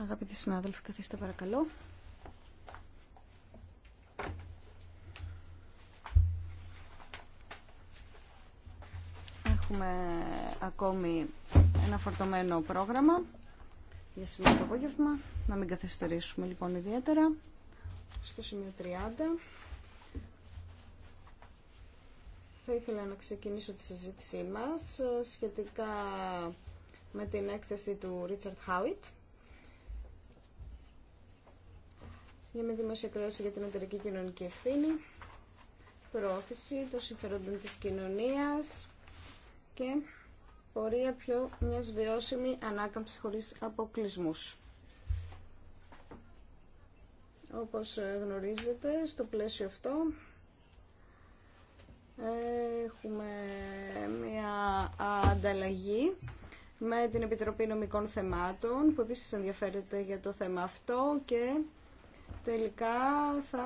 Αγαπητοί συνάδελφοι, καθίστε παρακαλώ. Έχουμε ακόμη ένα φορτωμένο πρόγραμμα για σήμερα το απόγευμα. Να μην καθυστερήσουμε λοιπόν ιδιαίτερα. Στο σημείο 30. Θα ήθελα να ξεκινήσω τη συζήτησή μας ε, σχετικά με την έκθεση του Ρίτσαρτ Χάουιτ για μια δημόσια κρέωση για την εταιρική κοινωνική ευθύνη, προώθηση των συμφερόντων της κοινωνίας και πορεία πιο μιας βιώσιμη ανάκαμψη χωρίς αποκλισμούς Όπως ε, γνωρίζετε, στο πλαίσιο αυτό Έχουμε μια ανταλλαγή με την Επιτροπή Νομικών Θεμάτων που επίσης ενδιαφέρεται για το θέμα αυτό και τελικά θα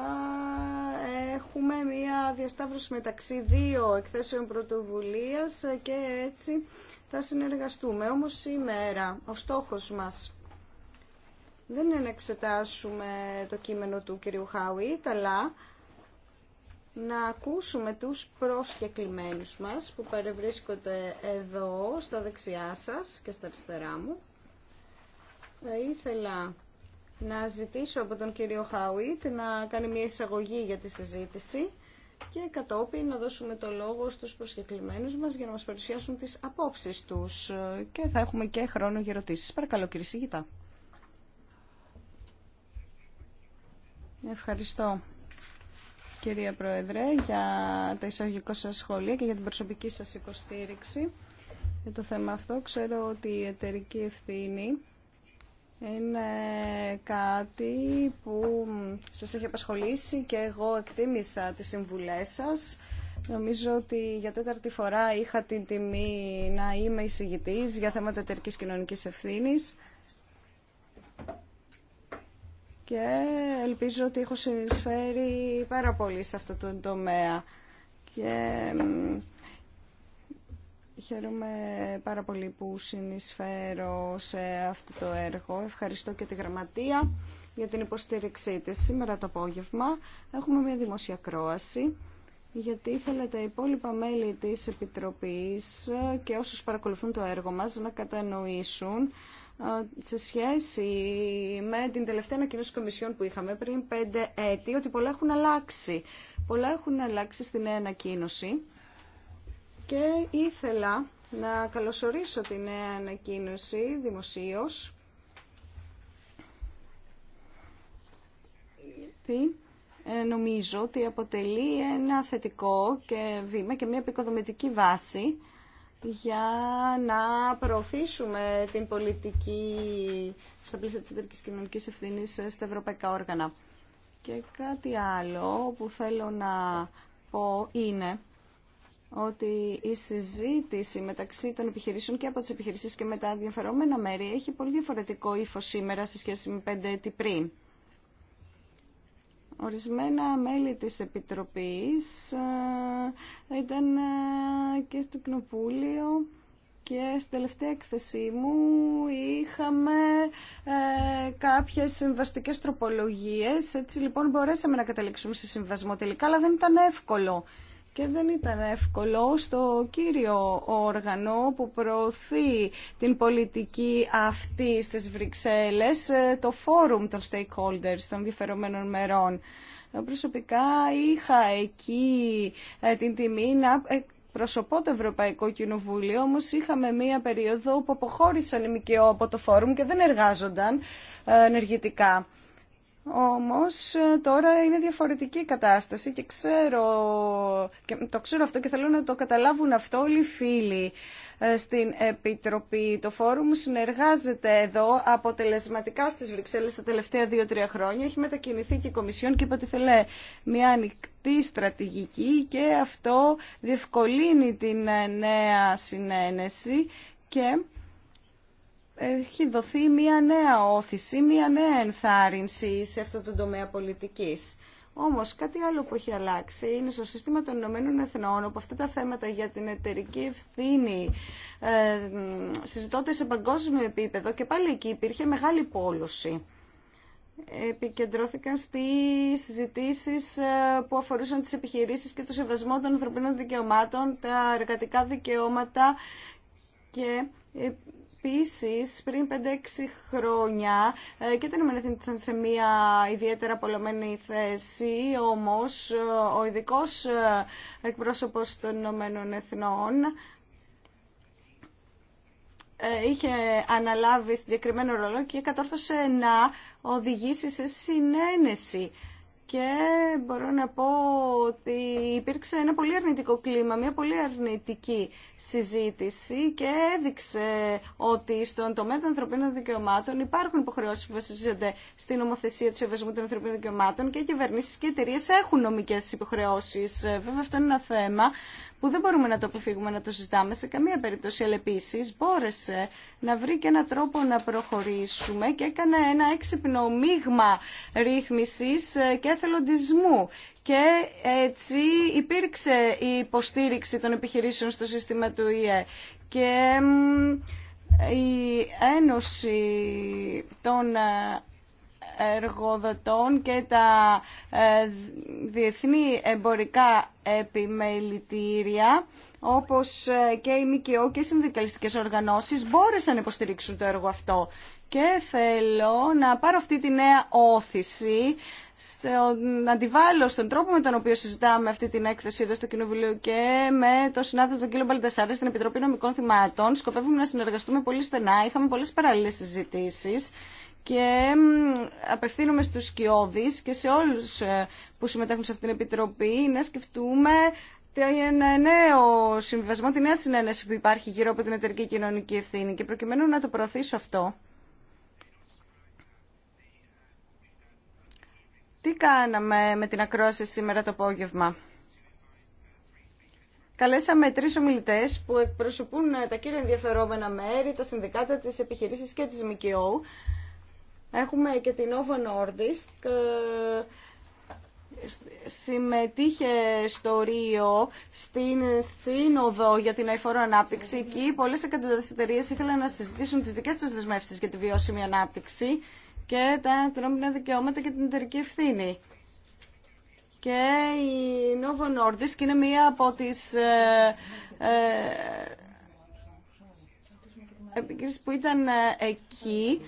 έχουμε μια διασταύρωση μεταξύ δύο εκθέσεων πρωτοβουλίας και έτσι θα συνεργαστούμε. Όμως σήμερα ο στόχος μας δεν είναι να εξετάσουμε το κείμενο του κυρίου Χάουιτ, αλλά να ακούσουμε τους προσκεκλημένους μας που παρευρίσκονται εδώ στα δεξιά σας και στα αριστερά μου. Θα ήθελα να ζητήσω από τον κύριο Χάουιτ να κάνει μια εισαγωγή για τη συζήτηση και κατόπιν να δώσουμε το λόγο στους προσκεκλημένους μας για να μας παρουσιάσουν τις απόψεις τους και θα έχουμε και χρόνο για ερωτήσεις. Παρακαλώ κύριε Σιγητά. Ευχαριστώ κυρία Πρόεδρε, για τα εισαγωγικά σας σχόλια και για την προσωπική σας υποστήριξη για το θέμα αυτό. Ξέρω ότι η εταιρική ευθύνη είναι κάτι που σας έχει απασχολήσει και εγώ εκτίμησα τις συμβουλές σας. Νομίζω ότι για τέταρτη φορά είχα την τιμή να είμαι εισηγητής για θέματα εταιρικής κοινωνικής ευθύνης και ελπίζω ότι έχω συνεισφέρει πάρα πολύ σε αυτό το τομέα. Και χαίρομαι πάρα πολύ που συνεισφέρω σε αυτό το έργο. Ευχαριστώ και τη Γραμματεία για την υποστήριξή της. Σήμερα το απόγευμα έχουμε μια δημόσια κρόαση γιατί ήθελα τα υπόλοιπα μέλη της Επιτροπής και όσους παρακολουθούν το έργο μας να κατανοήσουν σε σχέση με την τελευταία ανακοίνωση Κομισιόν που είχαμε πριν πέντε έτη ότι πολλά έχουν αλλάξει. Πολλά έχουν αλλάξει στη νέα ανακοίνωση και ήθελα να καλωσορίσω τη νέα ανακοίνωση δημοσίως γιατί ε, νομίζω ότι αποτελεί ένα θετικό και βήμα και μια επικοδομητική βάση για να προωθήσουμε την πολιτική στα πλαίσια της εταιρικής κοινωνικής ευθύνης στα ευρωπαϊκά όργανα. Και κάτι άλλο που θέλω να πω είναι ότι η συζήτηση μεταξύ των επιχειρήσεων και από τις επιχειρήσεις και με τα ενδιαφερόμενα μέρη έχει πολύ διαφορετικό ύφο σήμερα σε σχέση με πέντε έτη πριν. Ορισμένα μέλη της Επιτροπής ε, ήταν ε, και στο Κοινοβούλιο και στην τελευταία έκθεσή μου είχαμε ε, κάποιες συμβαστικές τροπολογίες. Έτσι λοιπόν μπορέσαμε να καταλήξουμε σε συμβασμό τελικά, αλλά δεν ήταν εύκολο και δεν ήταν εύκολο στο κύριο όργανο που προωθεί την πολιτική αυτή στις Βρυξέλλες, ε, το Φόρουμ των Stakeholders των Διαφερομένων Μερών. Προσωπικά είχα εκεί ε, την τιμή να προσωπώ το Ευρωπαϊκό Κοινοβούλιο, όμως είχαμε μία περίοδο που αποχώρησαν οι ΜΚΟ από το Φόρουμ και δεν εργάζονταν ε, ενεργητικά. Όμως ε, τώρα είναι διαφορετική η κατάσταση και ξέρω, το ξέρω αυτό και θέλω να το καταλάβουν αυτό όλοι οι φίλοι ε, στην Επιτροπή. Το Φόρουμ συνεργάζεται εδώ αποτελεσματικά στις Βρυξέλλες τα τελευταία δύο-τρία χρόνια. Έχει μετακινηθεί και η Κομισιόν και είπε ότι θέλει μια ανοιχτή στρατηγική και αυτό διευκολύνει την ε, νέα συνένεση και έχει δοθεί μια νέα όθηση, μια νέα ενθάρρυνση σε αυτό το τομέα πολιτικής. Όμως κάτι άλλο που έχει αλλάξει είναι στο σύστημα των Ηνωμένων Εθνών όπου αυτά τα θέματα για την εταιρική ευθύνη ε, συζητώνται σε παγκόσμιο επίπεδο και πάλι εκεί υπήρχε μεγάλη πόλωση. Επικεντρώθηκαν στι συζητήσεις ε, που αφορούσαν τις επιχειρήσεις και το σεβασμό των ανθρωπίνων δικαιωμάτων, τα εργατικά δικαιώματα και ε, Επίση, πριν 5-6 χρόνια ε, και δεν ήταν σε μια ιδιαίτερα απολωμένη θέση, όμως ε, ο ειδικό ε, εκπρόσωπος των Ηνωμένων Εθνών είχε αναλάβει συγκεκριμένο ρόλο και κατόρθωσε να οδηγήσει σε συνένεση και μπορώ να πω ότι υπήρξε ένα πολύ αρνητικό κλίμα, μια πολύ αρνητική συζήτηση και έδειξε ότι στον τομέα των ανθρωπίνων δικαιωμάτων υπάρχουν υποχρεώσεις που βασίζονται στην νομοθεσία του Σεβασμού των Ανθρωπίνων Δικαιωμάτων και οι κυβερνήσεις και οι εταιρείε έχουν νομικές υποχρεώσεις. Ε, βέβαια αυτό είναι ένα θέμα που δεν μπορούμε να το αποφύγουμε να το συζητάμε σε καμία περίπτωση. Αλλά επίση μπόρεσε να βρει και έναν τρόπο να προχωρήσουμε και έκανε ένα έξυπνο μείγμα ρύθμιση ε, και εθελοντισμού. Και έτσι υπήρξε η υποστήριξη των επιχειρήσεων στο σύστημα του ΙΕ. Και η Ένωση των ε, εργοδοτών και τα ε, διεθνή εμπορικά επιμελητήρια όπως ε, και οι ΜΚΟ και οι συνδικαλιστικές οργανώσεις μπόρεσαν να υποστηρίξουν το έργο αυτό. Και θέλω να πάρω αυτή τη νέα όθηση, να αντιβάλλω στον τρόπο με τον οποίο συζητάμε αυτή την έκθεση εδώ στο Κοινοβουλίο και με το συνάδελφο τον κύριο Μπαλτασάρη στην Επιτροπή Νομικών Θυμάτων. Σκοπεύουμε να συνεργαστούμε πολύ στενά, είχαμε πολλές παράλληλες συζητήσεις και απευθύνομαι στους σκιώδεις και σε όλους ε, που συμμετέχουν σε αυτήν την Επιτροπή να σκεφτούμε ένα ε, νέο συμβιβασμό, τη νέα συνένεση που υπάρχει γύρω από την εταιρική κοινωνική ευθύνη και προκειμένου να το προωθήσω αυτό. Τι κάναμε με την ακρόαση σήμερα το απόγευμα. Καλέσαμε τρει ομιλητέ που εκπροσωπούν τα κύρια ενδιαφερόμενα μέρη, τα συνδικάτα, τι επιχειρήσει και τι ΜΚΟ Έχουμε και την Nova Nordisk, ε, συμμετείχε στο Ρίο στην Σύνοδο για την αηφόρο ανάπτυξη. Εκεί πολλές εταιρείε ήθελαν να συζητήσουν τις δικές τους δεσμεύσεις για τη βιώσιμη ανάπτυξη και τα ανθρώπινα δικαιώματα και την εταιρική ευθύνη. Και η Novo Nordisk είναι μία από τις ε, ε που ήταν ε, εκεί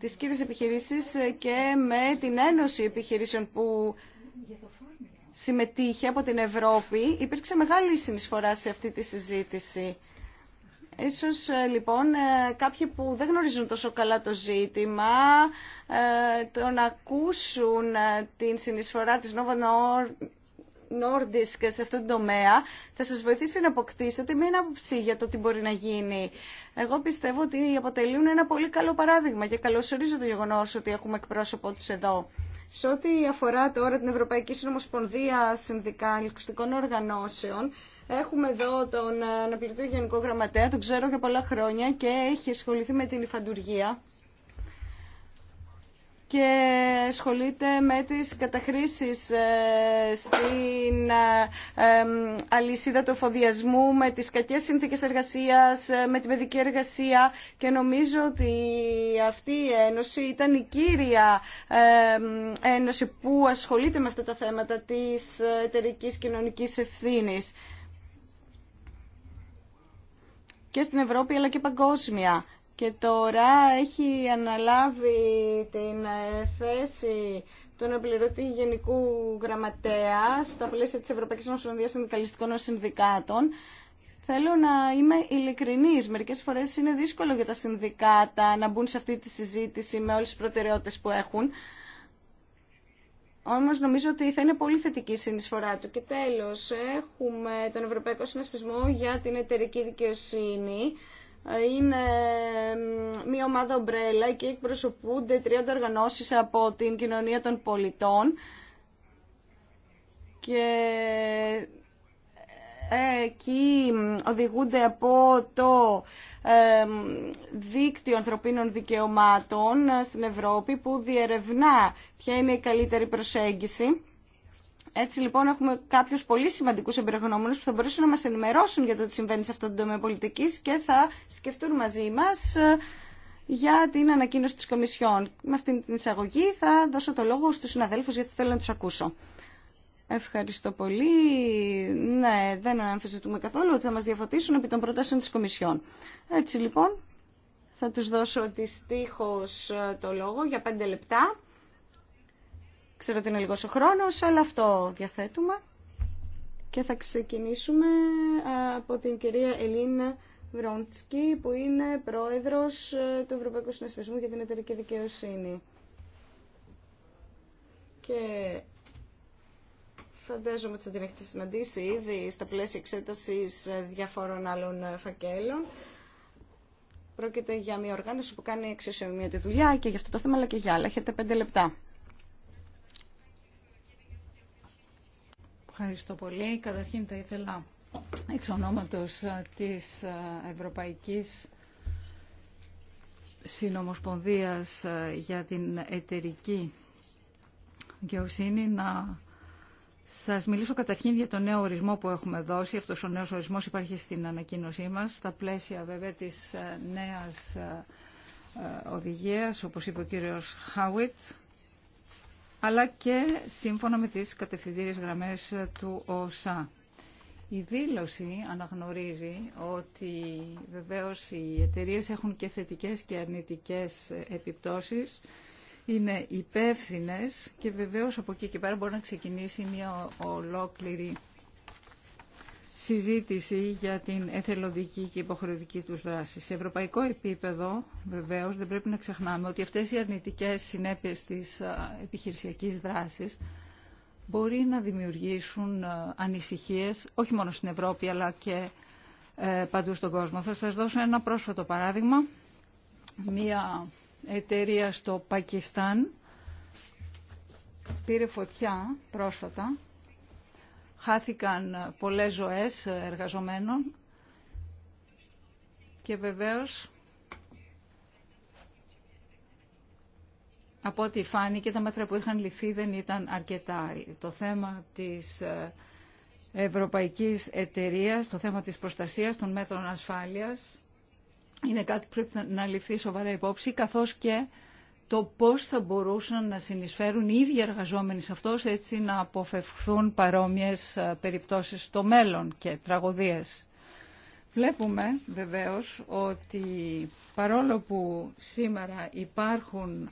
τις κύριες επιχειρήσεις ε, και με την Ένωση Επιχειρήσεων που συμμετείχε από την Ευρώπη. Υπήρξε μεγάλη συνεισφορά σε αυτή τη συζήτηση. Ίσως ε, λοιπόν ε, κάποιοι που δεν γνωρίζουν τόσο καλά το ζήτημα το να ακούσουν την συνεισφορά της Nova Nordisk σε αυτόν τον τομέα θα σας βοηθήσει να αποκτήσετε μια άποψη για το τι μπορεί να γίνει. Εγώ πιστεύω ότι αποτελούν ένα πολύ καλό παράδειγμα και καλωσορίζω το γεγονός ότι έχουμε εκπρόσωπό τους εδώ. Σε ό,τι αφορά τώρα την Ευρωπαϊκή Συνομοσπονδία Συνδικαλιστικών Οργανώσεων, Έχουμε εδώ τον αναπληρωτή Γενικό Γραμματέα, τον ξέρω για πολλά χρόνια και έχει ασχοληθεί με την υφαντουργία και ασχολείται με τις καταχρήσεις ε, στη ε, αλυσίδα του εφοδιασμού, με τις κακές συνθήκες εργασίας, ε, με την παιδική εργασία και νομίζω ότι αυτή η Ένωση ήταν η κύρια Ένωση που ασχολείται με αυτά τα θέματα της εταιρική κοινωνικής ευθύνης και στην Ευρώπη αλλά και παγκόσμια. Και τώρα έχει αναλάβει την ε, θέση τον πληρωθεί Γενικού Γραμματέα στα πλαίσια της Ευρωπαϊκής Ομοσπονδίας Συνδικαλιστικών Συνδικάτων. Θέλω να είμαι ειλικρινή. Μερικές φορές είναι δύσκολο για τα συνδικάτα να μπουν σε αυτή τη συζήτηση με όλες τις προτεραιότητε που έχουν. Όμως νομίζω ότι θα είναι πολύ θετική η συνεισφορά του. Και τέλο έχουμε τον Ευρωπαϊκό Συνασπισμό για την εταιρική δικαιοσύνη είναι μια ομάδα ομπρέλα και εκπροσωπούνται 30 οργανώσεις από την κοινωνία των πολιτών και ε, εκεί οδηγούνται από το δίκτυο ανθρωπίνων δικαιωμάτων ε, στην Ευρώπη που διερευνά ποια είναι η καλύτερη προσέγγιση έτσι λοιπόν έχουμε κάποιου πολύ σημαντικού εμπειρογνώμονε που θα μπορούσαν να μα ενημερώσουν για το τι συμβαίνει σε αυτό το τομέα πολιτική και θα σκεφτούν μαζί μα ε, για την ανακοίνωση τη Κομισιόν. Με αυτή την εισαγωγή θα δώσω το λόγο στου συναδέλφου γιατί θέλω να του ακούσω. Ευχαριστώ πολύ. Ναι, δεν αμφισβητούμε καθόλου ότι θα μας διαφωτίσουν επί των προτάσεων της Κομισιόν. Έτσι λοιπόν, θα τους δώσω δυστυχώς ε, το λόγο για πέντε λεπτά Ξέρω ότι είναι λίγος ο χρόνος, αλλά αυτό διαθέτουμε. Και θα ξεκινήσουμε από την κυρία Ελίνα Βρόντσκι, που είναι πρόεδρος ε, του Ευρωπαϊκού Συνασπισμού για την Εταιρική Δικαιοσύνη. Και φαντάζομαι ότι θα την έχετε συναντήσει ήδη στα πλαίσια εξέτασης διαφόρων άλλων φακέλων. Πρόκειται για μια οργάνωση που κάνει εξαισιομία τη δουλειά και για αυτό το θέμα, αλλά και για άλλα. Έχετε πέντε λεπτά. Ευχαριστώ πολύ. Καταρχήν θα ήθελα εξ ονόματος ε, της ε, Ευρωπαϊκής Συνομοσπονδίας ε, για την εταιρική δικαιοσύνη να σας μιλήσω καταρχήν για το νέο ορισμό που έχουμε δώσει. Αυτός ο νέος ορισμός υπάρχει στην ανακοίνωσή μας, στα πλαίσια βέβαια της νέας οδηγίας, όπως είπε ο κύριος Χάουιτ, αλλά και σύμφωνα με τις κατευθυντήριες γραμμές του ΟΣΑ. Η δήλωση αναγνωρίζει ότι βεβαίως οι εταιρείες έχουν και θετικές και αρνητικές επιπτώσεις, είναι υπεύθυνε και βεβαίως από εκεί και πέρα μπορεί να ξεκινήσει μια ολόκληρη συζήτηση για την εθελοντική και υποχρεωτική τους δράση. Σε ευρωπαϊκό επίπεδο, βεβαίως, δεν πρέπει να ξεχνάμε ότι αυτές οι αρνητικές συνέπειες της επιχειρησιακής δράσης μπορεί να δημιουργήσουν ανησυχίες, όχι μόνο στην Ευρώπη, αλλά και ε, παντού στον κόσμο. Θα σας δώσω ένα πρόσφατο παράδειγμα. Μία εταιρεία στο Πακιστάν πήρε φωτιά πρόσφατα χάθηκαν πολλές ζωές εργαζομένων και βεβαίως από ό,τι φάνηκε τα μέτρα που είχαν ληφθεί δεν ήταν αρκετά. Το θέμα της ε, Ευρωπαϊκής Εταιρείας, το θέμα της προστασίας των μέτρων ασφάλειας είναι κάτι που πρέπει να ληφθεί σοβαρά υπόψη καθώς και το πώς θα μπορούσαν να συνεισφέρουν οι ίδιοι εργαζόμενοι σε αυτός έτσι να αποφευχθούν παρόμοιες ε, περιπτώσεις στο μέλλον και τραγωδίες. Βλέπουμε βεβαίως ότι παρόλο που σήμερα υπάρχουν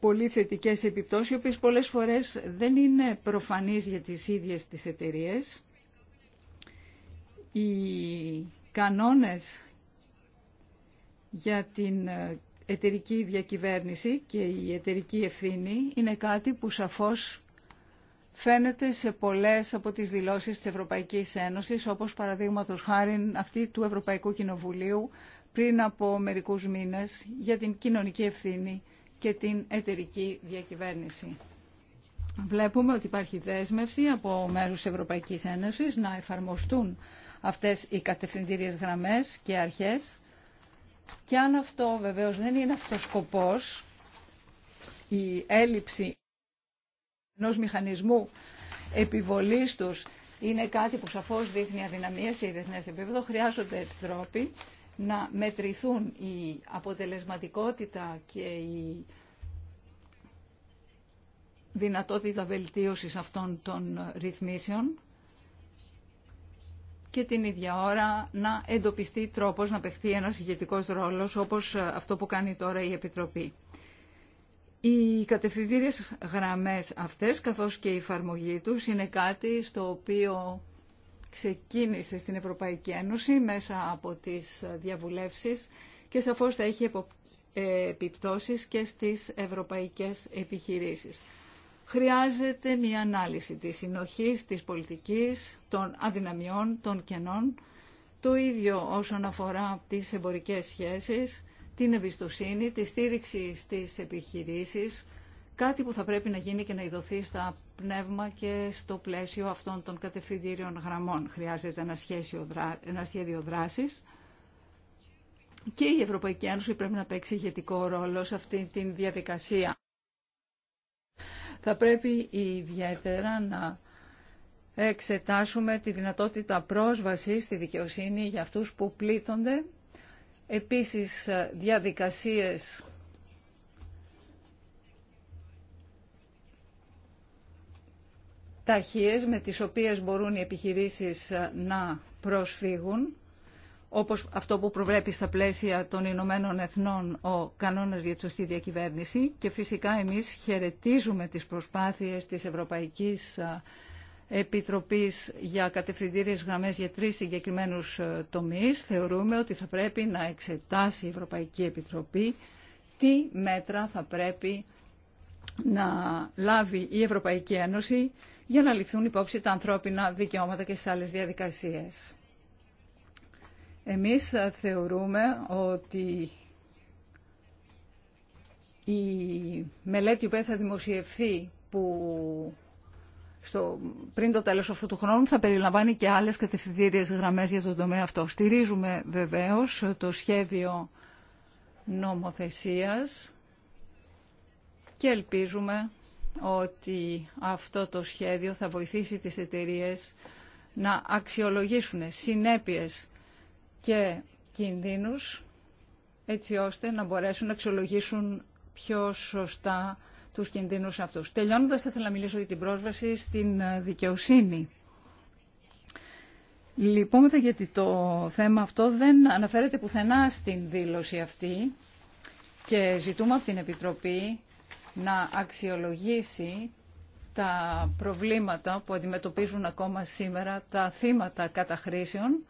πολύ θετικές επιπτώσεις, οι οποίες πολλές φορές δεν είναι προφανείς για τις ίδιες τις εταιρείες, οι κανόνες για την ε, εταιρική διακυβέρνηση και η εταιρική ευθύνη είναι κάτι που σαφώς φαίνεται σε πολλές από τις δηλώσεις της Ευρωπαϊκής Ένωσης, όπως παραδείγματος χάρη αυτή του Ευρωπαϊκού Κοινοβουλίου πριν από μερικούς μήνες για την κοινωνική ευθύνη και την εταιρική διακυβέρνηση. Βλέπουμε ότι υπάρχει δέσμευση από μέρους της Ευρωπαϊκής Ένωσης να εφαρμοστούν αυτές οι κατευθυντήριες γραμμές και αρχές και αν αυτό βεβαίως δεν είναι αυτός σκοπός, η έλλειψη ενό μηχανισμού επιβολής τους είναι κάτι που σαφώς δείχνει αδυναμία σε διεθνές επίπεδο, χρειάζονται τρόποι να μετρηθούν η αποτελεσματικότητα και η δυνατότητα βελτίωσης αυτών των ρυθμίσεων και την ίδια ώρα να εντοπιστεί τρόπος να παιχθεί ένας ηγετικός ρόλος όπως ε, αυτό που κάνει τώρα η Επιτροπή. Οι κατευθυντήριες γραμμές αυτές καθώς και η εφαρμογή τους είναι κάτι στο οποίο ξεκίνησε στην Ευρωπαϊκή Ένωση μέσα από τις διαβουλεύσεις και σαφώς θα έχει ε, επιπτώσεις και στις ευρωπαϊκές επιχειρήσεις χρειάζεται μια ανάλυση της συνοχής, της πολιτικής, των αδυναμιών, των κενών, το ίδιο όσον αφορά τις εμπορικές σχέσεις, την εμπιστοσύνη, τη στήριξη στις επιχειρήσεις, κάτι που θα πρέπει να γίνει και να ειδωθεί στα πνεύμα και στο πλαίσιο αυτών των κατευθυντήριων γραμμών. Χρειάζεται ένα, σχέσιο, ένα σχέδιο δράσης και η Ευρωπαϊκή Ένωση πρέπει να παίξει ηγετικό ρόλο σε αυτή τη διαδικασία θα πρέπει ιδιαίτερα να εξετάσουμε τη δυνατότητα πρόσβασης στη δικαιοσύνη για αυτούς που πλήττονται. Επίσης, διαδικασίες ταχείες με τις οποίες μπορούν οι επιχειρήσεις να προσφύγουν όπως αυτό που προβλέπει στα πλαίσια των Ηνωμένων Εθνών ο κανόνας για τη σωστή διακυβέρνηση και φυσικά εμείς χαιρετίζουμε τις προσπάθειες της Ευρωπαϊκής Επιτροπής για κατευθυντήριες γραμμές για τρεις συγκεκριμένους τομείς. Θεωρούμε ότι θα πρέπει να εξετάσει η Ευρωπαϊκή Επιτροπή τι μέτρα θα πρέπει να λάβει η Ευρωπαϊκή Ένωση για να ληφθούν υπόψη τα ανθρώπινα δικαιώματα και στις άλλες διαδικασίες. Εμείς θεωρούμε ότι η μελέτη που θα δημοσιευθεί που στο, πριν το τέλος αυτού του χρόνου θα περιλαμβάνει και άλλες κατευθυντήριες γραμμές για τον τομέα αυτό. Στηρίζουμε βεβαίως το σχέδιο νομοθεσίας και ελπίζουμε ότι αυτό το σχέδιο θα βοηθήσει τις εταιρείες να αξιολογήσουν συνέπειες και κινδύνους έτσι ώστε να μπορέσουν να αξιολογήσουν πιο σωστά τους κινδύνους αυτούς. Τελειώνοντας, θα ήθελα να μιλήσω για την πρόσβαση στην ε, δικαιοσύνη. Λυπόμεθα γιατί το θέμα αυτό δεν αναφέρεται πουθενά στην δήλωση αυτή και ζητούμε από την Επιτροπή να αξιολογήσει τα προβλήματα που αντιμετωπίζουν ακόμα σήμερα τα θύματα καταχρήσεων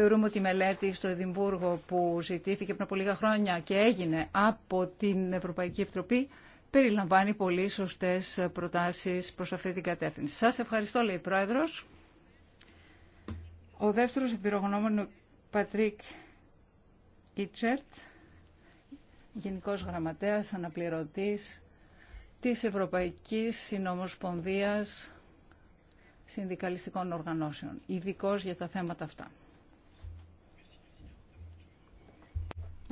Θεωρούμε ότι η μελέτη στο Εδιμβούργο που ζητήθηκε πριν από λίγα χρόνια και έγινε από την Ευρωπαϊκή Επιτροπή περιλαμβάνει πολύ σωστές προτάσεις προς αυτή την κατεύθυνση. Σας ευχαριστώ, λέει η Πρόεδρος. Ο δεύτερος εμπειρογνώμων Πατρίκ Ιτσέρτ, Γενικός Γραμματέας, Αναπληρωτής της Ευρωπαϊκής Συνομοσπονδίας Συνδικαλιστικών Οργανώσεων, ειδικό για τα θέματα αυτά.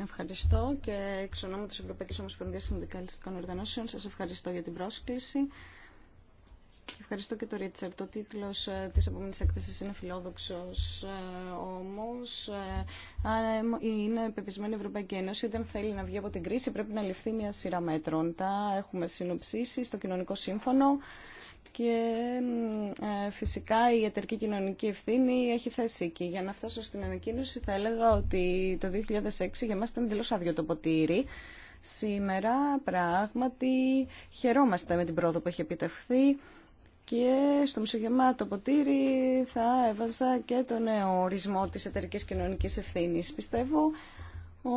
Ευχαριστώ και εξ ονόμου τη Ευρωπαϊκής Ομοσπονδίας Συνδικαλιστικών Οργανώσεων Σα ευχαριστώ για την πρόσκληση. Ευχαριστώ και τον Ρίτσαρτ. Ο τίτλο ε, τη επόμενη έκθεση είναι φιλόδοξο. Ε, Όμω, ε, είναι πεπισμένη η Ευρωπαϊκή Ένωση ότι αν θέλει να βγει από την κρίση πρέπει να ληφθεί μια σειρά μέτρων. Τα έχουμε συνοψίσει στο κοινωνικό σύμφωνο και ε, φυσικά η εταιρική κοινωνική ευθύνη έχει θέση εκεί. Για να φτάσω στην ανακοίνωση θα έλεγα ότι το 2006 για μας ήταν εντελώ άδειο το ποτήρι. Σήμερα πράγματι χαιρόμαστε με την πρόοδο που έχει επιτευχθεί και στο μισογεμάτο ποτήρι θα έβαζα και τον νέο ορισμό της εταιρικής κοινωνικής ευθύνης. Πιστεύω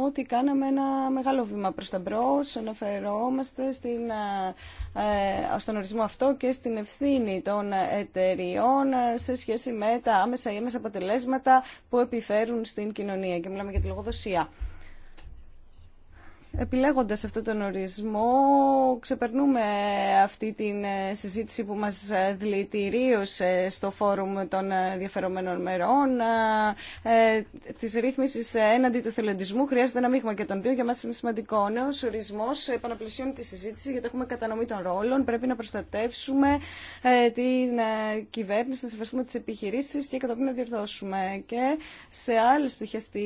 ότι κάναμε ένα μεγάλο βήμα προς τα μπρος, αναφερόμαστε στην, ε, ε, στον ορισμό αυτό και στην ευθύνη των εταιριών σε σχέση με τα άμεσα ή έμεσα αποτελέσματα που επιφέρουν στην κοινωνία και μιλάμε για τη λογοδοσία επιλέγοντας αυτόν τον ορισμό ξεπερνούμε αυτή την ε, συζήτηση που μας ε, δηλητηρίωσε στο φόρουμ των ενδιαφερομένων μερών ε, της ρύθμισης έναντι του θελοντισμού χρειάζεται ένα μείγμα και των δύο για μας είναι σημαντικό ο νέος ορισμός επαναπλησιώνει τη συζήτηση γιατί έχουμε κατανομή των ρόλων πρέπει να προστατεύσουμε την κυβέρνηση να συμβαστούμε τις επιχειρήσεις και κατά να διορθώσουμε και σε άλλες πτυχές τη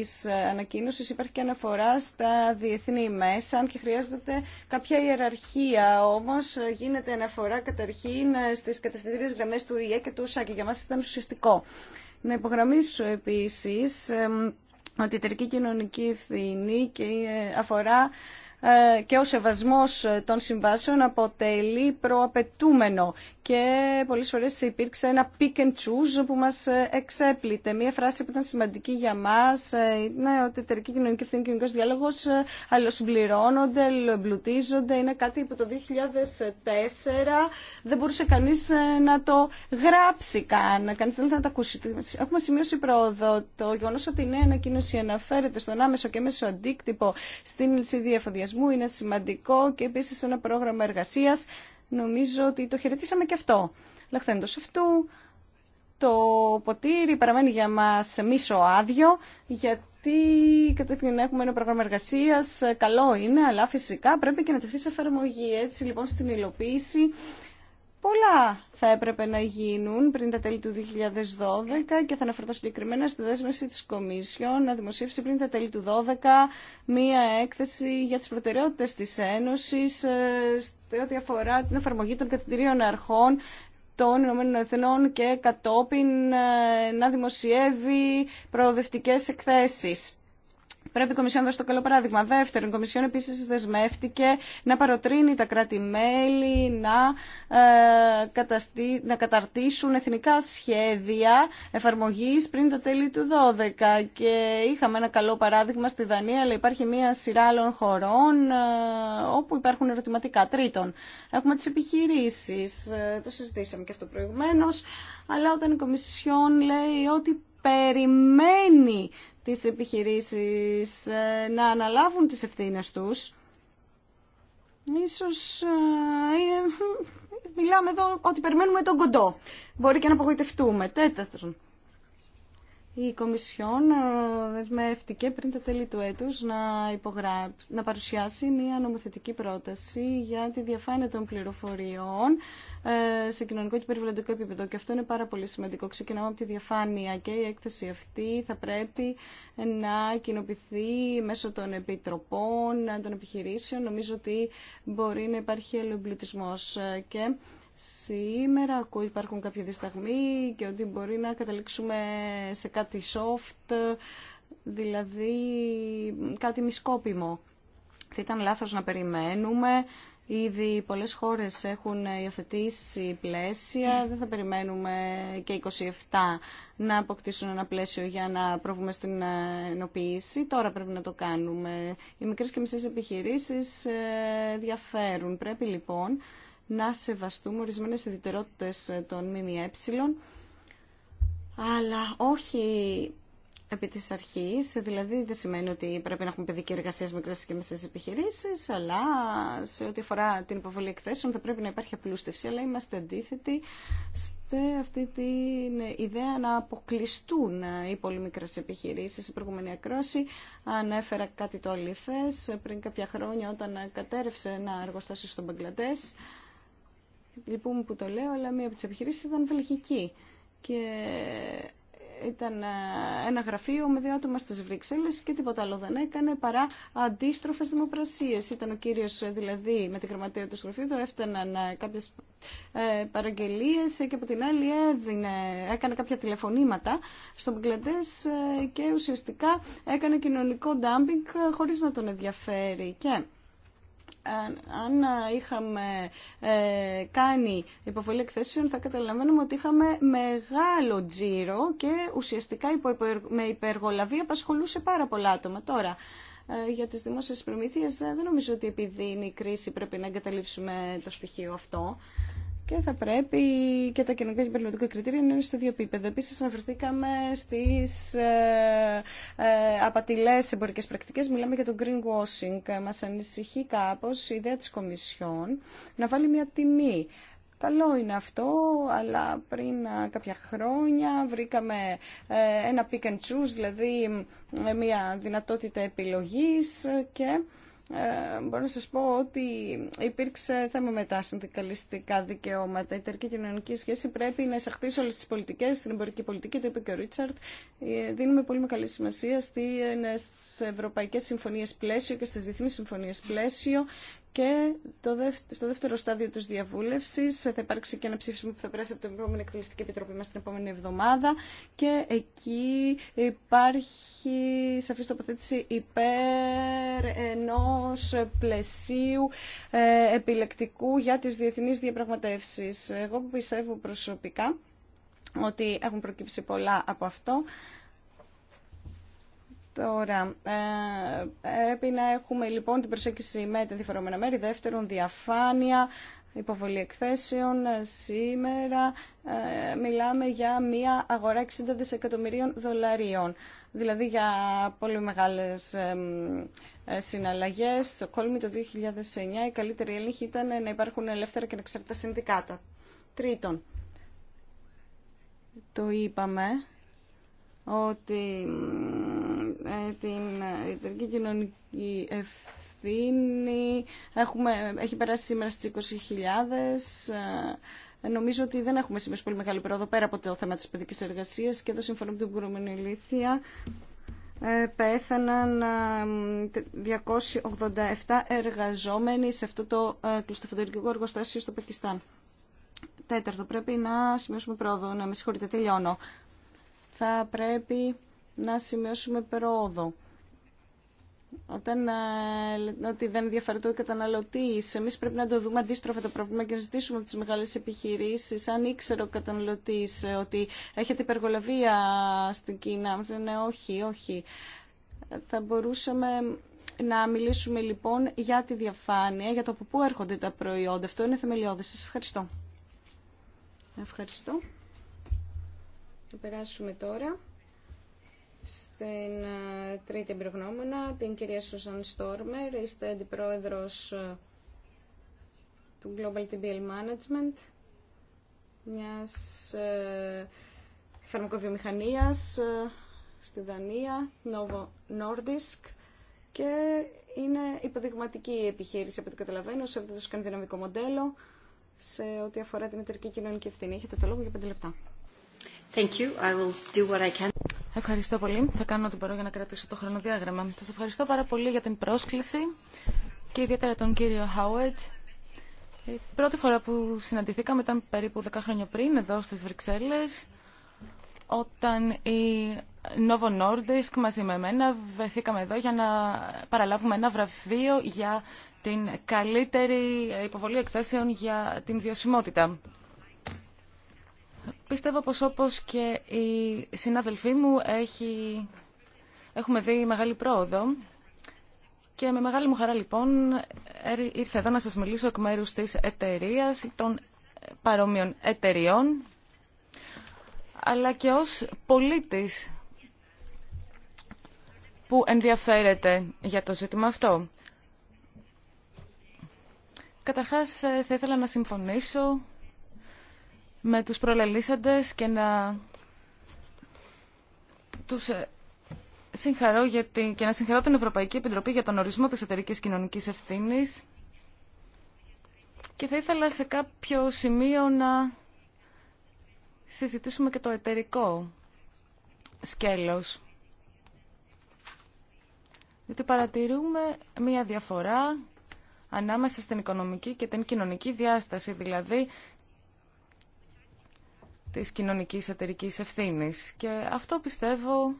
ανακοίνωση υπάρχει και αναφορά στα διεθνή μέσα, αν και χρειάζεται κάποια ιεραρχία. Όμως ε, γίνεται αναφορά καταρχήν ε, στις κατευθυντήριες γραμμές του ΙΕ και του ΟΣΑ και για μας ήταν ουσιαστικό. Να υπογραμμίσω επίσης ότι η εταιρική κοινωνική ευθύνη και ε, αφορά ε, και ο σεβασμός ε, των συμβάσεων αποτελεί προαπαιτούμενο και πολλές φορές υπήρξε ένα pick and choose που μας ε, εξέπλητε. Μία φράση που ήταν σημαντική για μας είναι ότι η εταιρική κοινωνική ευθύνη και κοινωνικός διάλογος αλληλοσυμπληρώνονται, αλληλοεμπλουτίζονται. Είναι κάτι που το 2004 δεν μπορούσε κανείς να το γράψει καν. Κανείς δεν να τα ακούσει. Έχουμε σημειώσει πρόοδο το γεγονό ότι η νέα ανακοίνωση αναφέρεται στον άμεσο και μέσο αντίκτυπο στην λυσίδη είναι σημαντικό και επίσης ένα πρόγραμμα εργασίας. Νομίζω ότι το χαιρετήσαμε και αυτό. Λαχθέντος αυτού, το ποτήρι παραμένει για μας μίσο άδειο, γιατί την έχουμε ένα πρόγραμμα εργασία, καλό είναι, αλλά φυσικά πρέπει και να τεθεί σε εφαρμογή. Έτσι λοιπόν στην υλοποίηση Πολλά θα έπρεπε να γίνουν πριν τα τέλη του 2012 και θα αναφερθώ συγκεκριμένα στη δέσμευση της Κομίσιον να δημοσίευσει πριν τα τέλη του 2012 μία έκθεση για τις προτεραιότητες της Ένωσης ε, σε ό,τι αφορά την εφαρμογή των κατητηρίων αρχών των Ηνωμένων Εθνών και κατόπιν ε, να δημοσιεύει προοδευτικές εκθέσεις. Πρέπει η Κομισιόν να δώσει το καλό παράδειγμα. Δεύτερον, η Κομισιόν επίση δεσμεύτηκε να παροτρύνει τα κράτη-μέλη να, ε, να καταρτήσουν εθνικά σχέδια εφαρμογή πριν τα τέλη του 2012. Και είχαμε ένα καλό παράδειγμα στη Δανία, αλλά υπάρχει μία σειρά άλλων χωρών ε, όπου υπάρχουν ερωτηματικά. Τρίτον, έχουμε τι επιχειρήσει. Ε, το συζητήσαμε και αυτό προηγουμένω. Αλλά όταν η Κομισιόν λέει ότι περιμένει τις επιχειρήσεις ε, να αναλάβουν τις ευθύνες τους. Ίσως ε, μιλάμε εδώ ότι περιμένουμε τον κοντό. Μπορεί και να απογοητευτούμε. Τέταρτον. Η Κομισιόν ε, δεσμεύτηκε πριν τα τέλη του έτους να, υπογράψει, να παρουσιάσει μια νομοθετική πρόταση για τη διαφάνεια των πληροφοριών ε, σε κοινωνικό και περιβαλλοντικό επίπεδο. Και αυτό είναι πάρα πολύ σημαντικό. Ξεκινάμε από τη διαφάνεια και η έκθεση αυτή θα πρέπει να κοινοποιηθεί μέσω των επιτροπών, των επιχειρήσεων. Νομίζω ότι μπορεί να υπάρχει αλληλοεμπλουτισμό. Ε, και σήμερα υπάρχουν κάποια δισταγμοί και ότι μπορεί να καταλήξουμε σε κάτι soft, δηλαδή κάτι μισκόπιμο. Θα ήταν λάθος να περιμένουμε Ήδη πολλές χώρες έχουν υιοθετήσει πλαίσια, δεν θα περιμένουμε και 27 να αποκτήσουν ένα πλαίσιο για να προβούμε στην ε, ενοποίηση. Τώρα πρέπει να το κάνουμε. Οι μικρές και μισές επιχειρήσεις ε, διαφέρουν. Πρέπει λοιπόν να σεβαστούμε ορισμένες ιδιαιτερότητε των ΜΜΕ, αλλά όχι επί της αρχής, δηλαδή δεν σημαίνει ότι πρέπει να έχουμε παιδική εργασία με μικρές και μεσές επιχειρήσεις, αλλά σε ό,τι αφορά την υποβολή εκθέσεων θα πρέπει να υπάρχει απλούστευση, αλλά είμαστε αντίθετοι σε αυτή την ιδέα να αποκλειστούν οι πολύ μικρές επιχειρήσεις. Η προηγούμενη ακρόση ανέφερα κάτι το αληθές πριν κάποια χρόνια όταν κατέρευσε ένα εργοστάσιο στον Μπαγκλαντές. Λυπούμε που το λέω, αλλά μία από τις επιχειρήσεις ήταν βελγική. Και ήταν ε, ένα γραφείο με δύο άτομα στις Βρυξέλλες και τίποτα άλλο δεν έκανε παρά αντίστροφες δημοπρασίες. Ήταν ο κύριος ε, δηλαδή με τη γραμματεία του γραφείου, του έφταναν ε, κάποιες παραγγελίες και από την άλλη έκανε κάποια τηλεφωνήματα στο Παγκλαντές και ουσιαστικά έκανε κοινωνικό ντάμπινγκ χωρίς να τον ενδιαφέρει. Και αν ε, είχαμε ε, κάνει υποβολή εκθέσεων θα καταλαβαίνουμε ότι είχαμε μεγάλο τζίρο και ουσιαστικά με υπεργολαβή απασχολούσε πάρα πολλά άτομα. Τώρα, ε, για τις δημόσιες προμήθειες δεν νομίζω ότι επειδή είναι η κρίση πρέπει να εγκαταλείψουμε το στοιχείο αυτό και θα πρέπει και τα κοινωνικά και περιβαλλοντικά κριτήρια να είναι στο ίδιο επίπεδο. Επίση, αναφερθήκαμε στι ε, ε, απατηλέ εμπορικέ πρακτικέ. Μιλάμε για το greenwashing. Μα ανησυχεί κάπω η ιδέα τη Κομισιόν να βάλει μια τιμή. Καλό είναι αυτό, αλλά πριν ε, κάποια χρόνια βρήκαμε ένα pick and choose, δηλαδή μια δυνατότητα επιλογής και ε, μπορώ να σας πω ότι υπήρξε θέμα με τα συνδικαλιστικά δικαιώματα. Η τερκή κοινωνική σχέση πρέπει να εισαχθεί σε όλες τις πολιτικές, στην εμπορική πολιτική, το είπε και ο Ρίτσαρτ. Ε, δίνουμε πολύ μεγάλη σημασία στις ευρωπαϊκές συμφωνίες πλαίσιο και στις διεθνείς συμφωνίες πλαίσιο και στο δεύτερο στάδιο της διαβούλευσης θα υπάρξει και ένα ψήφισμα που θα περάσει από την επόμενη εκκληστική επιτροπή μας την επόμενη εβδομάδα και εκεί υπάρχει σαφής τοποθέτηση υπέρ ενός πλαισίου ε, επιλεκτικού για τις διεθνείς διαπραγματεύσεις. Εγώ που πιστεύω προσωπικά ότι έχουν προκύψει πολλά από αυτό Τώρα, ε, πρέπει να έχουμε λοιπόν την προσέγγιση με τα διαφορεμένα μέρη. Δεύτερον, διαφάνεια, υποβολή εκθέσεων. Ε, σήμερα ε, μιλάμε για μια αγορά 60 δισεκατομμυρίων δολαρίων. Δηλαδή για πολύ μεγάλες ε, ε συναλλαγές. Στο Κόλμη το 2009 η καλύτερη έλεγχη ήταν να υπάρχουν ελεύθερα και να ανεξάρτητα συνδικάτα. Τρίτον, το είπαμε ότι ε, την ε, ιατρική κοινωνική ευθύνη. Έχουμε, έχει περάσει σήμερα στις 20.000. Ε, νομίζω ότι δεν έχουμε σήμερα πολύ μεγάλη πρόοδο πέρα από το θέμα της παιδικής εργασίας και εδώ συμφωνώ με την προηγούμενη ηλίθεια. πέθαναν 287 εργαζόμενοι σε αυτό το κλειστοφοντερικό εργοστάσιο στο Πακιστάν. Τέταρτο, πρέπει να σημειώσουμε πρόοδο. Να με συγχωρείτε, τελειώνω. Θα πρέπει να σημειώσουμε πρόοδο. Όταν ε, ότι δεν ενδιαφέρεται ο καταναλωτή, εμεί πρέπει να το δούμε αντίστροφα το πρόβλημα και να ζητήσουμε από τι μεγάλε επιχειρήσει. Αν ήξερε ο καταναλωτή ε, ότι έχετε υπεργολαβία στην Κίνα, είναι «Ε, όχι, όχι. Θα μπορούσαμε να μιλήσουμε λοιπόν για τη διαφάνεια, για το από πού έρχονται τα προϊόντα. Αυτό είναι θεμελιώδη. Σα ευχαριστώ. Ευχαριστώ. Θα περάσουμε τώρα στην ε, τρίτη εμπειρογνώμονα, την κυρία Σουζάν Στόρμερ. Είστε αντιπρόεδρος ε, του Global TBL Management, μιας ε, φαρμακοβιομηχανίας στη Δανία, Novo Nordisk και είναι υποδειγματική επιχείρηση από ό,τι καταλαβαίνω σε αυτό το σκανδιναμικό μοντέλο σε ό,τι αφορά την εταιρική κοινωνική ευθύνη. Έχετε το λόγο για πέντε λεπτά. Thank you. I will do what I can. Ευχαριστώ πολύ. Θα κάνω ό,τι μπορώ για να κρατήσω το χρονοδιάγραμμα. Σας ευχαριστώ πάρα πολύ για την πρόσκληση και ιδιαίτερα τον κύριο Χάουερτ. Η πρώτη φορά που συναντηθήκαμε ήταν περίπου 10 χρόνια πριν, εδώ στις Βρυξέλλες, όταν η Novo Nordisk μαζί με εμένα βρεθήκαμε εδώ για να παραλάβουμε ένα βραβείο για την καλύτερη υποβολή εκθέσεων για την βιωσιμότητα. Πιστεύω πως όπως και η συνάδελφοί μου έχει... έχουμε δει μεγάλη πρόοδο και με μεγάλη μου χαρά λοιπόν ήρθε εδώ να σας μιλήσω εκ μέρους της εταιρείας των παρόμοιων εταιριών αλλά και ως πολίτης που ενδιαφέρεται για το ζήτημα αυτό. Καταρχάς ε, θα ήθελα να συμφωνήσω με τους προλαλήσαντες και να τους ε, συγχαρώ για την... και να συγχαρώ την Ευρωπαϊκή Επιτροπή για τον ορισμό της εταιρικής κοινωνικής ευθύνης και θα ήθελα σε κάποιο σημείο να συζητήσουμε και το εταιρικό σκέλος. Διότι παρατηρούμε μία διαφορά ανάμεσα στην οικονομική και την κοινωνική διάσταση. Δηλαδή, της κοινωνικής εταιρικής ευθύνης. Και αυτό πιστεύω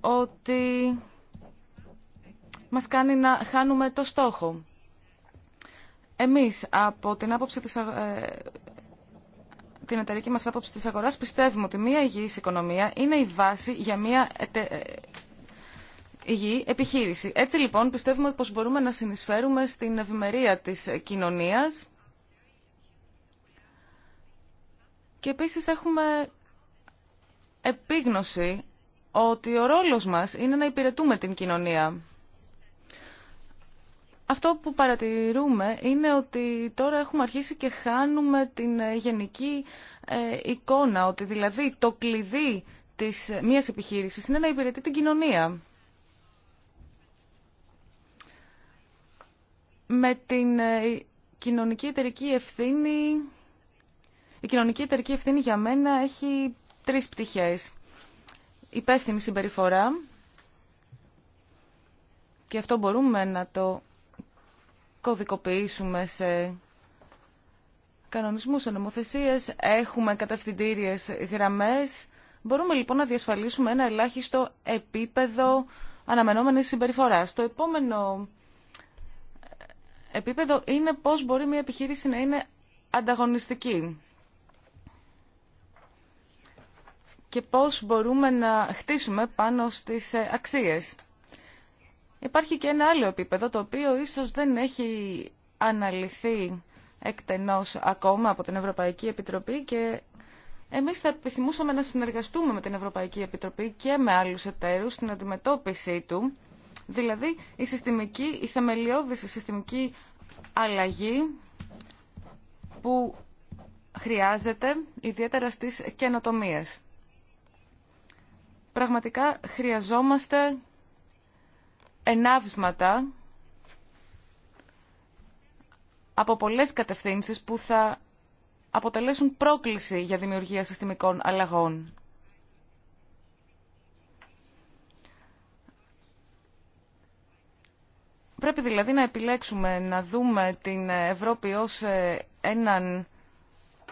ότι μας κάνει να χάνουμε το στόχο. Εμείς από την άποψη της ε, την εταιρική μας άποψη της αγοράς πιστεύουμε ότι μια υγιής οικονομία είναι η βάση για μια εται... Ε, υγιή επιχείρηση. Έτσι λοιπόν πιστεύουμε πως μπορούμε να συνεισφέρουμε στην ευημερία της κοινωνίας Και επίσης έχουμε επίγνωση ότι ο ρόλος μας είναι να υπηρετούμε την κοινωνία. Αυτό που παρατηρούμε είναι ότι τώρα έχουμε αρχίσει και χάνουμε την γενική ε, εικόνα, ότι δηλαδή το κλειδί της μιας επιχείρησης είναι να υπηρετεί την κοινωνία. Με την ε, κοινωνική εταιρική ευθύνη η κοινωνική εταιρική ευθύνη για μένα έχει τρεις πτυχές. Υπεύθυνη συμπεριφορά και αυτό μπορούμε να το κωδικοποιήσουμε σε κανονισμούς, σε νομοθεσίες. Έχουμε κατευθυντήριες γραμμές. Μπορούμε λοιπόν να διασφαλίσουμε ένα ελάχιστο επίπεδο αναμενόμενης συμπεριφοράς. Το επόμενο επίπεδο είναι πώς μπορεί μια επιχείρηση να είναι ανταγωνιστική. και πώς μπορούμε να χτίσουμε πάνω στις ε, αξίες. Υπάρχει και ένα άλλο επίπεδο το οποίο ίσως δεν έχει αναλυθεί εκτενώς ακόμα από την Ευρωπαϊκή Επιτροπή και εμείς θα επιθυμούσαμε να συνεργαστούμε με την Ευρωπαϊκή Επιτροπή και με άλλους εταίρους στην αντιμετώπιση του, δηλαδή η, συστημική, η θεμελιώδηση συστημική αλλαγή που χρειάζεται ιδιαίτερα στις καινοτομίες πραγματικά χρειαζόμαστε ενάβσματα από πολλές κατευθύνσεις που θα αποτελέσουν πρόκληση για δημιουργία συστημικών αλλαγών. Πρέπει δηλαδή να επιλέξουμε να δούμε την Ευρώπη ως ε, έναν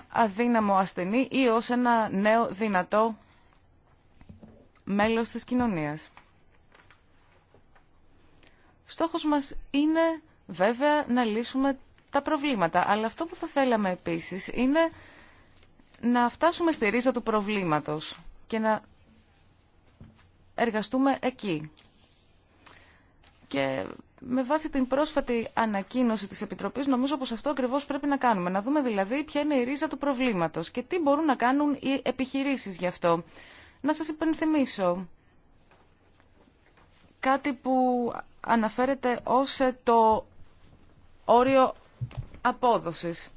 αδύναμο ασθενή ή ως ένα νέο δυνατό μέλος της κοινωνίας. Στόχος μας είναι βέβαια να λύσουμε τα προβλήματα, αλλά αυτό που θα θέλαμε επίσης είναι να φτάσουμε στη ρίζα του προβλήματος και να εργαστούμε εκεί. Και με βάση την πρόσφατη ανακοίνωση της Επιτροπής νομίζω πως αυτό ακριβώς πρέπει να κάνουμε. Να δούμε δηλαδή ποια είναι η ρίζα του προβλήματος και τι μπορούν να κάνουν οι επιχειρήσεις γι' αυτό. Να σας υπενθυμίσω κάτι που αναφέρεται ως το όριο απόδοσης.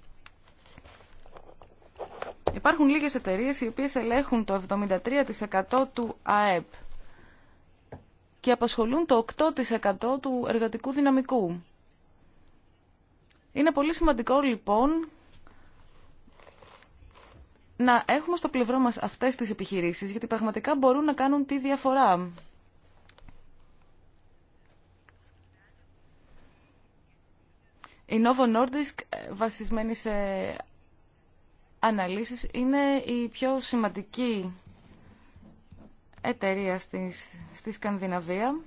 Υπάρχουν λίγες εταιρείες οι οποίες ελέγχουν το 73% του ΑΕΠ και απασχολούν το 8% του εργατικού δυναμικού. Είναι πολύ σημαντικό λοιπόν να έχουμε στο πλευρό μας αυτές τις επιχειρήσεις, γιατί πραγματικά μπορούν να κάνουν τη διαφορά. Η Novo Nordisk, ε, βασισμένη σε αναλύσεις, είναι η πιο σημαντική εταιρεία στη, στη Σκανδιναβία.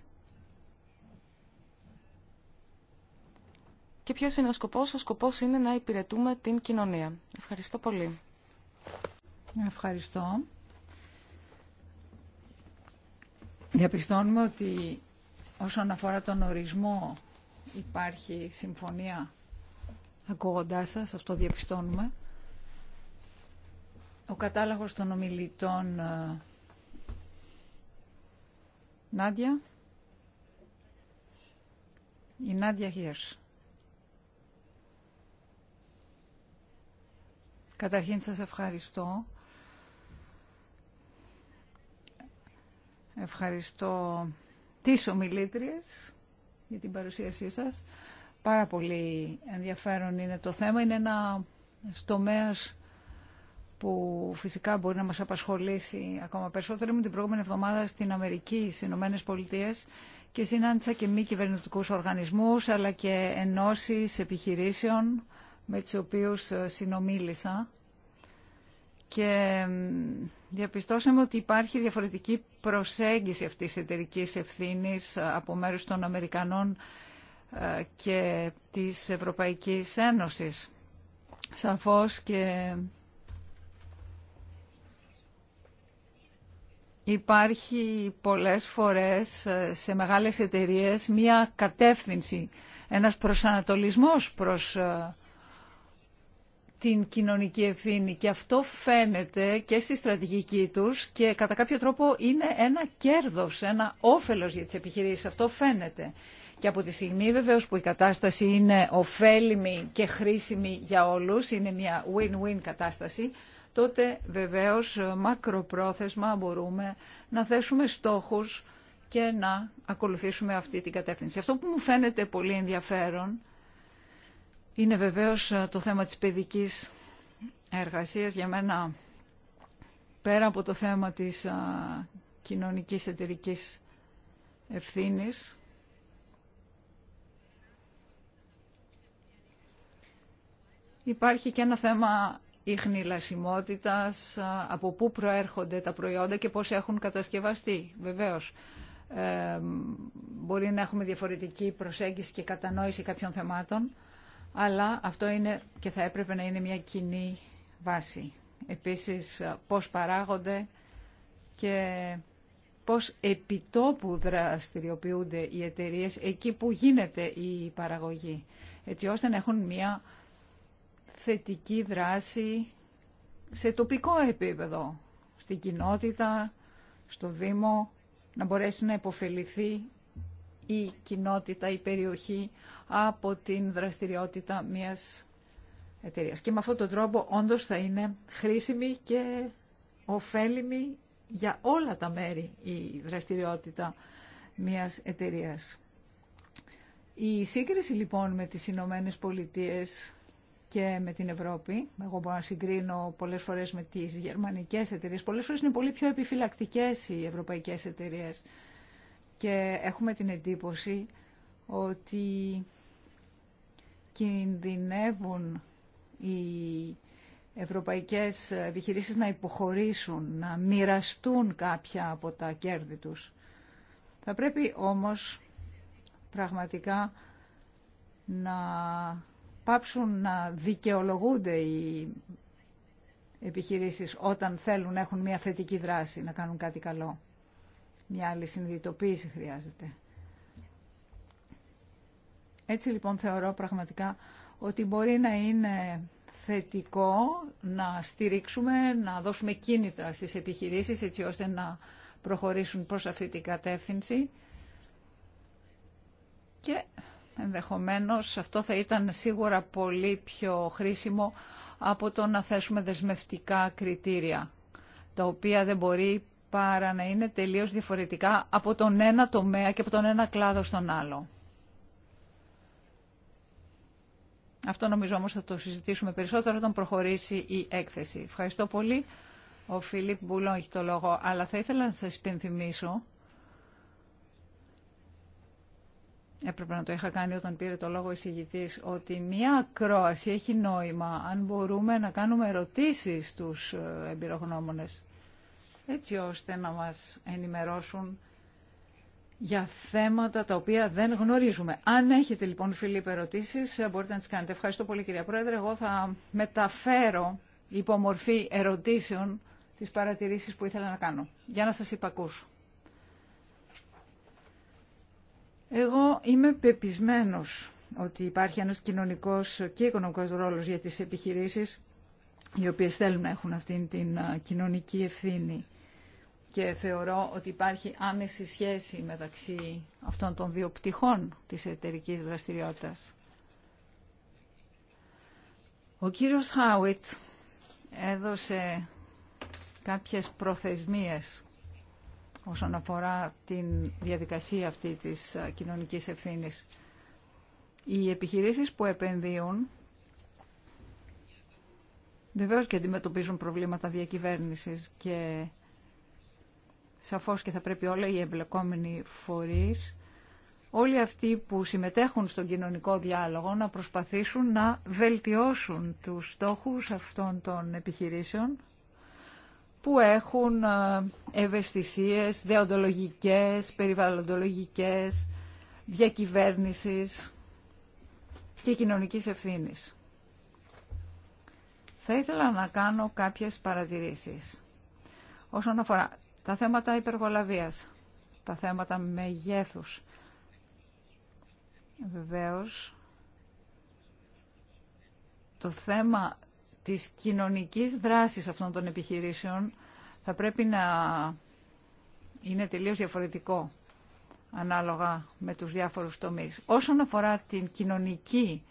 Και ποιος είναι ο σκοπός? Ο σκοπός είναι να υπηρετούμε την κοινωνία. Ευχαριστώ πολύ. Ευχαριστώ. Διαπιστώνουμε ότι όσον αφορά τον ορισμό υπάρχει συμφωνία ακούγοντάς σας, αυτό διαπιστώνουμε. Ο κατάλογος των ομιλητών ε, Νάντια. Η Νάντια Χίρς. Καταρχήν σας ευχαριστώ. Ευχαριστώ τις ομιλήτριες για την παρουσίασή σας. Πάρα πολύ ενδιαφέρον είναι το θέμα. Είναι ένα τομέα που φυσικά μπορεί να μας απασχολήσει ακόμα περισσότερο. Είμαι την προηγούμενη εβδομάδα στην Αμερική, στις Ηνωμένε Πολιτείε και συνάντησα και μη κυβερνητικού οργανισμούς αλλά και ενώσεις επιχειρήσεων με τους οποίους ε, συνομίλησα και διαπιστώσαμε ότι υπάρχει διαφορετική προσέγγιση αυτής της εταιρική ευθύνης ε, από μέρους των Αμερικανών ε, και της Ευρωπαϊκής Ένωσης. Σαφώς και υπάρχει πολλές φορές σε μεγάλες εταιρείες μία κατεύθυνση, ένας προσανατολισμός προς την κοινωνική ευθύνη και αυτό φαίνεται και στη στρατηγική τους και κατά κάποιο τρόπο είναι ένα κέρδος, ένα όφελος για τις επιχειρήσεις. Αυτό φαίνεται. Και από τη στιγμή βεβαίω που η κατάσταση είναι ωφέλιμη και χρήσιμη για όλους, είναι μια win-win κατάσταση, τότε βεβαίως μακροπρόθεσμα μπορούμε να θέσουμε στόχους και να ακολουθήσουμε αυτή την κατεύθυνση. Αυτό που μου φαίνεται πολύ ενδιαφέρον είναι βεβαίως ε, το θέμα της παιδικής εργασίας για μένα πέρα από το θέμα της ε, κοινωνικής εταιρικής ευθύνης υπάρχει και ένα θέμα ίχνη λασιμότητας. Ε, από πού προέρχονται τα προϊόντα και πώς έχουν κατασκευαστεί, βεβαίως. μπορεί να έχουμε διαφορετική προσέγγιση και κατανόηση κάποιων θεμάτων, αλλά αυτό είναι και θα έπρεπε να είναι μια κοινή βάση. Επίσης, πώς παράγονται και πώς επιτόπου δραστηριοποιούνται οι εταιρείε εκεί που γίνεται η παραγωγή, έτσι ώστε να έχουν μια θετική δράση σε τοπικό επίπεδο, στην κοινότητα, στο Δήμο, να μπορέσει να υποφεληθεί η κοινότητα, η περιοχή από την δραστηριότητα μιας εταιρείας. Και με αυτόν τον τρόπο όντως θα είναι χρήσιμη και ωφέλιμη για όλα τα μέρη η δραστηριότητα μιας εταιρείας. Η σύγκριση λοιπόν με τις Ηνωμένε Πολιτείε και με την Ευρώπη, εγώ μπορώ να συγκρίνω πολλές φορές με τις γερμανικές εταιρείες, πολλές φορές είναι πολύ πιο επιφυλακτικές οι ευρωπαϊκές εταιρείες και έχουμε την εντύπωση ότι κινδυνεύουν οι ευρωπαϊκές επιχειρήσεις να υποχωρήσουν, να μοιραστούν κάποια από τα κέρδη τους. Θα πρέπει όμως πραγματικά να πάψουν να δικαιολογούνται οι επιχειρήσεις όταν θέλουν να έχουν μια θετική δράση, να κάνουν κάτι καλό μια άλλη συνειδητοποίηση χρειάζεται. Έτσι λοιπόν θεωρώ πραγματικά ότι μπορεί να είναι θετικό να στηρίξουμε, να δώσουμε κίνητρα στις επιχειρήσεις έτσι ώστε να προχωρήσουν προς αυτή την κατεύθυνση και ενδεχομένως αυτό θα ήταν σίγουρα πολύ πιο χρήσιμο από το να θέσουμε δεσμευτικά κριτήρια τα οποία δεν μπορεί παρά να είναι τελείως διαφορετικά από τον ένα τομέα και από τον ένα κλάδο στον άλλο. Αυτό νομίζω όμως θα το συζητήσουμε περισσότερο όταν προχωρήσει η έκθεση. Ευχαριστώ πολύ. Ο Φίλιπ Μπουλόν έχει το λόγο, αλλά θα ήθελα να σας υπενθυμίσω έπρεπε να το είχα κάνει όταν πήρε το λόγο εισηγητής, ότι μία ακρόαση έχει νόημα αν μπορούμε να κάνουμε ερωτήσεις στους ε, εμπειρογνώμονες έτσι ώστε να μας ενημερώσουν για θέματα τα οποία δεν γνωρίζουμε. Αν έχετε λοιπόν φίλοι, ερωτήσεις ε, μπορείτε να τις κάνετε. Ευχαριστώ πολύ κυρία Πρόεδρε. Εγώ θα μεταφέρω υπομορφή ερωτήσεων τις παρατηρήσεις που ήθελα να κάνω. Για να σας υπακούσω. Εγώ είμαι πεπισμένος ότι υπάρχει ένας κοινωνικός και οικονομικός ρόλος για τις επιχειρήσεις οι οποίες θέλουν να έχουν αυτήν την κοινωνική ευθύνη και θεωρώ ότι υπάρχει άμεση σχέση μεταξύ αυτών των δύο πτυχών της εταιρικής δραστηριότητας. Ο κύριος Χάουιτ έδωσε κάποιες προθεσμίες όσον αφορά την διαδικασία αυτή της κοινωνικής ευθύνης. Οι επιχειρήσεις που επενδύουν βεβαίως και αντιμετωπίζουν προβλήματα διακυβέρνησης και σαφώς και θα πρέπει όλα οι εμπλεκόμενοι φορείς, όλοι αυτοί που συμμετέχουν στον κοινωνικό διάλογο να προσπαθήσουν να βελτιώσουν τους στόχους αυτών των επιχειρήσεων που έχουν ε, ευαισθησίες δεοντολογικές, περιβαλλοντολογικές, διακυβέρνησης και κοινωνικής ευθύνης. Θα ήθελα να κάνω κάποιες παρατηρήσεις. Όσον αφορά τα θέματα υπεργολαβίας, τα θέματα μεγέθους. Βεβαίως, το θέμα της κοινωνικής δράσης αυτών των επιχειρήσεων θα πρέπει να είναι τελείως διαφορετικό ανάλογα με τους διάφορους τομείς. Όσον αφορά την κοινωνική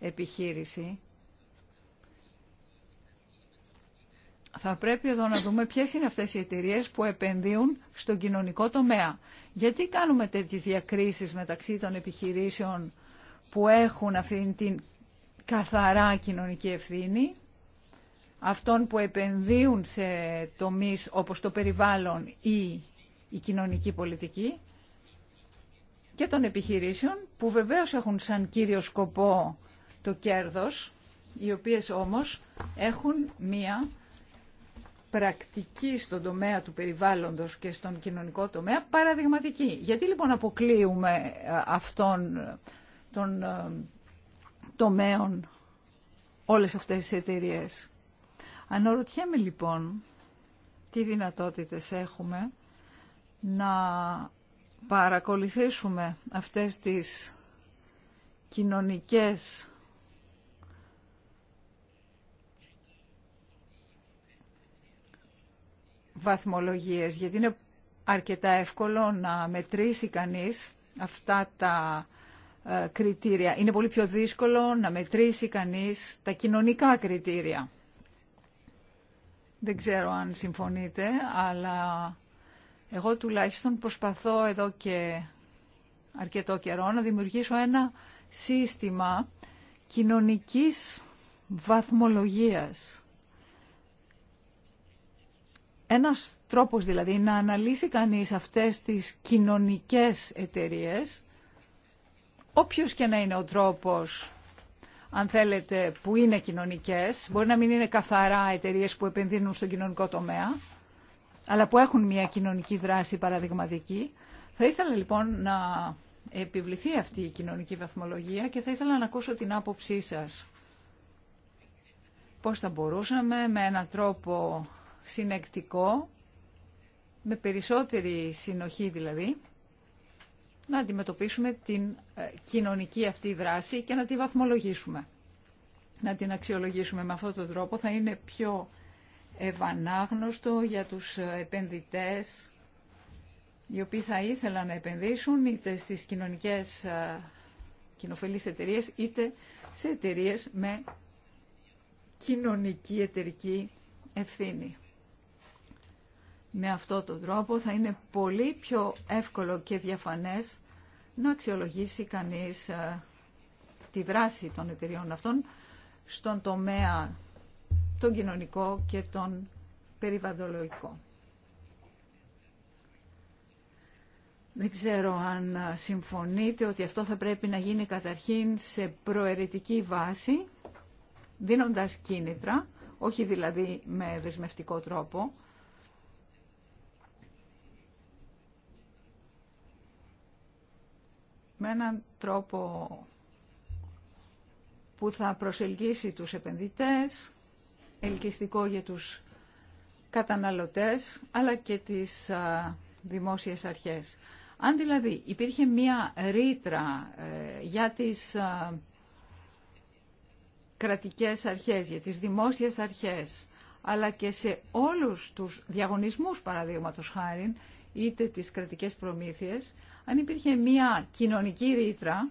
επιχείρηση, θα πρέπει εδώ να δούμε ποιες είναι αυτές οι εταιρείε που επενδύουν στον κοινωνικό τομέα. Γιατί κάνουμε τέτοιες διακρίσεις μεταξύ των επιχειρήσεων που έχουν αυτήν την καθαρά κοινωνική ευθύνη, αυτών που επενδύουν σε τομείς όπως το περιβάλλον ή η κοινωνική πολιτική και των επιχειρήσεων που βεβαίως έχουν σαν κύριο σκοπό το κέρδος, οι οποίες όμως έχουν μία πρακτική στον τομέα του περιβάλλοντος και στον κοινωνικό τομέα παραδειγματική. Γιατί λοιπόν αποκλείουμε ε, αυτών των ε, τομέων όλες αυτές τις εταιρείε. Αναρωτιέμαι λοιπόν τι δυνατότητες έχουμε να παρακολουθήσουμε αυτές τις κοινωνικές βαθμολογίες, γιατί είναι αρκετά εύκολο να μετρήσει κανείς αυτά τα ε, κριτήρια. Είναι πολύ πιο δύσκολο να μετρήσει κανείς τα κοινωνικά κριτήρια. Δεν ξέρω αν συμφωνείτε, αλλά εγώ τουλάχιστον προσπαθώ εδώ και αρκετό καιρό να δημιουργήσω ένα σύστημα κοινωνικής βαθμολογίας. Ένας τρόπος δηλαδή να αναλύσει κανείς αυτές τις κοινωνικές εταιρείες, όποιος και να είναι ο τρόπος, αν θέλετε, που είναι κοινωνικές, μπορεί να μην είναι καθαρά εταιρείε που επενδύνουν στο κοινωνικό τομέα, αλλά που έχουν μια κοινωνική δράση παραδειγματική. Θα ήθελα λοιπόν να επιβληθεί αυτή η κοινωνική βαθμολογία και θα ήθελα να ακούσω την άποψή σας. Πώς θα μπορούσαμε με έναν τρόπο συνεκτικό, με περισσότερη συνοχή δηλαδή, να αντιμετωπίσουμε την ε, κοινωνική αυτή δράση και να τη βαθμολογήσουμε. Να την αξιολογήσουμε με αυτόν τον τρόπο θα είναι πιο ευανάγνωστο για τους επενδυτές οι οποίοι θα ήθελαν να επενδύσουν είτε στις κοινωνικές ε, κοινοφελείς εταιρείες είτε σε εταιρείες με κοινωνική εταιρική ευθύνη. Με αυτό τον τρόπο θα είναι πολύ πιο εύκολο και διαφανές να αξιολογήσει κανείς ε, τη δράση των εταιριών αυτών στον τομέα τον κοινωνικό και τον περιβαλλοντολογικό. Δεν ξέρω αν ε, συμφωνείτε ότι αυτό θα πρέπει να γίνει καταρχήν σε προαιρετική βάση, δίνοντας κίνητρα, όχι δηλαδή με δεσμευτικό τρόπο, με έναν τρόπο που θα προσελκύσει τους επενδυτές, ελκυστικό για τους καταναλωτές, αλλά και τις δημόσιες αρχές. Αν δηλαδή υπήρχε μία ρήτρα ε, για τις κρατικές αρχές, για τις δημόσιες αρχές, αλλά και σε όλους τους διαγωνισμούς, παραδείγματος χάρη, είτε τις κρατικές προμήθειες, αν υπήρχε μια κοινωνική ρήτρα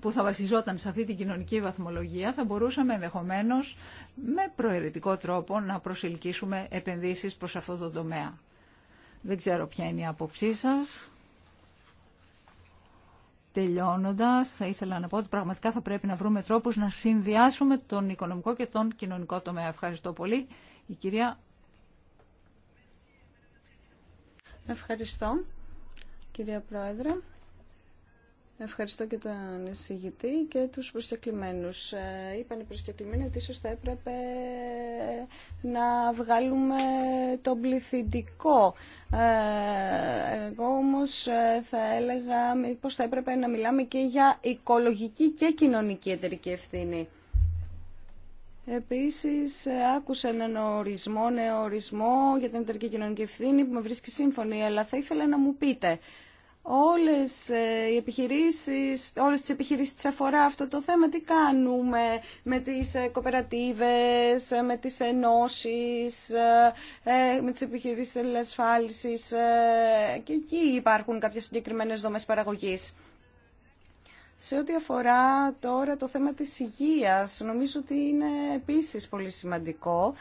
που θα βασιζόταν σε αυτή την κοινωνική βαθμολογία, θα μπορούσαμε ενδεχομένω με προαιρετικό τρόπο να προσελκύσουμε επενδύσεις προς αυτό το τομέα. Δεν ξέρω ποια είναι η άποψή σας. Τελειώνοντας, θα ήθελα να πω ότι πραγματικά θα πρέπει να βρούμε τρόπους να συνδυάσουμε τον οικονομικό και τον κοινωνικό τομέα. Ευχαριστώ πολύ. Ευχαριστώ. Κυρία Πρόεδρε, ευχαριστώ και τον εισηγητή και τους προσκεκλημένους. Ε, είπαν οι προσκεκλημένοι ότι ίσως θα έπρεπε να βγάλουμε το πληθυντικό. Ε, εγώ όμως ε, θα έλεγα πως θα έπρεπε να μιλάμε και για οικολογική και κοινωνική εταιρική ευθύνη. Επίσης, άκουσα έναν ορισμό, νέο ορισμό για την εταιρική κοινωνική ευθύνη που με βρίσκει σύμφωνη, αλλά θα ήθελα να μου πείτε όλες ε, οι επιχειρήσεις, όλες τις επιχειρήσεις αφορά αυτό το θέμα, τι κάνουμε με τις ε, κοπερατίβες, ε, με τις ενώσεις, με τις επιχειρήσεις ελασφάλισης και εκεί υπάρχουν κάποιες συγκεκριμένες δομές παραγωγής. Σε ό,τι αφορά τώρα το θέμα της υγείας, νομίζω ότι είναι επίσης πολύ σημαντικό.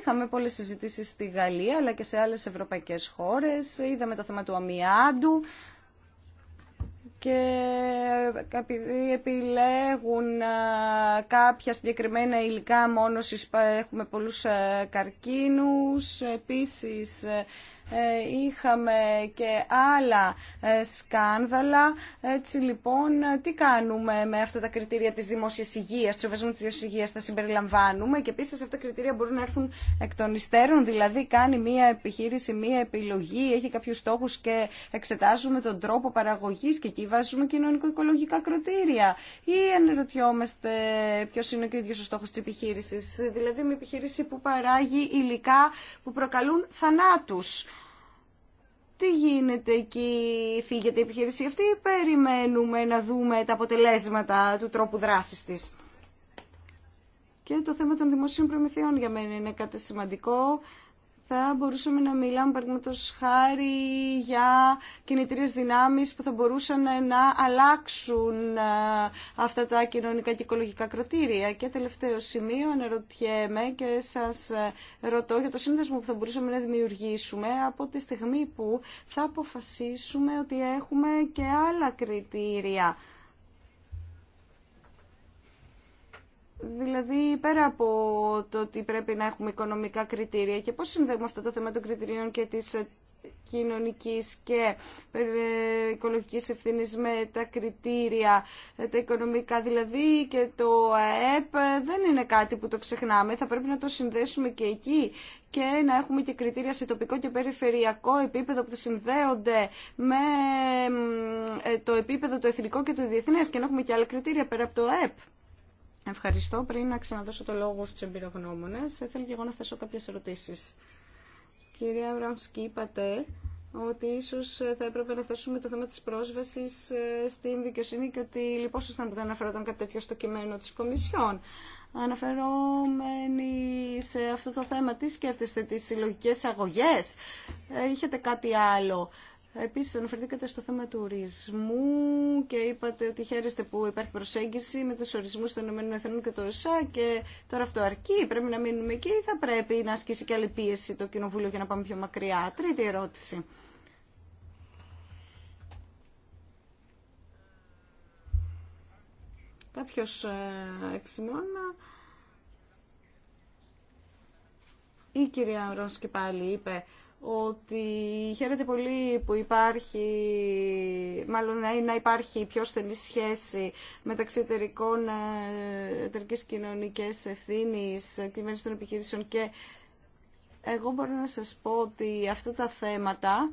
Είχαμε πολλές συζητήσει στη Γαλλία αλλά και σε άλλες ευρωπαϊκές χώρες. Είδαμε το θέμα του αμοιάντου, και επειδή επιλέγουν κάποια συγκεκριμένα υλικά μόνος έχουμε πολλούς καρκίνους. Επίσης ε, είχαμε και άλλα ε, σκάνδαλα. Έτσι λοιπόν, τι κάνουμε με αυτά τα κριτήρια της δημόσιας υγείας, του οβεσμού της υγείας, θα συμπεριλαμβάνουμε και επίσης αυτά τα κριτήρια μπορούν να έρθουν εκ των υστέρων, δηλαδή κάνει μία επιχείρηση, μία επιλογή, έχει κάποιους στόχους και εξετάζουμε τον τρόπο παραγωγής και εκεί βάζουμε κοινωνικο-οικολογικά κριτήρια ή αναρωτιόμαστε ποιος είναι και ο ίδιος ο στόχος της επιχείρησης, δηλαδή μια επιχείρηση που παράγει υλικά που προκαλούν θανάτους. Τι γίνεται εκεί, φύγεται η επιχείρηση αυτή περιμένουμε να δούμε τα αποτελέσματα του τρόπου δράσης της. Και το θέμα των δημοσίων προμηθειών για μένα είναι κάτι σημαντικό θα μπορούσαμε να μιλάμε παραδείγματο χάρη για κινητήρε δυνάμεις που θα μπορούσαν να αλλάξουν ε, αυτά τα κοινωνικά και οικολογικά κροτήρια. Και τελευταίο σημείο αναρωτιέμαι και σας ε, ρωτώ για το σύνδεσμο που θα μπορούσαμε να δημιουργήσουμε από τη στιγμή που θα αποφασίσουμε ότι έχουμε και άλλα κριτήρια Δηλαδή, πέρα από το ότι πρέπει να έχουμε οικονομικά κριτήρια και πώς συνδέουμε αυτό το θέμα των κριτηρίων και της κοινωνικής και ε, οικολογικής ευθύνης με τα κριτήρια, ε, τα οικονομικά δηλαδή και το ΑΕΠ ε, δεν είναι κάτι που το ξεχνάμε. Θα πρέπει να το συνδέσουμε και εκεί και να έχουμε και κριτήρια σε τοπικό και περιφερειακό επίπεδο που συνδέονται με το επίπεδο το εθνικό και το διεθνές και να έχουμε και άλλα κριτήρια πέρα από το ΑΕΠ. Ευχαριστώ. Πριν να ξαναδώσω το λόγο στους εμπειρογνώμονες, θέλω και εγώ να θέσω κάποιες ερωτήσεις. Κυρία Βραμσκή, είπατε ότι ίσως θα έπρεπε να θέσουμε το θέμα της πρόσβασης ε, στην δικαιοσύνη και ότι λυπόσασταν δεν αναφερόταν κάτι τέτοιο στο κειμένο της Κομισιόν. Αναφερόμενοι σε αυτό το θέμα, τι σκέφτεστε, τις συλλογικέ αγωγές, ε, είχετε κάτι άλλο Επίσης αναφερθήκατε στο θέμα του ορισμού και είπατε ότι χαίρεστε που υπάρχει προσέγγιση με τους ορισμούς των ΗΕ και το ΕΣΑ και τώρα αυτό αρκεί, πρέπει να μείνουμε εκεί ή θα πρέπει να ασκήσει και άλλη πίεση το Κοινοβούλιο για να πάμε πιο μακριά. Τρίτη ερώτηση. Κάποιο ε, εξημώνα ή ε, κυρία Ρώσκη πάλι είπε ότι χαίρεται πολύ που υπάρχει, μάλλον να υπάρχει πιο στενή σχέση μεταξύ εταιρικών, ε, εταιρικής κοινωνικής ευθύνης, κυβέρνηση των επιχειρήσεων και εγώ μπορώ να σας πω ότι αυτά τα θέματα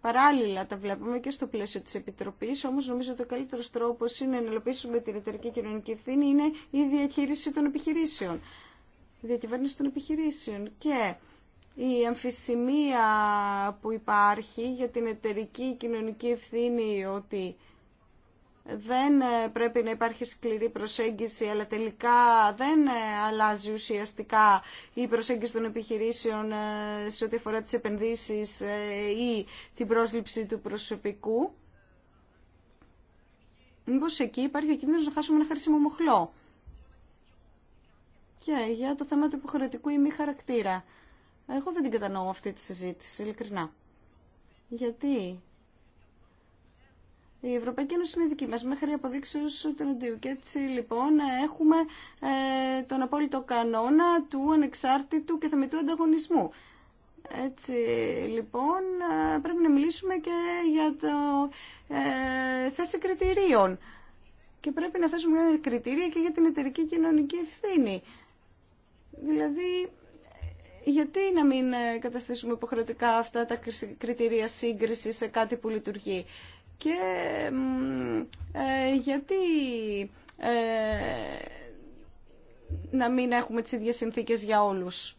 παράλληλα τα βλέπουμε και στο πλαίσιο της Επιτροπής, όμως νομίζω ότι ο καλύτερος τρόπος είναι να ελοπίσουμε την εταιρική κοινωνική ευθύνη είναι η διαχείριση των επιχειρήσεων, η διακυβέρνηση των επιχειρήσεων και η αμφισημία που υπάρχει για την εταιρική κοινωνική ευθύνη ότι δεν ε, πρέπει να υπάρχει σκληρή προσέγγιση, αλλά τελικά δεν ε, αλλάζει ουσιαστικά η προσέγγιση των επιχειρήσεων ε, σε ό,τι αφορά τις επενδύσεις ή την πρόσληψη του προσωπικού. Μήπως εκεί υπάρχει ο κίνδυνος να χάσουμε ένα χρήσιμο μοχλό. Και για το θέμα του υποχρεωτικού ή μη χαρακτήρα. Εγώ δεν την κατανοώ αυτή τη συζήτηση, ειλικρινά. Γιατί η Ευρωπαϊκή Ένωση είναι δική μας μέχρι αποδείξεως του Ντίου. Και έτσι λοιπόν έχουμε ε, τον απόλυτο κανόνα του ανεξάρτητου και θεμετού ανταγωνισμού. Έτσι λοιπόν ε, πρέπει να μιλήσουμε και για το ε, θέση κριτηρίων. Και πρέπει να θέσουμε κριτήρια και για την εταιρική κοινωνική ευθύνη. Δηλαδή γιατί να μην ε, καταστήσουμε υποχρεωτικά αυτά τα κριτήρια σύγκριση σε κάτι που λειτουργεί. Και ε, γιατί ε, να μην έχουμε τις ίδιες συνθήκες για όλους.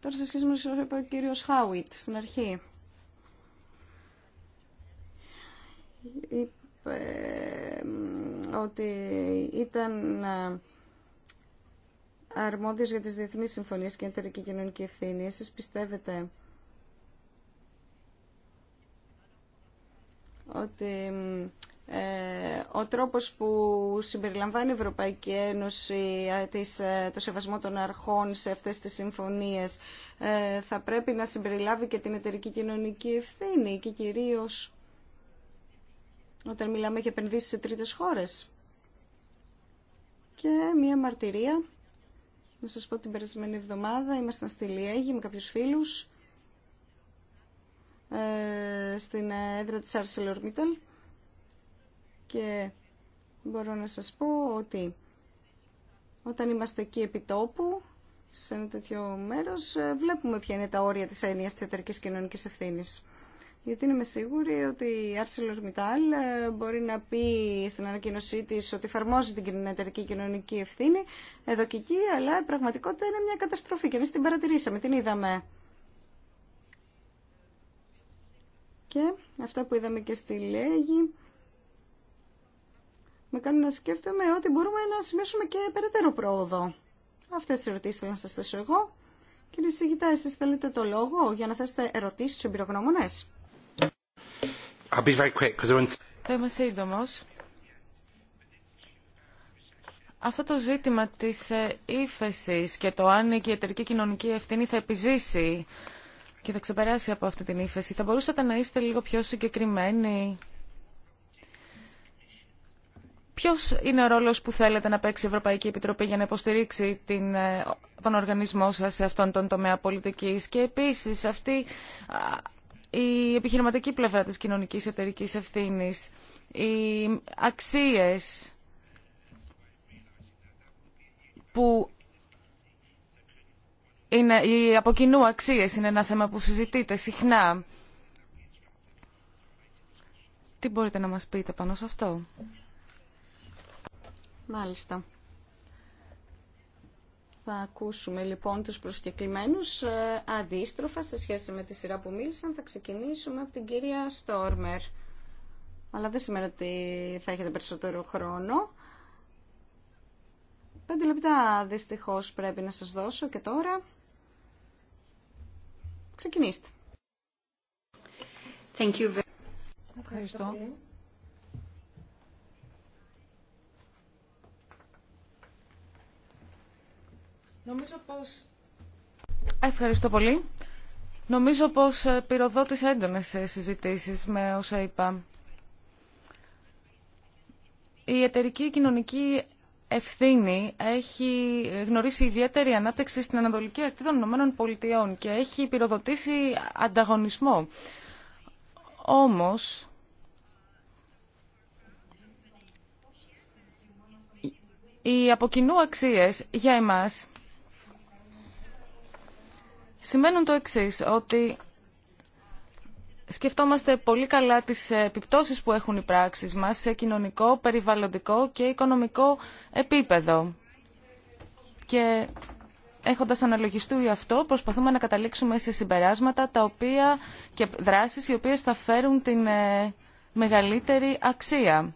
Τώρα σε σχέση με το είπε ο κύριος Χάουιτ στην αρχή. Είπε ότι ήταν αρμόδιος για τις διεθνείς συμφωνίες και εταιρική κοινωνική ευθύνη. Εσείς πιστεύετε ότι ε, ο τρόπος που συμπεριλαμβάνει η Ευρωπαϊκή Ένωση ε, ε, το σεβασμό των αρχών σε αυτές τις συμφωνίες θα πρέπει να συμπεριλάβει και την εταιρική κοινωνική ευθύνη και κυρίως όταν μιλάμε για επενδύσεις σε τρίτες χώρες. Και μία μαρτυρία να σας πω την περασμένη εβδομάδα ήμασταν στη Λιέγη με κάποιους φίλους ε, στην έδρα της ArcelorMittal και μπορώ να σας πω ότι όταν είμαστε εκεί επί τόπου, σε ένα τέτοιο μέρος, ε, βλέπουμε ποια είναι τα όρια της έννοιας της εταιρικής κοινωνικής ευθύνης γιατί είμαι σίγουρη ότι η ArcelorMittal ε, μπορεί να πει στην ανακοίνωσή τη ότι εφαρμόζει την εταιρική κοινωνική ευθύνη εδώ και εκεί, αλλά η πραγματικότητα είναι μια καταστροφή και εμεί την παρατηρήσαμε, την είδαμε. Και αυτά που είδαμε και στη Λέγη με κάνουν να σκέφτομαι ότι μπορούμε να σημειώσουμε και περαιτέρω πρόοδο. Αυτέ τι ερωτήσεις θέλω να σα θέσω εγώ. Κύριε Σιγητά, εσεί θέλετε το λόγο για να θέσετε ερωτήσει στου εμπειρογνώμονε. I'll be very quick, I want... Θα είμαι σύντομο. Αυτό το ζήτημα της ε, ύφεση και το αν η εταιρική κοινωνική ευθύνη θα επιζήσει και θα ξεπεράσει από αυτή την ύφεση, θα μπορούσατε να είστε λίγο πιο συγκεκριμένοι. Ποιος είναι ο ρόλος που θέλετε να παίξει η Ευρωπαϊκή Επιτροπή για να υποστηρίξει την, ε, τον οργανισμό σας σε αυτόν τον τομέα πολιτικής και επίσης αυτή η επιχειρηματική πλευρά της κοινωνικής εταιρικής ευθύνης, οι αξίες που είναι, οι από κοινού αξίες είναι ένα θέμα που συζητείται συχνά. Τι μπορείτε να μας πείτε πάνω σε αυτό. Μάλιστα. Θα ακούσουμε λοιπόν τους προσκεκλημένους ε, αντίστροφα σε σχέση με τη σειρά που μίλησαν. Θα ξεκινήσουμε από την κυρία Στόρμερ. Αλλά δεν σημαίνει ότι θα έχετε περισσότερο χρόνο. Πέντε λεπτά δυστυχώς πρέπει να σας δώσω και τώρα. Ξεκινήστε. Thank you very... Ευχαριστώ. Ευχαριστώ. Νομίζω πως... Ευχαριστώ πολύ. Νομίζω πως ε, πυροδότησε έντονες ε, συζητήσεις με όσα είπα. Η εταιρική κοινωνική ευθύνη έχει γνωρίσει ιδιαίτερη ανάπτυξη στην Ανατολική Ακτή των Ηνωμένων Πολιτειών και έχει πυροδοτήσει ανταγωνισμό. Όμως, οι από αξίες για εμάς σημαίνουν το εξή ότι σκεφτόμαστε πολύ καλά τις επιπτώσεις που έχουν οι πράξεις μας σε κοινωνικό, περιβαλλοντικό και οικονομικό επίπεδο. Και έχοντας γι' αυτό, προσπαθούμε να καταλήξουμε σε συμπεράσματα τα οποία, και δράσεις οι οποίες θα φέρουν την ε, μεγαλύτερη αξία.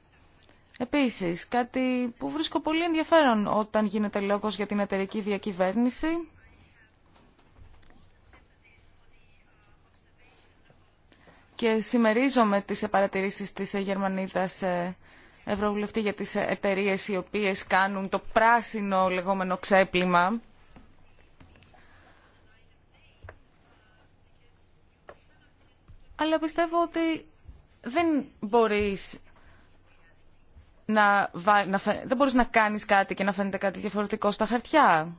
Επίσης, κάτι που βρίσκω πολύ ενδιαφέρον όταν γίνεται λόγος για την εταιρική διακυβέρνηση, και συμμερίζομαι τις παρατηρήσεις της Γερμανίδας ε, Ευρωβουλευτή για τις ε, εταιρείε οι οποίες κάνουν το πράσινο λεγόμενο ξέπλυμα. Αλλά πιστεύω ότι δεν μπορείς να, δεν μπορείς να κάνεις κάτι και να φαίνεται κάτι διαφορετικό στα χαρτιά.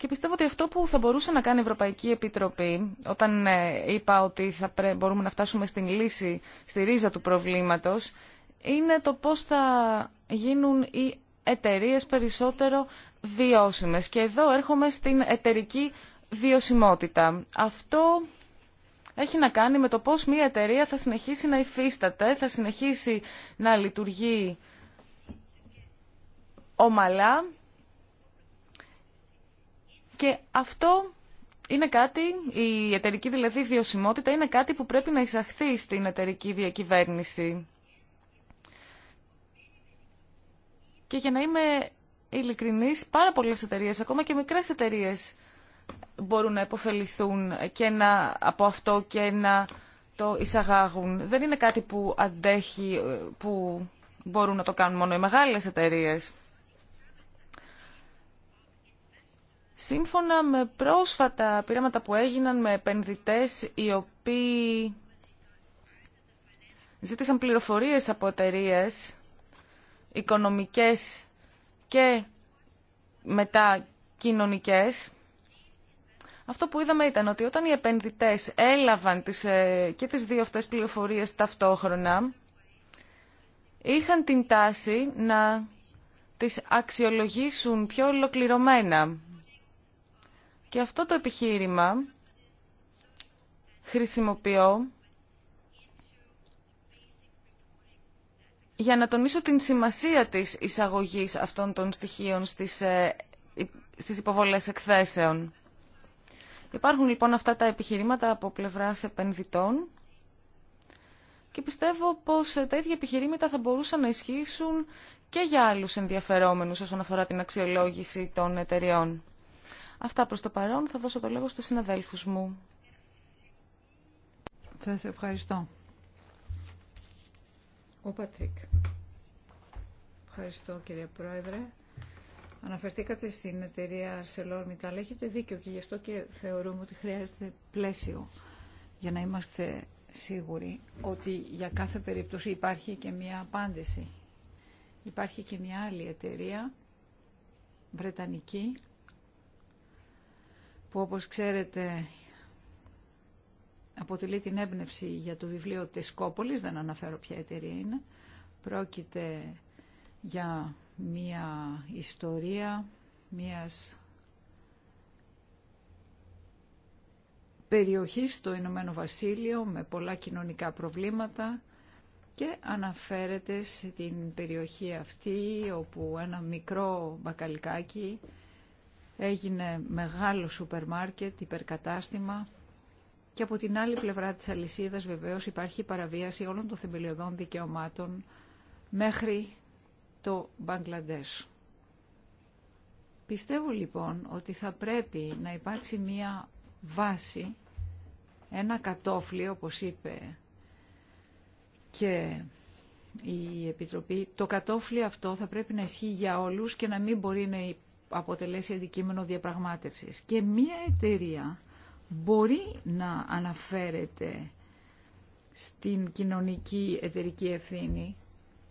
Και πιστεύω ότι αυτό που θα μπορούσε να κάνει η Ευρωπαϊκή Επιτροπή, όταν ε, είπα ότι θα μπορούμε να φτάσουμε στην λύση, στη ρίζα του προβλήματος, είναι το πώς θα γίνουν οι εταιρείε περισσότερο βιώσιμες. Και εδώ έρχομαι στην εταιρική βιωσιμότητα. Αυτό έχει να κάνει με το πώς μια εταιρεία θα συνεχίσει να υφίσταται, θα συνεχίσει να λειτουργεί ομαλά και αυτό είναι κάτι, η εταιρική δηλαδή βιωσιμότητα είναι κάτι που πρέπει να εισαχθεί στην εταιρική διακυβέρνηση. Και για να είμαι ειλικρινής, πάρα πολλές εταιρείες, ακόμα και μικρές εταιρείες, μπορούν να υποφεληθούν και να, από αυτό και να το εισαγάγουν. Δεν είναι κάτι που αντέχει, που μπορούν να το κάνουν μόνο οι μεγάλες εταιρείες. Σύμφωνα με πρόσφατα πειράματα που έγιναν με επενδυτές οι οποίοι ζήτησαν πληροφορίες από εταιρείε οικονομικές και μετά κοινωνικές, αυτό που είδαμε ήταν ότι όταν οι επενδυτές έλαβαν τις, ε, και τις δύο αυτές πληροφορίες ταυτόχρονα, είχαν την τάση να τις αξιολογήσουν πιο ολοκληρωμένα και αυτό το επιχείρημα χρησιμοποιώ για να τονίσω την σημασία της εισαγωγής αυτών των στοιχείων στις, ε, στις υποβολές εκθέσεων. Υπάρχουν λοιπόν αυτά τα επιχειρήματα από πλευράς επενδυτών και πιστεύω πως ε, τα ίδια επιχειρήματα θα μπορούσαν να ισχύσουν και για άλλους ενδιαφερόμενους όσον αφορά την αξιολόγηση των εταιριών. Αυτά προς το παρόν. Θα δώσω το λόγο στους συναδέλφους μου. Θα σε ευχαριστώ. Ο Πατρίκ. Ευχαριστώ κύριε Πρόεδρε. Αναφερθήκατε στην εταιρεία Μιτάλ. Έχετε δίκιο και γι' αυτό και θεωρούμε ότι χρειάζεται πλαίσιο για να είμαστε σίγουροι ότι για κάθε περίπτωση υπάρχει και μία απάντηση. Υπάρχει και μία άλλη εταιρεία, βρετανική, που όπως ξέρετε αποτελεί την έμπνευση για το βιβλίο της Κόπολης, δεν αναφέρω ποια εταιρεία είναι. Πρόκειται για μία ιστορία μίας περιοχής στο Ηνωμένο Βασίλειο με πολλά κοινωνικά προβλήματα και αναφέρεται στην περιοχή αυτή όπου ένα μικρό μπακαλικάκι έγινε μεγάλο σούπερ μάρκετ, υπερκατάστημα και από την άλλη πλευρά της αλυσίδας βεβαίως υπάρχει παραβίαση όλων των θεμελιωδών δικαιωμάτων μέχρι το Μπαγκλαντές. Πιστεύω λοιπόν ότι θα πρέπει να υπάρξει μία βάση, ένα κατόφλι όπως είπε και η Επιτροπή. Το κατόφλι αυτό θα πρέπει να ισχύει για όλους και να μην μπορεί να αποτελέσει αντικείμενο διαπραγμάτευσης. Και μία εταιρεία μπορεί να αναφέρεται στην κοινωνική εταιρική ευθύνη.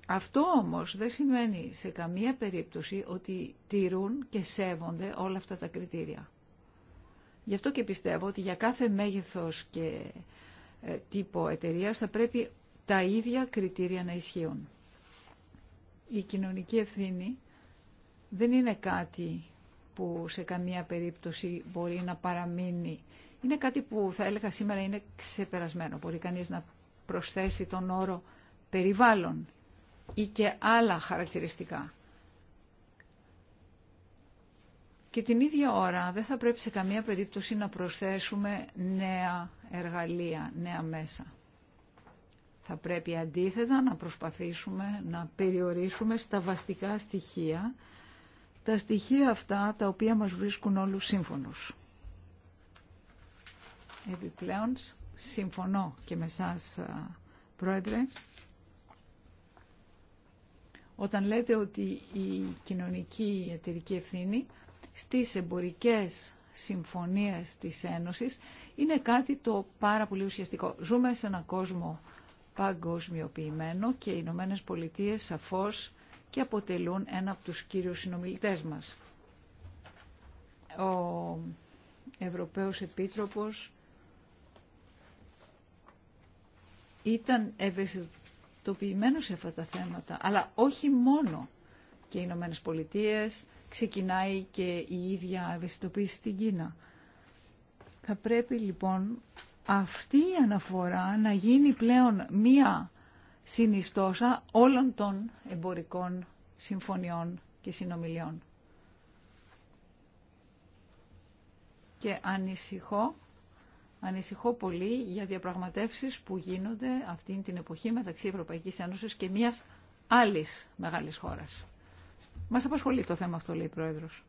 Αυτό όμως δεν σημαίνει σε καμία περίπτωση ότι τηρούν και σέβονται όλα αυτά τα κριτήρια. Γι' αυτό και πιστεύω ότι για κάθε μέγεθος και ε, τύπο εταιρείας θα πρέπει τα ίδια κριτήρια να ισχύουν. Η κοινωνική ευθύνη δεν είναι κάτι που σε καμία περίπτωση μπορεί να παραμείνει. Είναι κάτι που θα έλεγα σήμερα είναι ξεπερασμένο. Μπορεί κανείς να προσθέσει τον όρο περιβάλλον ή και άλλα χαρακτηριστικά. Και την ίδια ώρα δεν θα πρέπει σε καμία περίπτωση να προσθέσουμε νέα εργαλεία, νέα μέσα. Θα πρέπει αντίθετα να προσπαθήσουμε να περιορίσουμε στα βαστικά στοιχεία τα στοιχεία αυτά τα οποία μας βρίσκουν όλους σύμφωνους. Επιπλέον, συμφωνώ και με σας, Πρόεδρε, όταν λέτε ότι η κοινωνική εταιρική ευθύνη στις εμπορικές συμφωνίες της Ένωσης είναι κάτι το πάρα πολύ ουσιαστικό. Ζούμε σε έναν κόσμο παγκοσμιοποιημένο και οι Ηνωμένε Πολιτείε σαφώς και αποτελούν ένα από τους κύριους συνομιλητές μας. Ο Ευρωπαίος Επίτροπος ήταν ευαισθητοποιημένος σε αυτά τα θέματα, αλλά όχι μόνο και οι Ηνωμένε Πολιτείε ξεκινάει και η ίδια ευαισθητοποίηση στην Κίνα. Θα πρέπει λοιπόν αυτή η αναφορά να γίνει πλέον μία συνιστόσα όλων των εμπορικών συμφωνιών και συνομιλιών. Και ανησυχώ, ανησυχώ πολύ για διαπραγματεύσεις που γίνονται αυτή την εποχή μεταξύ Ευρωπαϊκής Ένωσης και μιας άλλης μεγάλης χώρας. Μας απασχολεί το θέμα αυτό, λέει η Πρόεδρος.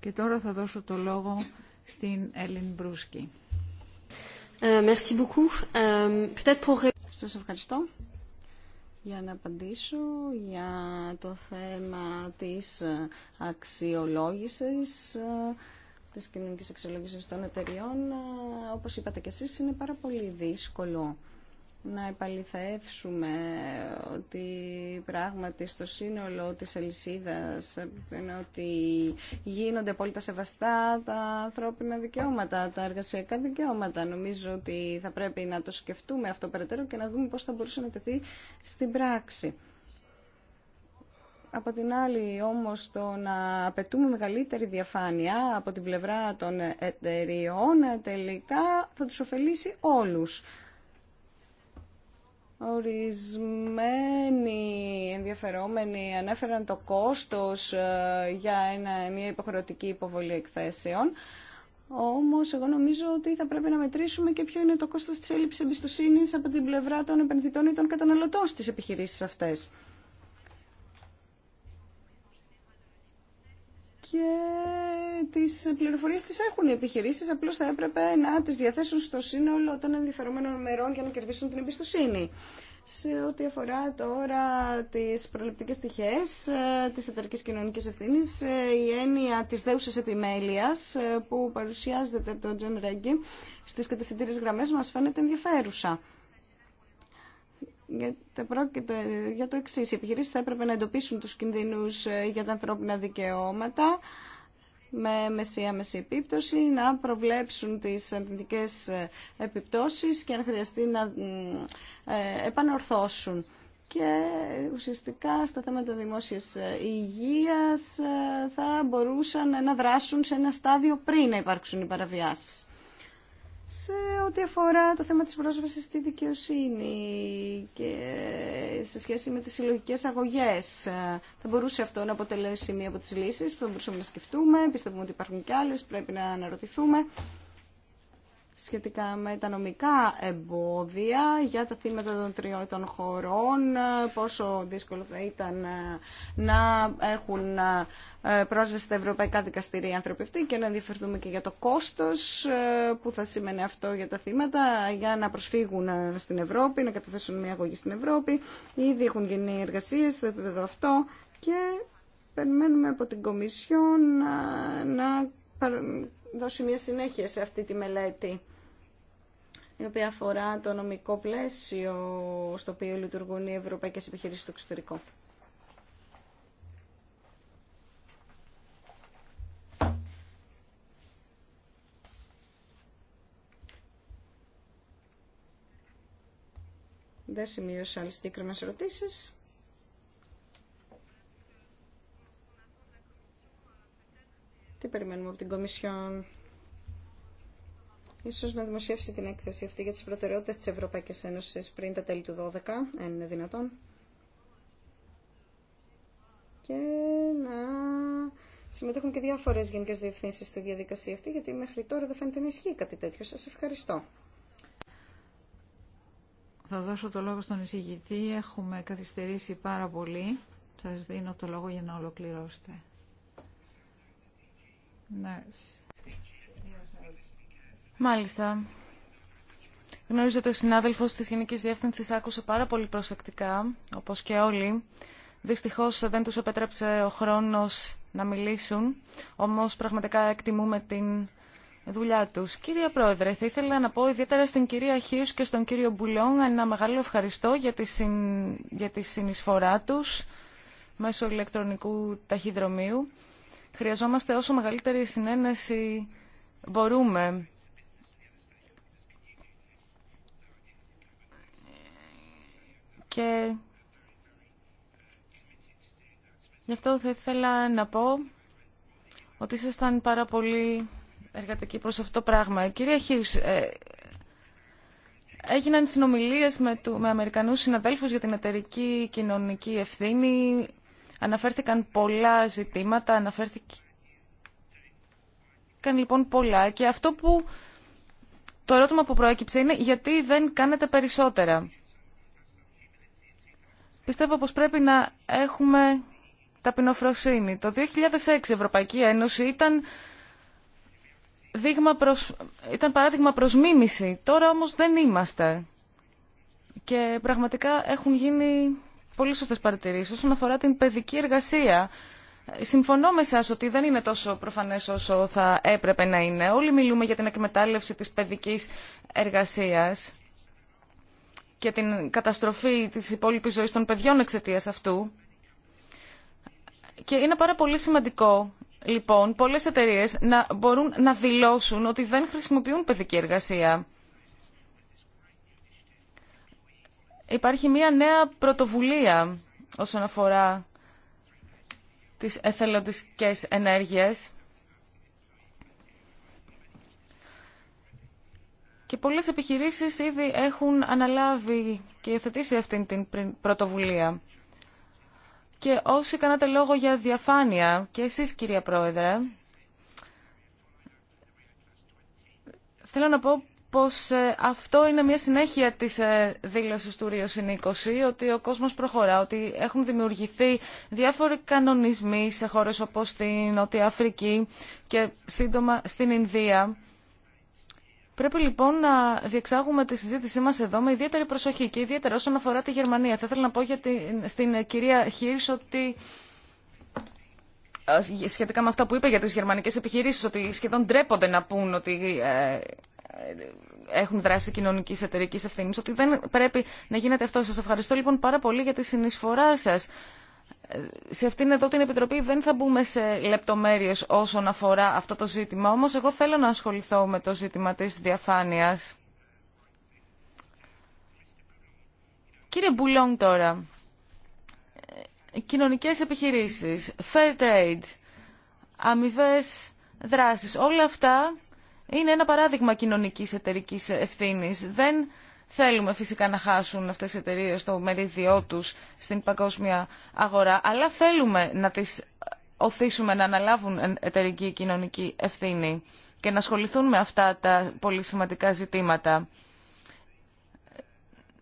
Και τώρα θα δώσω το λόγο στην Έλλην Μπρούσκη. Σα ε, merci beaucoup. Ε, pour... ευχαριστώ για να απαντήσω για το θέμα της αξιολόγησης, της κοινωνικής αξιολόγησης των εταιριών. Όπως είπατε και εσείς, είναι πάρα πολύ δύσκολο να επαληθεύσουμε ότι πράγματι στο σύνολο της αλυσίδας ότι γίνονται απόλυτα σεβαστά τα ανθρώπινα δικαιώματα, τα εργασιακά δικαιώματα. Νομίζω ότι θα πρέπει να το σκεφτούμε αυτό περαιτέρω και να δούμε πώς θα μπορούσε να τεθεί στην πράξη. Από την άλλη όμως το να απαιτούμε μεγαλύτερη διαφάνεια από την πλευρά των εταιριών τελικά θα τους ωφελήσει όλους. Ορισμένοι ενδιαφερόμενοι ανέφεραν το κόστος ε, για μια υποχρεωτική υποβολή εκθέσεων. Όμως εγώ νομίζω ότι θα πρέπει να μετρήσουμε και ποιο είναι το κόστος της έλλειψης εμπιστοσύνης από την πλευρά των επενδυτών ή των καταναλωτών στις επιχειρήσεις αυτές. Και τις πληροφορίες τις έχουν οι επιχειρήσεις, απλώς θα έπρεπε να τις διαθέσουν στο σύνολο των ενδιαφερομένων μερών για να κερδίσουν την εμπιστοσύνη. Σε ό,τι αφορά τώρα τις προληπτικές στοιχές ε, της εταιρική κοινωνικής ευθύνης, ε, η έννοια της δεούσα επιμέλειας ε, που παρουσιάζεται από τον Τζον Ρέγκη στις κατευθυντήρες γραμμές μας φαίνεται ενδιαφέρουσα. Για, για το εξή. Οι επιχειρήσει θα έπρεπε να εντοπίσουν του κινδύνου για τα ανθρώπινα δικαιώματα, με μεσία-μεση επίπτωση, να προβλέψουν τις αρνητικές ε, επιπτώσεις και αν χρειαστεί να ε, επανορθώσουν. Και ουσιαστικά στα θέματα δημόσιας ε, υγείας θα μπορούσαν να δράσουν σε ένα στάδιο πριν να υπάρξουν οι παραβιάσεις σε ό,τι αφορά το θέμα της πρόσβασης στη δικαιοσύνη και σε σχέση με τις συλλογικέ αγωγές. Θα μπορούσε αυτό να αποτελέσει μία από τις λύσεις που θα μπορούσαμε να σκεφτούμε. Πιστεύουμε ότι υπάρχουν και άλλες, πρέπει να αναρωτηθούμε σχετικά με τα νομικά εμπόδια για τα θύματα των τριών των χωρών, πόσο δύσκολο θα ήταν ε, να έχουν ε, πρόσβαση στα ευρωπαϊκά δικαστηρία άνθρωποι αυτοί και να ενδιαφερθούμε και για το κόστος ε, που θα σημαίνει αυτό για τα θύματα για να προσφύγουν στην Ευρώπη, να καταθέσουν μια αγωγή στην Ευρώπη. Ήδη έχουν γίνει εργασίες στο επίπεδο αυτό και περιμένουμε από την Κομισιόν να δώσει μια συνέχεια σε αυτή τη μελέτη η οποία αφορά το νομικό πλαίσιο στο οποίο λειτουργούν οι ευρωπαϊκές επιχειρήσεις στο εξωτερικό. Δεν σημείωσα άλλες συγκεκριμένες ερωτήσεις. περιμένουμε από την Κομισιόν. Ίσως να δημοσιεύσει την έκθεση αυτή για τις προτεραιότητες της Ευρωπαϊκής Ένωσης πριν τα τέλη του 12, αν είναι δυνατόν. Και να συμμετέχουν και διάφορες γενικές διευθύνσεις στη διαδικασία αυτή, γιατί μέχρι τώρα δεν φαίνεται να ισχύει κάτι τέτοιο. Σας ευχαριστώ. Θα δώσω το λόγο στον εισηγητή. Έχουμε καθυστερήσει πάρα πολύ. Σας δίνω το λόγο για να ολοκληρώσετε. Μάλιστα. Γνωρίζω ότι ο συνάδελφο τη Γενική Διεύθυνση άκουσε πάρα πολύ προσεκτικά, όπω και όλοι. Δυστυχώ δεν του επέτρεψε ο χρόνο να μιλήσουν, όμω πραγματικά εκτιμούμε την δουλειά του. Κύριε Πρόεδρε, θα ήθελα να πω ιδιαίτερα στην κυρία Χίου και στον κύριο Μπουλόν ένα μεγάλο ευχαριστώ για τη, για συνεισφορά του μέσω ηλεκτρονικού ταχυδρομείου. Χρειαζόμαστε όσο μεγαλύτερη συνένεση μπορούμε. Και γι' αυτό θα ήθελα να πω ότι ήσασταν πάρα πολύ εργατικοί προς αυτό το πράγμα. Κυρία Χίους, ε, έγιναν συνομιλίες με, του, με Αμερικανούς συναδέλφους για την εταιρική κοινωνική ευθύνη. Αναφέρθηκαν πολλά ζητήματα, αναφέρθηκαν λοιπόν πολλά και αυτό που το ερώτημα που προέκυψε είναι γιατί δεν κάνετε περισσότερα. Πιστεύω πως πρέπει να έχουμε ταπεινοφροσύνη. Το 2006 η Ευρωπαϊκή Ένωση ήταν, δείγμα ήταν παράδειγμα προς μίμηση. Τώρα όμως δεν είμαστε. Και πραγματικά έχουν γίνει πολύ σωστέ παρατηρήσεις όσον αφορά την παιδική εργασία. Συμφωνώ με εσά ότι δεν είναι τόσο προφανέ όσο θα έπρεπε να είναι. Όλοι μιλούμε για την εκμετάλλευση τη παιδική εργασία και την καταστροφή τη υπόλοιπη ζωή των παιδιών εξαιτία αυτού. Και είναι πάρα πολύ σημαντικό, λοιπόν, πολλέ εταιρείε να μπορούν να δηλώσουν ότι δεν χρησιμοποιούν παιδική εργασία. υπάρχει μια νέα πρωτοβουλία όσον αφορά τις εθελοντικές ενέργειες και πολλές επιχειρήσεις ήδη έχουν αναλάβει και υιοθετήσει αυτή την πρωτοβουλία. Και όσοι κάνατε λόγο για διαφάνεια, και εσείς κυρία Πρόεδρε, θέλω να πω πως ε, αυτό είναι μια συνέχεια της ε, δήλωσης του Ρίο Συνήκωση, ότι ο κόσμος προχωρά, ότι έχουν δημιουργηθεί διάφοροι κανονισμοί σε χώρες όπως την Νότια Αφρική και σύντομα στην Ινδία. Πρέπει λοιπόν να διεξάγουμε τη συζήτησή μας εδώ με ιδιαίτερη προσοχή και ιδιαίτερα όσον αφορά τη Γερμανία. Θα ήθελα να πω για την, στην ε, κυρία Χίρς ότι σχετικά με αυτά που είπε για τις γερμανικές επιχειρήσεις ότι σχεδόν ντρέπονται να πούν ότι έχουν δράση κοινωνική εταιρική ευθύνη, ότι δεν πρέπει να γίνεται αυτό. Σα ευχαριστώ λοιπόν πάρα πολύ για τη συνεισφορά σα. Σε αυτήν εδώ την Επιτροπή δεν θα μπούμε σε λεπτομέρειες όσον αφορά αυτό το ζήτημα, όμως εγώ θέλω να ασχοληθώ με το ζήτημα της διαφάνειας. Κύριε Μπουλόν τώρα, κοινωνικές επιχειρήσεις, fair trade, αμοιβέ δράσεις, όλα αυτά είναι ένα παράδειγμα κοινωνικής εταιρική ευθύνης. Δεν θέλουμε φυσικά να χάσουν αυτές οι εταιρείε το μερίδιό τους στην παγκόσμια αγορά, αλλά θέλουμε να τις οθήσουμε να αναλάβουν εταιρική κοινωνική ευθύνη και να ασχοληθούν με αυτά τα πολύ σημαντικά ζητήματα.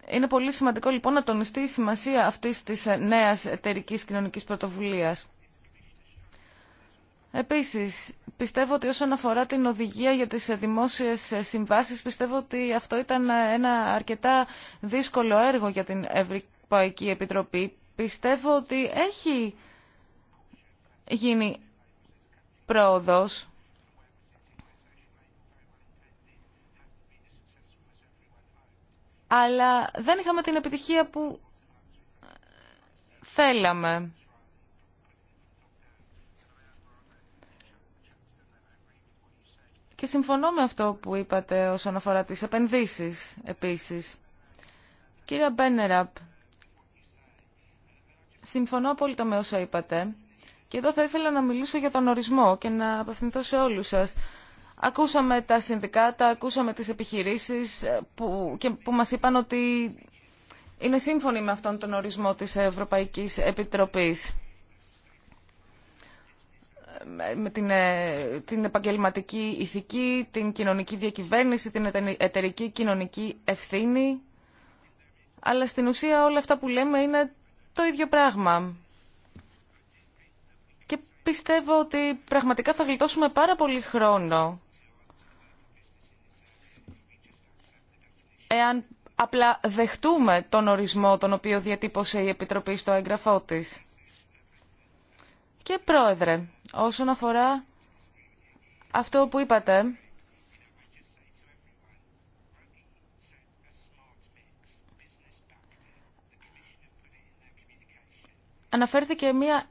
Είναι πολύ σημαντικό λοιπόν να τονιστεί η σημασία αυτής της ε, νέας εταιρικής κοινωνικής πρωτοβουλίας. Επίσης, πιστεύω ότι όσον αφορά την οδηγία για τις δημόσιες συμβάσεις, πιστεύω ότι αυτό ήταν ένα αρκετά δύσκολο έργο για την Ευρωπαϊκή Επιτροπή. Πιστεύω ότι έχει γίνει πρόοδος. Αλλά δεν είχαμε την επιτυχία που θέλαμε. Και συμφωνώ με αυτό που είπατε όσον αφορά τις επενδύσεις επίσης. Κύριε Μπένεραπ, συμφωνώ απόλυτα με όσα είπατε. Και εδώ θα ήθελα να μιλήσω για τον ορισμό και να απευθυνθώ σε όλους σας. Ακούσαμε τα συνδικάτα, ακούσαμε τις επιχειρήσεις ε, που, και που μας είπαν ότι είναι σύμφωνοι με αυτόν τον ορισμό της Ευρωπαϊκής Επιτροπής με την, ε, την επαγγελματική ηθική, την κοινωνική διακυβέρνηση, την εταιρική κοινωνική ευθύνη. Αλλά στην ουσία όλα αυτά που λέμε είναι το ίδιο πράγμα. Και πιστεύω ότι πραγματικά θα γλιτώσουμε πάρα πολύ χρόνο εάν απλά δεχτούμε τον ορισμό τον οποίο διατύπωσε η Επιτροπή στο έγγραφό της. Και πρόεδρε, όσον αφορά αυτό που είπατε, αναφέρθηκε μια,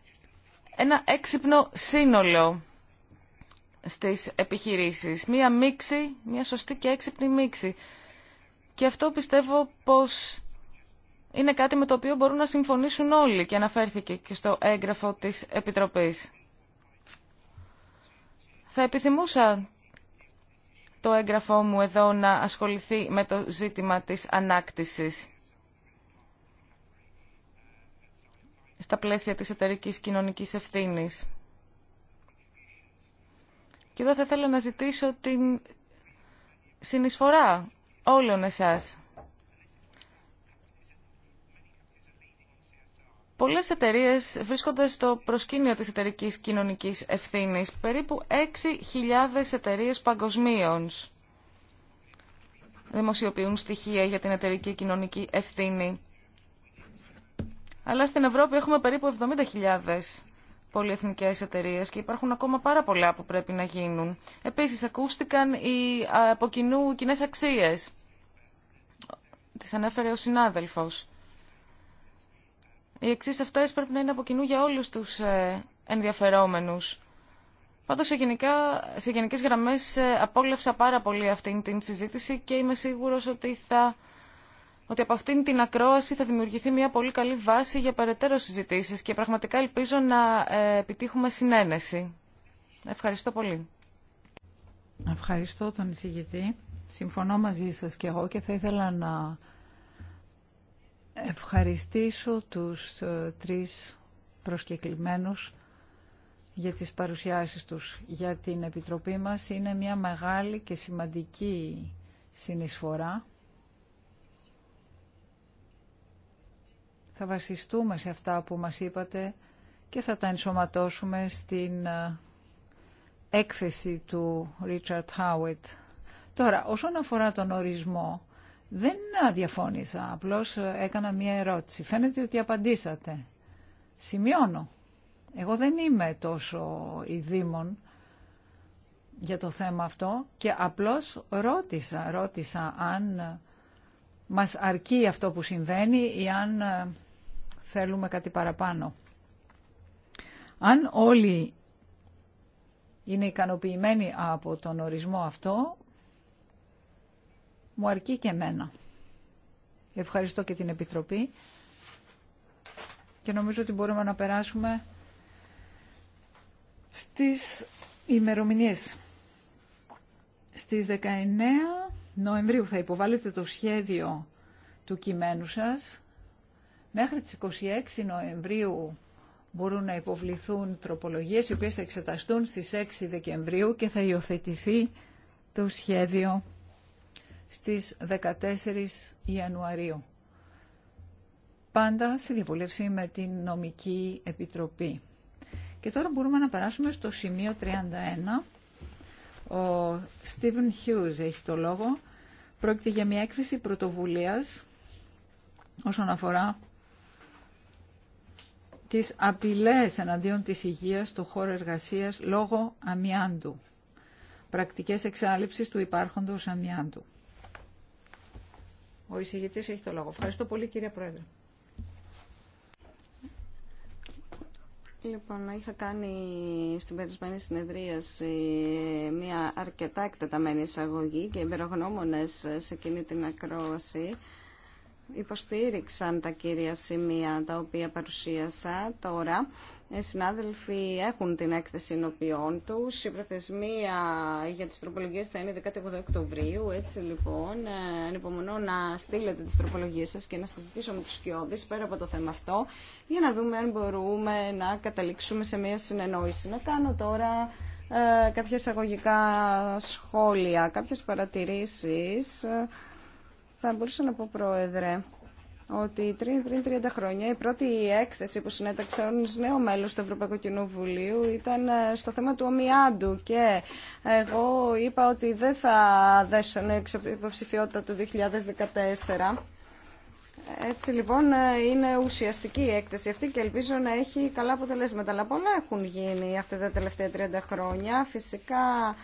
ένα έξυπνο σύνολο στις επιχειρήσεις. Μια μίξη, μια σωστή και έξυπνη μίξη. Και αυτό πιστεύω πως είναι κάτι με το οποίο μπορούν να συμφωνήσουν όλοι και αναφέρθηκε και στο έγγραφο της Επιτροπής. Θα επιθυμούσα το έγγραφό μου εδώ να ασχοληθεί με το ζήτημα της ανάκτησης στα πλαίσια της εταιρικής κοινωνικής ευθύνης. Και εδώ θα θέλω να ζητήσω την συνεισφορά όλων εσάς. Πολλές εταιρείες βρίσκονται στο προσκήνιο της εταιρικής κοινωνικής ευθύνης, περίπου 6.000 εταιρείες παγκοσμίων δημοσιοποιούν στοιχεία για την εταιρική κοινωνική ευθύνη. Αλλά στην Ευρώπη έχουμε περίπου 70.000 πολυεθνικές εταιρείες και υπάρχουν ακόμα πάρα πολλά που πρέπει να γίνουν. Επίσης, ακούστηκαν οι από κοινού κοινέ αξίες. Τις ανέφερε ο συνάδελφος οι εξή αυτέ πρέπει να είναι από κοινού για όλους τους ε, ενδιαφερόμενους. Πάντως σε, σε γραμμέ γενικές γραμμές ε, απόλαυσα πάρα πολύ αυτήν την συζήτηση και είμαι σίγουρο ότι, ότι από αυτήν την ακρόαση θα δημιουργηθεί μια πολύ καλή βάση για περαιτέρω συζητήσει και πραγματικά ελπίζω να ε, επιτύχουμε συνένεση. Ευχαριστώ πολύ. Ευχαριστώ τον εισηγητή. Συμφωνώ μαζί σας και εγώ και θα ήθελα να ευχαριστήσω τους ε, τρεις προσκεκλημένους για τις παρουσιάσεις τους για την Επιτροπή μας. Είναι μια μεγάλη και σημαντική συνεισφορά. Θα βασιστούμε σε αυτά που μας είπατε και θα τα ενσωματώσουμε στην ε, έκθεση του Richard Howitt. Τώρα, όσον αφορά τον ορισμό, δεν διαφώνησα, απλώς ε, έκανα μία ερώτηση. Φαίνεται ότι απαντήσατε. Σημειώνω. Εγώ δεν είμαι τόσο ειδήμων για το θέμα αυτό και απλώς ρώτησα, ρώτησα αν μας αρκεί αυτό που συμβαίνει ή αν ε, θέλουμε κάτι παραπάνω. Αν όλοι είναι ικανοποιημένοι από τον ορισμό αυτό, μου αρκεί και εμένα. Ευχαριστώ και την Επιτροπή και νομίζω ότι μπορούμε να περάσουμε στις ημερομηνίες. Στις 19 Νοεμβρίου θα υποβάλλετε το σχέδιο του κειμένου σας. Μέχρι τις 26 Νοεμβρίου μπορούν να υποβληθούν τροπολογίες οι οποίες θα εξεταστούν στις 6 Δεκεμβρίου και θα υιοθετηθεί το σχέδιο στις 14 Ιανουαρίου. Πάντα σε διαβούλευση με την Νομική Επιτροπή. Και τώρα μπορούμε να περάσουμε στο σημείο 31. Ο Στίβεν Χιούζ έχει το λόγο. Πρόκειται για μια έκθεση πρωτοβουλίας όσον αφορά τις απειλές εναντίον της υγείας στο χώρο εργασίας λόγω αμοιάντου. Πρακτικές εξάλληψης του υπάρχοντος αμοιάντου. Ο εισηγητή έχει το λόγο. Ευχαριστώ πολύ κύριε Πρόεδρε. Λοιπόν, είχα κάνει στην περισμένη συνεδρίαση μια αρκετά εκτεταμένη εισαγωγή και εμπειρογνώμονες σε εκείνη την ακρόαση υποστήριξαν τα κύρια σημεία τα οποία παρουσίασα τώρα. Οι ε, συνάδελφοι έχουν την έκθεση ενωπιών τους. Η προθεσμία για τις τροπολογίες θα είναι 18 Οκτωβρίου. Έτσι λοιπόν, ε, ανυπομονώ να στείλετε τις τροπολογίες σας και να συζητήσω με τους σκιώδεις πέρα από το θέμα αυτό για να δούμε αν μπορούμε να καταλήξουμε σε μια συνεννόηση. Να κάνω τώρα ε, κάποια εισαγωγικά σχόλια, κάποιες παρατηρήσεις θα μπορούσα να πω, Πρόεδρε, ότι πριν 30 χρόνια η πρώτη έκθεση που συνέταξε ως νέο μέλος του Ευρωπαϊκού Κοινοβουλίου ήταν ε, στο θέμα του ομοιάντου και εγώ είπα ότι δεν θα δέσω υποψηφιότητα του 2014. Έτσι λοιπόν ε, είναι ουσιαστική η έκθεση αυτή και ελπίζω να έχει καλά αποτελέσματα. Αλλά πολλά έχουν γίνει αυτά τα τελευταία 30 χρόνια. Φυσικά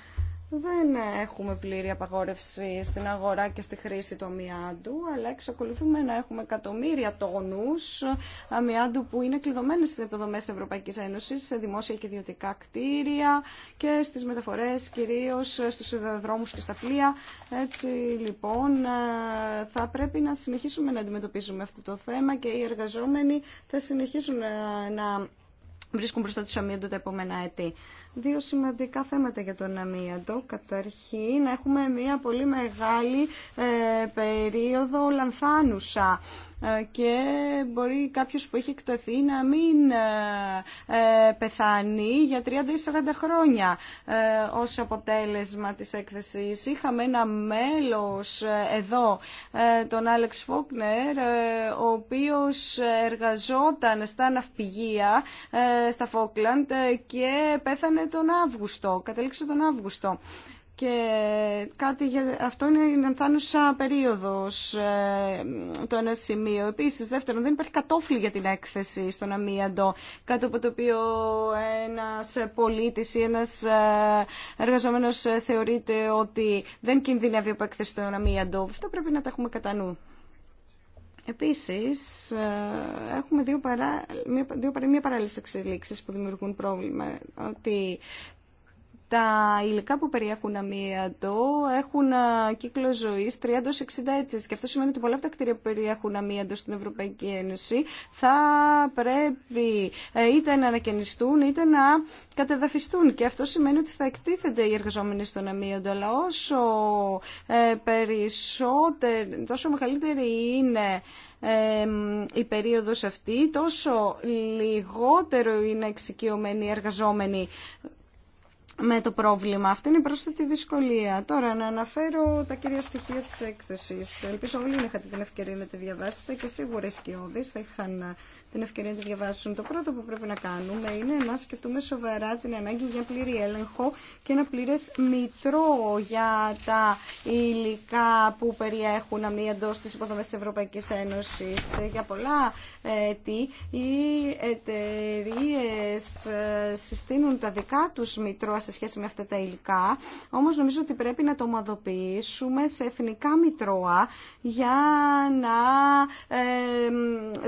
δεν έχουμε πλήρη απαγόρευση στην αγορά και στη χρήση του αμοιάντου, αλλά εξακολουθούμε να έχουμε εκατομμύρια τόνους αμοιάντου που είναι κλειδωμένες στι υποδομέ τη Ευρωπαϊκής Ένωσης, σε δημόσια και ιδιωτικά κτίρια και στις μεταφορές κυρίως στους δρόμου και στα πλοία. Έτσι λοιπόν θα πρέπει να συνεχίσουμε να αντιμετωπίζουμε αυτό το θέμα και οι εργαζόμενοι θα συνεχίσουν να βρίσκουν μπροστά του αμοιάντου τα επόμενα έτη δύο σημαντικά θέματα για τον Αμίαντο. Καταρχήν, έχουμε μια πολύ μεγάλη ε, περίοδο λανθάνουσα ε, και μπορεί κάποιος που έχει εκτεθεί να μην ε, πεθάνει για 30 ή 40 χρόνια ε, ως αποτέλεσμα της έκθεσης. Είχαμε ένα μέλος εδώ, τον Άλεξ Φόκνερ, ο οποίος εργαζόταν στα ναυπηγεία στα Φόκλαντ και πέθανε τον Αύγουστο, κατέληξε τον Αύγουστο. Και κάτι για... αυτό είναι η ενθάνουσα περίοδος, ε, το ένα σημείο. Επίσης, δεύτερον, δεν υπάρχει κατόφλι για την έκθεση στον αμίαντο, κάτω από το οποίο ένας πολίτης ή ένας ε, εργαζόμενος θεωρείται ότι δεν κινδυνεύει από έκθεση στον αμίαντο. Αυτό πρέπει να τα έχουμε κατά νου. Επίσης, ε, έχουμε δύο, παρά, δύο, μία παράλληλες εξελίξεις που δημιουργούν πρόβλημα. Ότι τα υλικά που περιέχουν αμύαντο έχουν ε, κύκλο ζωή 30-60 έτη. Και αυτό σημαίνει ότι πολλά από τα κτίρια που περιέχουν αμύαντο στην Ευρωπαϊκή Ένωση θα πρέπει ε, είτε να ανακαινιστούν είτε να κατεδαφιστούν. Και αυτό σημαίνει ότι θα εκτίθενται οι εργαζόμενοι στον αμύαντο. Αλλά όσο ε, περισσότερο, τόσο μεγαλύτερη είναι η περίοδος αυτή, τόσο λιγότερο είναι εξοικειωμένοι οι εργαζόμενοι με το πρόβλημα. Αυτή είναι η πρόσθετη δυσκολία. Τώρα να αναφέρω τα κυρία στοιχεία της έκθεσης. Ελπίζω όλοι να είχατε την ευκαιρία να τη διαβάσετε και σίγουρα οι σκιώδεις θα είχαν την ευκαιρία να τη διαβάσουν. Το πρώτο που πρέπει να κάνουμε είναι να σκεφτούμε σοβαρά την ανάγκη για πλήρη έλεγχο και ένα πλήρε μητρό για τα υλικά που περιέχουν αμύαντο στι υποδομέ τη Ευρωπαϊκή Ένωση. Για πολλά έτη οι εταιρείε ε, συστήνουν τα δικά του μητρώα σε σχέση με αυτά τα υλικά, όμω νομίζω ότι πρέπει να το ομαδοποιήσουμε σε εθνικά μητρώα για να ε,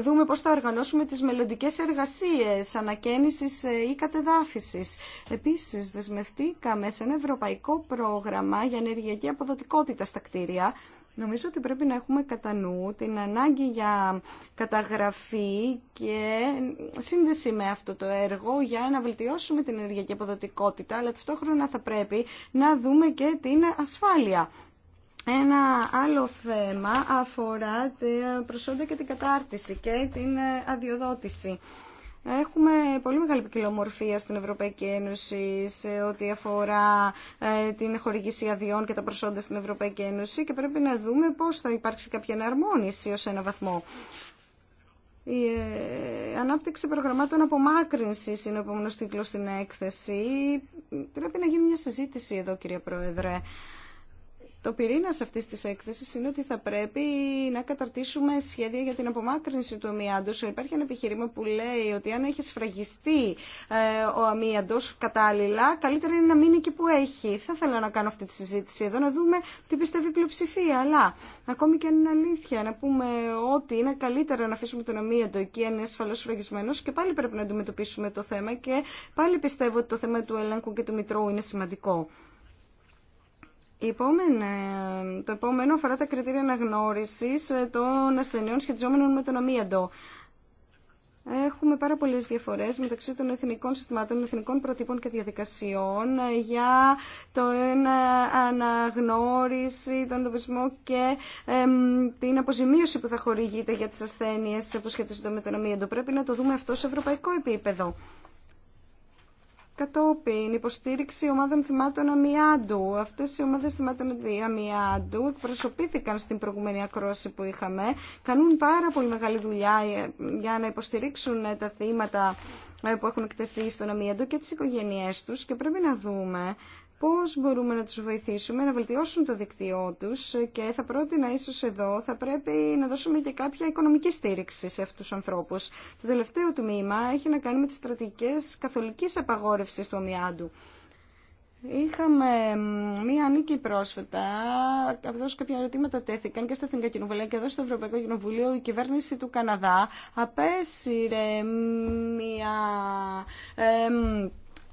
δούμε πώ θα οργανώσουμε με τις μελλοντικέ εργασίες ανακαίνησης ε, ή κατεδάφισης. Επίσης, δεσμευτήκαμε σε ένα ευρωπαϊκό πρόγραμμα για ενεργειακή αποδοτικότητα στα κτίρια, Νομίζω ότι πρέπει να έχουμε κατά νου την ανάγκη για καταγραφή και σύνδεση με αυτό το έργο για να βελτιώσουμε την ενεργειακή αποδοτικότητα, αλλά ταυτόχρονα θα πρέπει να δούμε και την ασφάλεια ένα άλλο θέμα αφορά την προσόντα και την κατάρτιση και την ε, αδειοδότηση. Έχουμε πολύ μεγάλη ποικιλομορφία στην Ευρωπαϊκή Ένωση σε ό,τι αφορά ε, την χορηγήση αδειών και τα προσόντα στην Ευρωπαϊκή Ένωση και πρέπει να δούμε πώς θα υπάρξει κάποια εναρμόνιση ως ένα βαθμό. Η ε, ανάπτυξη προγραμμάτων απομάκρυνσης είναι ο επόμενο τίτλος στην έκθεση. Πρέπει να γίνει μια συζήτηση εδώ, κύριε Πρόεδρε. Το πυρήνα αυτή τη έκθεση είναι ότι θα πρέπει να καταρτήσουμε σχέδια για την απομάκρυνση του αμύαντο. Υπάρχει ένα επιχείρημα που λέει ότι αν έχει σφραγιστεί ε, ο αμύαντο κατάλληλα, καλύτερα είναι να μείνει εκεί που έχει. Θα ήθελα να κάνω αυτή τη συζήτηση εδώ, να δούμε τι πιστεύει η πλειοψηφία. Αλλά ακόμη και αν είναι αλήθεια, να πούμε ότι είναι καλύτερα να αφήσουμε τον αμύαντο εκεί αν είναι ασφαλώ σφραγισμένο και πάλι πρέπει να αντιμετωπίσουμε το θέμα και πάλι πιστεύω ότι το θέμα του έλεγχου και του μητρώου είναι σημαντικό το επόμενο αφορά τα κριτήρια αναγνώρισης ε, των ασθενειών σχετιζόμενων με τον αμύαντο. Έχουμε πάρα πολλέ διαφορέ μεταξύ των εθνικών συστημάτων, των εθνικών προτύπων και διαδικασιών ε, για την αναγνώριση, τον εντοπισμό και την αποζημίωση που θα χορηγείται για τι ασθένειε που σχετίζονται με τον αμύαντο. Πρέπει να το δούμε αυτό σε ευρωπαϊκό επίπεδο κατόπιν υποστήριξη ομάδων θυμάτων αμοιάντου. Αυτές οι ομάδες θυμάτων αμοιάντου εκπροσωπήθηκαν στην προηγούμενη ακρόση που είχαμε. Κάνουν πάρα πολύ μεγάλη δουλειά για να υποστηρίξουν τα θύματα που έχουν εκτεθεί στον αμοιάντο και τις οικογένειές τους και πρέπει να δούμε πώς μπορούμε να τους βοηθήσουμε να βελτιώσουν το δίκτυό τους και θα πρότεινα ίσως εδώ θα πρέπει να δώσουμε και κάποια οικονομική στήριξη σε αυτούς τους ανθρώπους. Το τελευταίο τμήμα έχει να κάνει με τις στρατηγικές καθολικής απαγόρευσης του ομοιάντου. Είχαμε μία νίκη πρόσφατα, καθώ κάποια ερωτήματα τέθηκαν και στα Εθνικά Κοινοβουλία και εδώ στο Ευρωπαϊκό Κοινοβούλιο, η κυβέρνηση του Καναδά απέσυρε μία. Ε,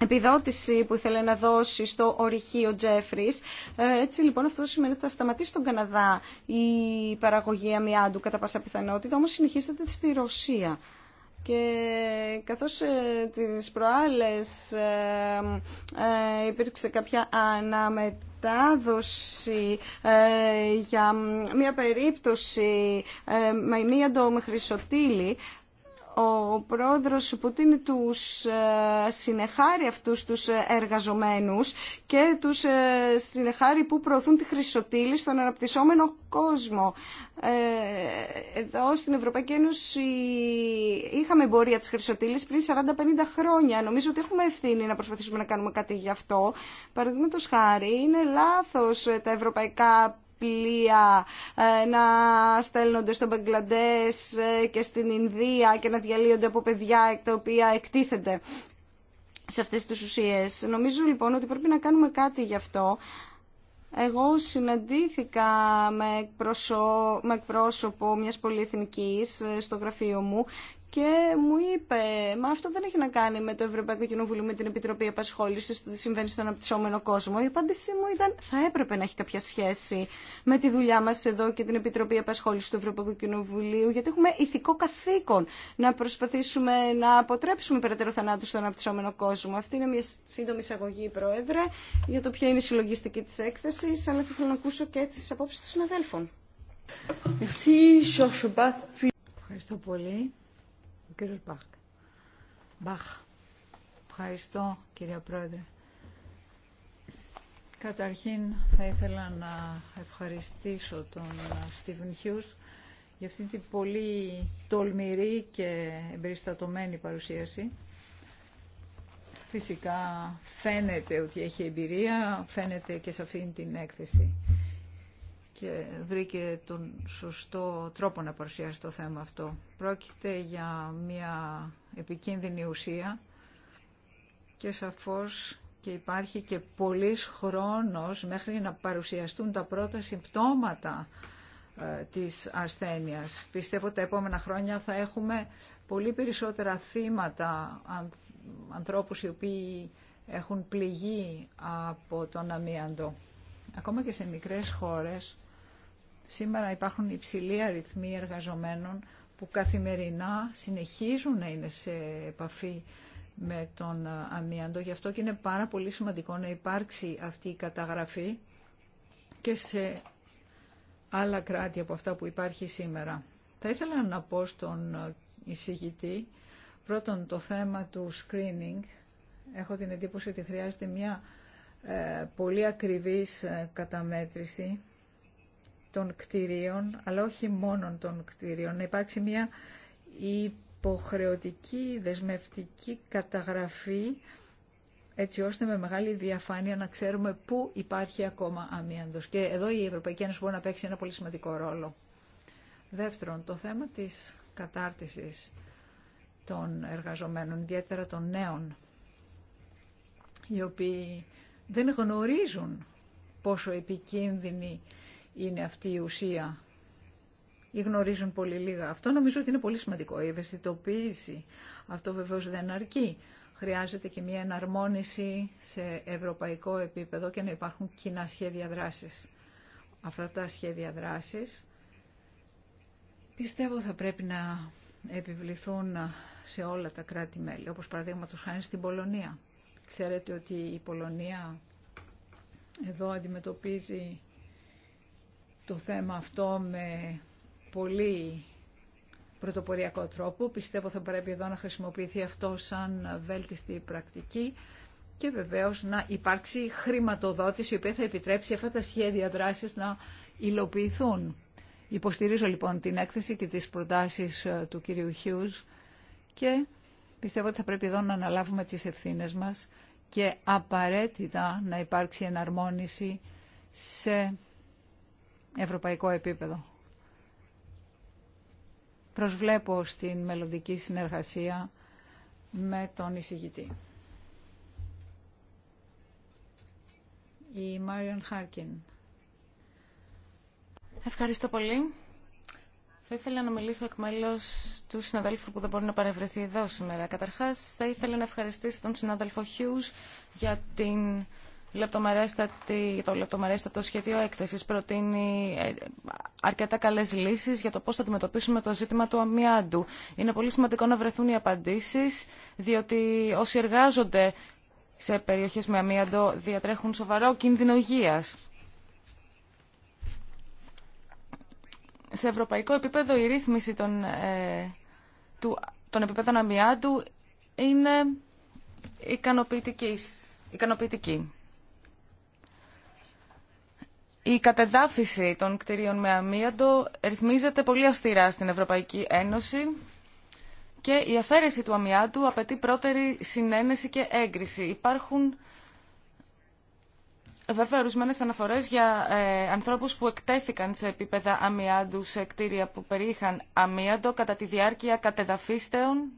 επιδότηση που ήθελε να δώσει στο ορυχείο Τζέφρις. Ε, έτσι λοιπόν αυτό σημαίνει ότι θα σταματήσει στον Καναδά η παραγωγή αμοιάντου κατά πάσα πιθανότητα, όμως συνεχίζεται στη Ρωσία. Και καθώς ε, τις προάλλες ε, ε υπήρξε κάποια αναμετάδοση ε, για μια περίπτωση με μία με χρυσοτήλη, ο πρόεδρος Πουτίν τους ε, συνεχάρει αυτούς τους ε, εργαζομένους και τους ε, συνεχάρει που προωθούν τη χρυσοτήλη στον αναπτυσσόμενο κόσμο. Εδώ στην Ευρωπαϊκή Ένωση είχαμε εμπορία της χρυσοτήλης πριν 40-50 χρόνια. Νομίζω ότι έχουμε ευθύνη να προσπαθήσουμε να κάνουμε κάτι γι' αυτό. Παραδείγματος χάρη είναι λάθος τα ευρωπαϊκά πλοία ε, να στέλνονται στο Μπαγκλαντές ε, και στην Ινδία και να διαλύονται από παιδιά τα οποία εκτίθενται σε αυτές τις ουσίες. Νομίζω λοιπόν ότι πρέπει να κάνουμε κάτι γι' αυτό. Εγώ συναντήθηκα με, εκπρόσωπο μιας πολυεθνικής ε, στο γραφείο μου και μου είπε, μα αυτό δεν έχει να κάνει με το Ευρωπαϊκό Κοινοβούλιο, με την Επιτροπή απασχόληση το τι συμβαίνει στον αναπτυσσόμενο κόσμο. Η απάντησή μου ήταν, θα έπρεπε να έχει κάποια σχέση με τη δουλειά μας εδώ και την Επιτροπή Επασχόληση του Ευρωπαϊκού Κοινοβουλίου, γιατί έχουμε ηθικό καθήκον να προσπαθήσουμε να αποτρέψουμε περαιτέρω θανάτου στον αναπτυσσόμενο κόσμο. Αυτή είναι μια σύντομη εισαγωγή, Πρόεδρε, για το ποια είναι η συλλογιστική της έκθεσης, αλλά θα ήθελα να ακούσω και τι απόψεις των συναδέλφων. Ευχαριστώ πολύ. Ο κύριος Μπαχ. Μπαχ. Ευχαριστώ κύριε Πρόεδρε. Καταρχήν θα ήθελα να ευχαριστήσω τον Στίβεν Χιούς για αυτή την πολύ τολμηρή και εμπεριστατωμένη παρουσίαση. Φυσικά φαίνεται ότι έχει εμπειρία, φαίνεται και σε αυτήν την έκθεση και βρήκε τον σωστό τρόπο να παρουσιάσει το θέμα αυτό. Πρόκειται για μια επικίνδυνη ουσία και σαφώς και υπάρχει και πολλής χρόνος μέχρι να παρουσιαστούν τα πρώτα συμπτώματα ε, της ασθένειας. Πιστεύω ότι τα επόμενα χρόνια θα έχουμε πολύ περισσότερα θύματα ανθρώπους οι οποίοι έχουν πληγεί από τον αμίαντο. Ακόμα και σε μικρές χώρες Σήμερα υπάρχουν υψηλοί αριθμοί εργαζομένων που καθημερινά συνεχίζουν να είναι σε επαφή με τον αμίαντο. Γι' αυτό και είναι πάρα πολύ σημαντικό να υπάρξει αυτή η καταγραφή και σε άλλα κράτη από αυτά που υπάρχει σήμερα. Θα ήθελα να πω στον εισηγητή πρώτον το θέμα του screening. Έχω την εντύπωση ότι χρειάζεται μια ε, πολύ ακριβής ε, καταμέτρηση των κτηρίων, αλλά όχι μόνο των κτηρίων, να υπάρξει μια υποχρεωτική δεσμευτική καταγραφή έτσι ώστε με μεγάλη διαφάνεια να ξέρουμε πού υπάρχει ακόμα αμύαντος. Και εδώ η Ευρωπαϊκή Ένωση μπορεί να παίξει ένα πολύ σημαντικό ρόλο. Δεύτερον, το θέμα της κατάρτισης των εργαζομένων, ιδιαίτερα των νέων, οι οποίοι δεν γνωρίζουν πόσο επικίνδυνη είναι αυτή η ουσία ή γνωρίζουν πολύ λίγα. Αυτό νομίζω ότι είναι πολύ σημαντικό, η ευαισθητοποίηση. Αυτό βεβαίως δεν αρκεί. Χρειάζεται και μια εναρμόνιση σε ευρωπαϊκό επίπεδο και να υπάρχουν κοινά σχέδια δράσης. Αυτά τα σχέδια δράσης πιστεύω θα πρέπει να επιβληθούν σε όλα τα κράτη-μέλη, όπως παραδείγματο χάνει στην Πολωνία. Ξέρετε ότι η Πολωνία εδώ αντιμετωπίζει το θέμα αυτό με πολύ πρωτοποριακό τρόπο. Πιστεύω θα πρέπει εδώ να χρησιμοποιηθεί αυτό σαν βέλτιστη πρακτική και βεβαίως να υπάρξει χρηματοδότηση η οποία θα επιτρέψει αυτά τα σχέδια δράσης να υλοποιηθούν. Υποστηρίζω λοιπόν την έκθεση και τις προτάσεις ε, του κυρίου Χιούς και πιστεύω ότι θα πρέπει εδώ να αναλάβουμε τις ευθύνες μας και απαραίτητα να υπάρξει εναρμόνιση σε ευρωπαϊκό επίπεδο. Προσβλέπω στην μελλοντική συνεργασία με τον εισηγητή. Η Μάριον Χάρκιν. Ευχαριστώ πολύ. Θα ήθελα να μιλήσω εκ μέλου του συναδέλφου που δεν μπορεί να παρευρεθεί εδώ σήμερα. Καταρχάς, θα ήθελα να ευχαριστήσω τον συνάδελφο Χιούς για την λεπτομερέστατη, το λεπτομερέστατο σχέδιο έκθεσης προτείνει ε, αρκετά καλές λύσεις για το πώ θα αντιμετωπίσουμε το ζήτημα του αμοιάντου. Είναι πολύ σημαντικό να βρεθούν οι απαντήσεις, διότι όσοι εργάζονται σε περιοχές με αμοιάντο διατρέχουν σοβαρό κίνδυνο υγείας. Σε ευρωπαϊκό επίπεδο η ρύθμιση των, ε, του, επιπέδων αμοιάντου είναι ικανοποιητική. Η κατεδάφιση των κτηρίων με αμίαντο ρυθμίζεται πολύ αυστηρά στην Ευρωπαϊκή Ένωση και η αφαίρεση του αμμιάντου απαιτεί πρώτερη συνένεση και έγκριση. Υπάρχουν βέβαια ορισμένε αναφορές για ε, ανθρώπους που εκτέθηκαν σε επίπεδα αμμιάντου σε κτίρια που περιείχαν αμμίαντο κατά τη διάρκεια κατεδαφίστεων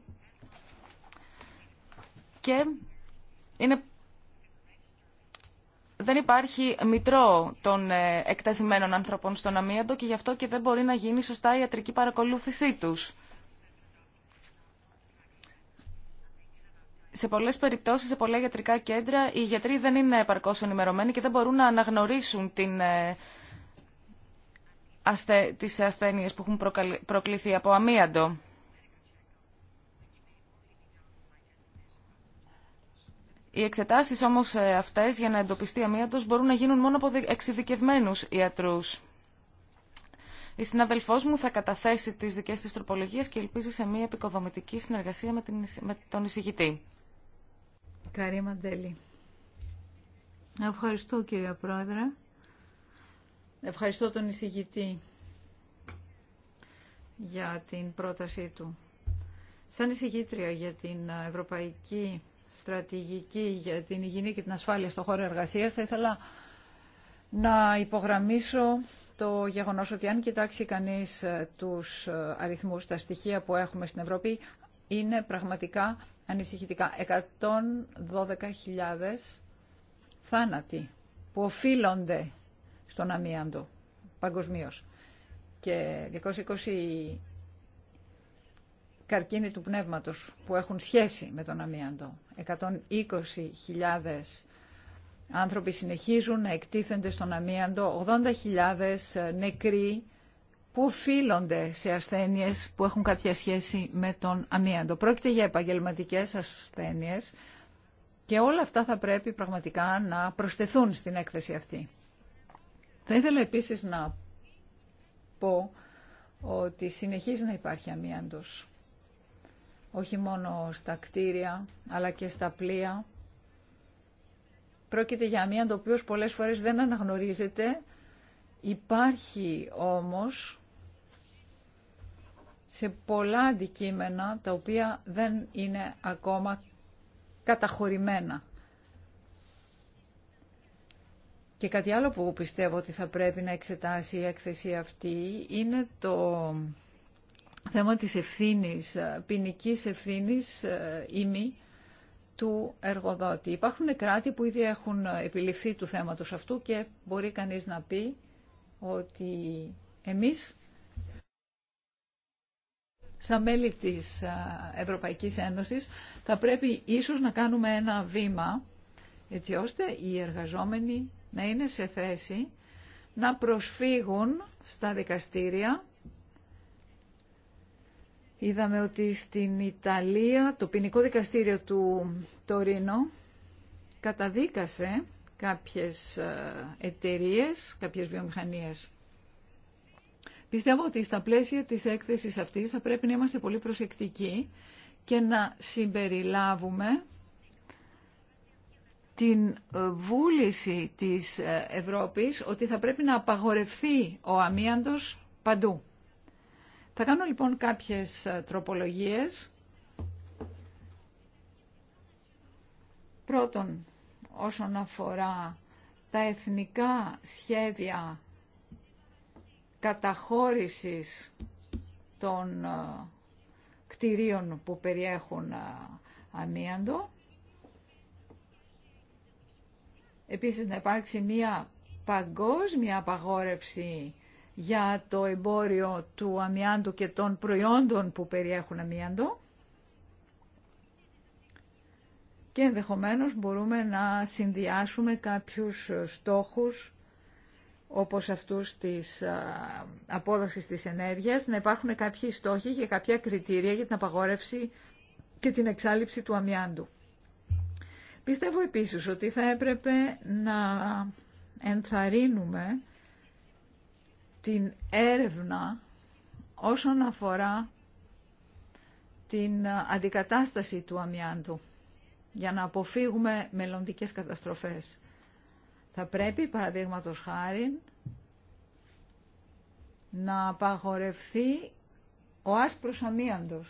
και είναι δεν υπάρχει μητρό των ε, εκτεθειμένων ανθρώπων στον αμίαντο και γι' αυτό και δεν μπορεί να γίνει σωστά η ιατρική παρακολούθησή τους. σε πολλέ περιπτώσει, σε πολλά ιατρικά κέντρα, οι γιατροί δεν είναι επαρκώ ενημερωμένοι και δεν μπορούν να αναγνωρίσουν την, ε, αστε, τις ασθένειες που έχουν προκληθεί από αμίαντο. Οι εξετάσεις όμως ε, αυτές για να εντοπιστεί αμύαντος μπορούν να γίνουν μόνο από εξειδικευμένους ιατρούς. Η συναδελφός μου θα καταθέσει τις δικές της τροπολογίες και ελπίζει σε μια επικοδομητική συνεργασία με, με τον εισηγητή. Καρή Μαντέλη. Ευχαριστώ κύριε Πρόεδρε. Ευχαριστώ τον εισηγητή για την πρότασή του. Σαν εισηγήτρια για την Ευρωπαϊκή στρατηγική για την υγιεινή και την ασφάλεια στο χώρο εργασίας, θα ήθελα να υπογραμμίσω το γεγονός ότι αν κοιτάξει κανείς ε, τους ε, αριθμούς, τα στοιχεία που έχουμε στην Ευρώπη, είναι πραγματικά ανησυχητικά. 112.000 θάνατοι που οφείλονται στον αμίαντο παγκοσμίω. Και 220 καρκίνοι του πνεύματος που έχουν σχέση με τον αμίαντο. 120.000 άνθρωποι συνεχίζουν να εκτίθενται στον αμίαντο, 80.000 νεκροί που οφείλονται σε ασθένειες που έχουν κάποια σχέση με τον αμίαντο. Πρόκειται για επαγγελματικές ασθένειες και όλα αυτά θα πρέπει πραγματικά να προσθεθούν στην έκθεση αυτή. Θα ήθελα επίσης να πω ότι συνεχίζει να υπάρχει αμίαντος όχι μόνο στα κτίρια, αλλά και στα πλοία. Πρόκειται για μία το οποίο πολλές φορές δεν αναγνωρίζεται. Υπάρχει όμως σε πολλά αντικείμενα τα οποία δεν είναι ακόμα καταχωρημένα. Και κάτι άλλο που πιστεύω ότι θα πρέπει να εξετάσει η έκθεση αυτή είναι το θέμα της ευθύνης, ε, ποινική ευθύνης ε, μη του εργοδότη. Υπάρχουν κράτη που ήδη έχουν ε, επιληφθεί του θέματος αυτού και μπορεί κανείς να πει ότι εμείς σαν μέλη της Ευρωπαϊκής Ένωσης θα πρέπει ίσως να κάνουμε ένα βήμα έτσι ώστε οι εργαζόμενοι να είναι σε θέση να προσφύγουν στα δικαστήρια Είδαμε ότι στην Ιταλία το ποινικό δικαστήριο του Τωρίνο καταδίκασε κάποιες ε, εταιρείες, κάποιες βιομηχανίες. Πιστεύω ότι στα πλαίσια της έκθεσης αυτής θα πρέπει να είμαστε πολύ προσεκτικοί και να συμπεριλάβουμε την ε, βούληση της ε, Ευρώπης ότι θα πρέπει να απαγορευθεί ο αμίαντος παντού. Θα κάνω λοιπόν κάποιες ε, τροπολογίες. Πρώτον, όσον αφορά τα εθνικά σχέδια καταχώρησης των ε, κτηρίων που περιέχουν ε, αμίαντο. Επίσης να υπάρξει μία παγκόσμια απαγόρευση για το εμπόριο του αμοιάντου και των προϊόντων που περιέχουν αμοιάντο και ενδεχομένως μπορούμε να συνδυάσουμε κάποιους στόχους όπως αυτούς της απόδοσης της ενέργειας, να υπάρχουν κάποιοι στόχοι και κάποια κριτήρια για την απαγόρευση και την εξάλληψη του αμοιάντου. Πιστεύω επίσης ότι θα έπρεπε να ενθαρρύνουμε την έρευνα όσον αφορά την αντικατάσταση του αμοιάντου για να αποφύγουμε μελλοντικές καταστροφές. Θα πρέπει, παραδείγματο χάρη, να απαγορευθεί ο άσπρος αμίαντος.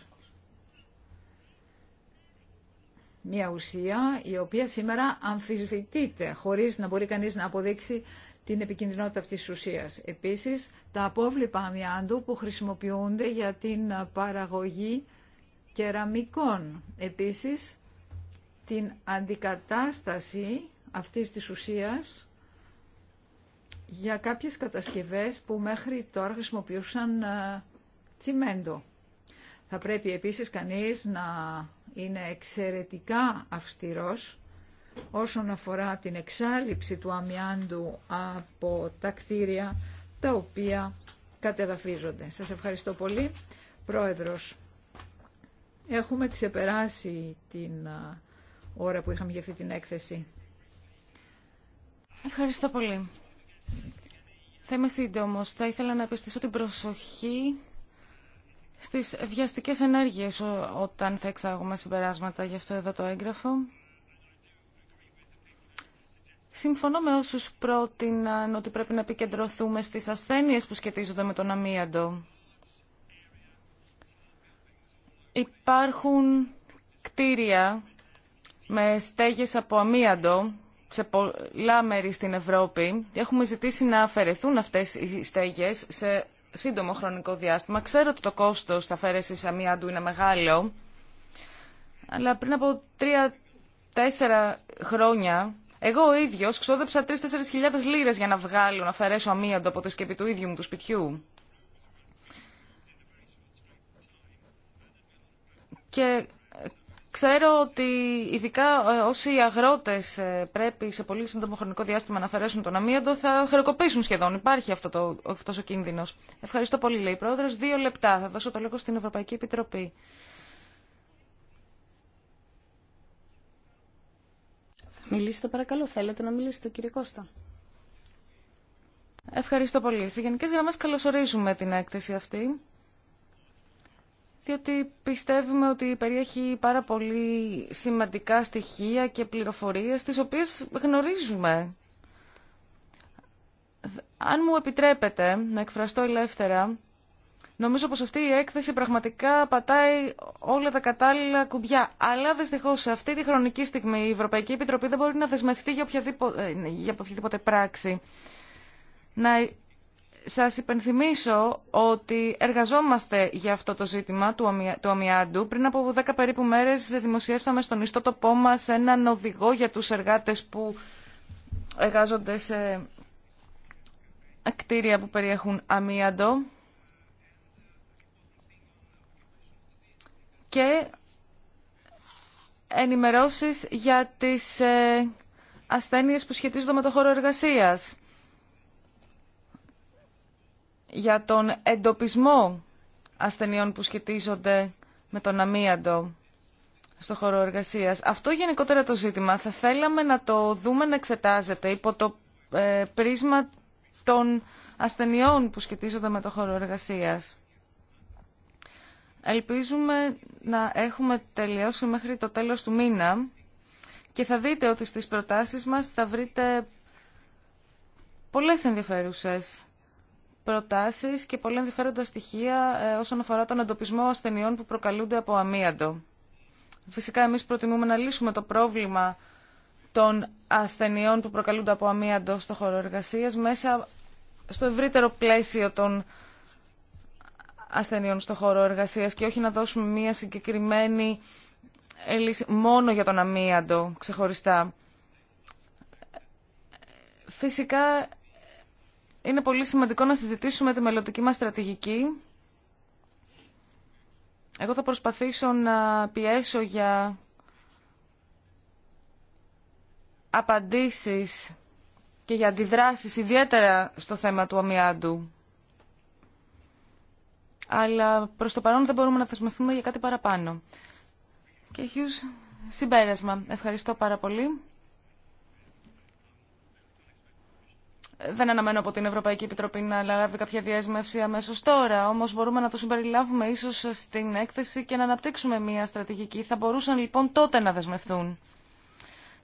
Μια ουσία η οποία σήμερα αμφισβητείται, χωρίς να μπορεί κανείς να αποδείξει την επικινδυνότητα αυτής της ουσίας. Επίσης, τα απόβληπα αμοιάντου που χρησιμοποιούνται για την παραγωγή κεραμικών. Επίσης, την αντικατάσταση αυτής της ουσίας για κάποιες κατασκευές που μέχρι τώρα χρησιμοποιούσαν ε, τσιμέντο. Θα πρέπει επίσης κανείς να είναι εξαιρετικά αυστηρός όσον αφορά την εξάλληψη του αμοιάντου από τα κτίρια τα οποία κατεδαφίζονται. Σας ευχαριστώ πολύ. Πρόεδρος, έχουμε ξεπεράσει την ώρα που είχαμε για αυτή την έκθεση. Ευχαριστώ πολύ. Θα είμαι σύντομο. Θα ήθελα να επιστήσω την προσοχή στις βιαστικές ενέργειες όταν θα εξάγουμε συμπεράσματα γι' αυτό εδώ το έγγραφο. Συμφωνώ με όσους πρότειναν ότι πρέπει να επικεντρωθούμε στις ασθένειες που σχετίζονται με τον αμίαντο. Υπάρχουν κτίρια με στέγες από αμίαντο σε πολλά μέρη στην Ευρώπη. Έχουμε ζητήσει να αφαιρεθούν αυτές οι στέγες σε σύντομο χρονικό διάστημα. Ξέρω ότι το κόστος τα αφαίρεσης είναι μεγάλο, αλλά πριν από τρία-τέσσερα χρόνια εγώ ο ίδιο ξόδεψα 3-4 χιλιάδε λίρε για να βγάλω, να αφαιρέσω αμύαντο από τη σκεπή του ίδιου μου του σπιτιού. Και ε, ξέρω ότι ειδικά ε, όσοι αγρότε ε, πρέπει σε πολύ σύντομο χρονικό διάστημα να αφαιρέσουν τον αμύαντο θα χρεοκοπήσουν σχεδόν. Υπάρχει αυτό το, αυτός ο κίνδυνο. Ευχαριστώ πολύ, λέει η Πρόεδρο. Δύο λεπτά. Θα δώσω το λόγο στην Ευρωπαϊκή Επιτροπή. Μιλήστε παρακαλώ, θέλετε να μιλήσετε κύριε Κώστα. Ευχαριστώ πολύ. Σε γενικές γραμμές καλωσορίζουμε την έκθεση αυτή, διότι πιστεύουμε ότι περιέχει πάρα πολύ σημαντικά στοιχεία και πληροφορίες, τις οποίες γνωρίζουμε. Αν μου επιτρέπετε να εκφραστώ ελεύθερα, Νομίζω πως αυτή η έκθεση πραγματικά πατάει όλα τα κατάλληλα κουμπιά. Αλλά δυστυχώς σε αυτή τη χρονική στιγμή η Ευρωπαϊκή Επιτροπή δεν μπορεί να δεσμευτεί για οποιαδήποτε, για οποιαδήποτε πράξη. Να σας υπενθυμίσω ότι εργαζόμαστε για αυτό το ζήτημα του αμοιάντου. Πριν από 10 περίπου μέρες δημοσιεύσαμε στον ιστότοπό μας έναν οδηγό για τους εργάτες που εργάζονται σε κτίρια που περιέχουν αμοιάντο. και ενημερώσεις για τις ε, ασθένειες που σχετίζονται με το χώρο εργασίας, για τον εντοπισμό ασθενειών που σχετίζονται με τον αμίαντο στο χώρο εργασίας. Αυτό γενικότερα το ζήτημα θα θέλαμε να το δούμε να εξετάζεται υπό το ε, πρίσμα των ασθενειών που σχετίζονται με το χώρο εργασίας. Ελπίζουμε να έχουμε τελειώσει μέχρι το τέλος του μήνα και θα δείτε ότι στις προτάσεις μας θα βρείτε πολλές ενδιαφέρουσες προτάσεις και πολλές ενδιαφέροντα στοιχεία ε, όσον αφορά τον εντοπισμό ασθενειών που προκαλούνται από αμίαντο. Φυσικά εμείς προτιμούμε να λύσουμε το πρόβλημα των ασθενειών που προκαλούνται από αμίαντο στο χώρο εργασίας μέσα στο ευρύτερο πλαίσιο των ασθενειών στο χώρο εργασία και όχι να δώσουμε μία συγκεκριμένη λύση μόνο για τον αμύαντο ξεχωριστά. Φυσικά είναι πολύ σημαντικό να συζητήσουμε τη μελλοντική μας στρατηγική. Εγώ θα προσπαθήσω να πιέσω για απαντήσεις και για αντιδράσεις, ιδιαίτερα στο θέμα του αμοιάντου αλλά προς το παρόν δεν μπορούμε να θεσμευτούμε για κάτι παραπάνω. Και χιούς συμπέρασμα. Ευχαριστώ πάρα πολύ. Δεν αναμένω από την Ευρωπαϊκή Επιτροπή να λάβει κάποια διέσμευση αμέσως τώρα, όμως μπορούμε να το συμπεριλάβουμε ίσως στην έκθεση και να αναπτύξουμε μια στρατηγική. Θα μπορούσαν λοιπόν τότε να δεσμευθούν.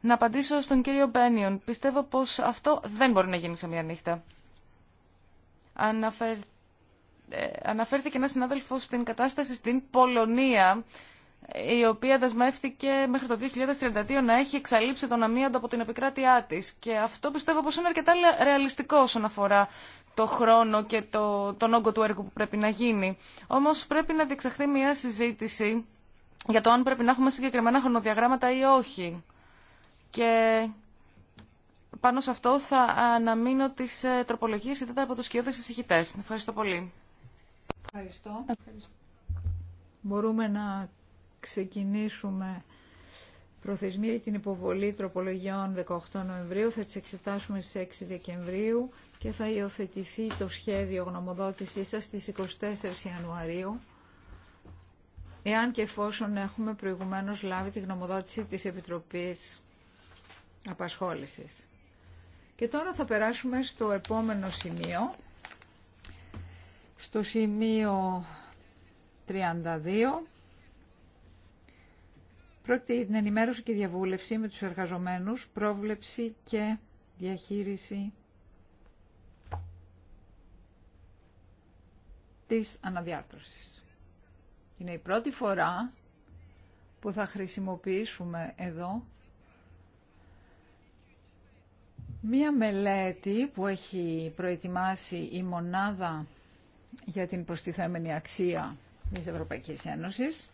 Να απαντήσω στον κύριο Μπένιον. Πιστεύω πως αυτό δεν μπορεί να γίνει σε μια νύχτα. Αναφερθεί ε, αναφέρθηκε ένα συνάδελφο στην κατάσταση στην Πολωνία, η οποία δεσμεύτηκε μέχρι το 2032 να έχει εξαλείψει τον αμύαντο από την επικράτειά τη. Και αυτό πιστεύω πω είναι αρκετά ρεαλιστικό όσον αφορά το χρόνο και το, τον όγκο του έργου που πρέπει να γίνει. Όμω πρέπει να διεξαχθεί μια συζήτηση για το αν πρέπει να έχουμε συγκεκριμένα χρονοδιαγράμματα ή όχι. Και πάνω σε αυτό θα αναμείνω τις ε, τροπολογίες ιδιαίτερα από τους κοιότητες εισηγητές. Ευχαριστώ πολύ. Ευχαριστώ. Μπορούμε να ξεκινήσουμε προθεσμία για την υποβολή τροπολογιών 18 Νοεμβρίου. Θα τις εξετάσουμε στις 6 Δεκεμβρίου και θα υιοθετηθεί το σχέδιο γνωμοδότησής σας στις 24 Ιανουαρίου. Εάν και εφόσον έχουμε προηγουμένως λάβει τη γνωμοδότηση της Επιτροπής Απασχόλησης. Και τώρα θα περάσουμε στο επόμενο σημείο. Στο σημείο 32 πρόκειται την ενημέρωση και διαβούλευση με τους εργαζομένους, πρόβλεψη και διαχείριση της αναδιάρθρωσης. Είναι η πρώτη φορά που θα χρησιμοποιήσουμε εδώ μία μελέτη που έχει προετοιμάσει η μονάδα για την προστιθέμενη αξία της Ευρωπαϊκής Ένωσης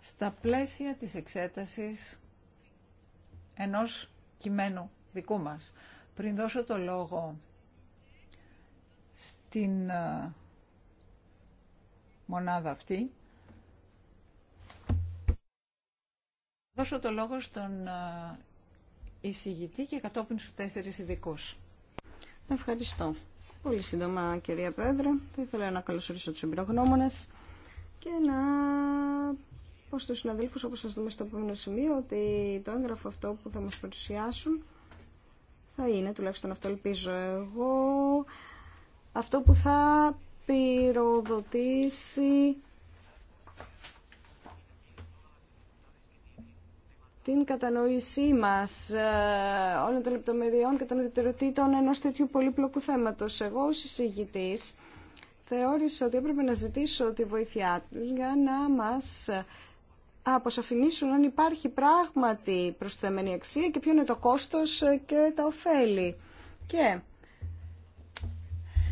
στα πλαίσια της εξέτασης ενός κειμένου δικού μας. Πριν δώσω το λόγο στην ε, μονάδα αυτή, δώσω το λόγο στον ε, εισηγητή και κατόπιν στους τέσσερις ειδικούς. Ευχαριστώ. Πολύ σύντομα, κυρία Πρόεδρε, θα ήθελα να καλωσορίσω τους εμπειρογνώμονε και να πω στους συναδέλφου, όπως σας δούμε στο επόμενο σημείο, ότι το έγγραφο αυτό που θα μας παρουσιάσουν θα είναι, τουλάχιστον αυτό ελπίζω εγώ, αυτό που θα πυροδοτήσει την κατανοήσή μας ε, όλων των λεπτομεριών και των ιδιαιτεροτήτων ενός τέτοιου πολύπλοκου θέματος. Εγώ ως εισηγητής θεώρησα ότι έπρεπε να ζητήσω τη βοήθειά του για να μας αποσαφηνίσουν αν υπάρχει πράγματι προσθεμένη αξία και ποιο είναι το κόστος και τα ωφέλη. Και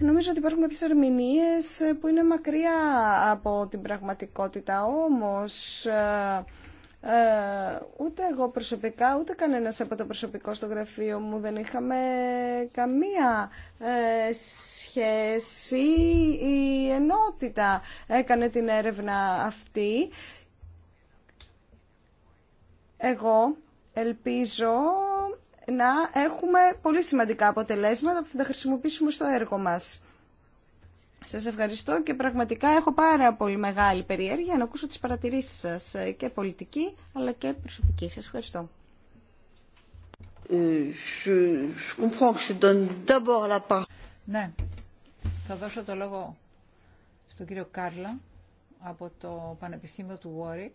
Νομίζω ότι υπάρχουν κάποιες ερμηνείες που είναι μακριά από την πραγματικότητα, όμως ε, ε, ούτε εγώ προσωπικά, ούτε κανένας από το προσωπικό στο γραφείο μου δεν είχαμε καμία ε, σχέση. Η ενότητα έκανε την έρευνα αυτή. Εγώ ελπίζω να έχουμε πολύ σημαντικά αποτελέσματα που θα τα χρησιμοποιήσουμε στο έργο μας. Σας ευχαριστώ και πραγματικά έχω πάρα πολύ μεγάλη περιέργεια να ακούσω τις παρατηρήσεις σας ε, και πολιτική αλλά και προσωπική. Σας ευχαριστώ. Ε, ναι, θα δώσω το λόγο στον κύριο Κάρλα από το Πανεπιστήμιο του Βόρικ.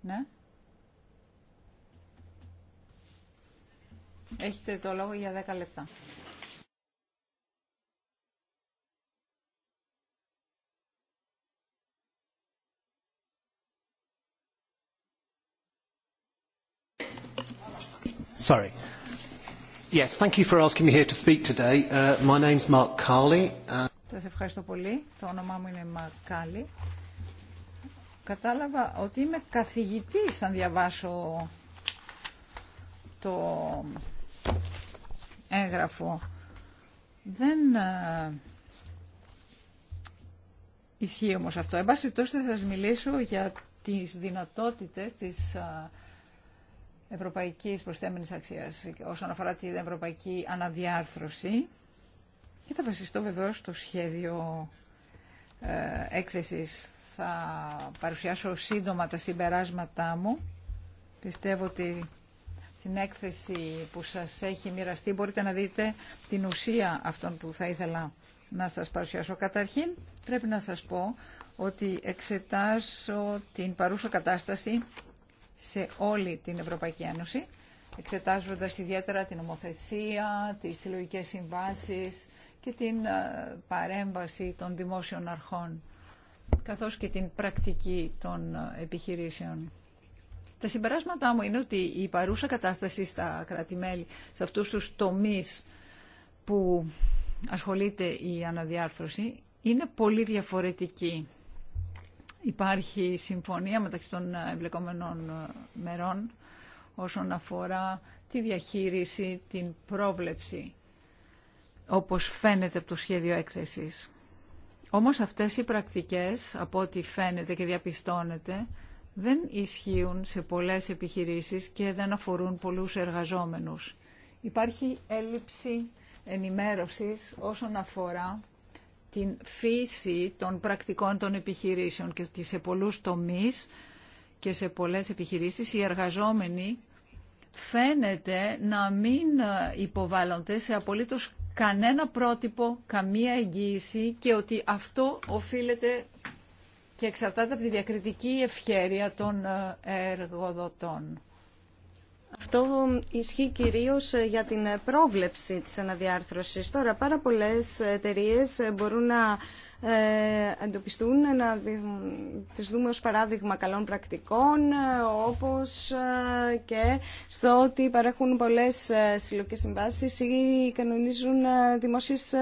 Ναι. Έχετε το λόγο για 10 λεπτά. Sorry. Yes, thank you for asking me here to speak today. Uh, my uh, ευχαριστώ πολύ. Το όνομά μου είναι Mark Carley. Κατάλαβα ότι είμαι καθηγητής αν διαβάσω το έγγραφο. Δεν ε, ισχύει όμως αυτό. Εν πάση θα σας μιλήσω για τις δυνατότητες της ε, ευρωπαϊκής προσθέμενης αξίας όσον αφορά την ευρωπαϊκή αναδιάρθρωση και θα βασιστώ βεβαίως στο σχέδιο ε, έκθεσης. Θα παρουσιάσω σύντομα τα συμπεράσματά μου. Πιστεύω ότι στην έκθεση που σας έχει μοιραστεί μπορείτε να δείτε την ουσία αυτών που θα ήθελα να σας παρουσιάσω. Καταρχήν πρέπει να σας πω ότι εξετάζω την παρούσα κατάσταση σε όλη την Ευρωπαϊκή Ένωση, εξετάζοντας ιδιαίτερα την ομοθεσία, τις συλλογικέ συμβάσεις και την ε, παρέμβαση των δημόσιων αρχών, καθώς και την πρακτική των ε, επιχειρήσεων. Τα συμπεράσματά μου είναι ότι η παρούσα κατάσταση στα κρατη σε αυτούς τους τομείς που ασχολείται η αναδιάρθρωση, είναι πολύ διαφορετική υπάρχει συμφωνία μεταξύ των ε, εμπλεκόμενων ε, μερών όσον αφορά τη διαχείριση, την πρόβλεψη, όπως φαίνεται από το σχέδιο έκθεσης. Όμως αυτές οι πρακτικές, από ό,τι φαίνεται και διαπιστώνεται, δεν ισχύουν σε πολλές επιχειρήσεις και δεν αφορούν πολλούς εργαζόμενους. Υπάρχει έλλειψη ενημέρωσης όσον αφορά την φύση των πρακτικών των επιχειρήσεων και ότι σε πολλούς τομείς και σε πολλές επιχειρήσεις οι εργαζόμενοι φαίνεται να μην υποβάλλονται σε απολύτως κανένα πρότυπο, καμία εγγύηση και ότι αυτό οφείλεται και εξαρτάται από τη διακριτική ευχέρεια των ε, εργοδοτών. Αυτό ισχύει κυρίως ε, για την ε, πρόβλεψη της αναδιάρθρωσης. Τώρα πάρα πολλές εταιρείε ε, μπορούν να εντοπιστούν, να τις δούμε ως παράδειγμα καλών πρακτικών, όπως και στο ότι παρέχουν πολλές συλλογικές συμβάσεις ή κανονίζουν δημόσιες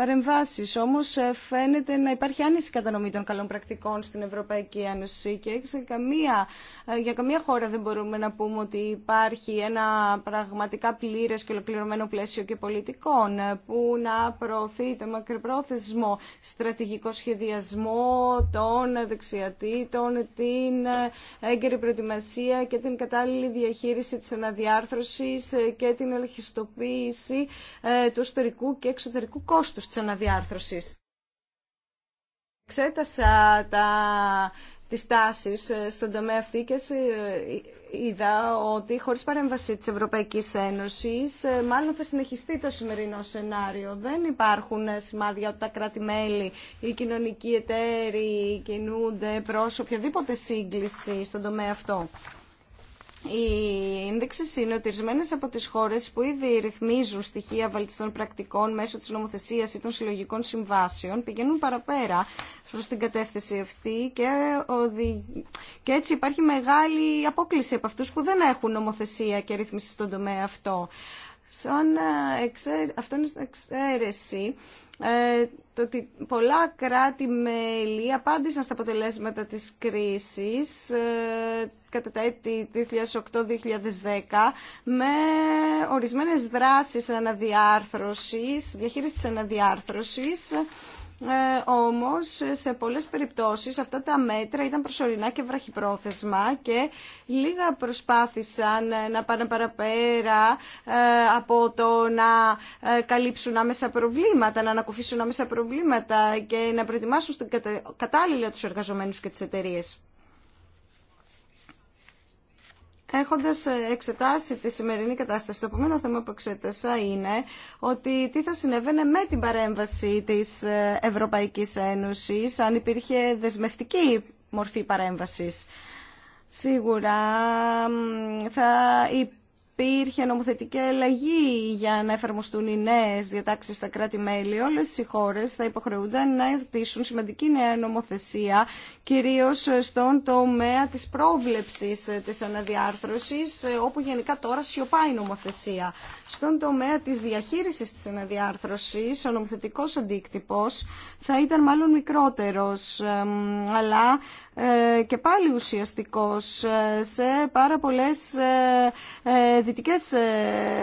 παρεμβάσεις. Όμως ε, φαίνεται να υπάρχει άνεση κατανομή των καλών πρακτικών στην Ευρωπαϊκή Ένωση και καμία, ε, για καμία χώρα δεν μπορούμε να πούμε ότι υπάρχει ένα πραγματικά πλήρε και ολοκληρωμένο πλαίσιο και πολιτικών ε, που να προωθεί το μακροπρόθεσμο στρατηγικό σχεδιασμό των δεξιατήτων, την έγκαιρη προετοιμασία και την κατάλληλη διαχείριση τη αναδιάρθρωσης και την ελαχιστοποίηση του ιστορικού και εξωτερικού κόστου Τη αναδιάρθρωσης. Εξέτασα τα, τις τάσεις ε, στον τομέα αυτή και ε, είδα ότι χωρίς παρέμβαση της Ευρωπαϊκής Ένωσης ε, μάλλον θα συνεχιστεί το σημερινό σενάριο. Δεν υπάρχουν σημάδια ότι τα κράτη-μέλη, οι κοινωνικοί εταίροι κινούνται προς οποιαδήποτε σύγκληση στον τομέα αυτό. Η ένδειξη είναι ότι ορισμένε από τι χώρε που ήδη ρυθμίζουν στοιχεία βαλτιστών πρακτικών μέσω τη νομοθεσία ή των συλλογικών συμβάσεων πηγαίνουν παραπέρα προ την κατεύθυνση αυτή και, οδη... και έτσι υπάρχει μεγάλη απόκληση από αυτού που δεν έχουν νομοθεσία και ρύθμιση στον τομέα αυτό. Σαν ε, αυτό είναι εξαίρεση ε, το ότι πολλά κράτη-μέλη απάντησαν στα αποτελέσματα της κρίσης ε, κατά τα έτη 2008-2010 με ορισμένες δράσεις αναδιάρθρωσης, διαχείρισης της αναδιάρθρωσης ε, όμως σε πολλές περιπτώσεις αυτά τα μέτρα ήταν προσωρινά και βραχυπρόθεσμα και λίγα προσπάθησαν ε, να πάνε παραπέρα ε, από το να ε, καλύψουν άμεσα προβλήματα, να ανακουφίσουν άμεσα προβλήματα και να προετοιμάσουν κατάλληλα τους εργαζομένους και τις εταιρείες έχοντας εξετάσει τη σημερινή κατάσταση, το επόμενο θέμα που εξέτασα είναι ότι τι θα συνέβαινε με την παρέμβαση της Ευρωπαϊκής Ένωσης, αν υπήρχε δεσμευτική μορφή παρέμβασης. Σίγουρα θα υπήρχε υπήρχε νομοθετική αλλαγή για να εφαρμοστούν οι νέε διατάξει στα κράτη-μέλη, Όλε οι χώρε θα υποχρεούνται να εθίσουν σημαντική νέα νομοθεσία, Κυρίω στον τομέα της πρόβλεψης τη αναδιάρθρωση, όπου γενικά τώρα σιωπάει η νομοθεσία. Στον τομέα της διαχείρισης της αναδιάρθρωσης, ο νομοθετικός αντίκτυπο, θα ήταν μάλλον μικρότερο αλλά ε, και πάλι ουσιαστικός ε, σε πάρα πολλές ε, δυτικές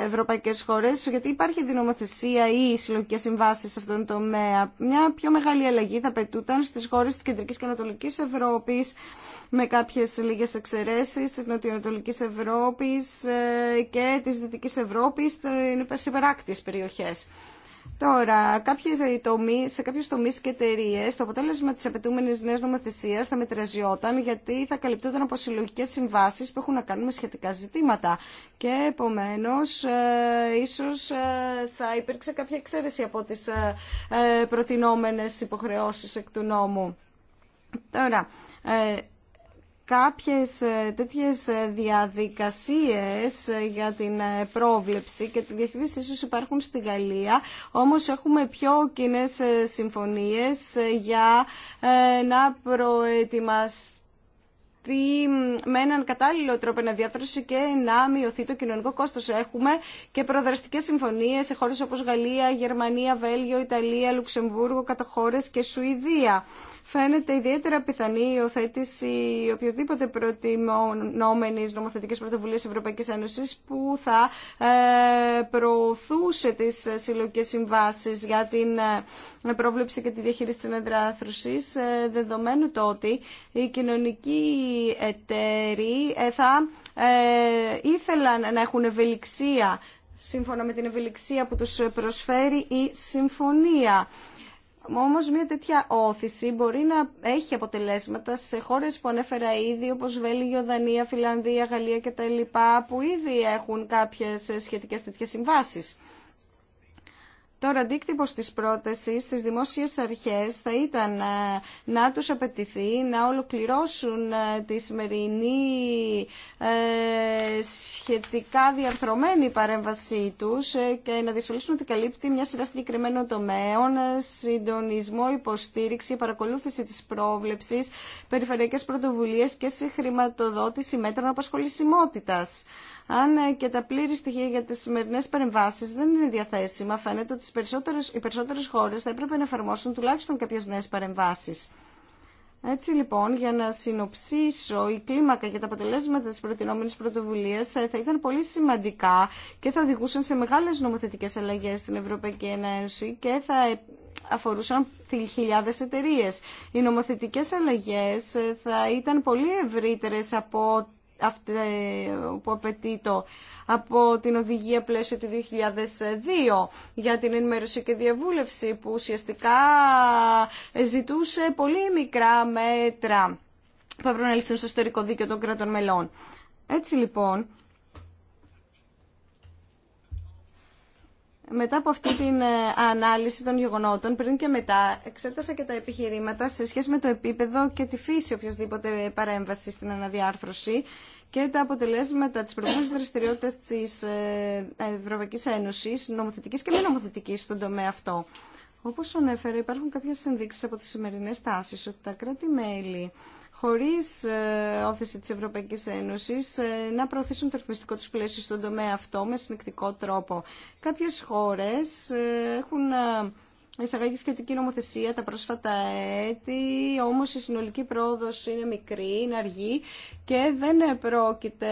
ευρωπαϊκές χώρες γιατί υπάρχει δυνομοθεσία ή συλλογικές συμβάσεις σε αυτόν τον τομέα. Μια πιο μεγάλη αλλαγή θα πετούταν στις χώρες της Κεντρικής και Ανατολικής Ευρώπης με κάποιες λίγες εξαιρέσεις της Νοτιοανατολικής Ευρώπης και της Δυτικής Ευρώπης είναι υπεράκτιες περιοχές. Τώρα, κάποιες τομείς, σε κάποιου τομεί και εταιρείε, το αποτέλεσμα τη απαιτούμενη νέα νομοθεσία θα μετραζιόταν γιατί θα καλυπτόταν από συλλογικέ συμβάσει που έχουν να κάνουν με σχετικά ζητήματα. Και επομένω, ε, ίσω ε, θα υπήρξε κάποια εξαίρεση από τι ε, ε προτινόμενε υποχρεώσει εκ του νόμου. Τώρα, ε, κάποιες ε, τέτοιες ε, διαδικασίες ε, για την πρόβλεψη και τη διαχείριση ίσως υπάρχουν στη Γαλλία, όμως έχουμε πιο κοινέ συμφωνίες για να προετοιμαστεί με έναν κατάλληλο τρόπο να αναδιάθρωση και να μειωθεί το κοινωνικό κόστος. Έχουμε και προδραστικές συμφωνίες σε χώρες όπως Γαλλία, Γερμανία, Βέλγιο, Ιταλία, Λουξεμβούργο, Καταχώρες και Σουηδία φαίνεται ιδιαίτερα πιθανή η υιοθέτηση οποιοδήποτε προτιμόμενη νομοθετική πρωτοβουλία Ευρωπαϊκή Ένωση που θα ε, προωθούσε τι συλλογικέ συμβάσει για την ε, πρόβλεψη και τη διαχείριση τη ενεδράθρωση, ε, δεδομένου το ότι οι κοινωνικοί εταίροι θα ήθελαν να έχουν ευελιξία σύμφωνα με την ευελιξία που τους προσφέρει η συμφωνία. Όμω μια τέτοια όθηση μπορεί να έχει αποτελέσματα σε χώρε που ανέφερα ήδη, όπω Βέλγιο, Δανία, Φιλανδία, Γαλλία κτλ., που ήδη έχουν κάποιε σχετικέ τέτοιε συμβάσει. Τώρα, αντίκτυπο τη πρόταση στι δημόσιε αρχέ θα ήταν ε, να του απαιτηθεί να ολοκληρώσουν ε, τη σημερινή ε, σχετικά διαρθρωμένη παρέμβασή του και να διασφαλίσουν ότι καλύπτει μια σειρά συγκεκριμένων τομέων, συντονισμό, υποστήριξη, παρακολούθηση τη πρόβλεψη, περιφερειακέ πρωτοβουλίε και χρηματοδότηση μέτρων απασχολησιμότητα. Αν ε, και τα πλήρη στοιχεία για τι σημερινέ παρεμβάσει, δεν είναι διαθέσιμα, φαίνεται ότι οι περισσότερε χώρε θα έπρεπε να εφαρμόσουν τουλάχιστον κάποιε νέε παρεμβάσει. Έτσι λοιπόν, για να συνοψίσω η κλίμακα και τα αποτελέσματα τη προτινόμενη πρωτοβουλία, ε, θα ήταν πολύ σημαντικά και θα οδηγούσαν σε μεγάλε νομοθετικέ αλλαγέ στην Ευρωπαϊκή Ένωση και θα ε, αφορούσαν χιλιάδε εταιρείε. Οι νομοθετικέ αλλαγέ θα ήταν πολύ ευρύτερε από αυτή που απαιτείται από την οδηγία πλαίσιο του 2002 για την ενημέρωση και διαβούλευση που ουσιαστικά ζητούσε πολύ μικρά μέτρα που έπρεπε να ληφθούν στο ιστορικό δίκαιο των κρατών μελών. Έτσι λοιπόν, μετά από αυτή την ε, ανάλυση των γεγονότων, πριν και μετά, εξέτασα και τα επιχειρήματα σε σχέση με το επίπεδο και τη φύση οποιασδήποτε παρέμβαση στην αναδιάρθρωση και τα αποτελέσματα της προηγούμενης δραστηριότητας της ε, Ευρωπαϊκής Ένωσης, νομοθετικής και μη νομοθετικής στον τομέα αυτό. Όπως ανέφερα, υπάρχουν κάποιες ενδείξεις από τις σημερινές τάσεις ότι τα κράτη-μέλη χωρίς ε, όθηση της Ευρωπαϊκής Ένωσης ε, να προωθήσουν το ρυθμιστικό τους πλαίσιο στον τομέα αυτό με συνεκτικό τρόπο. Κάποιες χώρες ε, έχουν εισαγάγει σχετική νομοθεσία τα πρόσφατα έτη, όμως η συνολική πρόοδος είναι μικρή, είναι αργή και δεν πρόκειται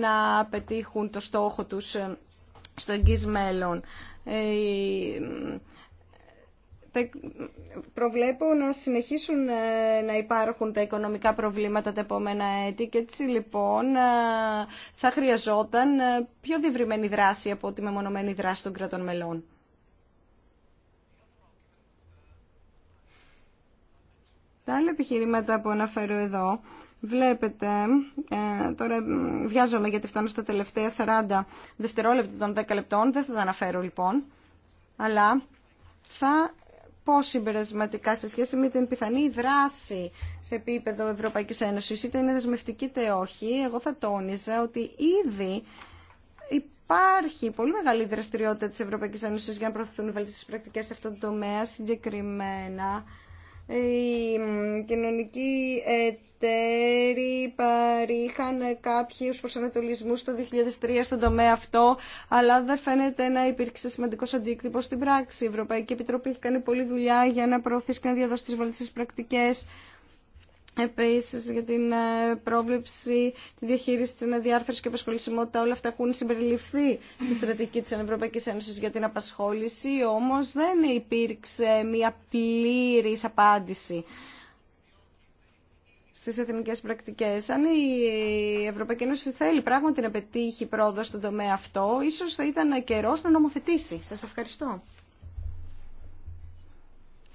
να πετύχουν το στόχο τους στο εγγύς μέλλον προβλέπω να συνεχίσουν ε, να υπάρχουν τα οικονομικά προβλήματα τα επόμενα έτη και έτσι λοιπόν ε, θα χρειαζόταν ε, πιο διευρυμένη δράση από τη μεμονωμένη δράση των κρατών μελών. Τα άλλα επιχειρήματα που αναφέρω εδώ, βλέπετε, τώρα βιάζομαι γιατί φτάνω στα τελευταία 40 δευτερόλεπτα των 10 λεπτών, δεν θα τα αναφέρω λοιπόν, αλλά θα Πώ συμπερασματικά σε σχέση με την πιθανή δράση σε επίπεδο Ευρωπαϊκής Ένωση είτε είναι δεσμευτική είτε όχι, εγώ θα τόνιζα ότι ήδη υπάρχει πολύ μεγάλη δραστηριότητα τη Ευρωπαϊκής Ένωση για να προωθηθούν οι πρακτικές σε αυτό το τομέα συγκεκριμένα οι κοινωνικοί εταίροι παρήχαν κάποιους προσανατολισμούς το 2003 στον τομέα αυτό, αλλά δεν φαίνεται να υπήρξε σημαντικός αντίκτυπος στην πράξη. Η Ευρωπαϊκή Επιτροπή έχει κάνει πολλή δουλειά για να προωθήσει και να διαδώσει τις πρακτικές Επίση για την ε, πρόβλεψη, τη διαχείριση τη αναδιάρθρωση και απασχολησιμότητα, όλα αυτά έχουν συμπεριληφθεί στη στρατηγική τη Ευρωπαϊκή Ένωση για την απασχόληση, όμω δεν υπήρξε μια πλήρη απάντηση στι εθνικέ πρακτικέ. Αν η Ευρωπαϊκή Ένωση θέλει πράγματι να πετύχει πρόοδο στον τομέα αυτό, ίσω θα ήταν καιρό να νομοθετήσει. Σα ευχαριστώ.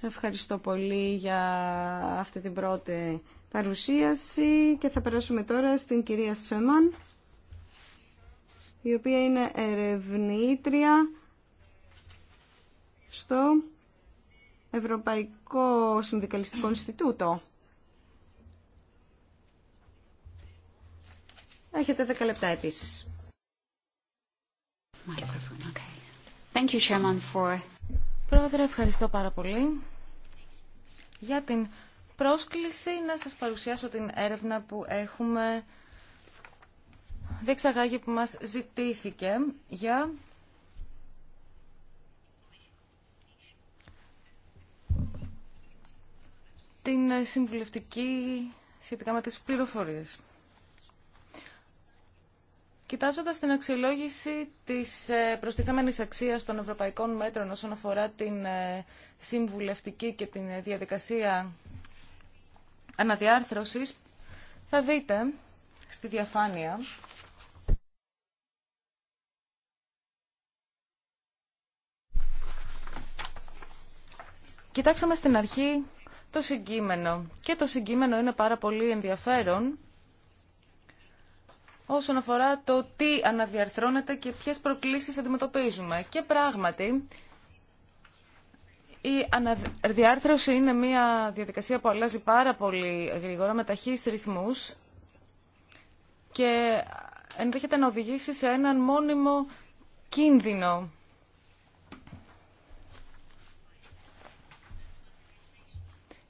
Ευχαριστώ πολύ για αυτή την πρώτη παρουσίαση και θα περάσουμε τώρα στην κυρία Σέμαν, η οποία είναι ερευνήτρια στο Ευρωπαϊκό Συνδικαλιστικό Ινστιτούτο. Έχετε 10 λεπτά επίσης. Thank you, Chairman, for Πρόεδρε, ευχαριστώ πάρα πολύ για την πρόσκληση να σας παρουσιάσω την έρευνα που έχουμε διεξαγάγει που μας ζητήθηκε για την συμβουλευτική σχετικά με τις πληροφορίες. Κοιτάζοντας την αξιολόγηση της ε, προστιθέμενης αξίας των ευρωπαϊκών μέτρων όσον αφορά την ε, συμβουλευτική και την ε, διαδικασία αναδιάρθρωσης, θα δείτε στη διαφάνεια Κοιτάξαμε στην αρχή το συγκείμενο και το συγκείμενο είναι πάρα πολύ ενδιαφέρον όσον αφορά το τι αναδιαρθρώνεται και ποιες προκλήσεις αντιμετωπίζουμε. Και πράγματι, η αναδιάρθρωση είναι μια διαδικασία που αλλάζει πάρα πολύ γρήγορα με ταχύς ρυθμούς και ενδέχεται να οδηγήσει σε έναν μόνιμο κίνδυνο.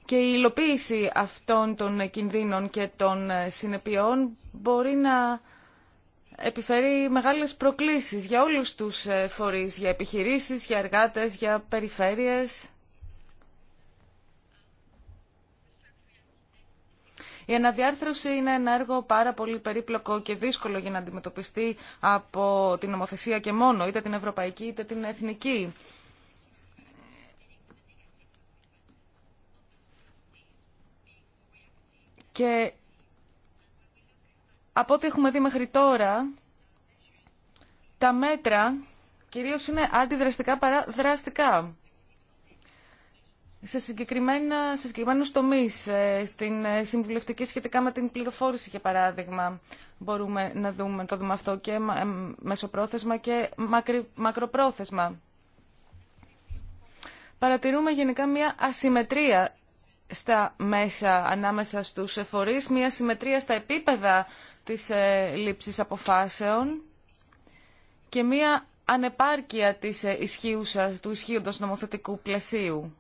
Και η υλοποίηση αυτών των κινδύνων και των συνεπειών μπορεί να επιφέρει μεγάλες προκλήσεις για όλους τους ε, φορείς, για επιχειρήσεις, για εργάτες, για περιφέρειες. Η αναδιάρθρωση είναι ένα έργο πάρα πολύ περίπλοκο και δύσκολο για να αντιμετωπιστεί από την νομοθεσία και μόνο, είτε την ευρωπαϊκή είτε την εθνική. Και από ό,τι έχουμε δει μέχρι τώρα, τα μέτρα κυρίως είναι αντιδραστικά παρά δραστικά. Σε, συγκεκριμένα, σε συγκεκριμένους τομείς, ε, στην ε, συμβουλευτική σχετικά με την πληροφόρηση, για παράδειγμα, μπορούμε να δούμε, το δούμε αυτό και ε, μεσοπρόθεσμα και μακροπρόθεσμα. Παρατηρούμε γενικά μια ασυμμετρία στα μέσα ανάμεσα στους εφορείς, μια συμμετρία στα επίπεδα της ε, λήψης αποφάσεων και μία ανεπάρκεια της ε, ισχύουσας, του ισχύοντος νομοθετικού πλαισίου.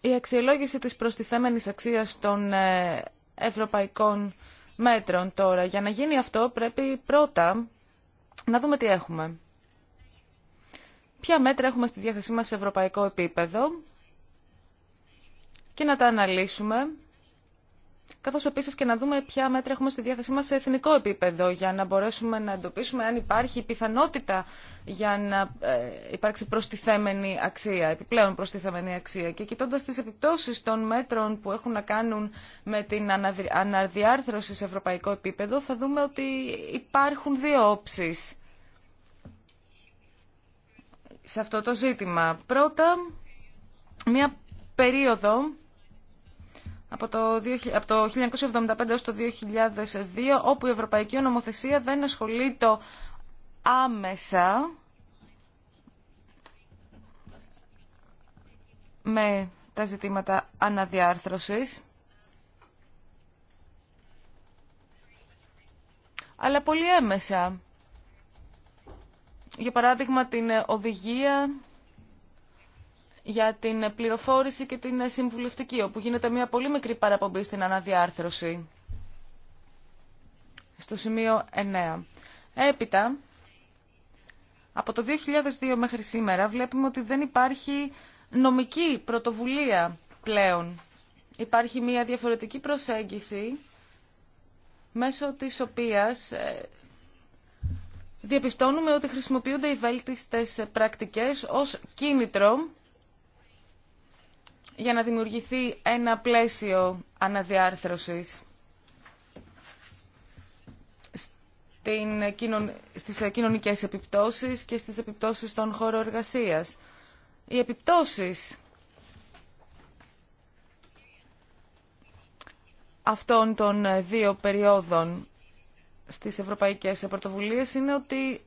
Η αξιολόγηση της προστιθέμενης αξίας των ε, ευρωπαϊκών μέτρων τώρα. Για να γίνει αυτό πρέπει πρώτα να δούμε τι έχουμε ποια μέτρα έχουμε στη διάθεσή μας σε ευρωπαϊκό επίπεδο και να τα αναλύσουμε, καθώς επίσης και να δούμε ποια μέτρα έχουμε στη διάθεσή μας σε εθνικό επίπεδο για να μπορέσουμε να εντοπίσουμε αν υπάρχει πιθανότητα για να ε, υπάρξει προστιθέμενη αξία, επιπλέον προστιθέμενη αξία. Και κοιτώντας τις επιπτώσεις των μέτρων που έχουν να κάνουν με την αναδιάρθρωση σε ευρωπαϊκό επίπεδο, θα δούμε ότι υπάρχουν δύο όψεις σε αυτό το ζήτημα. Πρώτα, μία περίοδο από το, από το 1975 έως το 2002, όπου η Ευρωπαϊκή Ονομοθεσία δεν ασχολείται άμεσα με τα ζητήματα αναδιάρθρωσης, αλλά πολύ έμεσα για παράδειγμα την οδηγία για την πληροφόρηση και την συμβουλευτική, όπου γίνεται μια πολύ μικρή παραπομπή στην αναδιάρθρωση. Στο σημείο 9. Έπειτα, από το 2002 μέχρι σήμερα βλέπουμε ότι δεν υπάρχει νομική πρωτοβουλία πλέον. Υπάρχει μια διαφορετική προσέγγιση μέσω της οποίας ε, διαπιστώνουμε ότι χρησιμοποιούνται οι βέλτιστες πρακτικές ως κίνητρο για να δημιουργηθεί ένα πλαίσιο αναδιάρθρωσης στις κοινωνικές επιπτώσεις και στις επιπτώσεις των χώρων εργασίας. Οι επιπτώσεις αυτών των δύο περιόδων στις ευρωπαϊκές πρωτοβουλίες είναι ότι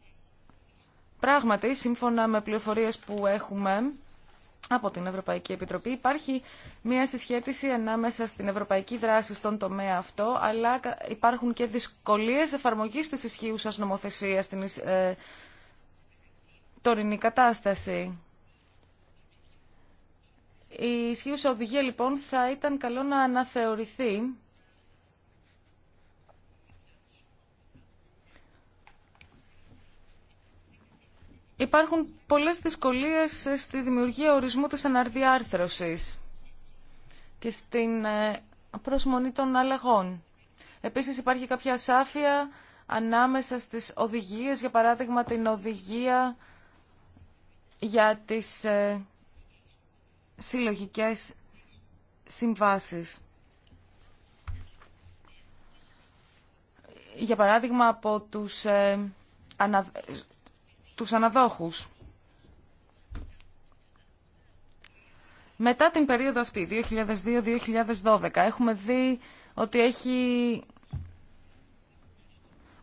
πράγματι, σύμφωνα με πληροφορίες που έχουμε από την Ευρωπαϊκή Επιτροπή, υπάρχει μια συσχέτιση ανάμεσα στην ευρωπαϊκή δράση στον τομέα αυτό, αλλά υπάρχουν και δυσκολίες εφαρμογής της ισχύουσας νομοθεσίας στην ε, τωρινή κατάσταση. Η ισχύουσα οδηγία λοιπόν θα ήταν καλό να αναθεωρηθεί Υπάρχουν πολλές δυσκολίες στη δημιουργία ορισμού της αναρδιάρθρωσης και στην ε, προσμονή των αλλαγών. Επίσης υπάρχει κάποια ασάφεια ανάμεσα στις οδηγίες, για παράδειγμα την οδηγία για τις ε, συλλογικές συμβάσεις. Για παράδειγμα, από τους ε, τους αναδόχους. Μετά την περίοδο αυτή, 2002-2012, έχουμε δει ότι, έχει...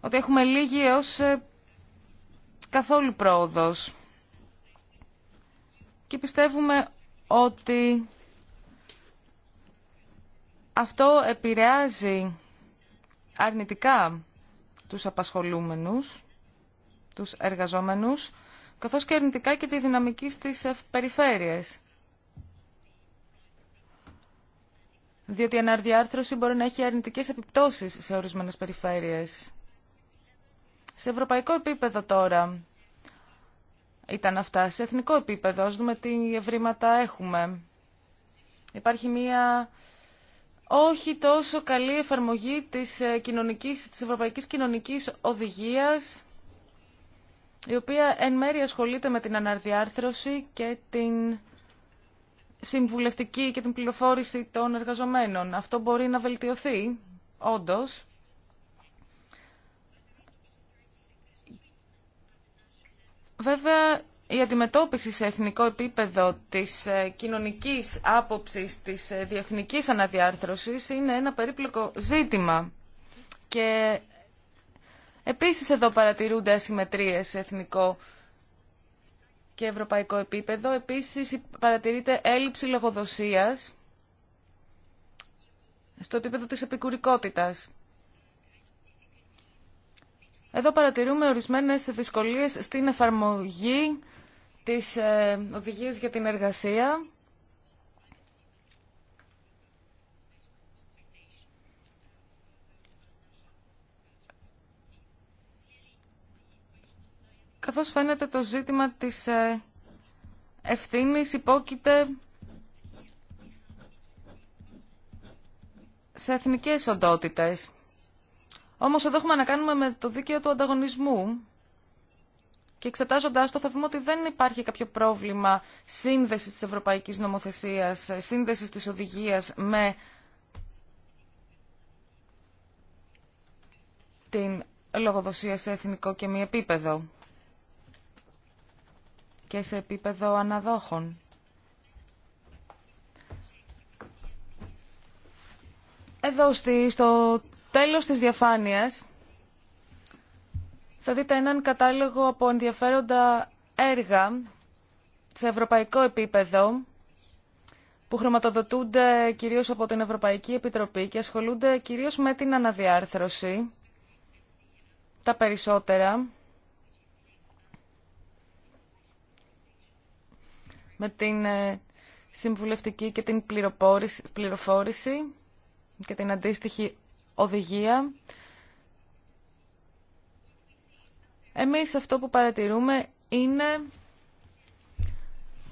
ότι έχουμε λίγη έως ε, καθόλου πρόοδος. Και πιστεύουμε ότι αυτό επηρεάζει αρνητικά τους απασχολούμενους τους εργαζόμενους, καθώς και αρνητικά και τη δυναμική στις ε, περιφέρειες. Διότι η αναρδιάρθρωση μπορεί να έχει αρνητικές επιπτώσεις σε ορισμένες περιφέρειες. Σε ευρωπαϊκό επίπεδο τώρα ήταν αυτά. Σε εθνικό επίπεδο, ας δούμε τι ευρήματα έχουμε. Υπάρχει μία όχι τόσο καλή εφαρμογή της, ε, κοινωνικής, της Ευρωπαϊκής Κοινωνικής Οδηγίας η οποία εν μέρει ασχολείται με την αναδιάρθρωση και την συμβουλευτική και την πληροφόρηση των εργαζομένων. Αυτό μπορεί να βελτιωθεί, όντως. Βέβαια, η αντιμετώπιση σε εθνικό επίπεδο της ε, κοινωνικής άποψης της ε, διεθνικής αναδιάρθρωσης είναι ένα περίπλοκο ζήτημα και Επίσης εδώ παρατηρούνται ασυμμετρίες σε εθνικό και ευρωπαϊκό επίπεδο. Επίσης παρατηρείται έλλειψη λογοδοσίας στο επίπεδο της επικουρικότητας. Εδώ παρατηρούμε ορισμένες δυσκολίες στην εφαρμογή της ε, οδηγίας για την εργασία καθώς φαίνεται το ζήτημα της ε, ευθύνης υπόκειται σε εθνικές οντότητες. Όμως εδώ έχουμε να κάνουμε με το δίκαιο του ανταγωνισμού και εξετάζοντάς το θα δούμε ότι δεν υπάρχει κάποιο πρόβλημα σύνδεσης της ευρωπαϊκής νομοθεσίας, σύνδεσης της οδηγίας με την λογοδοσία σε εθνικό και μη επίπεδο και σε επίπεδο αναδόχων. Εδώ στο τέλος της διαφάνειας θα δείτε έναν κατάλογο από ενδιαφέροντα έργα σε ευρωπαϊκό επίπεδο που χρηματοδοτούνται κυρίως από την Ευρωπαϊκή Επιτροπή και ασχολούνται κυρίως με την αναδιάρθρωση, τα περισσότερα, με την ε, συμβουλευτική και την πληροφόρηση και την αντίστοιχη οδηγία. Εμείς αυτό που παρατηρούμε είναι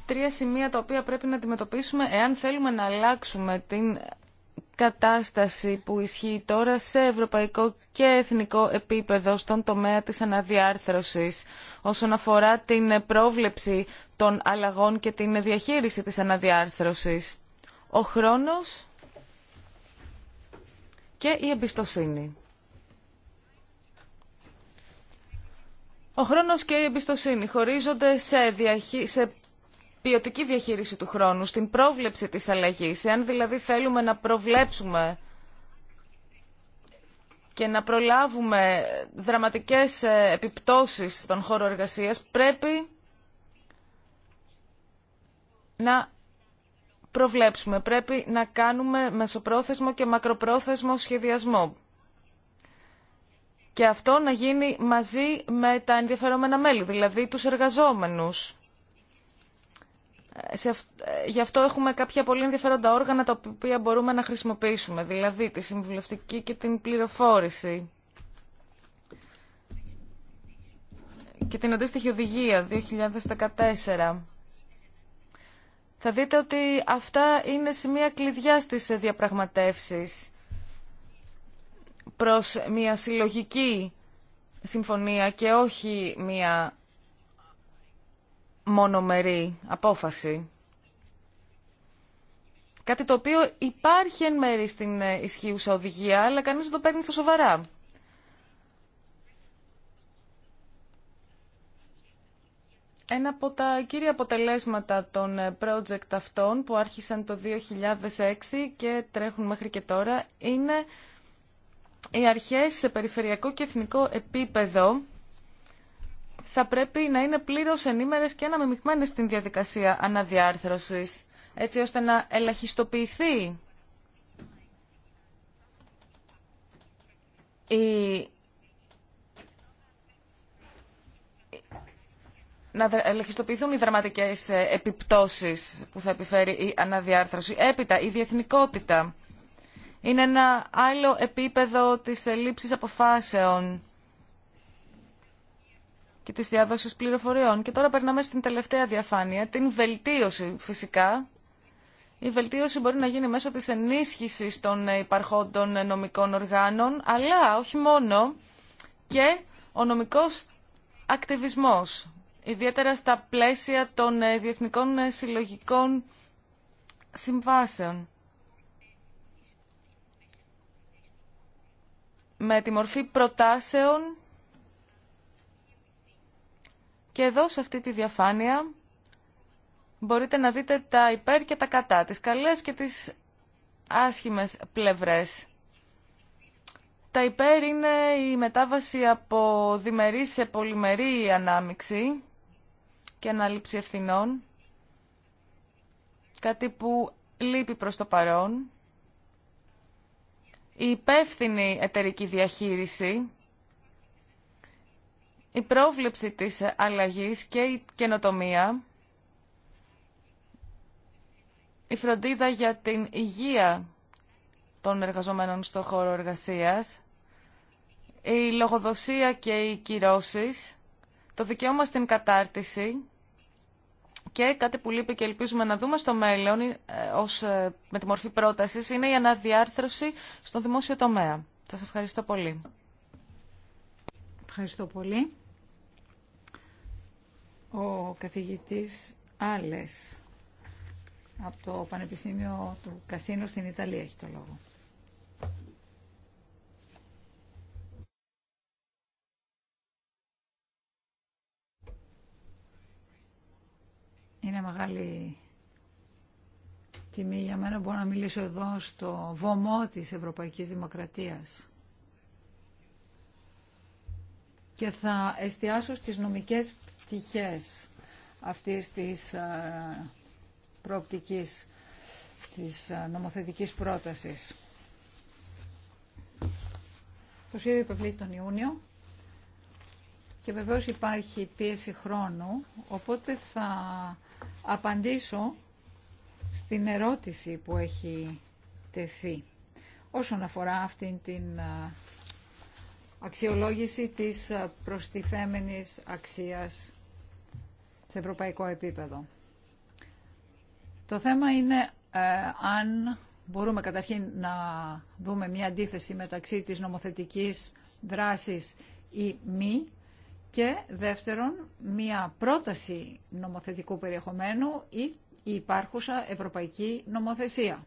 τρία σημεία τα οποία πρέπει να αντιμετωπίσουμε εάν θέλουμε να αλλάξουμε την κατάσταση που ισχύει τώρα σε ευρωπαϊκό και εθνικό επίπεδο στον τομέα της αναδιάρθρωσης όσον αφορά την πρόβλεψη των αλλαγών και την διαχείριση της αναδιάρθρωσης. Ο χρόνος και η εμπιστοσύνη. Ο χρόνος και η εμπιστοσύνη χωρίζονται σε, διαχεί ποιοτική διαχείριση του χρόνου, στην πρόβλεψη της αλλαγής. Εάν δηλαδή θέλουμε να προβλέψουμε και να προλάβουμε δραματικές ε, επιπτώσεις στον χώρο εργασίας, πρέπει να προβλέψουμε, πρέπει να κάνουμε μεσοπρόθεσμο και μακροπρόθεσμο σχεδιασμό. Και αυτό να γίνει μαζί με τα ενδιαφερόμενα μέλη, δηλαδή τους εργαζόμενους. Ε, γι' αυτό έχουμε κάποια πολύ ενδιαφέροντα όργανα τα οποία μπορούμε να χρησιμοποιήσουμε, δηλαδή τη συμβουλευτική και την πληροφόρηση και την αντίστοιχη οδηγία 2014. Θα δείτε ότι αυτά είναι σημεία κλειδιά στις διαπραγματεύσεις προς μια συλλογική συμφωνία και όχι μια μονομερή απόφαση. Κάτι το οποίο υπάρχει εν μέρη στην ισχύουσα οδηγία, αλλά κανείς δεν το παίρνει στο σοβαρά. Ένα από τα κύρια αποτελέσματα των project αυτών που άρχισαν το 2006 και τρέχουν μέχρι και τώρα είναι οι αρχές σε περιφερειακό και εθνικό επίπεδο θα πρέπει να είναι πλήρως ενήμερε και αναμειγμένε στην διαδικασία αναδιάρθρωσης, έτσι ώστε να ελαχιστοποιηθεί η... να ελεγχιστοποιηθούν οι δραματικές ε, επιπτώσεις που θα επιφέρει η αναδιάρθρωση. Έπειτα, η διεθνικότητα είναι ένα άλλο επίπεδο της ε, λήψης αποφάσεων και της διάδοσης πληροφοριών. Και τώρα περνάμε στην τελευταία διαφάνεια, την βελτίωση φυσικά. Η βελτίωση μπορεί να γίνει μέσω της ενίσχυσης των υπαρχόντων νομικών οργάνων, αλλά όχι μόνο και ο νομικός ακτιβισμός, ιδιαίτερα στα πλαίσια των ε, διεθνικών ε, συλλογικών συμβάσεων. Με τη μορφή προτάσεων και εδώ σε αυτή τη διαφάνεια μπορείτε να δείτε τα υπέρ και τα κατά, τις καλές και τις άσχημες πλευρές. Τα υπέρ είναι η μετάβαση από διμερή σε πολυμερή ανάμιξη και ανάληψη ευθυνών, κάτι που λείπει προς το παρόν. Η υπεύθυνη εταιρική διαχείριση, η πρόβλεψη της αλλαγής και η καινοτομία, η φροντίδα για την υγεία των εργαζομένων στο χώρο εργασίας, η λογοδοσία και οι κυρώσεις, το δικαίωμα στην κατάρτιση και κάτι που λείπει και ελπίζουμε να δούμε στο μέλλον ε, ως, ε, με τη μορφή πρότασης είναι η αναδιάρθρωση στον δημόσιο τομέα. Σας ευχαριστώ πολύ. Ευχαριστώ πολύ ο καθηγητής Άλλες από το Πανεπιστήμιο του Κασίνου στην Ιταλία έχει το λόγο. Είναι μεγάλη τιμή για μένα μπορώ να μιλήσω εδώ στο βωμό της Ευρωπαϊκής Δημοκρατίας και θα εστιάσω στις νομικές πτυχές αυτής της ε, προοπτικής, της ε, νομοθετικής πρότασης. Το σχέδιο υπευλήθη τον Ιούνιο και βεβαίως υπάρχει πίεση χρόνου, οπότε θα απαντήσω στην ερώτηση που έχει τεθεί όσον αφορά αυτήν την ε, αξιολόγηση της προστιθέμενης αξίας σε ευρωπαϊκό επίπεδο. Το θέμα είναι ε, αν μπορούμε καταρχήν να δούμε μια αντίθεση μεταξύ της νομοθετικής δράσης ή μη και δεύτερον μια πρόταση νομοθετικού περιεχομένου ή η υπάρχουσα ευρωπαϊκή νομοθεσία.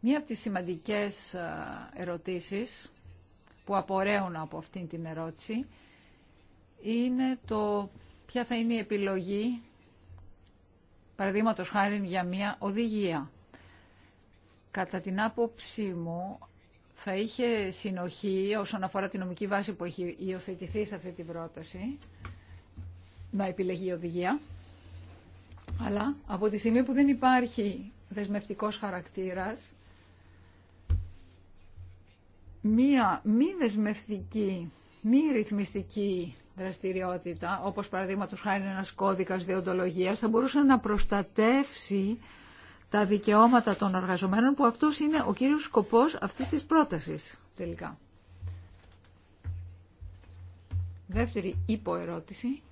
Μία από τις σημαντικές ε, ερωτήσεις που απορρέουν από αυτήν την ερώτηση είναι το ποια θα είναι η επιλογή παραδείγματο χάρη για μια οδηγία. Κατά την άποψή μου θα είχε συνοχή όσον αφορά την νομική βάση που έχει υιοθετηθεί σε αυτή την πρόταση να επιλεγεί η οδηγία. Αλλά από τη στιγμή που δεν υπάρχει δεσμευτικός χαρακτήρας μία μη δεσμευτική, μη ρυθμιστική δραστηριότητα, όπως παραδείγματο χάρη ένας κώδικας διοντολογίας, θα μπορούσε να προστατεύσει τα δικαιώματα των εργαζομένων, που αυτός είναι ο κύριος σκοπός αυτής της πρότασης τελικά. Δεύτερη υποερώτηση.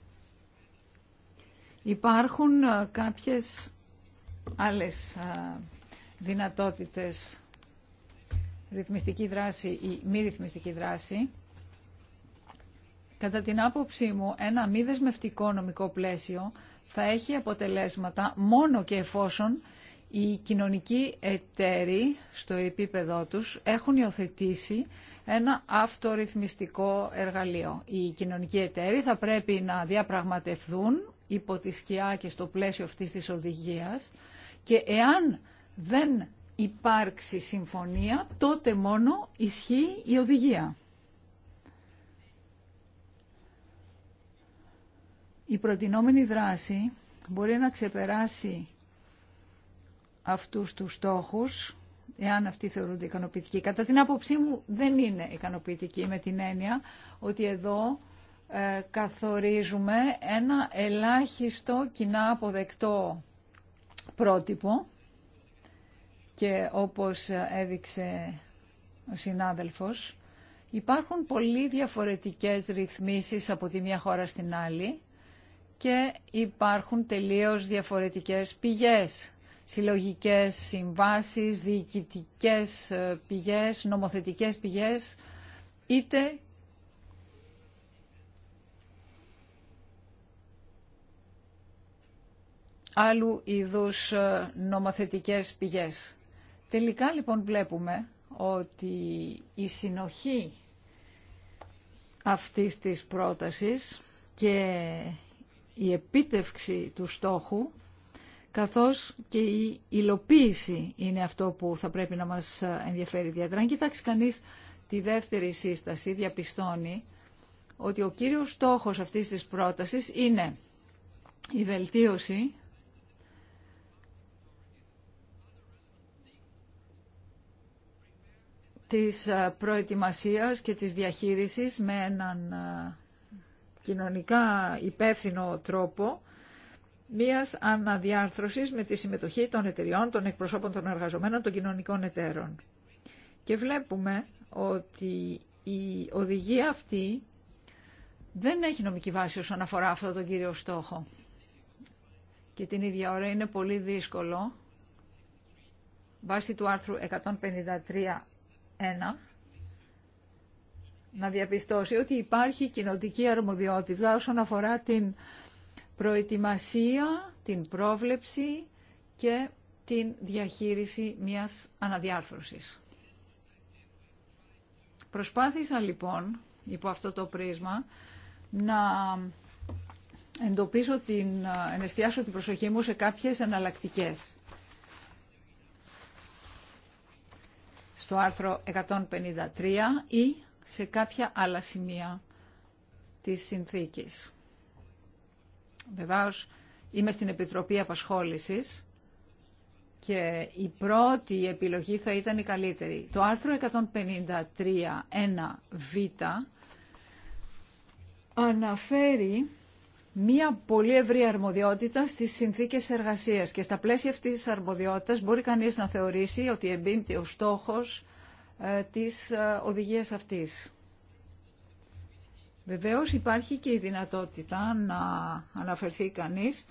Υπάρχουν ε, κάποιες άλλες ε, δυνατότητες ρυθμιστική δράση ή μη ρυθμιστική δράση. Κατά την άποψή μου, ένα μη δεσμευτικό νομικό πλαίσιο θα έχει αποτελέσματα μόνο και εφόσον οι κοινωνικοί εταίροι στο επίπεδό τους έχουν υιοθετήσει ένα αυτορυθμιστικό εργαλείο. Οι κοινωνικοί εταίροι θα πρέπει να διαπραγματευθούν υπό τη σκιά και στο πλαίσιο αυτής της οδηγίας και εάν δεν υπάρξει συμφωνία, τότε μόνο ισχύει η οδηγία. Η προτινόμενη δράση μπορεί να ξεπεράσει αυτούς τους στόχους, εάν αυτοί θεωρούνται ικανοποιητικοί. Κατά την άποψή μου δεν είναι ικανοποιητική με την έννοια ότι εδώ ε, καθορίζουμε ένα ελάχιστο κοινά αποδεκτό πρότυπο και όπως έδειξε ο συνάδελφος, υπάρχουν πολύ διαφορετικές ρυθμίσεις από τη μία χώρα στην άλλη και υπάρχουν τελείως διαφορετικές πηγές. Συλλογικές συμβάσεις, διοικητικές ε, πηγές, νομοθετικές πηγές, είτε άλλου είδους ε, νομοθετικές πηγές. Τελικά λοιπόν βλέπουμε ότι η συνοχή αυτής της πρότασης και η επίτευξη του στόχου καθώς και η υλοποίηση είναι αυτό που θα πρέπει να μας ενδιαφέρει ιδιαίτερα. Αν κοιτάξει κανείς τη δεύτερη σύσταση, διαπιστώνει ότι ο κύριος στόχος αυτής της πρότασης είναι η βελτίωση της ε, προετοιμασίας και της διαχείρισης με έναν ε, κοινωνικά υπεύθυνο τρόπο μίας αναδιάρθρωσης με τη συμμετοχή των εταιριών, των εκπροσώπων των εργαζομένων, των κοινωνικών εταίρων. Και βλέπουμε ότι η οδηγία αυτή δεν έχει νομική βάση όσον αφορά αυτό τον κύριο στόχο. Και την ίδια ώρα είναι πολύ δύσκολο βάσει του άρθρου 153 ένα, να διαπιστώσει ότι υπάρχει κοινοτική αρμοδιότητα όσον αφορά την προετοιμασία, την πρόβλεψη και την διαχείριση μιας αναδιάρθρωσης. Προσπάθησα λοιπόν, υπό αυτό το πρίσμα, να εντοπίσω την, την προσοχή μου σε κάποιες εναλλακτικές στο άρθρο 153 ή σε κάποια άλλα σημεία της συνθήκης. Βεβαίως, είμαι στην Επιτροπή Απασχόλησης και η πρώτη επιλογή θα ήταν η καλύτερη. Το αρθρο 153 1 153.1β αναφέρει μία πολύ ευρή αρμοδιότητα στις συνθήκες εργασίας και στα πλαίσια αυτή τη αρμοδιότητα μπορεί κανείς να θεωρήσει ότι εμπίπτει ο στόχος ε, της ε, οδηγίας αυτής. Βεβαίω υπάρχει και η δυνατότητα να αναφερθεί κανείς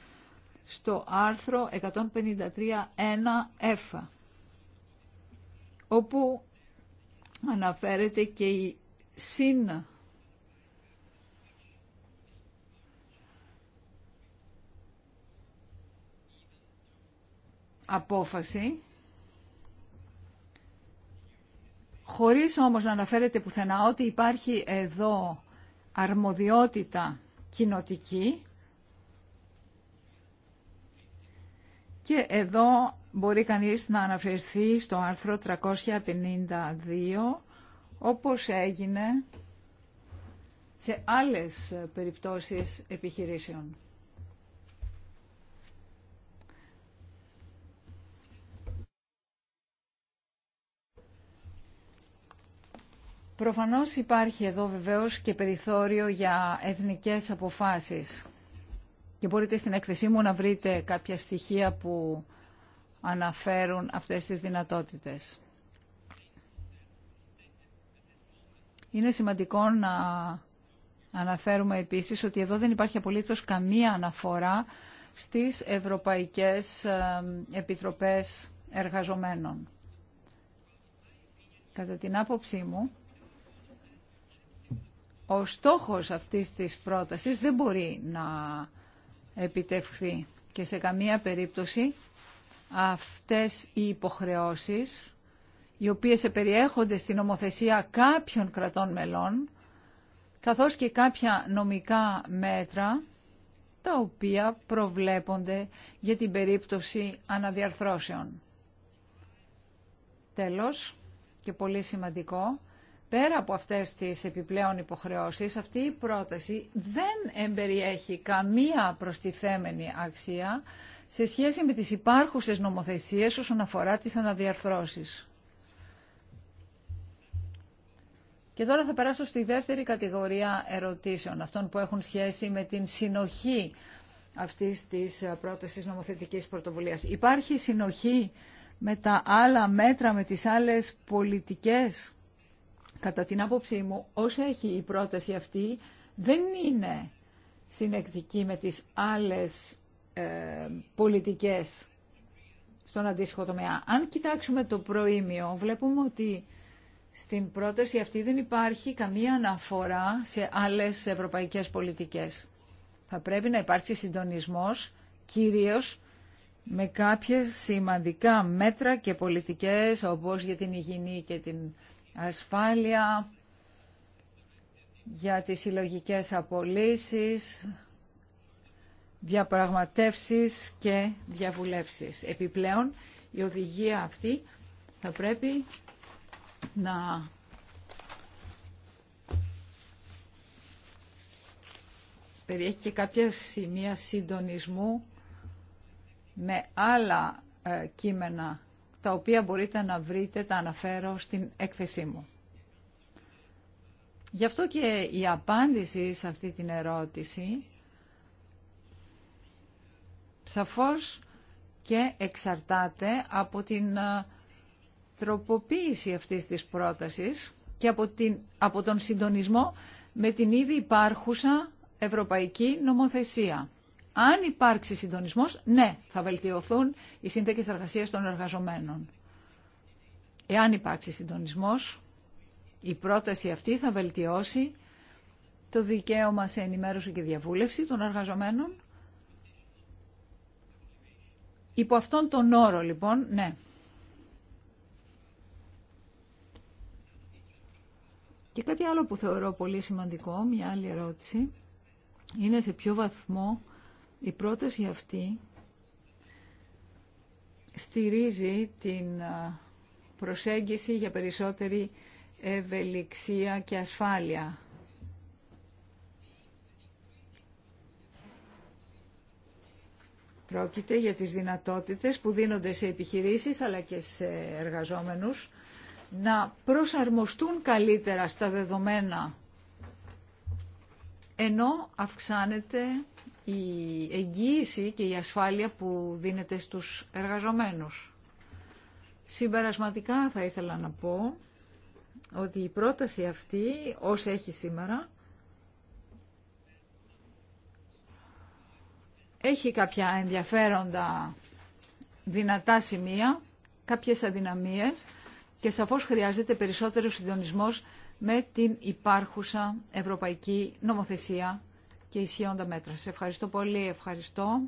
στο άρθρο 153.1.F όπου αναφέρεται και η συν απόφαση χωρίς όμως να αναφέρεται πουθενά ότι υπάρχει εδώ αρμοδιότητα κοινοτική και εδώ μπορεί κανείς να αναφερθεί στο άρθρο 352 όπως έγινε σε άλλες περιπτώσεις επιχειρήσεων. Προφανώς υπάρχει εδώ βεβαίως και περιθώριο για εθνικές αποφάσεις. Και μπορείτε στην έκθεσή μου να βρείτε κάποια στοιχεία που αναφέρουν αυτές τις δυνατότητες. Είναι σημαντικό να αναφέρουμε επίσης ότι εδώ δεν υπάρχει απολύτως καμία αναφορά στις Ευρωπαϊκές Επιτροπές Εργαζομένων. Κατά την άποψή μου, ο στόχος αυτής της πρότασης δεν μπορεί να επιτευχθεί και σε καμία περίπτωση αυτές οι υποχρεώσεις οι οποίες επεριέχονται στην ομοθεσία κάποιων κρατών μελών καθώς και κάποια νομικά μέτρα τα οποία προβλέπονται για την περίπτωση αναδιαρθρώσεων. Τέλος και πολύ σημαντικό πέρα από αυτές τις επιπλέον υποχρεώσεις, αυτή η πρόταση δεν εμπεριέχει καμία προστιθέμενη αξία σε σχέση με τις υπάρχουσες νομοθεσίες όσον αφορά τις αναδιαρθρώσεις. Και τώρα θα περάσω στη δεύτερη κατηγορία ερωτήσεων, αυτών που έχουν σχέση με την συνοχή αυτής της πρότασης νομοθετικής πρωτοβουλίας. Υπάρχει συνοχή με τα άλλα μέτρα, με τις άλλες πολιτικές Κατά την άποψή μου, όσα έχει η πρόταση αυτή, δεν είναι συνεκτική με τις άλλες ε, πολιτικές στον αντίστοιχο τομέα. Αν κοιτάξουμε το προήμιο, βλέπουμε ότι στην πρόταση αυτή δεν υπάρχει καμία αναφορά σε άλλες ευρωπαϊκές πολιτικές. Θα πρέπει να υπάρξει συντονισμός, κυρίως με κάποιες σημαντικά μέτρα και πολιτικές, όπως για την υγιεινή και την ασφάλεια, για τις συλλογικέ απολύσεις, διαπραγματεύσεις και διαβουλεύσεις. Επιπλέον, η οδηγία αυτή θα πρέπει να περιέχει και κάποια σημεία συντονισμού με άλλα ε, κείμενα τα οποία μπορείτε να βρείτε, τα αναφέρω στην έκθεσή μου. Γι' αυτό και η απάντηση σε αυτή την ερώτηση σαφώς και εξαρτάται από την ε, τροποποίηση αυτής της πρότασης και από, την, από τον συντονισμό με την ήδη υπάρχουσα ευρωπαϊκή νομοθεσία αν υπάρξει συντονισμός, ναι, θα βελτιωθούν οι σύνθεκες εργασίας των εργαζομένων. Εάν υπάρξει συντονισμός, η πρόταση αυτή θα βελτιώσει το δικαίωμα σε ενημέρωση και διαβούλευση των εργαζομένων. Υπό αυτόν τον όρο, λοιπόν, ναι. Και κάτι άλλο που θεωρώ πολύ σημαντικό, μια άλλη ερώτηση, είναι σε ποιο βαθμό η πρόταση αυτή στηρίζει την προσέγγιση για περισσότερη ευελιξία και ασφάλεια. Πρόκειται για τις δυνατότητες που δίνονται σε επιχειρήσεις αλλά και σε εργαζόμενους να προσαρμοστούν καλύτερα στα δεδομένα ενώ αυξάνεται η εγγύηση και η ασφάλεια που δίνεται στους εργαζομένους. Συμπερασματικά θα ήθελα να πω ότι η πρόταση αυτή, ως έχει σήμερα, έχει κάποια ενδιαφέροντα δυνατά σημεία, κάποιες αδυναμίες και σαφώς χρειάζεται περισσότερο συντονισμός με την υπάρχουσα ευρωπαϊκή νομοθεσία και ισχύοντα μέτρα. Σε ευχαριστώ πολύ. Ευχαριστώ.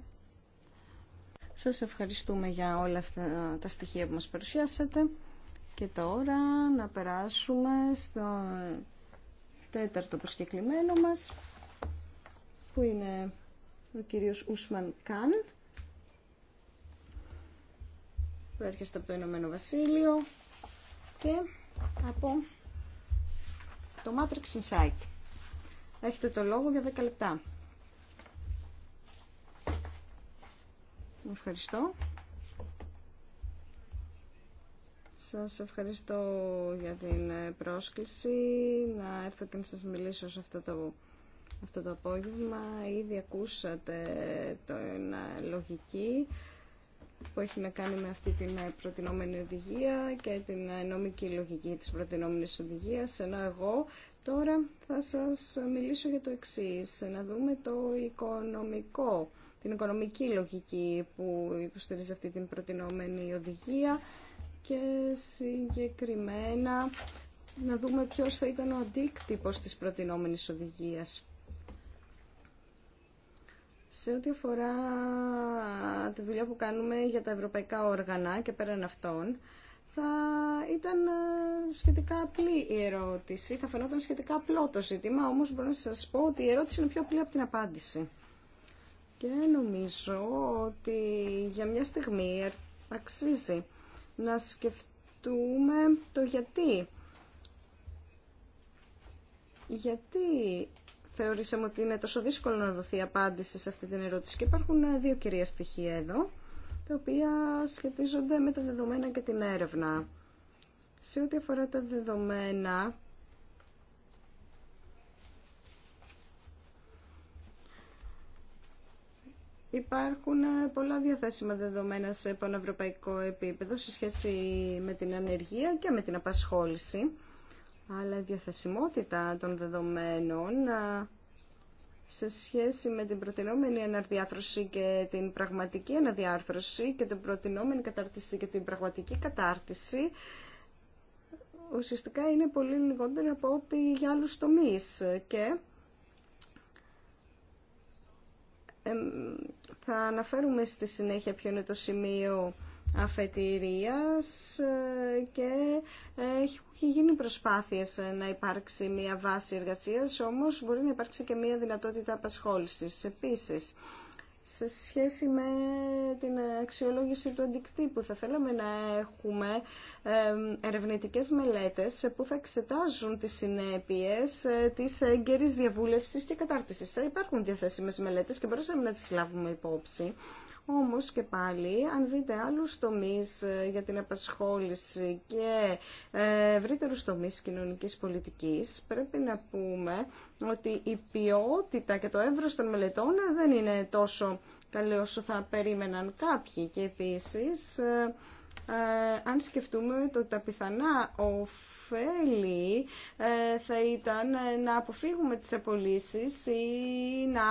Σας ευχαριστούμε για όλα αυτά τα στοιχεία που μας παρουσιάσατε. Και τώρα να περάσουμε στο τέταρτο προσκεκλημένο μας, που είναι ο κύριος Ούσμαν Καν, που από το Ηνωμένο Βασίλειο και από το Matrix Insight. Έχετε το λόγο για 10 λεπτά. Ευχαριστώ. Σας ευχαριστώ για την ε, πρόσκληση να έρθω και να σας μιλήσω σε αυτό το, αυτό το απόγευμα. Ήδη ακούσατε την ε, λογική που έχει να κάνει με αυτή την ε, προτινόμενη οδηγία και την νομική λογική της προτινόμενης οδηγίας, ενώ εγώ Τώρα θα σας μιλήσω για το εξής, να δούμε το οικονομικό, την οικονομική λογική που υποστηρίζει αυτή την προτινόμενη οδηγία και συγκεκριμένα να δούμε ποιος θα ήταν ο αντίκτυπος της προτινόμενης οδηγίας. Σε ό,τι αφορά τη δουλειά που κάνουμε για τα ευρωπαϊκά όργανα και πέραν αυτών, θα ήταν ε, σχετικά απλή η ερώτηση, θα φαινόταν σχετικά απλό το ζήτημα, όμως μπορώ να σας πω ότι η ερώτηση είναι πιο απλή από την απάντηση. Και νομίζω ότι για μια στιγμή αξίζει να σκεφτούμε το γιατί. Γιατί θεωρήσαμε ότι είναι τόσο δύσκολο να δοθεί απάντηση σε αυτή την ερώτηση και υπάρχουν ε, δύο κυρία στοιχεία εδώ τα οποία σχετίζονται με τα δεδομένα και την έρευνα. Σε ό,τι αφορά τα δεδομένα, Υπάρχουν πολλά διαθέσιμα δεδομένα σε πανευρωπαϊκό επίπεδο σε σχέση με την ανεργία και με την απασχόληση. Αλλά η διαθεσιμότητα των δεδομένων σε σχέση με την προτινόμενη αναδιάρθρωση και την πραγματική αναδιάρθρωση και την προτινόμενη κατάρτιση και την πραγματική κατάρτιση ουσιαστικά είναι πολύ λιγότερο από ό,τι για άλλους τομείς και θα αναφέρουμε στη συνέχεια ποιο είναι το σημείο αφετηρίας ε, και έχει γίνει προσπάθειες να υπάρξει μια βάση εργασίας, όμως μπορεί να υπάρξει και μια δυνατότητα απασχόλησης. Επίσης, σε σχέση με την αξιολόγηση του αντικτύπου. Θα θέλαμε να έχουμε ε, ερευνητικές μελέτες που θα εξετάζουν τις συνέπειες ε, της έγκαιρης διαβούλευσης και κατάρτισης. Υπάρχουν διαθέσιμες μελέτες και μπορούσαμε να τις λάβουμε υπόψη. Όμως και πάλι, αν δείτε άλλους τομείς ε, για την απασχόληση και ε, ευρύτερους τομείς κοινωνικής πολιτικής, πρέπει να πούμε ότι η ποιότητα και το εύρος των μελετών ε, δεν είναι τόσο καλό όσο θα περίμεναν κάποιοι. Και επίσης, ε, αν σκεφτούμε το τα πιθανά ωφέλη ε, θα ήταν ε, να αποφύγουμε τις απολύσει ή να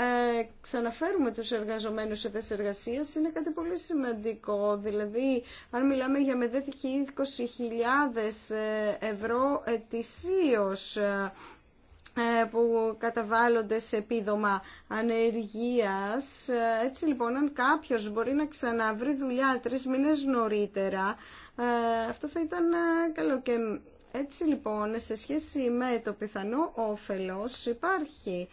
ε, ξαναφέρουμε τους εργαζομένους σε θέσεις είναι κάτι πολύ σημαντικό. Δηλαδή, αν μιλάμε για μεδέτικη 20.000 ευρώ ετησίως ε, που καταβάλλονται σε επίδομα ανεργίας. Ε, έτσι λοιπόν, αν κάποιος μπορεί να ξαναβρει δουλειά τρεις μήνες νωρίτερα, ε, αυτό θα ήταν καλό. Και έτσι λοιπόν, σε σχέση με το πιθανό όφελος, υπάρχει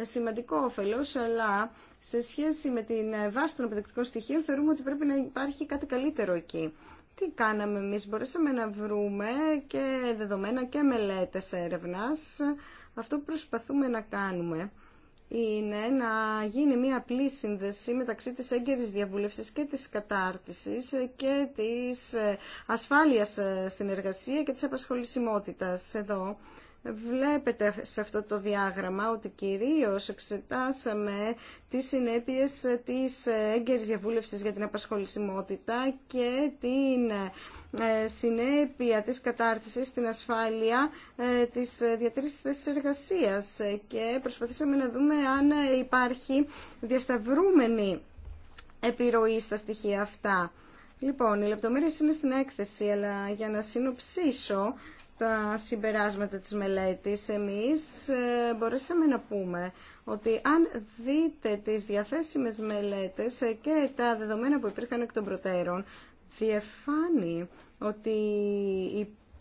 σημαντικό όφελος, αλλά σε σχέση με την βάση των επιδεκτικών στοιχείων θεωρούμε ότι πρέπει να υπάρχει κάτι καλύτερο εκεί. Τι κάναμε εμείς, μπορέσαμε να βρούμε και δεδομένα και μελέτες έρευνας, αυτό που προσπαθούμε να κάνουμε είναι να γίνει μια απλή σύνδεση μεταξύ της έγκαιρης διαβούλευσης και της κατάρτισης και της ε, ασφάλειας ε, στην εργασία και της απασχολησιμότητας. Εδώ Βλέπετε σε αυτό το διάγραμμα ότι κυρίως εξετάσαμε τις συνέπειες της έγκαιρης διαβούλευσης για την απασχολησιμότητα και την ε, συνέπεια της κατάρτισης στην ασφάλεια ε, της διατήρησης της εργασίας και προσπαθήσαμε να δούμε αν υπάρχει διασταυρούμενη επιρροή στα στοιχεία αυτά. Λοιπόν, οι λεπτομέρειες είναι στην έκθεση, αλλά για να συνοψίσω, τα συμπεράσματα της μελέτης, εμείς ε, μπορέσαμε να πούμε ότι αν δείτε τις διαθέσιμες μελέτες ε, και τα δεδομένα που υπήρχαν εκ των προτέρων, διεφάνει ότι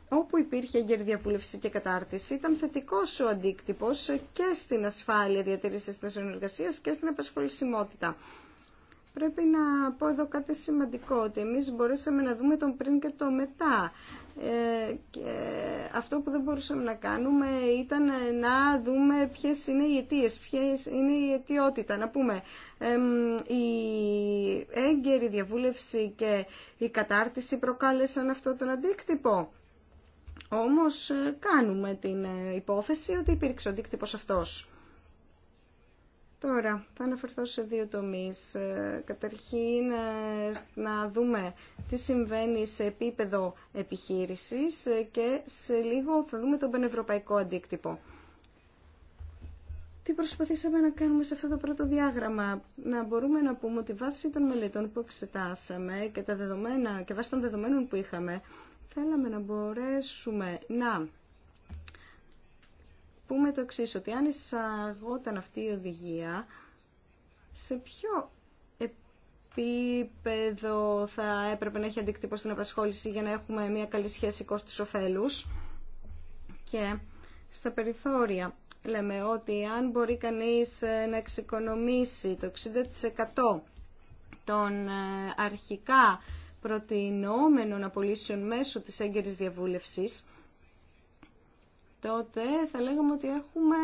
όπου υπήρχε έγκαιρη διαβούλευση και κατάρτιση, ήταν θετικό ο αντίκτυπος και στην ασφάλεια διατηρήσης της ενεργασίας και στην απασχολησιμότητα. Πρέπει να πω εδώ κάτι σημαντικό, ότι εμείς μπορέσαμε να δούμε τον πριν και το μετά. Ε, αυτό που δεν μπορούσαμε να κάνουμε ήταν να δούμε ποιες είναι οι αιτίες, ποιες είναι η αιτιότητα. Να πούμε, η έγκαιρη διαβούλευση και η κατάρτιση προκάλεσαν αυτό τον αντίκτυπο. Όμως ε, κάνουμε την ε, υπόθεση ότι υπήρξε ο αντίκτυπος αυτός. Τώρα, θα αναφερθώ σε δύο τομείς. Ε, καταρχήν, ε, να δούμε τι συμβαίνει σε επίπεδο επιχείρησης ε, και σε λίγο θα δούμε τον πανευρωπαϊκό αντίκτυπο. Τι προσπαθήσαμε να κάνουμε σε αυτό το πρώτο διάγραμμα. Να μπορούμε να πούμε ότι βάσει των μελετών που εξετάσαμε και, τα δεδομένα, και βάσει των δεδομένων που είχαμε, θέλαμε να μπορέσουμε να πούμε το εξή ότι αν εισαγόταν αυτή η οδηγία, σε ποιο επίπεδο θα έπρεπε να έχει αντίκτυπο στην απασχόληση για να έχουμε μια καλή σχέση κόστους-οφέλους και στα περιθώρια. Λέμε ότι αν μπορεί κανείς ε, να εξοικονομήσει το 60% των ε, αρχικά προτινόμενων απολύσεων μέσω της έγκαιρης διαβούλευσης, τότε θα λέγαμε ότι έχουμε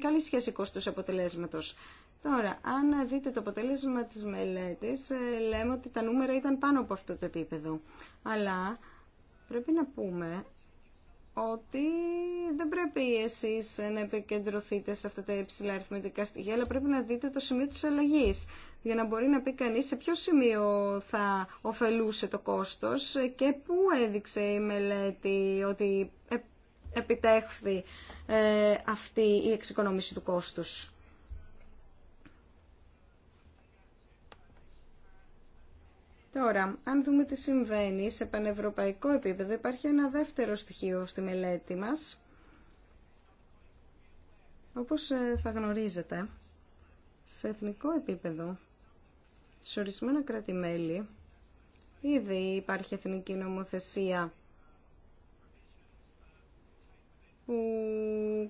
καλή σχέση κόστους αποτελέσματος. Τώρα, αν δείτε το αποτέλεσμα της μελέτης, ε, λέμε ότι τα νούμερα ήταν πάνω από αυτό το επίπεδο. Αλλά πρέπει να πούμε ότι δεν πρέπει εσείς να επικεντρωθείτε σε αυτά τα υψηλά αριθμητικά στοιχεία, αλλά πρέπει να δείτε το σημείο της αλλαγής, για να μπορεί να πει κανείς σε ποιο σημείο θα ωφελούσε το κόστος και πού έδειξε η μελέτη ότι επιτέχθη ε, αυτή η εξοικονόμηση του κόστους. Τώρα, αν δούμε τι συμβαίνει σε πανευρωπαϊκό επίπεδο, υπάρχει ένα δεύτερο στοιχείο στη μελέτη μας. Όπως ε, θα γνωρίζετε, σε εθνικό επίπεδο, σε ορισμένα κράτη-μέλη, ήδη υπάρχει εθνική νομοθεσία που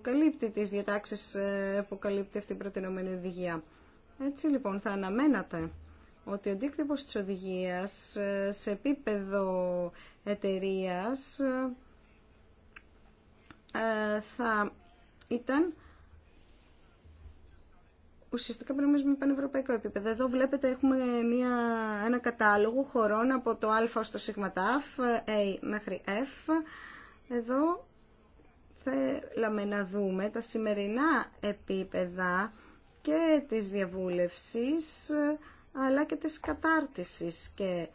καλύπτει τις διατάξεις ε, που καλύπτει αυτή η προτινόμενη οδηγία. Έτσι λοιπόν θα αναμένατε ότι ο αντίκτυπος της οδηγίας ε, σε επίπεδο εταιρείας ε, θα ήταν ουσιαστικά πρέπει με πανευρωπαϊκό επίπεδο. Εδώ βλέπετε έχουμε μια, ένα κατάλογο χωρών από το α στο σιγματάφ A μέχρι F. Εδώ θέλαμε να δούμε τα σημερινά επίπεδα και της διαβούλευσης αλλά και της κατάρτισης και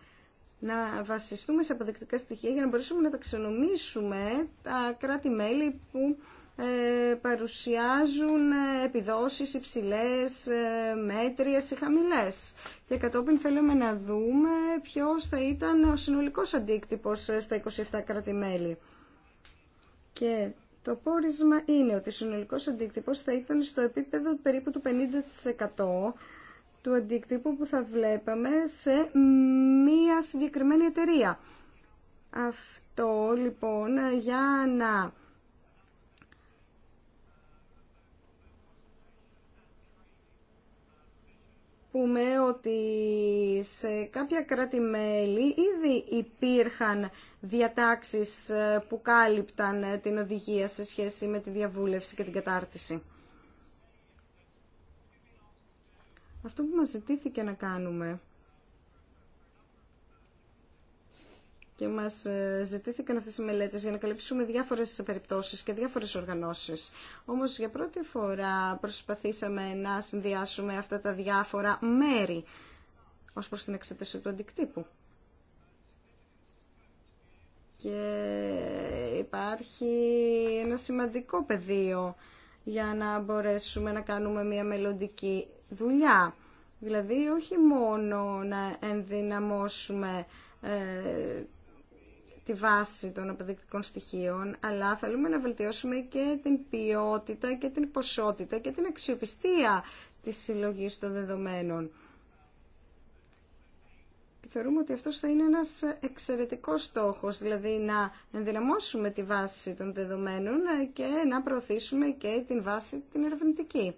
να βασιστούμε σε αποδεκτικά στοιχεία για να μπορέσουμε να ταξινομήσουμε τα κράτη-μέλη που ε, παρουσιάζουν ε, επιδόσεις υψηλές, ε, μέτριες ή χαμηλές. Και κατόπιν θέλουμε να δούμε ποιος θα ήταν ο συνολικός αντίκτυπος στα 27 κράτη-μέλη. Και το πόρισμα είναι ότι ο συνολικός αντίκτυπος θα ήταν στο επίπεδο περίπου του 50% του αντίκτυπου που θα βλέπαμε σε μία συγκεκριμένη εταιρεία. Αυτό λοιπόν για να πούμε ότι σε κάποια κράτη-μέλη ήδη υπήρχαν διατάξεις ε, που κάλυπταν ε, την οδηγία σε σχέση με τη διαβούλευση και την κατάρτιση. Αυτό που μας ζητήθηκε να κάνουμε και μας ε, ζητήθηκαν αυτέ οι μελέτε για να καλύψουμε διάφορες περιπτώσεις και διάφορες οργανώσεις. Όμως για πρώτη φορά προσπαθήσαμε να συνδυάσουμε αυτά τα διάφορα μέρη ως προς την εξέταση του αντικτύπου. Και υπάρχει ένα σημαντικό πεδίο για να μπορέσουμε να κάνουμε μια μελλοντική δουλειά. Δηλαδή όχι μόνο να ενδυναμώσουμε ε, τη βάση των αποδεικτικών στοιχείων, αλλά θέλουμε να βελτιώσουμε και την ποιότητα και την ποσότητα και την αξιοπιστία της συλλογής των δεδομένων. Θεωρούμε ότι αυτός θα είναι ένας εξαιρετικός στόχος, δηλαδή να ενδυναμώσουμε τη βάση των δεδομένων και να προωθήσουμε και την βάση την ερευνητική.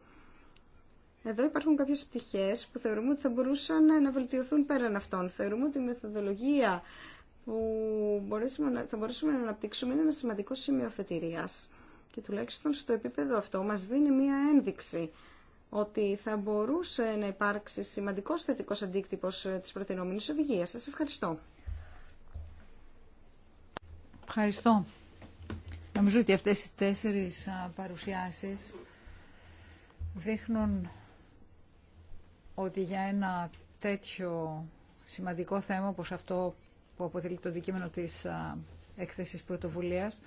Εδώ υπάρχουν κάποιες πτυχέ που θεωρούμε ότι θα μπορούσαν να βελτιωθούν πέραν αυτών. Θεωρούμε ότι η μεθοδολογία που θα μπορέσουμε να αναπτύξουμε είναι ένα σημαντικό σημείο αφετηρίας. Και τουλάχιστον στο επίπεδο αυτό μας δίνει μία ένδειξη ότι θα μπορούσε να υπάρξει σημαντικός θετικός αντίκτυπος ε, της προτινόμενης οδηγίας. Σας ευχαριστώ. Ευχαριστώ. Νομίζω ότι αυτές οι τέσσερις παρουσιάσεις δείχνουν ότι για ένα τέτοιο σημαντικό θέμα όπως αυτό που αποτελεί το αντικείμενο της έκθεσης πρωτοβουλίας,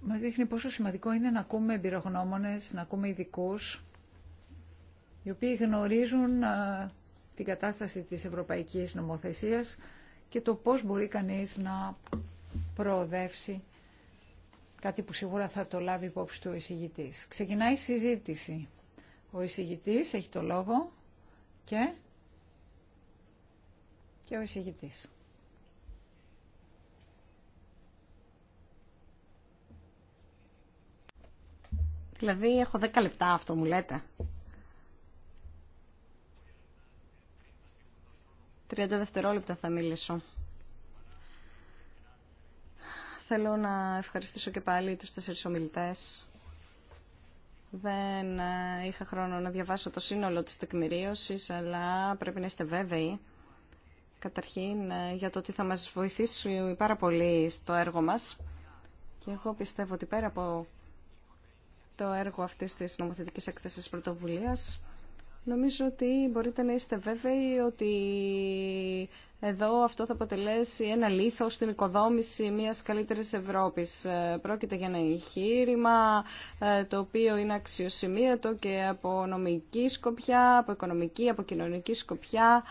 μας δείχνει πόσο σημαντικό είναι να ακούμε εμπειρογνώμονες, να ακούμε ειδικού, οι οποίοι γνωρίζουν την κατάσταση της ευρωπαϊκής νομοθεσίας και το πώς μπορεί κανείς να προοδεύσει κάτι που σίγουρα θα το λάβει υπόψη του ο εισηγητής. Ξεκινάει η συζήτηση. Ο εισηγητής έχει το λόγο και και ο εισηγητής. Δηλαδή έχω 10 λεπτά αυτό μου λέτε. 30 δευτερόλεπτα θα μίλησω. Θέλω να ευχαριστήσω και πάλι τους τέσσερις ομιλητές. Δεν ε, είχα χρόνο να διαβάσω το σύνολο της τεκμηρίωσης, αλλά πρέπει να είστε βέβαιοι καταρχήν ε, για το ότι θα μας βοηθήσει πάρα πολύ στο έργο μας. Και εγώ πιστεύω ότι πέρα από το έργο αυτής της νομοθετικής έκθεσης πρωτοβουλίας, νομίζω ότι μπορείτε να είστε βέβαιοι ότι εδώ αυτό θα αποτελέσει ένα λίθος στην οικοδόμηση μιας καλύτερης Ευρώπης. Ε, πρόκειται για ένα εγχείρημα ε, το οποίο είναι αξιοσημείωτο και από νομική σκοπιά, από οικονομική, από κοινωνική σκοπιά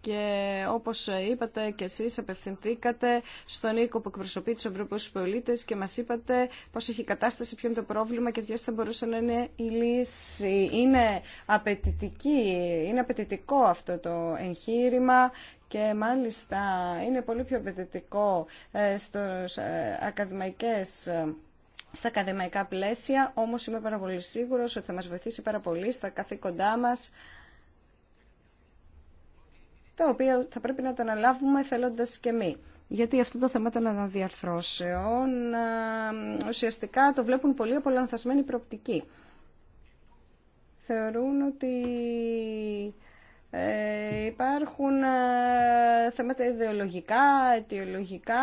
και όπως είπατε και εσείς απευθυνθήκατε στον οίκο που εκπροσωπεί τους Ευρωπαίους πολίτες και μας είπατε πώς έχει κατάσταση, ποιο είναι το πρόβλημα και ποιες θα μπορούσε να είναι η λύση. Είναι, απαιτητική, είναι απαιτητικό αυτό το εγχείρημα και μάλιστα είναι πολύ πιο απαιτητικό ε, στους ε, ακαδημαϊκές ε, στα ακαδημαϊκά πλαίσια, όμως είμαι πάρα πολύ σίγουρος ότι θα μας βοηθήσει πάρα πολύ στα καθήκοντά μας τα οποία θα πρέπει να τα αναλάβουμε θέλοντας και εμεί. Γιατί αυτό το θέμα των αναδιαρθρώσεων ουσιαστικά το βλέπουν πολύ λανθασμένη προοπτική. Θεωρούν ότι ε, υπάρχουν ε, θέματα ιδεολογικά, αιτιολογικά,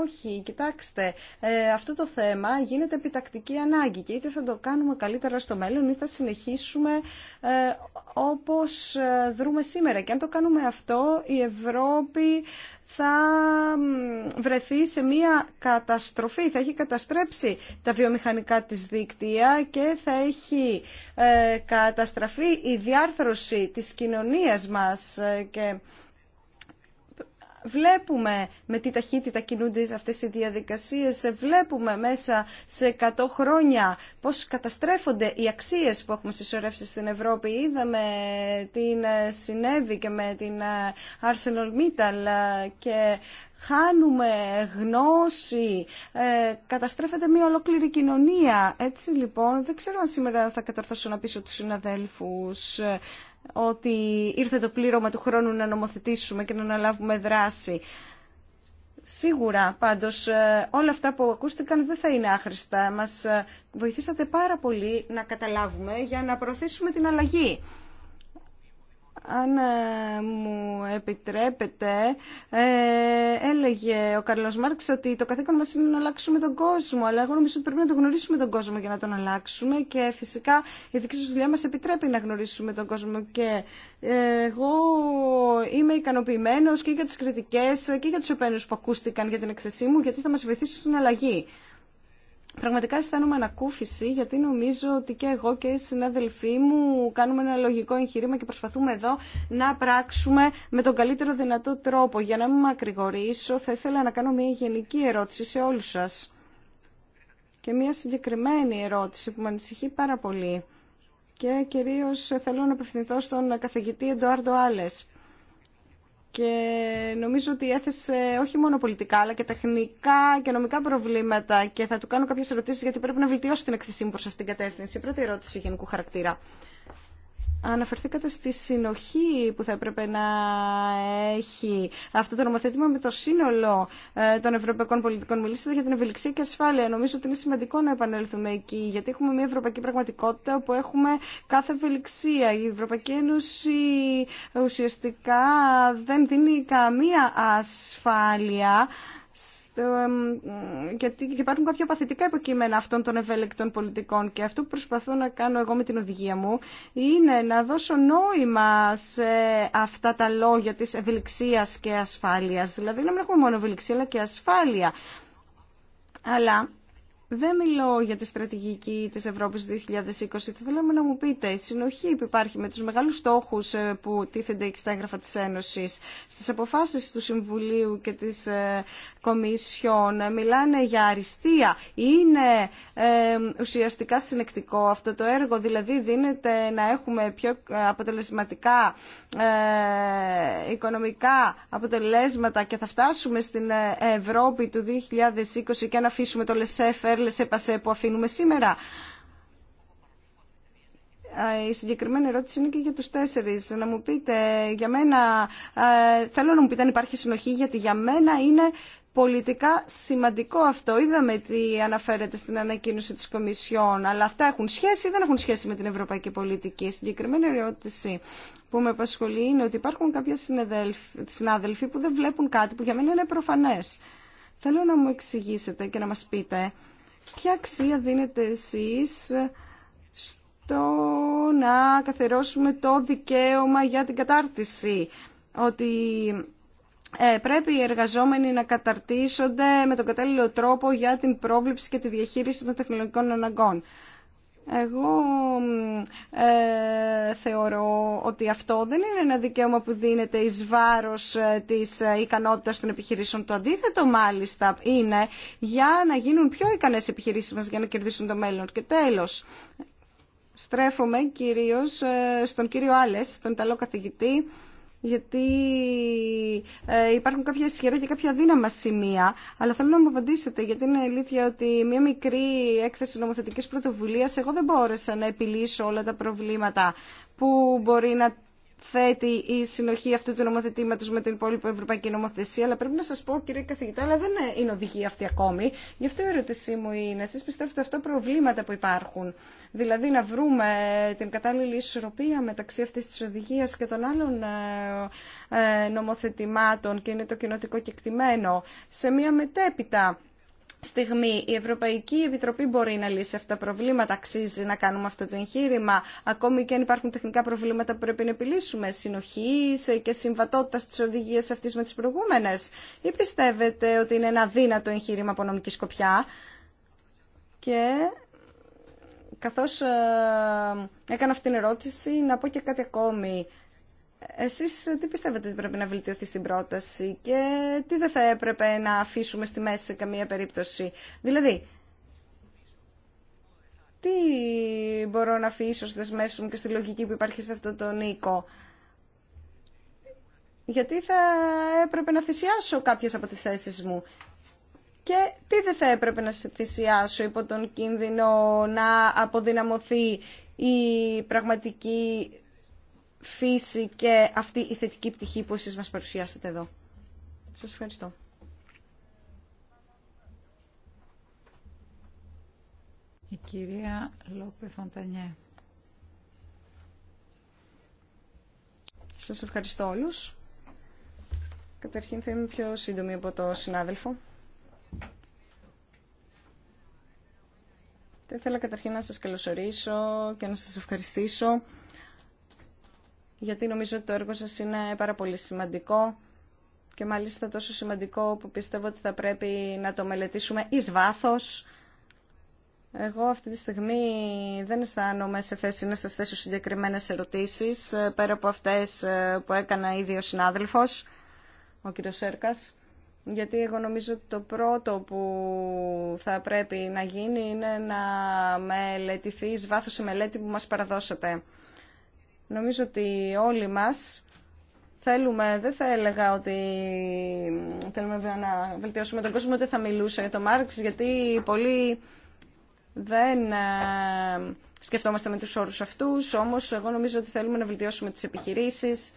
όχι. Κοιτάξτε, ε, αυτό το θέμα γίνεται επιτακτική ανάγκη και είτε θα το κάνουμε καλύτερα στο μέλλον ή θα συνεχίσουμε ε, όπως δρούμε σήμερα. Και αν το κάνουμε αυτό, η Ευρώπη θα βρεθεί σε μια καταστροφή, θα έχει καταστρέψει τα βιομηχανικά της δίκτυα και θα έχει ε, καταστραφεί η διάρθρωση της κοινωνίας μας ε, και βλέπουμε με τι ταχύτητα κινούνται αυτές οι διαδικασίες, βλέπουμε μέσα σε 100 χρόνια πώς καταστρέφονται οι αξίες που έχουμε συσσωρεύσει στην Ευρώπη. Είδαμε την ε, συνέβη και με την ε, Arsenal Metal ε, και χάνουμε γνώση, καταστρέφεται μια ολόκληρη κοινωνία. Έτσι λοιπόν, δεν ξέρω αν σήμερα θα καταρθώσω να πείσω τους συναδέλφους ότι ήρθε το πλήρωμα του χρόνου να νομοθετήσουμε και να αναλάβουμε δράση. Σίγουρα, πάντως, ε, όλα αυτά που ακούστηκαν δεν θα είναι άχρηστα. Μας ε, βοηθήσατε πάρα πολύ να καταλάβουμε για να προωθήσουμε την αλλαγή αν ε, μου επιτρέπετε, ε, έλεγε ο Καρλός Μάρξ ότι το καθήκον μας είναι να αλλάξουμε τον κόσμο, αλλά εγώ νομίζω ότι πρέπει να τον γνωρίσουμε τον κόσμο για να τον αλλάξουμε και φυσικά η δική σας δουλειά μας επιτρέπει να γνωρίσουμε τον κόσμο και ε, εγώ είμαι ικανοποιημένος και για τις κριτικές και για τους επένους που ακούστηκαν για την εκθεσή μου, γιατί θα μας βοηθήσει στην αλλαγή. Πραγματικά αισθάνομαι ανακούφιση γιατί νομίζω ότι και εγώ και οι συνάδελφοί μου κάνουμε ένα λογικό εγχειρήμα και προσπαθούμε εδώ να πράξουμε με τον καλύτερο δυνατό τρόπο. Για να μην ακρηγορήσω, θα ήθελα να κάνω μια γενική ερώτηση σε όλους σας και μια συγκεκριμένη ερώτηση που με ανησυχεί πάρα πολύ και κυρίως θέλω να απευθυνθώ στον καθηγητή Εντοάρντο Άλες και νομίζω ότι έθεσε όχι μόνο πολιτικά αλλά και τεχνικά και νομικά προβλήματα και θα του κάνω κάποιες ερωτήσεις γιατί πρέπει να βελτιώσει την εκθεσή μου προς αυτήν την κατεύθυνση. Πρώτη ερώτηση γενικού χαρακτήρα. Αναφερθήκατε στη συνοχή που θα έπρεπε να έχει αυτό το νομοθέτημα με το σύνολο ε, των ευρωπαϊκών πολιτικών. Μιλήσατε για την ευελιξία και ασφάλεια. Νομίζω ότι είναι σημαντικό να επανέλθουμε εκεί, γιατί έχουμε μια ευρωπαϊκή πραγματικότητα όπου έχουμε κάθε ευελιξία. Η Ευρωπαϊκή Ένωση ουσιαστικά δεν δίνει καμία ασφάλεια γιατί υπάρχουν κάποια παθητικά υποκείμενα αυτών των ευέλικτων πολιτικών και αυτό που προσπαθώ να κάνω εγώ με την οδηγία μου είναι να δώσω νόημα σε αυτά τα λόγια της ευελιξίας και ασφάλειας. Δηλαδή να μην έχουμε μόνο ευελιξία αλλά και ασφάλεια. Αλλά δεν μιλώ για τη στρατηγική της Ευρώπης 2020. Θα θέλαμε να μου πείτε η συνοχή που υπάρχει με τους μεγάλους στόχους ε, που τίθενται στα έγγραφα της Ένωσης, στις αποφάσεις του Συμβουλίου και της ε, Κομισιόν. Ε, μιλάνε για αριστεία. Είναι ε, ουσιαστικά συνεκτικό αυτό το έργο. Δηλαδή δίνεται να έχουμε πιο αποτελεσματικά οικονομικά αποτελέσματα και θα φτάσουμε στην Ευρώπη του 2020 και να αφήσουμε το Λεσέφερ που αφήνουμε σήμερα. Η συγκεκριμένη ερώτηση είναι και για τους τέσσερις. Να μου πείτε, για μένα, θέλω να μου πείτε αν υπάρχει συνοχή, γιατί για μένα είναι πολιτικά σημαντικό αυτό. Είδαμε τι αναφέρεται στην ανακοίνωση τη Κομισιόν, αλλά αυτά έχουν σχέση ή δεν έχουν σχέση με την ευρωπαϊκή πολιτική. Η συγκεκριμένη ερώτηση που με απασχολεί είναι ότι υπάρχουν κάποια συνάδελφοι που δεν βλέπουν κάτι που για μένα είναι προφανέ. Θέλω να μου εξηγήσετε και να μα πείτε Ποια αξία δίνετε εσείς στο να καθερώσουμε το δικαίωμα για την κατάρτιση, ότι ε, πρέπει οι εργαζόμενοι να καταρτήσονται με τον κατάλληλο τρόπο για την πρόβληψη και τη διαχείριση των τεχνολογικών αναγκών. Εγώ ε, θεωρώ ότι αυτό δεν είναι ένα δικαίωμα που δίνεται εις βάρος ε, της ε, ικανότητας των επιχειρήσεων. Το αντίθετο μάλιστα είναι για να γίνουν πιο ικανές επιχειρήσεις μας για να κερδίσουν το μέλλον. Και τέλος, στρέφομαι κυρίως ε, στον κύριο Άλες, τον Ιταλό καθηγητή, γιατί ε, υπάρχουν κάποια ισχυρά και κάποια δύναμα σημεία, αλλά θέλω να μου απαντήσετε, γιατί είναι αλήθεια ότι μια μικρή έκθεση νομοθετικής πρωτοβουλίας, εγώ δεν μπόρεσα να επιλύσω όλα τα προβλήματα που μπορεί να θέτει η συνοχή αυτού του νομοθετήματο με την υπόλοιπη ευρωπαϊκή νομοθεσία, αλλά πρέπει να σας πω κύριε καθηγητά, αλλά δεν ε, είναι οδηγία αυτή ακόμη. Γι' αυτό η ερώτησή μου είναι, εσείς πιστεύετε αυτά προβλήματα που υπάρχουν, δηλαδή να βρούμε ε, την κατάλληλη ισορροπία μεταξύ αυτή τη οδηγία και των άλλων ε, νομοθετημάτων και είναι το κοινοτικό κεκτημένο σε μια μετέπειτα στιγμή η Ευρωπαϊκή Επιτροπή μπορεί να λύσει αυτά τα προβλήματα. Αξίζει να κάνουμε αυτό το εγχείρημα, ακόμη και αν υπάρχουν τεχνικά προβλήματα που πρέπει να επιλύσουμε, συνοχή και συμβατότητα τη οδηγίες αυτή με τι προηγούμενε. Ή πιστεύετε ότι είναι ένα δύνατο εγχείρημα από νομική σκοπιά. Και καθώς ε, έκανα αυτήν την ερώτηση, να πω και κάτι ακόμη. Εσείς ε, τι πιστεύετε ότι πρέπει να βελτιωθεί στην πρόταση και τι δεν θα έπρεπε να αφήσουμε στη μέση σε καμία περίπτωση. Δηλαδή, τι μπορώ να αφήσω στις μου και στη λογική που υπάρχει σε αυτό το Νίκο. Γιατί θα έπρεπε να θυσιάσω κάποιες από τις θέσεις μου. Και τι δεν θα έπρεπε να θυσιάσω υπό τον κίνδυνο να αποδυναμωθεί η πραγματική φύση και αυτή η θετική πτυχή που εσείς μας παρουσιάσετε εδώ. Σας ευχαριστώ. Η κυρία Λόπε Φαντανιέ. Σας ευχαριστώ όλους. Καταρχήν θα είμαι πιο σύντομη από το συνάδελφο. Θα ήθελα καταρχήν να σας καλωσορίσω και να σας ευχαριστήσω γιατί νομίζω ότι το έργο σας είναι πάρα πολύ σημαντικό και μάλιστα τόσο σημαντικό που πιστεύω ότι θα πρέπει να το μελετήσουμε εις βάθος. Εγώ αυτή τη στιγμή δεν αισθάνομαι σε θέση να σας θέσω συγκεκριμένες ερωτήσεις, ε, πέρα από αυτές ε, που έκανα ήδη ο συνάδελφος, ο κ. Σέρκας. Γιατί εγώ νομίζω ότι το πρώτο που θα πρέπει να γίνει είναι να μελετηθεί εις βάθος η μελέτη που μας παραδώσατε. Νομίζω ότι όλοι μας θέλουμε, δεν θα έλεγα ότι θέλουμε να βελτιώσουμε τον κόσμο, ούτε θα μιλούσα για τον Μάρξ, γιατί πολλοί δεν ε, σκεφτόμαστε με τους όρους αυτούς, όμως εγώ νομίζω ότι θέλουμε να βελτιώσουμε τις επιχειρήσεις,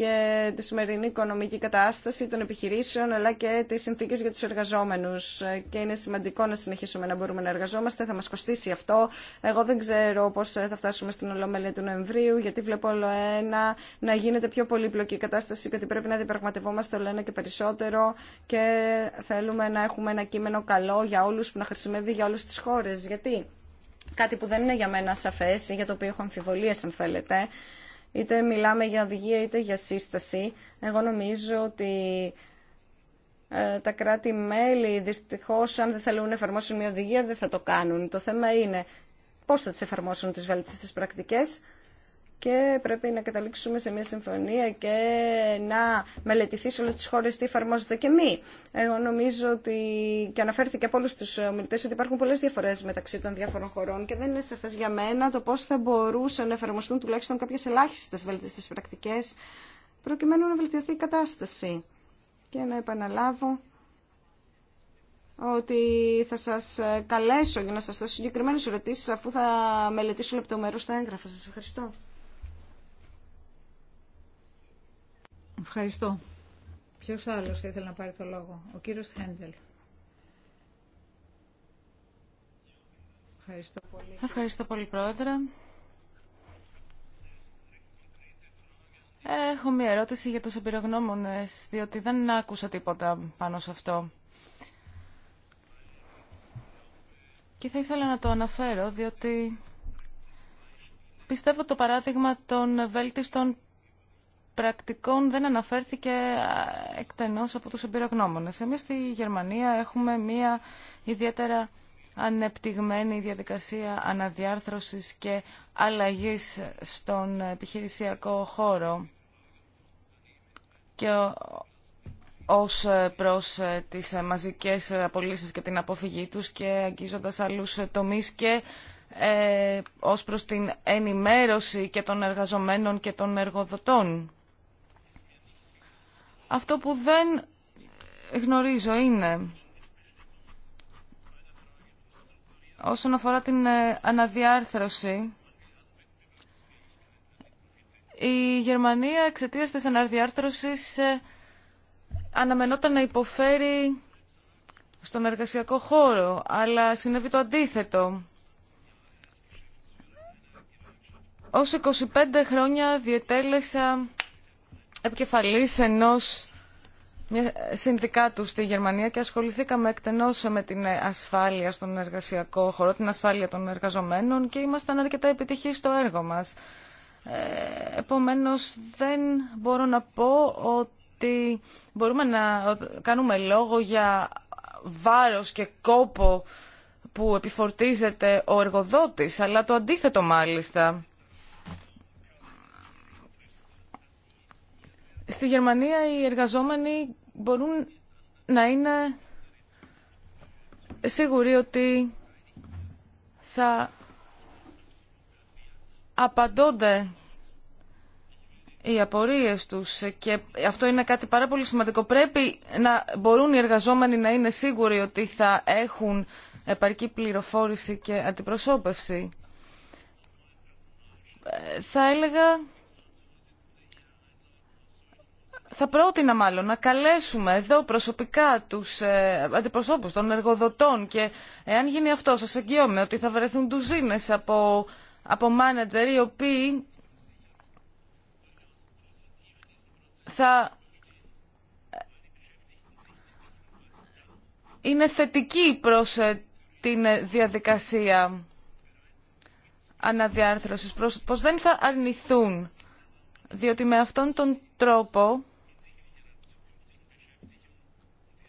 και τη σημερινή οικονομική κατάσταση των επιχειρήσεων αλλά και τι συνθήκε για του εργαζόμενου. Και είναι σημαντικό να συνεχίσουμε να μπορούμε να εργαζόμαστε. Θα μα κοστίσει αυτό. Εγώ δεν ξέρω πώ θα φτάσουμε στην Ολομέλεια του Νοεμβρίου, γιατί βλέπω όλο ένα να γίνεται πιο πολύπλοκη η κατάσταση και ότι πρέπει να διαπραγματευόμαστε όλο ένα και περισσότερο και θέλουμε να έχουμε ένα κείμενο καλό για όλου που να χρησιμεύει για όλε τι χώρε. Γιατί κάτι που δεν είναι για μένα σαφές, για το οποίο έχω αμφιβολίες αν θέλετε, είτε μιλάμε για οδηγία είτε για σύσταση. Εγώ νομίζω ότι ε, τα κράτη-μέλη δυστυχώς αν δεν θέλουν να εφαρμόσουν μια οδηγία δεν θα το κάνουν. Το θέμα είναι πώς θα τις εφαρμόσουν τις βελτιστές πρακτικές και πρέπει να καταλήξουμε σε μια συμφωνία και να μελετηθεί σε όλες τις χώρες τι εφαρμόζεται και μη. Εγώ νομίζω ότι και αναφέρθηκε από όλους τους ομιλητές ότι υπάρχουν πολλές διαφορές μεταξύ των διάφορων χωρών και δεν είναι σαφές για μένα το πώς θα μπορούσαν να εφαρμοστούν τουλάχιστον κάποιες ελάχιστες βελτιστές πρακτικές προκειμένου να βελτιωθεί η κατάσταση. Και να επαναλάβω ότι θα σας καλέσω για να σας θέσω συγκεκριμένες ερωτήσεις αφού θα μελετήσω λεπτομέρως τα έγγραφα. Σας ευχαριστώ. Ευχαριστώ. Ποιο άλλο ήθελε να πάρει το λόγο. Ο κύριο Χέντελ. Ευχαριστώ πολύ. Ευχαριστώ πολύ, Πρόεδρε. Έχω μία ερώτηση για τους εμπειρογνώμονες, διότι δεν άκουσα τίποτα πάνω σε αυτό. Και θα ήθελα να το αναφέρω, διότι πιστεύω το παράδειγμα των βέλτιστων πρακτικών δεν αναφέρθηκε εκτενώς από τους εμπειρογνώμονες. Εμείς στη Γερμανία έχουμε μία ιδιαίτερα ανεπτυγμένη διαδικασία αναδιάρθρωσης και αλλαγής στον επιχειρησιακό χώρο και ως προς τις μαζικές απολύσεις και την αποφυγή τους και αγγίζοντας άλλους τομείς και ε, ως προς την ενημέρωση και των εργαζομένων και των εργοδοτών. Αυτό που δεν γνωρίζω είναι όσον αφορά την ε, αναδιάρθρωση η Γερμανία εξαιτία της αναδιάρθρωσης ε, αναμενόταν να υποφέρει στον εργασιακό χώρο, αλλά συνέβη το αντίθετο. Ως 25 χρόνια διετέλεσα επικεφαλής ενός συνδικάτου στη Γερμανία και ασχοληθήκαμε εκτενώς με την ασφάλεια στον εργασιακό χώρο, την ασφάλεια των εργαζομένων και ήμασταν αρκετά επιτυχείς στο έργο μας. Ε, επομένως δεν μπορώ να πω ότι μπορούμε να κάνουμε λόγο για βάρος και κόπο που επιφορτίζεται ο εργοδότης, αλλά το αντίθετο μάλιστα. Στη Γερμανία οι εργαζόμενοι μπορούν να είναι σίγουροι ότι θα απαντώνται οι απορίες τους και αυτό είναι κάτι πάρα πολύ σημαντικό. Πρέπει να μπορούν οι εργαζόμενοι να είναι σίγουροι ότι θα έχουν επαρκή πληροφόρηση και αντιπροσώπευση. Ε, θα έλεγα θα πρότεινα μάλλον να καλέσουμε εδώ προσωπικά τους ε, αντιπροσώπους των εργοδοτών και εάν γίνει αυτό σας εγγυώμαι ότι θα βρεθούν τουζίνες από, από μάνατζερ οι οποίοι θα είναι θετικοί προς ε, την ε, διαδικασία αναδιάρθρωσης, προς, πως δεν θα αρνηθούν, διότι με αυτόν τον τρόπο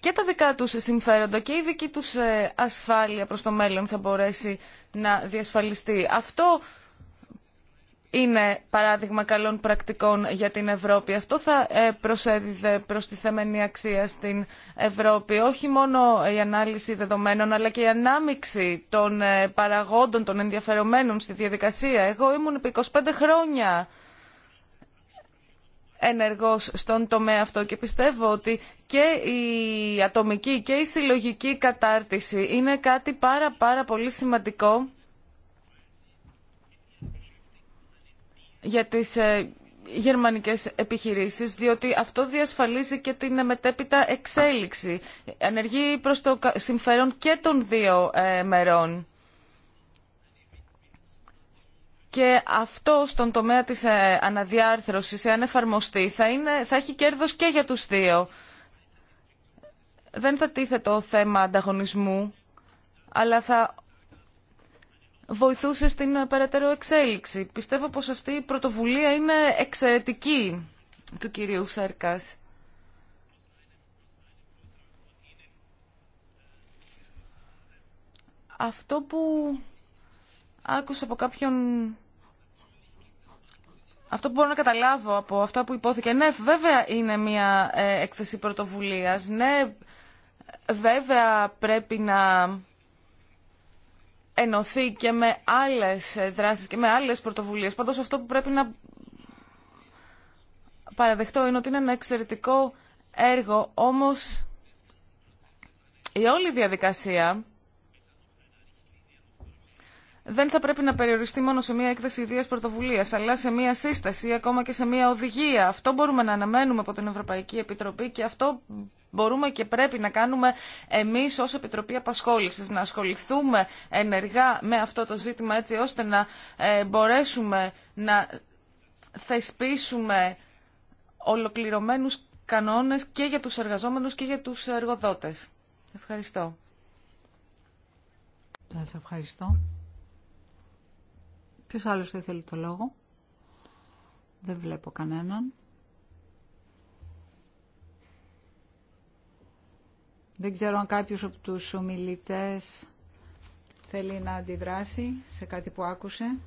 και τα δικά τους συμφέροντα και η δική τους ε, ασφάλεια προς το μέλλον θα μπορέσει να διασφαλιστεί. Αυτό είναι παράδειγμα καλών πρακτικών για την Ευρώπη. Αυτό θα ε, προσέδιδε προς τη θεμενή αξία στην Ευρώπη. Όχι μόνο η ανάλυση δεδομένων, αλλά και η ανάμειξη των ε, παραγόντων, των ενδιαφερομένων στη διαδικασία. Εγώ ήμουν επί 25 χρόνια ενεργός στον τομέα αυτό και πιστεύω ότι και η ατομική και η συλλογική κατάρτιση είναι κάτι πάρα πάρα πολύ σημαντικό για τις ε, γερμανικές επιχειρήσεις διότι αυτό διασφαλίζει και την μετέπειτα εξέλιξη. Ανεργεί προς το συμφέρον και των δύο ε, μερών και αυτό στον τομέα της ε, αναδιάρθρωσης, εάν εφαρμοστεί, θα, είναι, θα έχει κέρδος και για τους δύο. Δεν θα τίθεται το θέμα ανταγωνισμού, αλλά θα βοηθούσε στην ε, περαιτέρω εξέλιξη. Πιστεύω πως αυτή η πρωτοβουλία είναι εξαιρετική του κυρίου Σέρκας. Αυτό που άκουσα από κάποιον αυτό που μπορώ να καταλάβω από αυτά που υπόθηκε, ναι, βέβαια είναι μια ε, έκθεση πρωτοβουλία, ναι, βέβαια πρέπει να ενωθεί και με άλλες ε, δράσεις και με άλλες πρωτοβουλίες. Πάντως αυτό που πρέπει να παραδεχτώ είναι ότι είναι ένα εξαιρετικό έργο, όμως η όλη διαδικασία δεν θα πρέπει να περιοριστεί μόνο σε μια έκθεση ιδίας πρωτοβουλίας, αλλά σε μια σύσταση ή ακόμα και σε μια οδηγία. Αυτό μπορούμε να αναμένουμε από την Ευρωπαϊκή Επιτροπή και αυτό μπορούμε και πρέπει να κάνουμε εμείς ως Επιτροπή Απασχόλησης, να ασχοληθούμε ενεργά με αυτό το ζήτημα έτσι ώστε να ε, μπορέσουμε να θεσπίσουμε ολοκληρωμένους κανόνες και για τους εργαζόμενους και για τους εργοδότες. Ευχαριστώ. Σας ευχαριστώ. Ποιος άλλος θα ήθελε το λόγο. Δεν βλέπω κανέναν. Δεν ξέρω αν κάποιος από τους ομιλητές θέλει να αντιδράσει σε κάτι που άκουσε.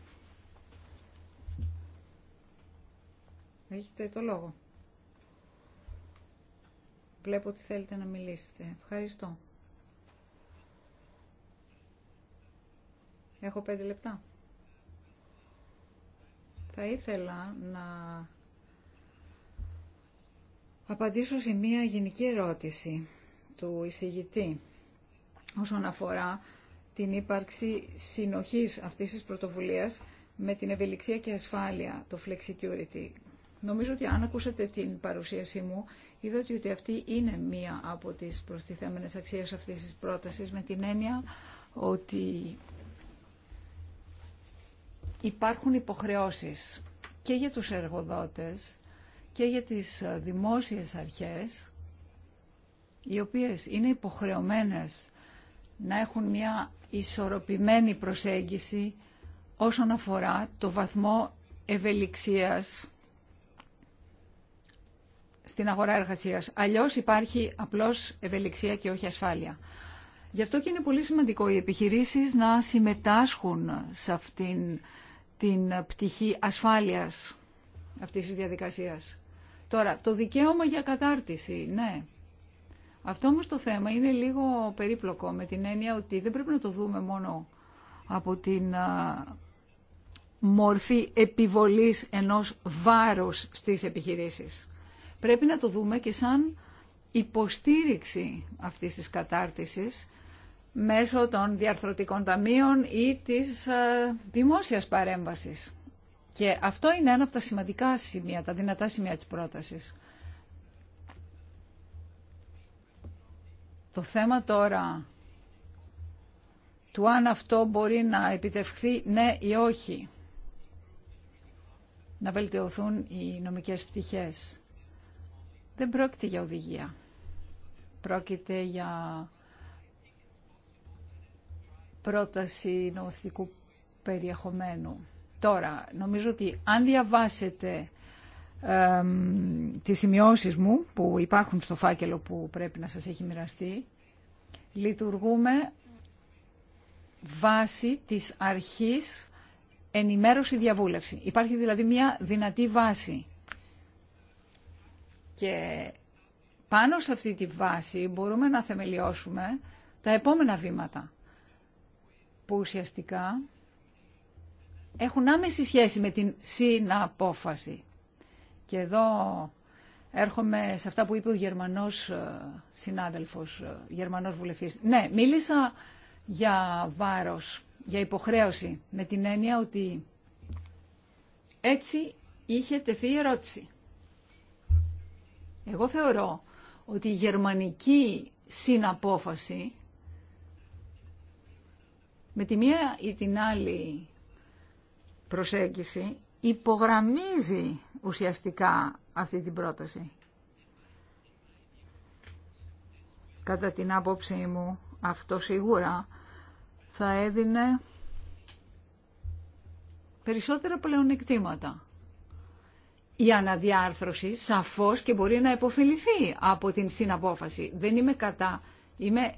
Έχετε το λόγο. Βλέπω ότι θέλετε να μιλήσετε. Ευχαριστώ. Έχω πέντε λεπτά. Θα ήθελα να απαντήσω σε μία γενική ερώτηση του εισηγητή όσον αφορά την ύπαρξη συνοχής αυτής της πρωτοβουλίας με την ευελιξία και ασφάλεια, το flexicurity. Νομίζω ότι αν ακούσατε την παρουσίασή μου, είδατε ότι αυτή είναι μία από τις προστιθέμενες αξίες αυτής της πρότασης, με την έννοια ότι υπάρχουν υποχρεώσεις και για τους εργοδότες και για τις ε, δημόσιες αρχές, οι οποίες είναι υποχρεωμένες να έχουν μια ισορροπημένη προσέγγιση όσον αφορά το βαθμό ευελιξίας στην αγορά εργασίας. Αλλιώς υπάρχει απλώς ευελιξία και όχι ασφάλεια. Γι' αυτό και είναι πολύ σημαντικό οι επιχειρήσεις να συμμετάσχουν σε αυτήν την πτυχή ασφάλειας αυτής της διαδικασίας. Τώρα, το δικαίωμα για κατάρτιση, ναι. Αυτό όμως το θέμα είναι λίγο περίπλοκο με την έννοια ότι δεν πρέπει να το δούμε μόνο από την μορφή επιβολής ενός βάρους στις επιχειρήσεις. Πρέπει να το δούμε και σαν υποστήριξη αυτής της κατάρτισης μέσω των διαρθρωτικών ταμείων ή της ε, δημόσιας παρέμβασης. Και αυτό είναι ένα από τα σημαντικά σημεία, τα δυνατά σημεία της πρότασης. Το θέμα τώρα του αν αυτό μπορεί να επιτευχθεί ναι ή όχι. Να βελτιωθούν οι νομικές πτυχές. Δεν πρόκειται για οδηγία. Πρόκειται για πρόταση νομοθετικού περιεχομένου. Τώρα, νομίζω ότι αν διαβάσετε ε, τις σημειώσεις μου που υπάρχουν στο φάκελο που πρέπει να σας έχει μοιραστεί, λειτουργούμε βάση της αρχής ενημέρωση-διαβούλευση. Υπάρχει δηλαδή μια δυνατή βάση. Και πάνω σε αυτή τη βάση μπορούμε να θεμελιώσουμε τα επόμενα βήματα που ουσιαστικά έχουν άμεση σχέση με την συναπόφαση. Και εδώ έρχομαι σε αυτά που είπε ο Γερμανός ε, συνάδελφος, ε, Γερμανός βουλευτής. Ναι, μίλησα για βάρος, για υποχρέωση, με την έννοια ότι έτσι είχε τεθεί η ερώτηση. Εγώ θεωρώ ότι η γερμανική συναπόφαση με τη μία ή την άλλη προσέγγιση υπογραμμίζει ουσιαστικά αυτή την πρόταση. Κατά την άποψή μου, αυτό σίγουρα θα έδινε περισσότερα πλεονεκτήματα. Η αναδιάρθρωση σαφώς και μπορεί να υποφεληθεί από την συναπόφαση. Δεν είμαι κατά, είμαι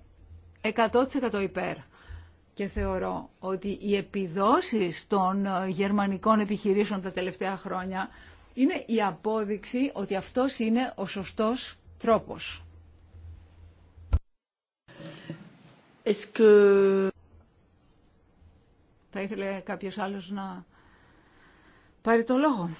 100% υπέρ και θεωρώ ότι οι επιδόσεις των ε, γερμανικών επιχειρήσεων τα τελευταία χρόνια είναι η απόδειξη ότι αυτός είναι ο σωστός τρόπος. Que... Θα ήθελε κάποιος άλλος να πάρει το λόγο.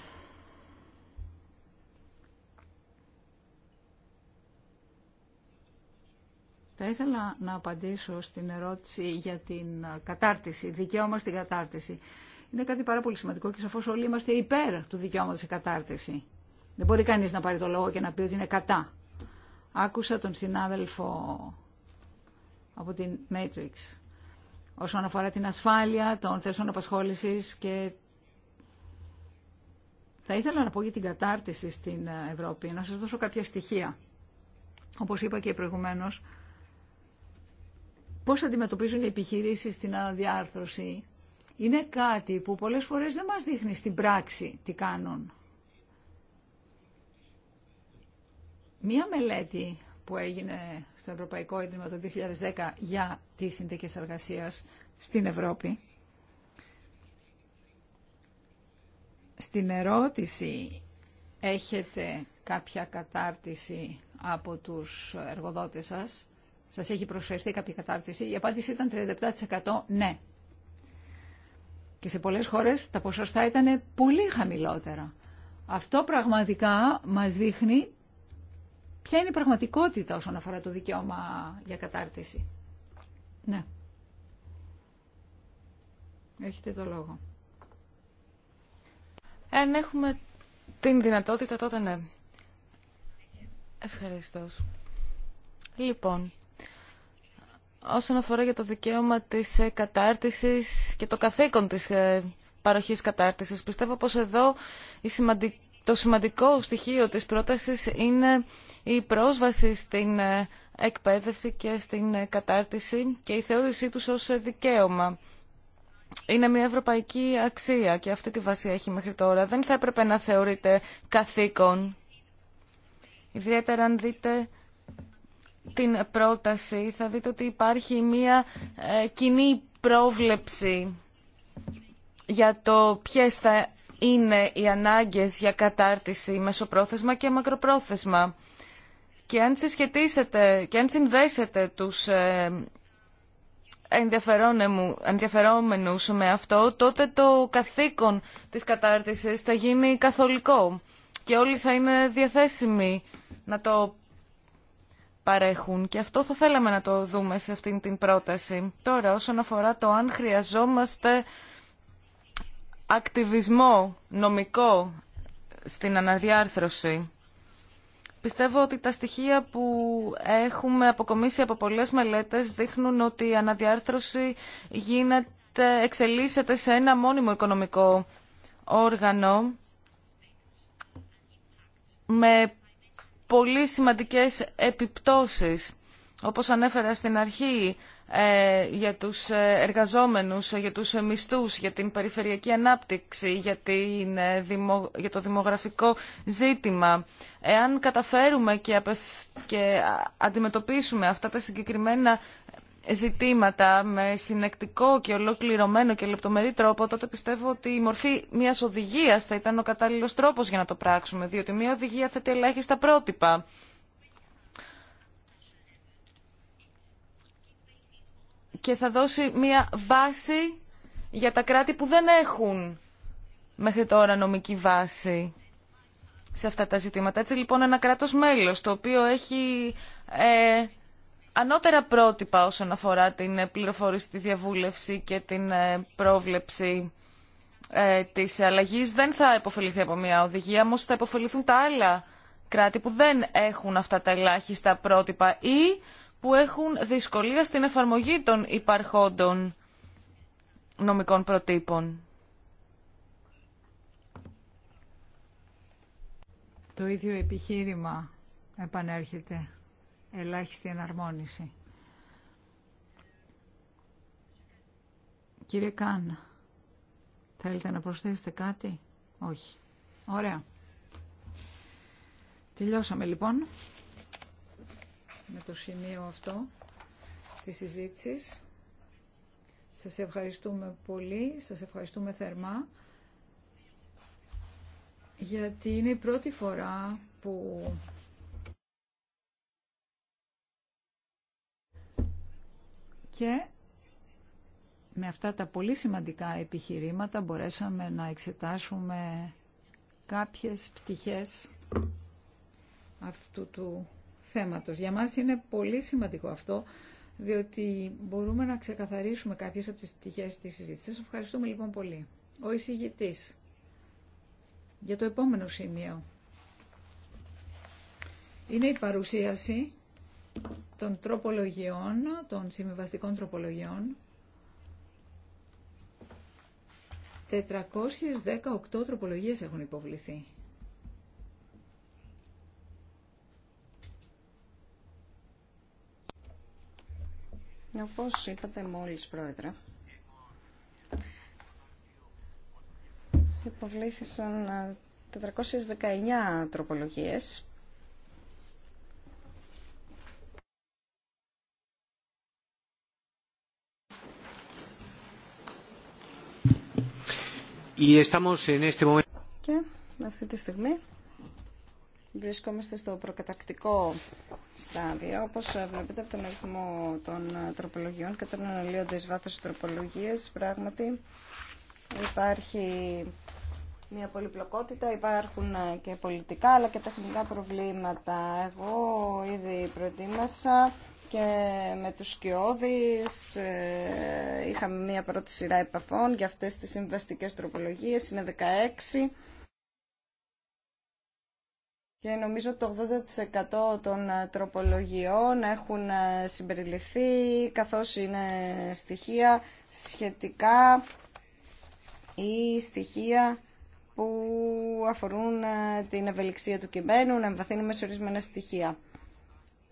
Θα ήθελα να απαντήσω στην ερώτηση για την κατάρτιση, δικαίωμα στην κατάρτιση. Είναι κάτι πάρα πολύ σημαντικό και σαφώς όλοι είμαστε υπέρ του δικαιώματος σε κατάρτιση. Δεν μπορεί κανείς να πάρει το λόγο και να πει ότι είναι κατά. Άκουσα τον συνάδελφο από την Matrix όσον αφορά την ασφάλεια των θέσεων απασχόλησης και θα ήθελα να πω για την κατάρτιση στην Ευρώπη, να σας δώσω κάποια στοιχεία. Όπως είπα και προηγουμένως, πώς αντιμετωπίζουν οι επιχειρήσεις την αναδιάρθρωση, είναι κάτι που πολλές φορές δεν μας δείχνει στην πράξη τι κάνουν. Μία μελέτη που έγινε στο Ευρωπαϊκό Ίδρυμα το 2010 για τις συνθήκες εργασίας στην Ευρώπη, στην ερώτηση έχετε κάποια κατάρτιση από τους εργοδότες σας, Σα έχει προσφερθεί κάποια κατάρτιση. Η απάντηση ήταν 37% ναι. Και σε πολλές χώρες τα ποσοστά ήταν πολύ χαμηλότερα. Αυτό πραγματικά μας δείχνει ποια είναι η πραγματικότητα όσον αφορά το δικαίωμα για κατάρτιση. Ναι. Έχετε το λόγο. Εν έχουμε την δυνατότητα τότε ναι. Ευχαριστώ. Λοιπόν, όσον αφορά για το δικαίωμα της ε, κατάρτισης και το καθήκον της ε, παροχής κατάρτισης. Πιστεύω πως εδώ το σημαντικό στοιχείο της πρότασης είναι η πρόσβαση στην ε, εκπαίδευση και στην κατάρτιση και η θεώρησή τους ως δικαίωμα. Είναι μια ευρωπαϊκή αξία και αυτή τη βασία έχει μέχρι τώρα. Δεν θα έπρεπε να θεωρείται καθήκον. Ιδιαίτερα αν δείτε την πρόταση θα δείτε ότι υπάρχει μία ε, κοινή πρόβλεψη για το ποιες θα είναι οι ανάγκες για κατάρτιση μεσοπρόθεσμα και μακροπρόθεσμα. Και αν συσχετίσετε και αν συνδέσετε τους ε, ενδιαφερόμενους με αυτό, τότε το καθήκον της κατάρτισης θα γίνει καθολικό και όλοι θα είναι διαθέσιμοι να το παρέχουν και αυτό θα θέλαμε να το δούμε σε αυτήν την πρόταση. Τώρα όσον αφορά το αν χρειαζόμαστε ακτιβισμό νομικό στην αναδιάρθρωση. Πιστεύω ότι τα στοιχεία που έχουμε αποκομίσει από πολλές μελέτες δείχνουν ότι η αναδιάρθρωση γίνεται, εξελίσσεται σε ένα μόνιμο οικονομικό όργανο με πολύ σημαντικές επιπτώσεις, όπως ανέφερα στην αρχή, ε, για τους ε, εργαζόμενους, ε, για τους μισθούς, για την περιφερειακή ανάπτυξη, για, το δημογραφικό ζήτημα. Εάν καταφέρουμε και, και αντιμετωπίσουμε αυτά τα συγκεκριμένα ζητήματα με συνεκτικό και ολοκληρωμένο και λεπτομερή τρόπο, τότε πιστεύω ότι η μορφή μια οδηγία θα ήταν ο κατάλληλο τρόπο για να το πράξουμε, διότι μια οδηγία θέτει ελάχιστα πρότυπα. Και θα δώσει μια βάση για τα κράτη που δεν έχουν μέχρι τώρα νομική βάση σε αυτά τα ζητήματα. Έτσι λοιπόν ένα κράτος μέλος το οποίο έχει ε, ανώτερα πρότυπα όσον αφορά την ε, πληροφόρηση, διαβούλευση και την ε, πρόβλεψη ε, της αλλαγής δεν θα υποφεληθεί από μια οδηγία, όμως θα υποφεληθούν τα άλλα κράτη που δεν έχουν αυτά τα ελάχιστα πρότυπα ή που έχουν δυσκολία στην εφαρμογή των υπαρχόντων νομικών προτύπων. Το ίδιο επιχείρημα επανέρχεται ελάχιστη εναρμόνιση. Κύριε Κάν, θέλετε να προσθέσετε κάτι? Όχι. Ωραία. Τελειώσαμε λοιπόν με το σημείο αυτό της συζήτησης. Σας ευχαριστούμε πολύ, σας ευχαριστούμε θερμά, γιατί είναι η πρώτη φορά που και με αυτά τα πολύ σημαντικά επιχειρήματα μπορέσαμε να εξετάσουμε κάποιες πτυχές αυτού του θέματος. Για μας είναι πολύ σημαντικό αυτό, διότι μπορούμε να ξεκαθαρίσουμε κάποιες από τις πτυχές της συζήτησης. Σας ευχαριστούμε λοιπόν πολύ. Ο εισηγητής για το επόμενο σημείο. Είναι η παρουσίαση των τροπολογιών, των συμβιβαστικών τροπολογιών. 418 τροπολογίες έχουν υποβληθεί. Όπως είπατε μόλις, Πρόεδρε, υποβλήθησαν 419 ε, τροπολογίες Και αυτή τη στιγμή βρισκόμαστε στο προκατακτικό στάδιο. Όπως βλέπετε από τον αριθμό των τροπολογιών και των αναλύοντε βάθο τροπολογίες, πράγματι υπάρχει μια πολυπλοκότητα, υπάρχουν και πολιτικά αλλά και τεχνικά προβλήματα. Εγώ ήδη προετοίμασα και με τους Σκιώδης ε, είχαμε μία πρώτη σειρά επαφών για αυτές τις συμβαστικές τροπολογίες, είναι 16. Και νομίζω το 80% των ε, τροπολογιών έχουν ε, συμπεριληφθεί, καθώς είναι στοιχεία σχετικά ή στοιχεία που αφορούν την ευελιξία του κειμένου, να εμβαθύνουμε σε ορισμένα στοιχεία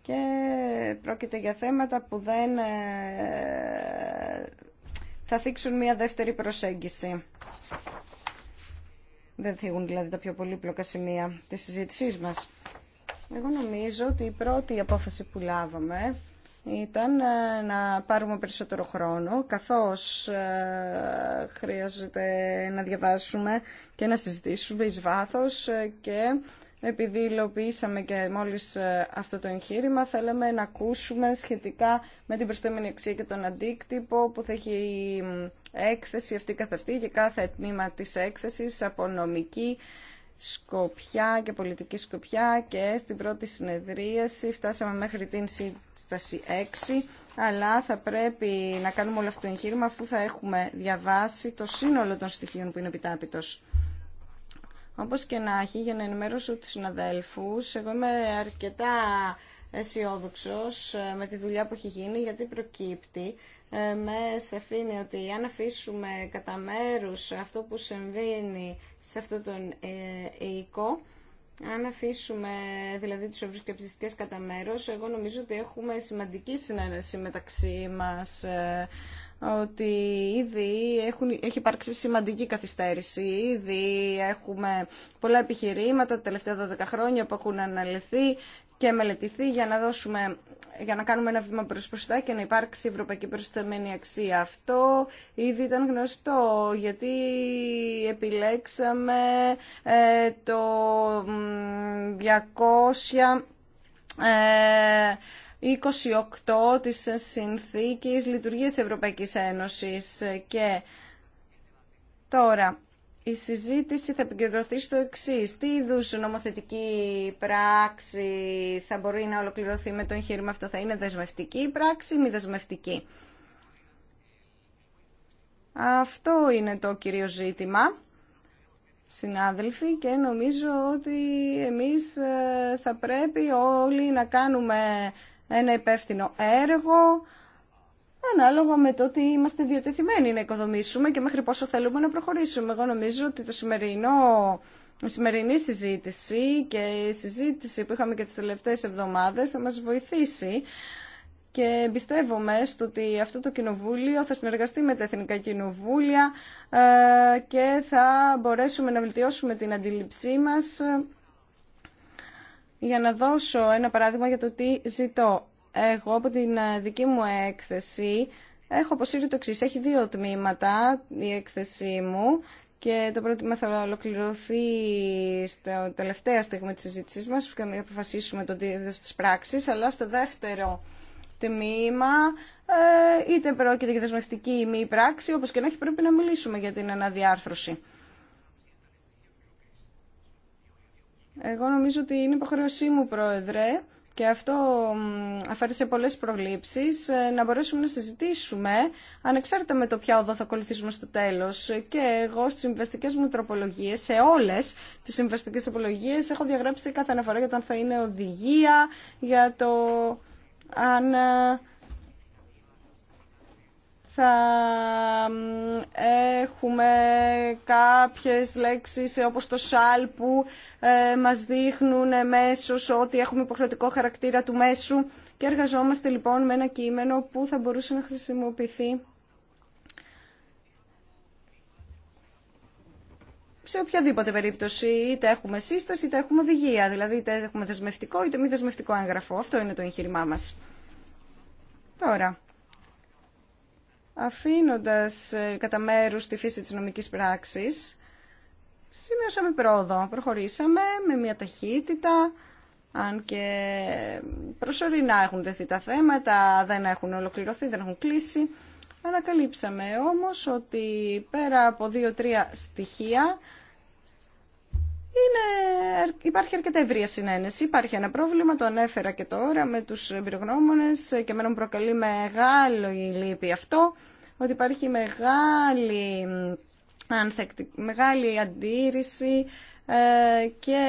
και πρόκειται για θέματα που δεν ε, θα θίξουν μια δεύτερη προσέγγιση. Δεν θίγουν δηλαδή τα πιο πολύπλοκα σημεία της συζήτησής μας. Εγώ νομίζω ότι η πρώτη απόφαση που λάβαμε ήταν ε, να πάρουμε περισσότερο χρόνο, καθώς ε, χρειάζεται να διαβάσουμε και να συζητήσουμε εις βάθος και επειδή υλοποιήσαμε και μόλις ε, αυτό το εγχείρημα, θέλαμε να ακούσουμε σχετικά με την προστέμενη αξία και τον αντίκτυπο που θα έχει η έκθεση αυτή καθ' αυτή και κάθε τμήμα της έκθεσης από νομική σκοπιά και πολιτική σκοπιά και στην πρώτη συνεδρίαση φτάσαμε μέχρι την σύσταση 6 αλλά θα πρέπει να κάνουμε όλο αυτό το εγχείρημα αφού θα έχουμε διαβάσει το σύνολο των στοιχείων που είναι επιτάπητος. Όπως και να έχει, για να ενημέρωσω τους συναδέλφους, εγώ είμαι αρκετά αισιόδοξο ε, με τη δουλειά που έχει γίνει, γιατί προκύπτει ε, με σεφήνει ότι αν αφήσουμε κατά μέρου αυτό που συμβαίνει σε αυτόν τον ε, οίκο, αν αφήσουμε δηλαδή τις ευρωσκεψιστικές κατά μέρο, εγώ νομίζω ότι έχουμε σημαντική συνένεση μεταξύ μας ότι ήδη έχουν, έχει υπάρξει σημαντική καθυστέρηση. Ήδη έχουμε πολλά επιχειρήματα τα τελευταία 12 χρόνια που έχουν αναλυθεί και μελετηθεί για να, δώσουμε, για να κάνουμε ένα βήμα προς προστά και να υπάρξει ευρωπαϊκή προσθεμένη αξία. Αυτό ήδη ήταν γνωστό γιατί επιλέξαμε ε, το 200... 28 της Συνθήκης Λειτουργίας Ευρωπαϊκής Ένωσης και τώρα η συζήτηση θα επικεντρωθεί στο εξή. Τι είδου νομοθετική πράξη θα μπορεί να ολοκληρωθεί με το εγχείρημα αυτό, θα είναι δεσμευτική πράξη ή μη δεσμευτική. Αυτό είναι το κύριο ζήτημα, συνάδελφοι, και νομίζω ότι εμείς ε, θα πρέπει όλοι να κάνουμε ένα υπεύθυνο έργο, ανάλογα με το ότι είμαστε διατεθειμένοι να οικοδομήσουμε και μέχρι πόσο θέλουμε να προχωρήσουμε. Εγώ νομίζω ότι το σημερινό, η σημερινή συζήτηση και η συζήτηση που είχαμε και τις τελευταίες εβδομάδες θα μας βοηθήσει και εμπιστεύομαι στο ότι αυτό το κοινοβούλιο θα συνεργαστεί με τα εθνικά κοινοβούλια ε, και θα μπορέσουμε να βελτιώσουμε την αντίληψή μας ε, για να δώσω ένα παράδειγμα για το τι ζητώ. Εγώ από την ε, δική μου έκθεση έχω αποσύρει το εξή. Έχει δύο τμήματα η έκθεσή μου και το πρώτο τμήμα θα ολοκληρωθεί στο τελευταία στιγμή της συζήτησή μας που θα αποφασίσουμε το στις πράξεις, αλλά στο δεύτερο τμήμα ε, είτε πρόκειται για δεσμευτική ή μη πράξη, όπως και να έχει πρέπει να μιλήσουμε για την αναδιάρθρωση. Εγώ νομίζω ότι είναι υποχρέωσή μου, Πρόεδρε, και αυτό αφαίρεσε σε πολλές προβλήψεις, ε, να μπορέσουμε να συζητήσουμε ανεξάρτητα με το ποια οδό θα ακολουθήσουμε στο τέλος. Και εγώ στις συμβαστικές μου τροπολογίες, σε όλες τις συμβαστικές τροπολογίες, έχω διαγράψει κάθε αναφορά για το αν θα είναι οδηγία, για το αν ε, θα έχουμε κάποιες λέξεις ε, όπως το σάλ που ε, μας δείχνουν μέσως ότι έχουμε υποχρεωτικό χαρακτήρα του μέσου και εργαζόμαστε λοιπόν με ένα κείμενο που θα μπορούσε να χρησιμοποιηθεί σε οποιαδήποτε περίπτωση, είτε έχουμε σύσταση είτε έχουμε οδηγία, δηλαδή είτε έχουμε δεσμευτικό είτε μη δεσμευτικό έγγραφο. Αυτό είναι το εγχείρημά μας. Τώρα, αφήνοντας ε, κατά μέρου τη φύση της νομικής πράξης, σημειώσαμε πρόοδο. Προχωρήσαμε με μια ταχύτητα, αν και προσωρινά έχουν δεθεί τα θέματα, δεν έχουν ολοκληρωθεί, δεν έχουν κλείσει. Ανακαλύψαμε όμως ότι πέρα από δύο-τρία στοιχεία είναι, υπάρχει αρκετά ευρία συνένεση. Υπάρχει ένα πρόβλημα, το ανέφερα και τώρα με τους εμπειρογνώμονε και εμένα μου προκαλεί μεγάλο λύπη αυτό, ότι υπάρχει μεγάλη, ανθεκτη, μεγάλη αντίρρηση ε, και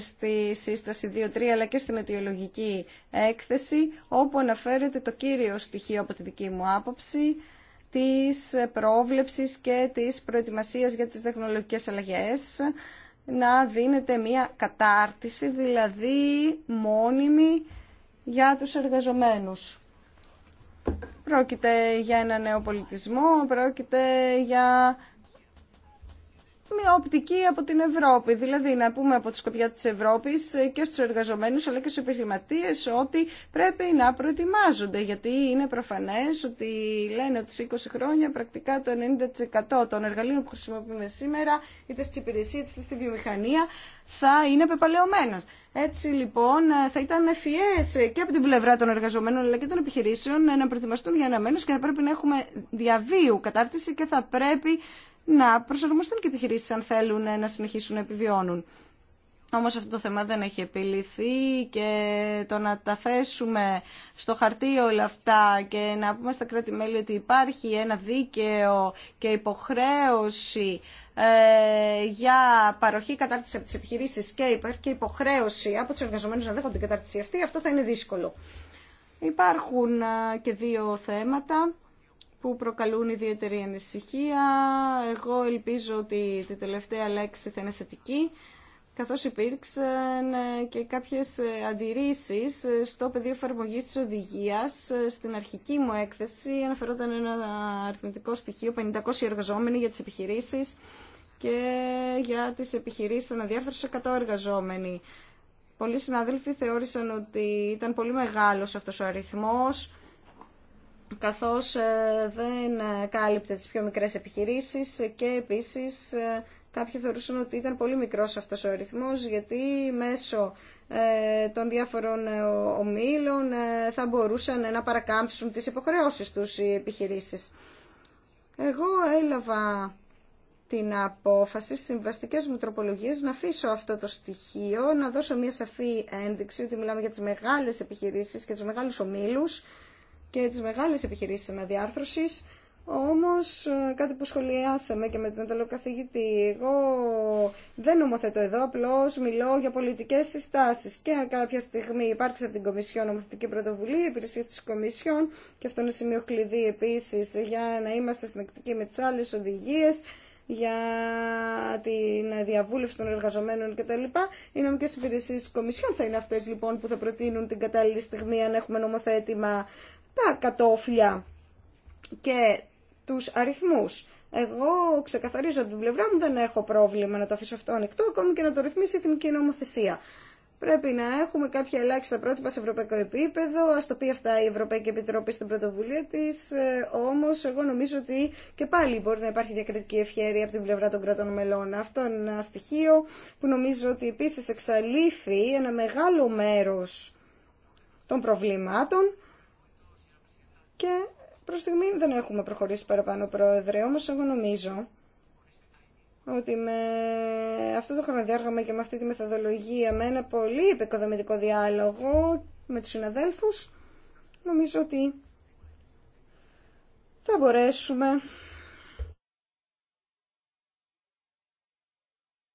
στη σύσταση 2-3 αλλά και στην αιτιολογική έκθεση όπου αναφέρεται το κύριο στοιχείο από τη δική μου άποψη της πρόβλεψης και της προετοιμασίας για τις τεχνολογικές αλλαγές να δίνεται μία κατάρτιση, δηλαδή μόνιμη για τους εργαζομένους. Πρόκειται για ένα νέο πολιτισμό, πρόκειται για μια οπτική από την Ευρώπη. Δηλαδή να πούμε από τη σκοπιά τη Ευρώπη και στου εργαζόμενου, αλλά και στου επιχειρηματίε ότι πρέπει να προετοιμάζονται γιατί είναι προφανέ ότι λένε ότι σε 20 χρόνια πρακτικά το 90% των εργαλείων που χρησιμοποιούμε σήμερα είτε στι υπηρεσίε, είτε στη βιομηχανία θα είναι πεπαλαιωμένο. Έτσι λοιπόν θα ήταν ευφυέ και από την πλευρά των εργαζομένων αλλά και των επιχειρήσεων να προετοιμαστούν για ένα μέλο και θα πρέπει να έχουμε διαβίου κατάρτιση και θα πρέπει να προσαρμοστούν και επιχειρήσεις αν θέλουν να συνεχίσουν να επιβιώνουν. Όμω αυτό το θέμα δεν έχει επιληθεί και το να τα θέσουμε στο χαρτί όλα αυτά και να πούμε στα κράτη-μέλη ότι υπάρχει ένα δίκαιο και υποχρέωση ε, για παροχή κατάρτιση από τι επιχειρήσεις και υπάρχει και υποχρέωση από του εργαζόμενου να δέχονται την κατάρτιση αυτή, αυτό θα είναι δύσκολο. Υπάρχουν ε, και δύο θέματα που προκαλούν ιδιαίτερη ανησυχία. Εγώ ελπίζω ότι τη τελευταία λέξη θα είναι θετική, καθώς υπήρξαν ε, και κάποιες ε, αντιρρήσεις ε, στο πεδίο εφαρμογή της οδηγίας. Στην αρχική μου έκθεση αναφερόταν ένα αριθμητικό στοιχείο, 500 εργαζόμενοι για τις επιχειρήσεις και για τις επιχειρήσεις αναδιάρθρωση 100 εργαζόμενοι. Πολλοί συνάδελφοι θεώρησαν ότι ήταν πολύ μεγάλος αυτός ο αριθμός καθώς ε, δεν κάλυπτε τις πιο μικρές επιχειρήσεις και επίσης ε, κάποιοι θεωρούσαν ότι ήταν πολύ μικρός αυτός ο αριθμός γιατί μέσω ε, των διάφορων ομίλων θα μπορούσαν να παρακάμψουν τις υποχρεώσεις τους οι επιχειρήσεις. Εγώ έλαβα την απόφαση στις συμβαστικές μου να αφήσω αυτό το στοιχείο, να δώσω μια σαφή ένδειξη ότι μιλάμε για τις μεγάλες επιχειρήσεις και τους μεγάλους ομίλους και τις μεγάλες επιχειρήσεις αναδιάρθρωσης, όμως ε, κάτι που σχολιάσαμε και με τον καθηγητή, εγώ δεν νομοθετώ εδώ, απλώς μιλώ για πολιτικές συστάσεις και αν κάποια στιγμή υπάρξει από την Κομισιόν νομοθετική πρωτοβουλία, υπηρεσίες της Κομισιόν και αυτό είναι σημείο κλειδί επίσης για να είμαστε συνεκτικοί με τις άλλες οδηγίες, για την διαβούλευση των εργαζομένων κτλ. Οι νομικέ υπηρεσίε τη Κομισιόν θα είναι αυτέ λοιπόν που θα προτείνουν την κατάλληλη στιγμή αν έχουμε νομοθέτημα τα κατόφλια και τους αριθμούς. Εγώ ξεκαθαρίζω από την πλευρά μου δεν έχω πρόβλημα να το αφήσω αυτό ανοιχτό, ακόμη και να το ρυθμίσει η εθνική νομοθεσία. Πρέπει να έχουμε κάποια ελάχιστα πρότυπα σε ευρωπαϊκό επίπεδο. Α το πει αυτά η Ευρωπαϊκή Επιτροπή στην πρωτοβουλία τη. Ε, Όμω, εγώ νομίζω ότι και πάλι μπορεί να υπάρχει διακριτική ευχαίρεια από την πλευρά των κρατών μελών. Αυτό είναι ένα στοιχείο που νομίζω ότι επίση εξαλείφει ένα μεγάλο μέρο των προβλημάτων και προς στιγμή δεν έχουμε προχωρήσει παραπάνω, Πρόεδρε, όμως εγώ νομίζω ότι με αυτό το χρονοδιάγραμμα και με αυτή τη μεθοδολογία, με ένα πολύ επικοδομητικό διάλογο με τους συναδέλφους, νομίζω ότι θα μπορέσουμε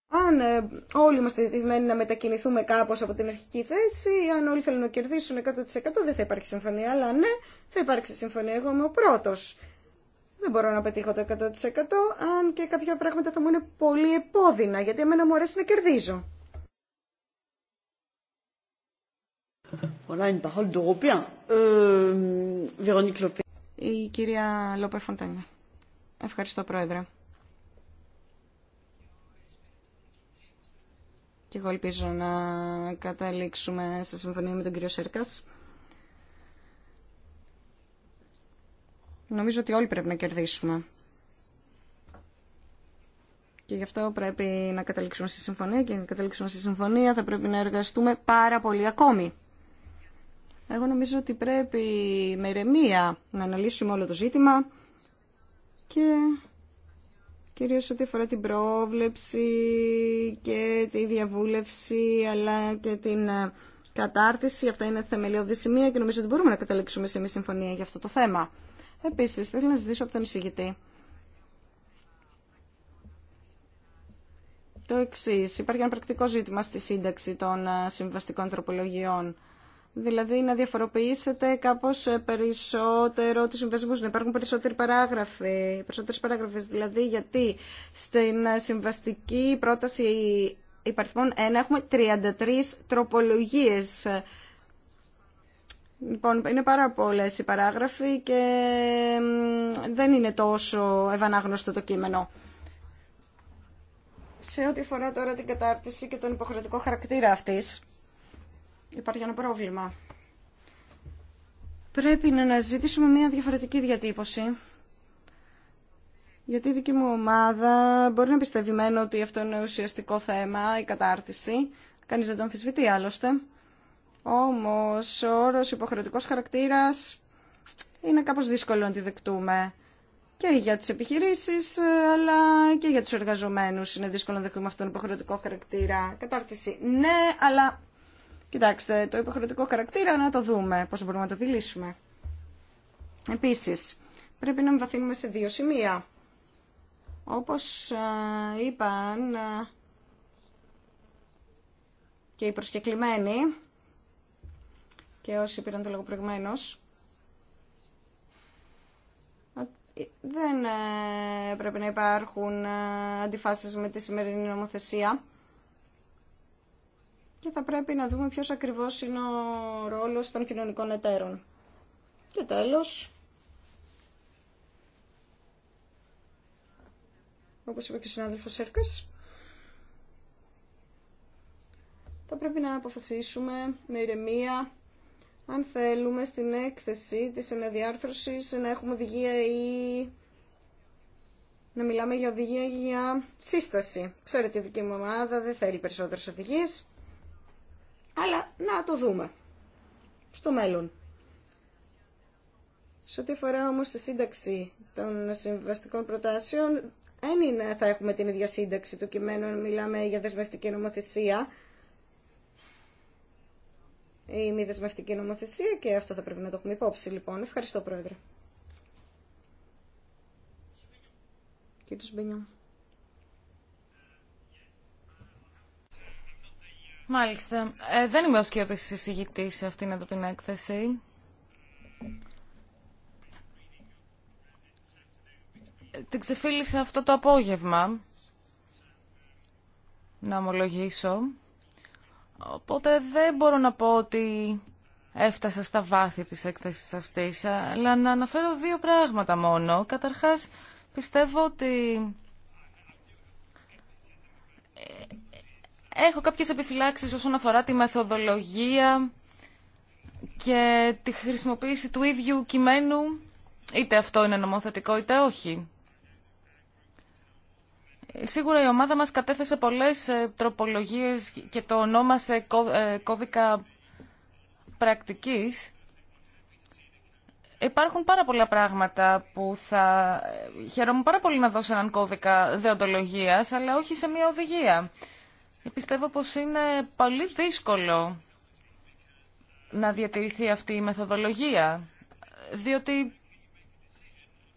αν ε, όλοι είμαστε δεδομένοι να μετακινηθούμε κάπως από την αρχική θέση, αν όλοι θέλουν να κερδίσουν 100% δεν θα υπάρχει συμφωνία, αλλά ναι, θα υπάρξει συμφωνία. Εγώ είμαι ο πρώτος. Δεν μπορώ να πετύχω το 100% αν και κάποια πράγματα θα μου είναι πολύ επώδυνα, γιατί εμένα μου αρέσει να κερδίζω. Euh, Η κυρία Λόπερ Φοντάνια. Ευχαριστώ, Πρόεδρε. Και εγώ ελπίζω να καταλήξουμε σε συμφωνία με τον κύριο Σέρκας. Νομίζω ότι όλοι πρέπει να κερδίσουμε. Και γι' αυτό πρέπει να καταλήξουμε στη συμφωνία και να καταλήξουμε στη συμφωνία θα πρέπει να εργαστούμε πάρα πολύ ακόμη. Εγώ νομίζω ότι πρέπει με ηρεμία να αναλύσουμε όλο το ζήτημα και κυρίως ό,τι αφορά την πρόβλεψη και τη διαβούλευση αλλά και την ε, κατάρτιση. Αυτά είναι θεμελιώδη σημεία και νομίζω ότι μπορούμε να καταλήξουμε σε μια συμφωνία για αυτό το θέμα. Επίσης, θέλω να ζητήσω από τον εισηγητή. Το εξή. Υπάρχει ένα πρακτικό ζήτημα στη σύνταξη των ε, συμβαστικών τροπολογιών. Δηλαδή να διαφοροποιήσετε κάπω ε, περισσότερο του συμβασμού, να υπάρχουν περισσότεροι παράγραφοι, περισσότερες παράγραφες. Δηλαδή γιατί στην ε, συμβαστική πρόταση υπαριθμών 1 έχουμε 33 τροπολογίε. Λοιπόν, είναι πάρα πολλέ οι παράγραφοι και δεν είναι τόσο ευανάγνωστο το κείμενο. Σε ό,τι αφορά τώρα την κατάρτιση και τον υποχρεωτικό χαρακτήρα αυτής, Υπάρχει ένα πρόβλημα. Πρέπει να αναζητήσουμε μια διαφορετική διατύπωση. Γιατί η δική μου ομάδα μπορεί να πιστεύει μένω ότι αυτό είναι ουσιαστικό θέμα, η κατάρτιση. κανεί δεν το αμφισβητεί άλλωστε. Όμω, ο όρος υποχρεωτικό χαρακτήρα είναι κάπω δύσκολο να τη δεκτούμε. Και για τι επιχειρήσει, ε, αλλά και για του εργαζομένου. είναι δύσκολο να δεχτούμε αυτόν τον υποχρεωτικό χαρακτήρα. Κατάρτιση ναι, αλλά Κοιτάξτε, το υποχρεωτικό χαρακτήρα να το δούμε πώς μπορούμε να το επιλύσουμε. Επίσης, πρέπει να εμβαθύνουμε σε δύο σημεία. Όπως είπαν και οι προσκεκλημένοι και όσοι πήραν το λόγο προηγουμένως, δεν ε, πρέπει να υπάρχουν αντιφάσεις με τη σημερινή νομοθεσία και θα πρέπει να δούμε ποιος ακριβώς είναι ο ρόλος των κοινωνικών εταίρων. Και τέλος, όπως είπε και ο συνάδελφος Σέρκας, θα πρέπει να αποφασίσουμε με ηρεμία αν θέλουμε στην έκθεση της αναδιάρθρωσης να έχουμε οδηγία ή να μιλάμε για οδηγία για σύσταση. Ξέρετε, η δική μου ομάδα δεν θέλει περισσότερες οδηγίες. Αλλά να το δούμε στο μέλλον. Σε ό,τι αφορά όμως τη σύνταξη των συμβαστικών προτάσεων, δεν θα έχουμε την ίδια σύνταξη του κειμένου, μιλάμε για δεσμευτική νομοθεσία ή μη δεσμευτική νομοθεσία και αυτό θα πρέπει να το έχουμε υπόψη λοιπόν. Ευχαριστώ Πρόεδρε. Κύριος Μπενιόν. Μάλιστα. Ε, δεν είμαι ο σκιώτης εισηγητής σε αυτήν εδώ την έκθεση. Την ξεφύλισα αυτό το απόγευμα, να ομολογήσω. Οπότε δεν μπορώ να πω ότι έφτασα στα βάθη της έκθεσης αυτής, αλλά να αναφέρω δύο πράγματα μόνο. Καταρχάς, πιστεύω ότι έχω κάποιες επιφυλάξεις όσον αφορά τη μεθοδολογία και τη χρησιμοποίηση του ίδιου κειμένου, είτε αυτό είναι νομοθετικό είτε όχι. Σίγουρα η ομάδα μας κατέθεσε πολλές ε, τροπολογίες και το ονόμασε ε, κώδικα πρακτικής. Υπάρχουν πάρα πολλά πράγματα που θα... Ε, Χαίρομαι πάρα πολύ να δώσω έναν κώδικα δεοντολογίας, αλλά όχι σε μια οδηγία. Ε, πιστεύω πως είναι πολύ δύσκολο να διατηρηθεί αυτή η μεθοδολογία, διότι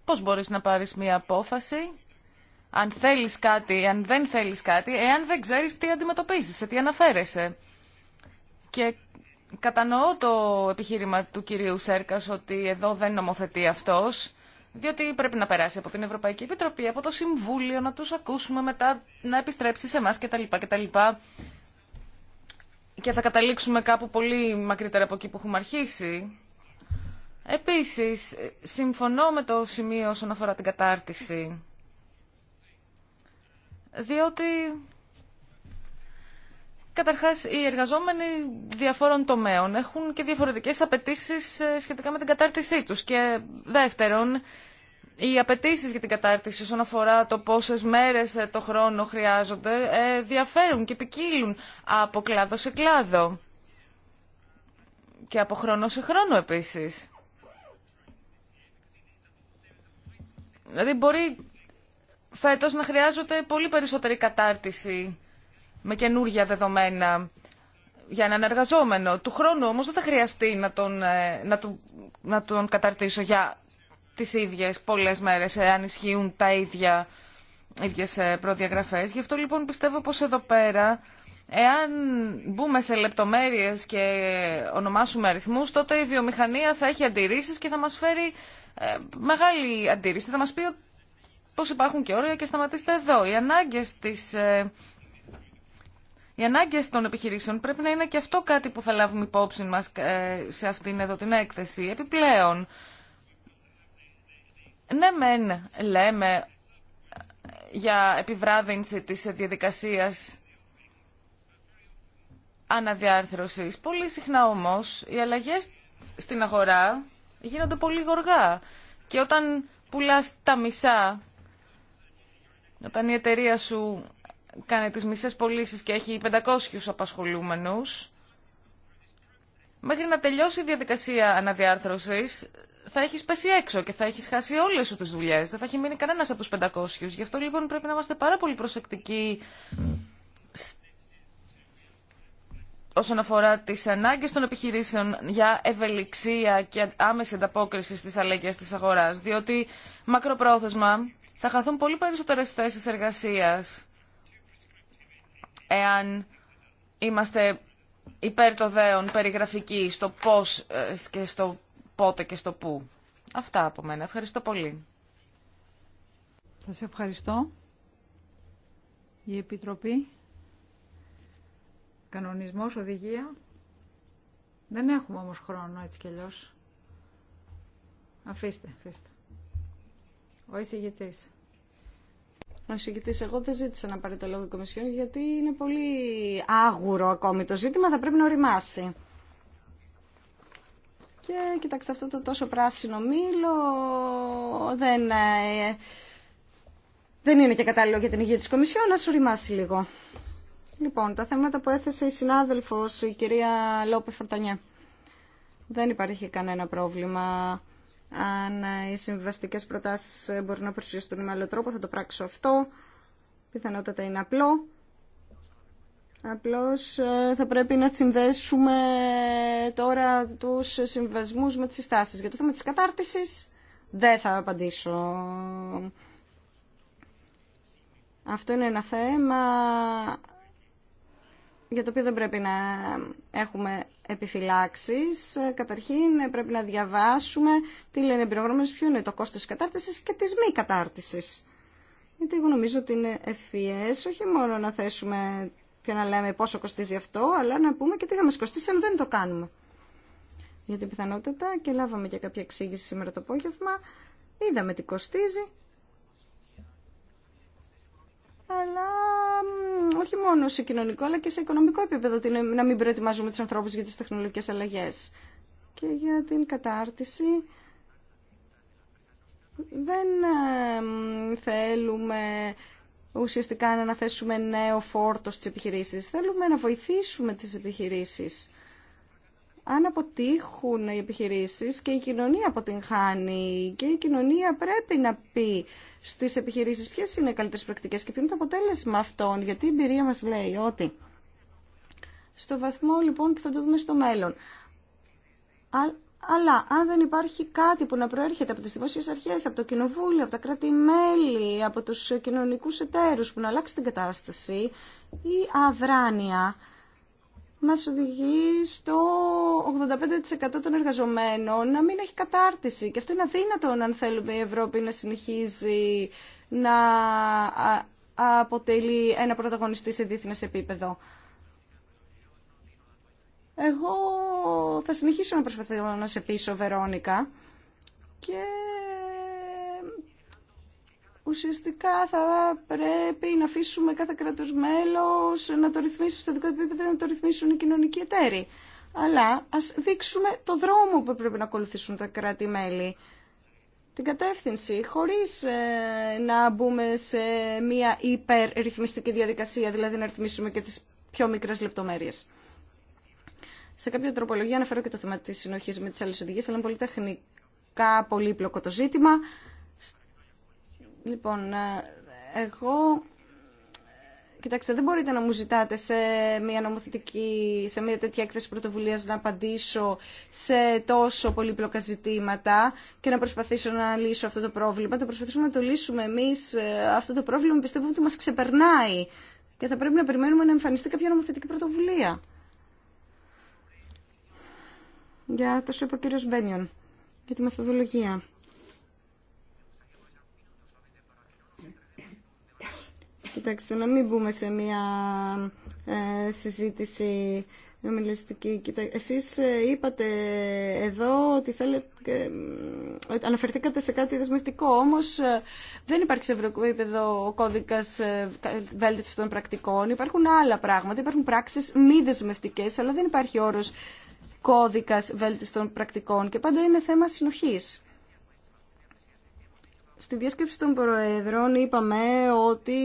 πώς μπορείς να πάρεις μία απόφαση αν θέλεις κάτι, αν δεν θέλεις κάτι, εάν δεν ξέρεις τι αντιμετωπίζεις, σε τι αναφέρεσαι. Και κατανοώ το επιχείρημα του κυρίου Σέρκας ότι εδώ δεν νομοθετεί αυτός, διότι πρέπει να περάσει από την Ευρωπαϊκή Επιτροπή, από το Συμβούλιο, να τους ακούσουμε μετά, να επιστρέψει σε εμάς κτλ. Και θα καταλήξουμε κάπου πολύ μακρύτερα από εκεί που έχουμε αρχίσει. Επίσης, συμφωνώ με το σημείο όσον αφορά την κατάρτιση, διότι Καταρχάς, οι εργαζόμενοι διαφόρων τομέων έχουν και διαφορετικές απαιτήσει ε, σχετικά με την κατάρτισή τους. Και δεύτερον, οι απαιτήσει για την κατάρτιση όσον αφορά το πόσες μέρες ε, το χρόνο χρειάζονται ε, διαφέρουν και ποικίλουν από κλάδο σε κλάδο και από χρόνο σε χρόνο επίσης. Δηλαδή μπορεί φέτος να χρειάζονται πολύ περισσότερη κατάρτιση με καινούργια δεδομένα για έναν εργαζόμενο. Του χρόνου όμως δεν θα χρειαστεί να τον, ε, να του, να τον καταρτήσω για τις ίδιες πολλές μέρες, εάν ισχύουν τα ίδια ίδιες ε, προδιαγραφές. Γι' αυτό λοιπόν πιστεύω πως εδώ πέρα, εάν μπούμε σε λεπτομέρειες και ονομάσουμε αριθμούς, τότε η βιομηχανία θα έχει αντιρρήσεις και θα μας φέρει ε, μεγάλη αντίρρηση. Θα μας πει πως υπάρχουν και όρια και σταματήστε εδώ. Οι ανάγκες της... Οι ανάγκε των επιχειρήσεων πρέπει να είναι και αυτό κάτι που θα λάβουμε υπόψη μα ε, σε αυτήν εδώ την έκθεση. Επιπλέον, ναι μεν λέμε για επιβράδυνση της διαδικασία αναδιάρθρωσης. Πολύ συχνά όμω, οι αλλαγές στην αγορά γίνονται πολύ γοργά. Και όταν πουλά τα μισά, όταν η εταιρεία σου κάνει τις μισές πωλήσει και έχει 500 απασχολούμενους, μέχρι να τελειώσει η διαδικασία αναδιάρθρωσης θα έχει πέσει έξω και θα έχει χάσει όλε σου τι δουλειέ. Δεν θα έχει μείνει κανένα από του 500. Γι' αυτό λοιπόν πρέπει να είμαστε πάρα πολύ προσεκτικοί όσον αφορά τι ανάγκε των επιχειρήσεων για ευελιξία και άμεση ανταπόκριση στι αλλαγέ τη αγορά. Διότι μακροπρόθεσμα θα χαθούν πολύ περισσότερε θέσει εργασία εάν είμαστε υπέρ των δέων περιγραφικοί στο πώς ε, και στο πότε και στο πού. Αυτά από μένα. Ευχαριστώ πολύ. Σας ευχαριστώ. Η Επιτροπή. Κανονισμός, οδηγία. Δεν έχουμε όμως χρόνο έτσι κι αλλιώς. Αφήστε, αφήστε. Ο εισηγητής ο εισηγητής. Εγώ δεν ζήτησα να πάρει το λόγο η Κομισιόν γιατί είναι πολύ άγουρο ακόμη το ζήτημα, θα πρέπει να οριμάσει. Και κοιτάξτε αυτό το τόσο πράσινο μήλο δεν, ε, δεν είναι και κατάλληλο για την υγεία της Κομισιόν, να σου λίγο. Λοιπόν, τα θέματα που έθεσε η συνάδελφος, η κυρία Λόπε Φορτανιέ. Δεν υπάρχει κανένα πρόβλημα αν οι συμβιβαστικέ προτάσει μπορούν να παρουσιαστούν με άλλο τρόπο, θα το πράξω αυτό. Πιθανότατα είναι απλό. Απλώς ε, θα πρέπει να συνδέσουμε τώρα τους συμβασμούς με τις συστάσεις. Για το θέμα της κατάρτισης δεν θα απαντήσω. Αυτό είναι ένα θέμα για το οποίο δεν πρέπει να έχουμε επιφυλάξεις. Ε, καταρχήν ε, πρέπει να διαβάσουμε τι λένε εμπειρογνώμες, ποιο είναι το κόστος της κατάρτισης και της μη κατάρτισης. Γιατί εγώ νομίζω ότι είναι ευφυές, όχι μόνο να θέσουμε και να λέμε πόσο κοστίζει αυτό, αλλά να πούμε και τι θα μας κοστίσει αν δεν το κάνουμε. γιατί την πιθανότητα και λάβαμε και κάποια εξήγηση σήμερα το απόγευμα, είδαμε τι κοστίζει αλλά όχι μόνο σε κοινωνικό αλλά και σε οικονομικό επίπεδο να μην προετοιμάζουμε τους ανθρώπους για τις τεχνολογικές αλλαγές και για την κατάρτιση δεν θέλουμε ουσιαστικά να αναθέσουμε νέο φόρτο στις επιχειρήσεις θέλουμε να βοηθήσουμε τις επιχειρήσεις αν αποτύχουν οι επιχειρήσεις και η κοινωνία αποτυγχάνει και η κοινωνία πρέπει να πει στις επιχειρήσεις ποιες είναι οι καλύτερες πρακτικές και ποιο είναι το αποτέλεσμα αυτών, γιατί η εμπειρία μας λέει ότι στο βαθμό λοιπόν που θα το δούμε στο μέλλον. Αλλά αν δεν υπάρχει κάτι που να προέρχεται από τις δημόσιες αρχές, από το κοινοβούλιο, από τα κράτη-μέλη, από τους κοινωνικούς εταίρους που να αλλάξει την κατάσταση, η αδράνεια μας οδηγεί στο 85% των εργαζομένων να μην έχει κατάρτιση. Και αυτό είναι αδύνατο αν θέλουμε η Ευρώπη να συνεχίζει να αποτελεί ένα πρωταγωνιστή σε διεθνές επίπεδο. Εγώ θα συνεχίσω να προσπαθώ να σε πείσω, Βερόνικα, και ουσιαστικά θα πρέπει να αφήσουμε κάθε κράτος μέλος να το ρυθμίσει στο δικό επίπεδο, να το ρυθμίσουν οι κοινωνικοί εταίροι. Αλλά α δείξουμε το δρόμο που πρέπει να ακολουθήσουν τα κράτη-μέλη. Την κατεύθυνση, χωρίς ε, να μπούμε σε μια υπερρυθμιστική διαδικασία, δηλαδή να ρυθμίσουμε και τι πιο μικρέ λεπτομέρειε. Σε κάποια τροπολογία αναφέρω και το θέμα τη συνοχή με τι άλλε οδηγίε, αλλά είναι πολύ τεχνικά, πολύπλοκο το ζήτημα. Λοιπόν, ε, εγώ... Κοιτάξτε, δεν μπορείτε να μου ζητάτε σε μια νομοθετική, σε μια τέτοια έκθεση πρωτοβουλία να απαντήσω σε τόσο πολύπλοκα ζητήματα και να προσπαθήσω να λύσω αυτό το πρόβλημα. Θα προσπαθήσουμε να το λύσουμε εμεί ε, αυτό το πρόβλημα. Πιστεύω ότι μα ξεπερνάει και θα πρέπει να περιμένουμε να εμφανιστεί κάποια νομοθετική πρωτοβουλία. Για το σου είπε ο κύριο Μπένιον, για τη μεθοδολογία. Κοιτάξτε, να μην μπούμε σε μια ε, συζήτηση νομιλιστική. Κοιτά, εσείς ε, είπατε εδώ ότι θέλετε, ε, αναφερθήκατε σε κάτι δεσμευτικό, όμως ε, δεν υπάρχει σε επίπεδο ο κώδικας ε, των πρακτικών. Υπάρχουν άλλα πράγματα, υπάρχουν πράξεις μη δεσμευτικές, αλλά δεν υπάρχει όρος κώδικας των πρακτικών και πάντα είναι θέμα συνοχής. Στη διάσκεψη των Προεδρών είπαμε ότι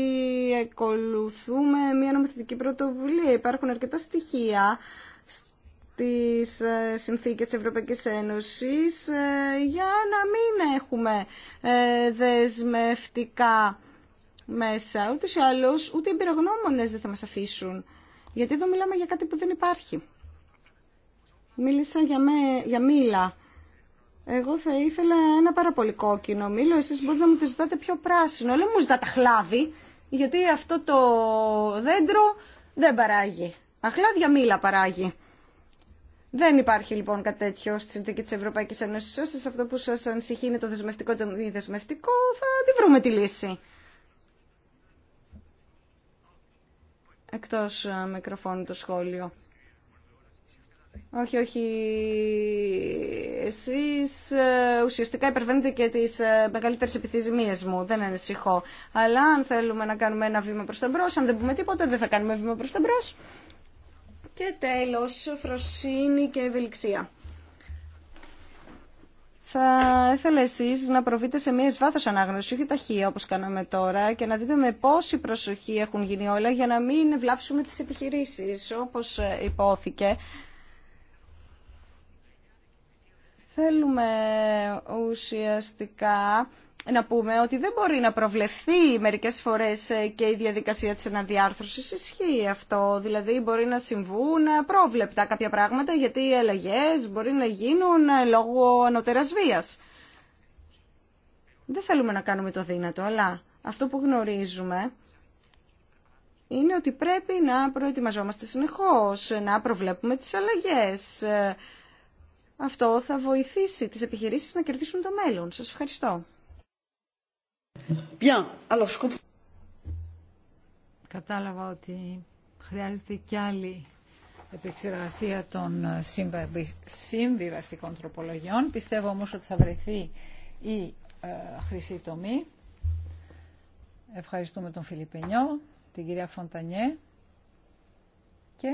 ακολουθούμε μια νομοθετική πρωτοβουλία. Υπάρχουν αρκετά στοιχεία στις ε, συνθήκες της Ευρωπαϊκής Ένωσης ε, για να μην έχουμε ε, δεσμευτικά μέσα. ούτε ή άλλως ούτε οι εμπειρογνώμονες δεν θα μας αφήσουν. Γιατί εδώ μιλάμε για κάτι που δεν υπάρχει. Μίλησα για μήλα εγώ θα ήθελα ένα πάρα πολύ κόκκινο μήλο. Εσείς μπορείτε να μου το ζητάτε πιο πράσινο. Λέω μου ζητάτε χλάδι, γιατί αυτό το δέντρο δεν παράγει. Αχλάδια μήλα παράγει. Δεν υπάρχει λοιπόν κάτι τέτοιο στη συνθήκη τη Ευρωπαϊκή Ένωση. σε αυτό που σα ανησυχεί είναι το δεσμευτικό ή το μη δεσμευτικό. Θα τη βρούμε τη λύση. Εκτό ε, μικροφώνου το σχόλιο. Όχι, όχι. Εσείς ε, ουσιαστικά υπερβαίνετε και τις ε, μεγαλύτερες επιθυμίες μου. Δεν ανησυχώ. Αλλά αν θέλουμε να κάνουμε ένα βήμα προς τα μπρος, αν δεν πούμε τίποτα, δεν θα κάνουμε βήμα προς τα μπρος. Και τέλος, φροσύνη και ευελιξία. Θα ήθελα εσεί να προβείτε σε μία βάθο ανάγνωση, όχι ταχεία όπω κάναμε τώρα, και να δείτε με πόση προσοχή έχουν γίνει όλα για να μην βλάψουμε τι επιχειρήσει. Όπω ε, υπόθηκε, Θέλουμε ουσιαστικά να πούμε ότι δεν μπορεί να προβλεφθεί μερικές φορές ε, και η διαδικασία της αναδιάρθρωσης. Ισχύει αυτό, δηλαδή μπορεί να συμβούν πρόβλεπτα κάποια πράγματα γιατί οι αλλαγέ μπορεί να γίνουν ε, λόγω ανωτεράς βίας. Δεν θέλουμε να κάνουμε το δύνατο, αλλά αυτό που γνωρίζουμε είναι ότι πρέπει να προετοιμαζόμαστε συνεχώς, να προβλέπουμε τις αλλαγές, ε, αυτό θα βοηθήσει τις επιχειρήσεις να κερδίσουν το μέλλον. Σας ευχαριστώ. Κατάλαβα ότι χρειάζεται κι άλλη επεξεργασία των συμβιβαστικών τροπολογιών. Πιστεύω όμως ότι θα βρεθεί η ε, χρυσή τομή. Ευχαριστούμε τον Φιλιππένιο, την κυρία Φοντανιέ και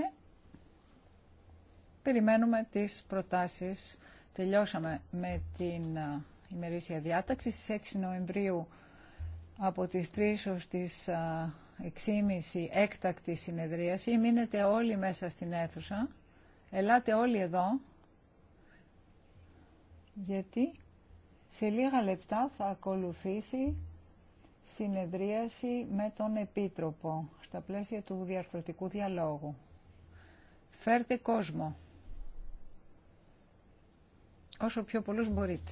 Περιμένουμε τις προτάσεις. Τελειώσαμε με την ημερήσια διάταξη. Στις 6 Νοεμβρίου από τις 3 ως τις 6.30 έκτακτη συνεδρίαση. Μείνετε όλοι μέσα στην αίθουσα. Ελάτε όλοι εδώ. Γιατί σε λίγα λεπτά θα ακολουθήσει συνεδρίαση με τον Επίτροπο στα πλαίσια του διαρθρωτικού διαλόγου. Φέρτε κόσμο όσο πιο πολλούς μπορείτε.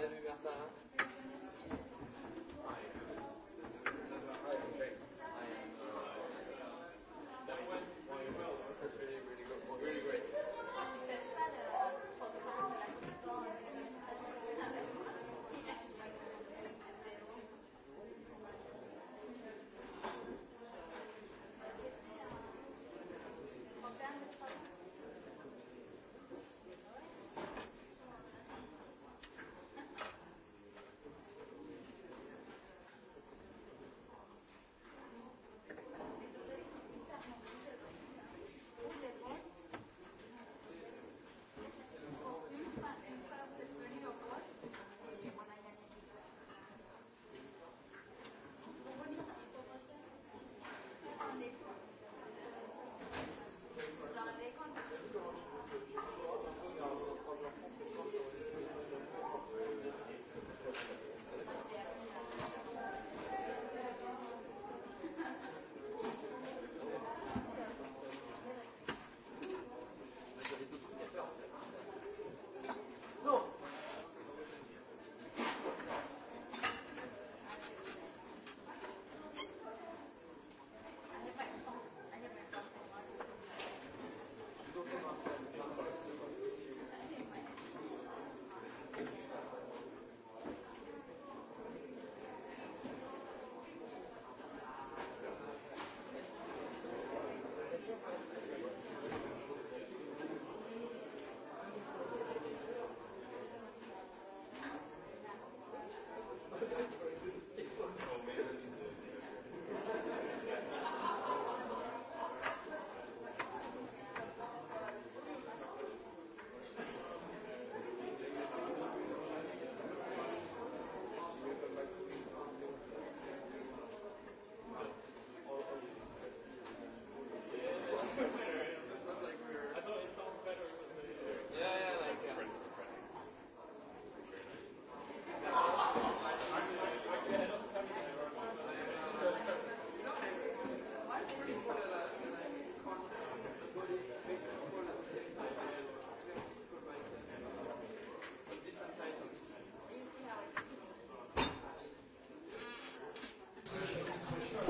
Gracias.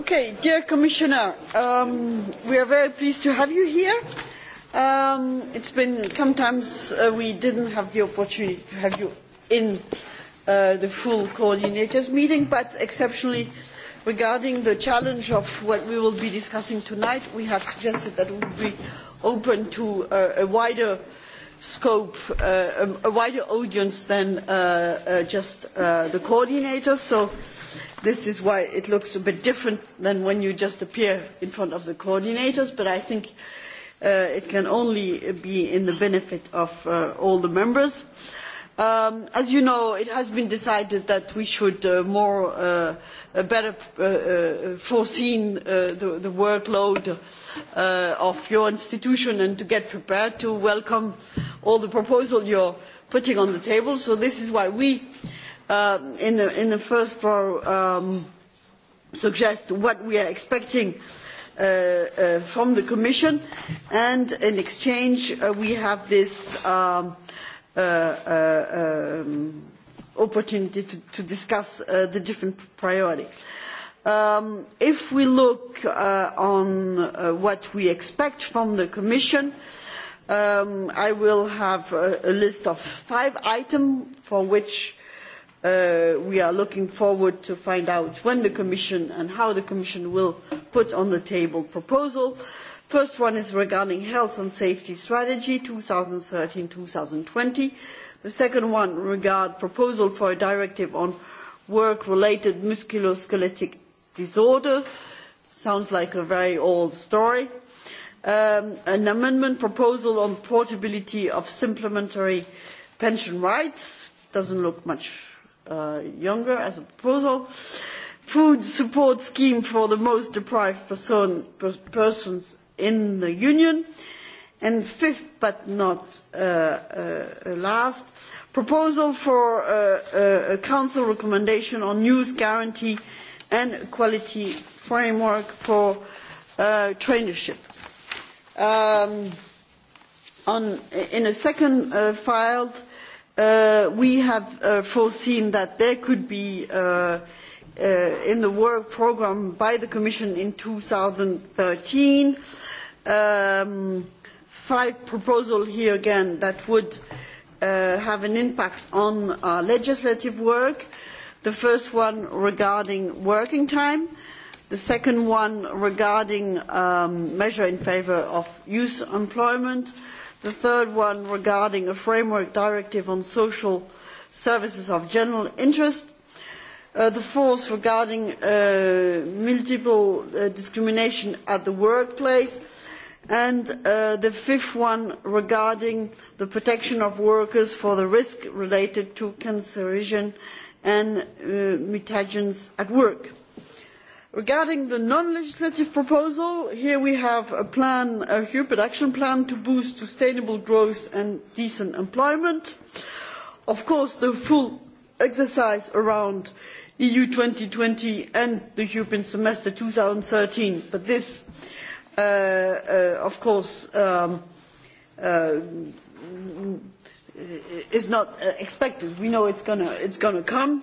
dear Commissioner, um, we are very pleased to have you here. Um, it's been sometimes uh, we didn't have the opportunity to have you in the full coordinators meeting, but exceptionally regarding the challenge of what we will be discussing tonight, we have suggested that we would be open to a wider scope, a wider audience than just the coordinators. So this is why it looks a bit different than when you just appear in front of the coordinators but i think it can only be in the benefit of all the members. as you know it has been decided that we should more better foresee the workload of your institution and to get prepared to welcome all the proposals you are putting on the table so this is why we in the first row suggest what we are expecting from the commission and in exchange we have this opportunity to discuss the different priorities. if we look on what we expect from the commission i will have a list of five items for which we are looking forward to find out when the commission and how the commission will put on the table proposal. the first one is regarding health and safety strategy 2013-2020. the second one regards proposal for a directive on work related musculoskeletal disorder sounds like a very old story an amendment proposal on portability of supplementary pension rights Doesn't look much younger as a proposal food support scheme for the most deprived persons in the union and fifth but not last proposal for a council recommendation on news guarantee and quality framework for traineeship. in a second filed we have foreseen that there could be in the work programme by the commission in 2013, thirteen five proposals here again that would have an impact on our legislative work the first one regarding working time the second one regarding measures in favour of youth employment the third one regarding a framework directive on social services of general interest, the fourth regarding multiple discrimination at the workplace, and the fifth one regarding the protection of workers for the risk related to cancerogen and mutagens at work regarding the non legislative proposal here we have a plan a european action plan to boost sustainable growth and decent employment. of course the full exercise around eu 2020 and twenty and the european semester 2013, thirteen but this of course is not expected. we know it is going to come.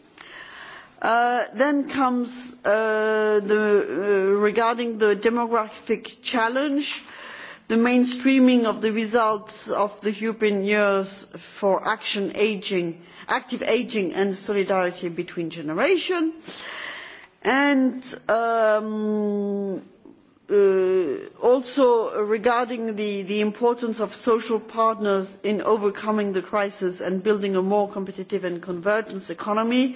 Then comes regarding the demographic challenge, the mainstreaming of the results of the European years for action active Ageing and solidarity between generations, and also regarding the importance of social partners in overcoming the crisis and building a more competitive and convergent economy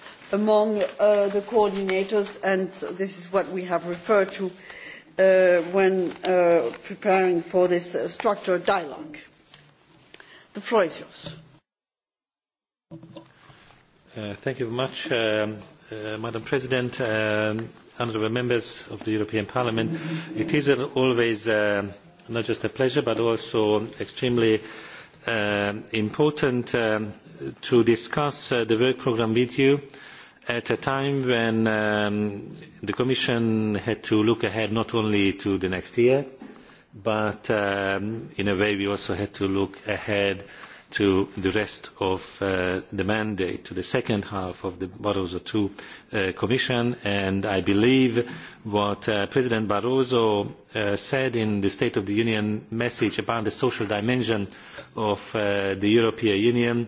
among the coordinators and this is what we have referred to when preparing for this structured dialogue. The floor is yours. Thank you very much, Madam President, honourable members of the European Parliament. It is always not just a pleasure but also extremely important to discuss the work programme with you at a time when the Commission had to look ahead not only to the next year, but in a way we also had to look ahead to the rest of the mandate, to the second half of the Barroso II Commission. And I believe what President Barroso said in the State of the Union message about the social dimension of the European Union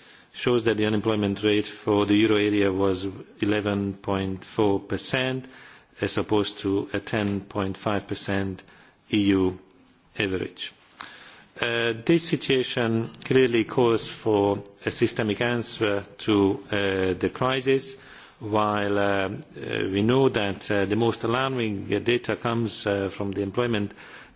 shows that the unemployment rate for the euro area was 11.4% as opposed to a 10.5% EU average. This situation clearly calls for a systemic answer to the crisis, while we know that the most alarming data comes from the employment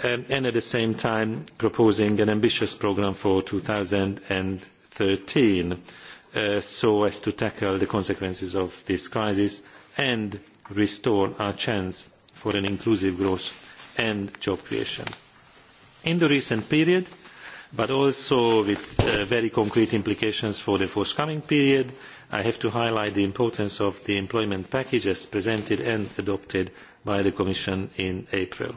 and at the same time proposing an ambitious programme for 2013 so as to tackle the consequences of this crisis and restore our chance for an inclusive growth and job creation. In the recent period, but also with very concrete implications for the forthcoming period, I have to highlight the importance of the employment packages presented and adopted by the Commission in April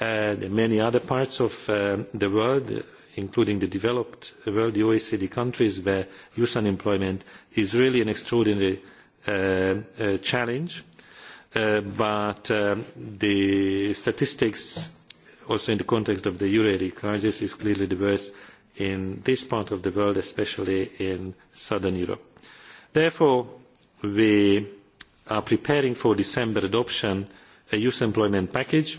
and many other parts of the world, including the developed world, the OECD countries, where youth unemployment is really an extraordinary challenge. But the statistics, also in the context of the euro area crisis, is clearly the worst in this part of the world, especially in southern Europe. Therefore, we are preparing for December adoption a youth employment package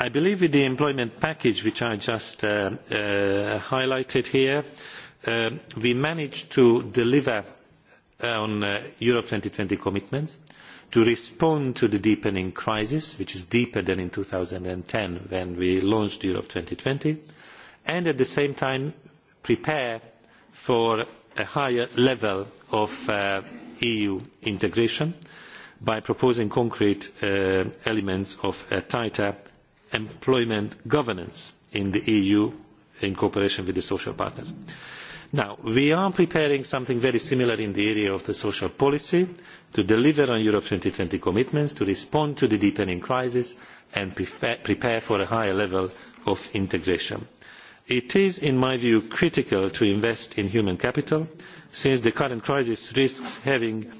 I believe with the employment package which I just highlighted here, we managed to deliver on Europe 2020 commitments, to respond to the deepening crisis, which is deeper than in 2010 when we launched Europe 2020, and at the same time prepare for a higher level of EU integration by proposing concrete elements of a tighter employment governance in the eu in cooperation with the social partners. we are preparing something very similar in the area of social policy to deliver on europe 2020 twenty commitments to respond to the deepening crisis and prepare for a higher level of integration. it is in my view critical to invest in human capital since the current crisis risks having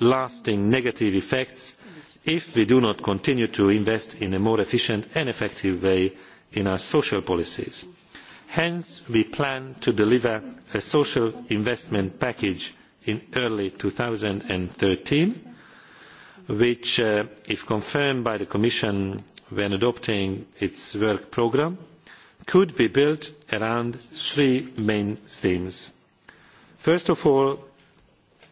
lasting negative effects if we do not continue to invest in a more efficient and effective way in our social policies. Hence, we plan to deliver a social investment package in early 2013, which, if confirmed by the Commission when adopting its work programme, could be built around three main themes. First of all,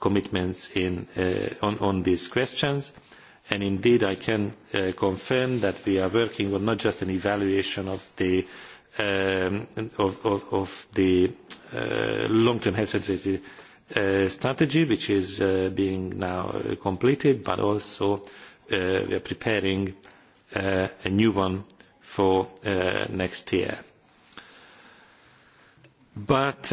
commitments on these questions. And indeed, I can confirm that we are working on not just an evaluation of the long-term health sensitivity strategy, which is being now completed, but also we are preparing a new one for next year. But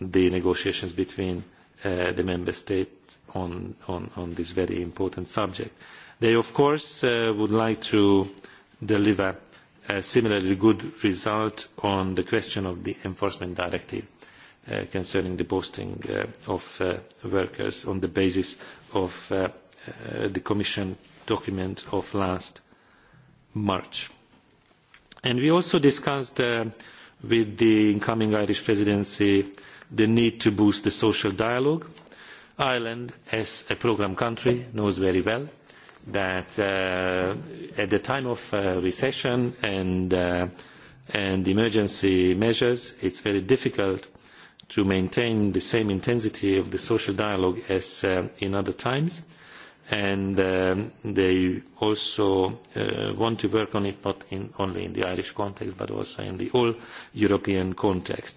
the negotiations between the member states on this very important subject. They, of course, would like to deliver a similarly good result on the question of the enforcement directive concerning the posting of workers on the basis of the Commission document of last March. And we also discussed with the incoming Irish presidency the need to boost the social dialogue. Ireland, as a programme country, knows very well that at the time of recession and emergency measures, it's very difficult to maintain the same intensity of the social dialogue as in other times. And they also want to work on it not only in the Irish context, but also in the whole european context.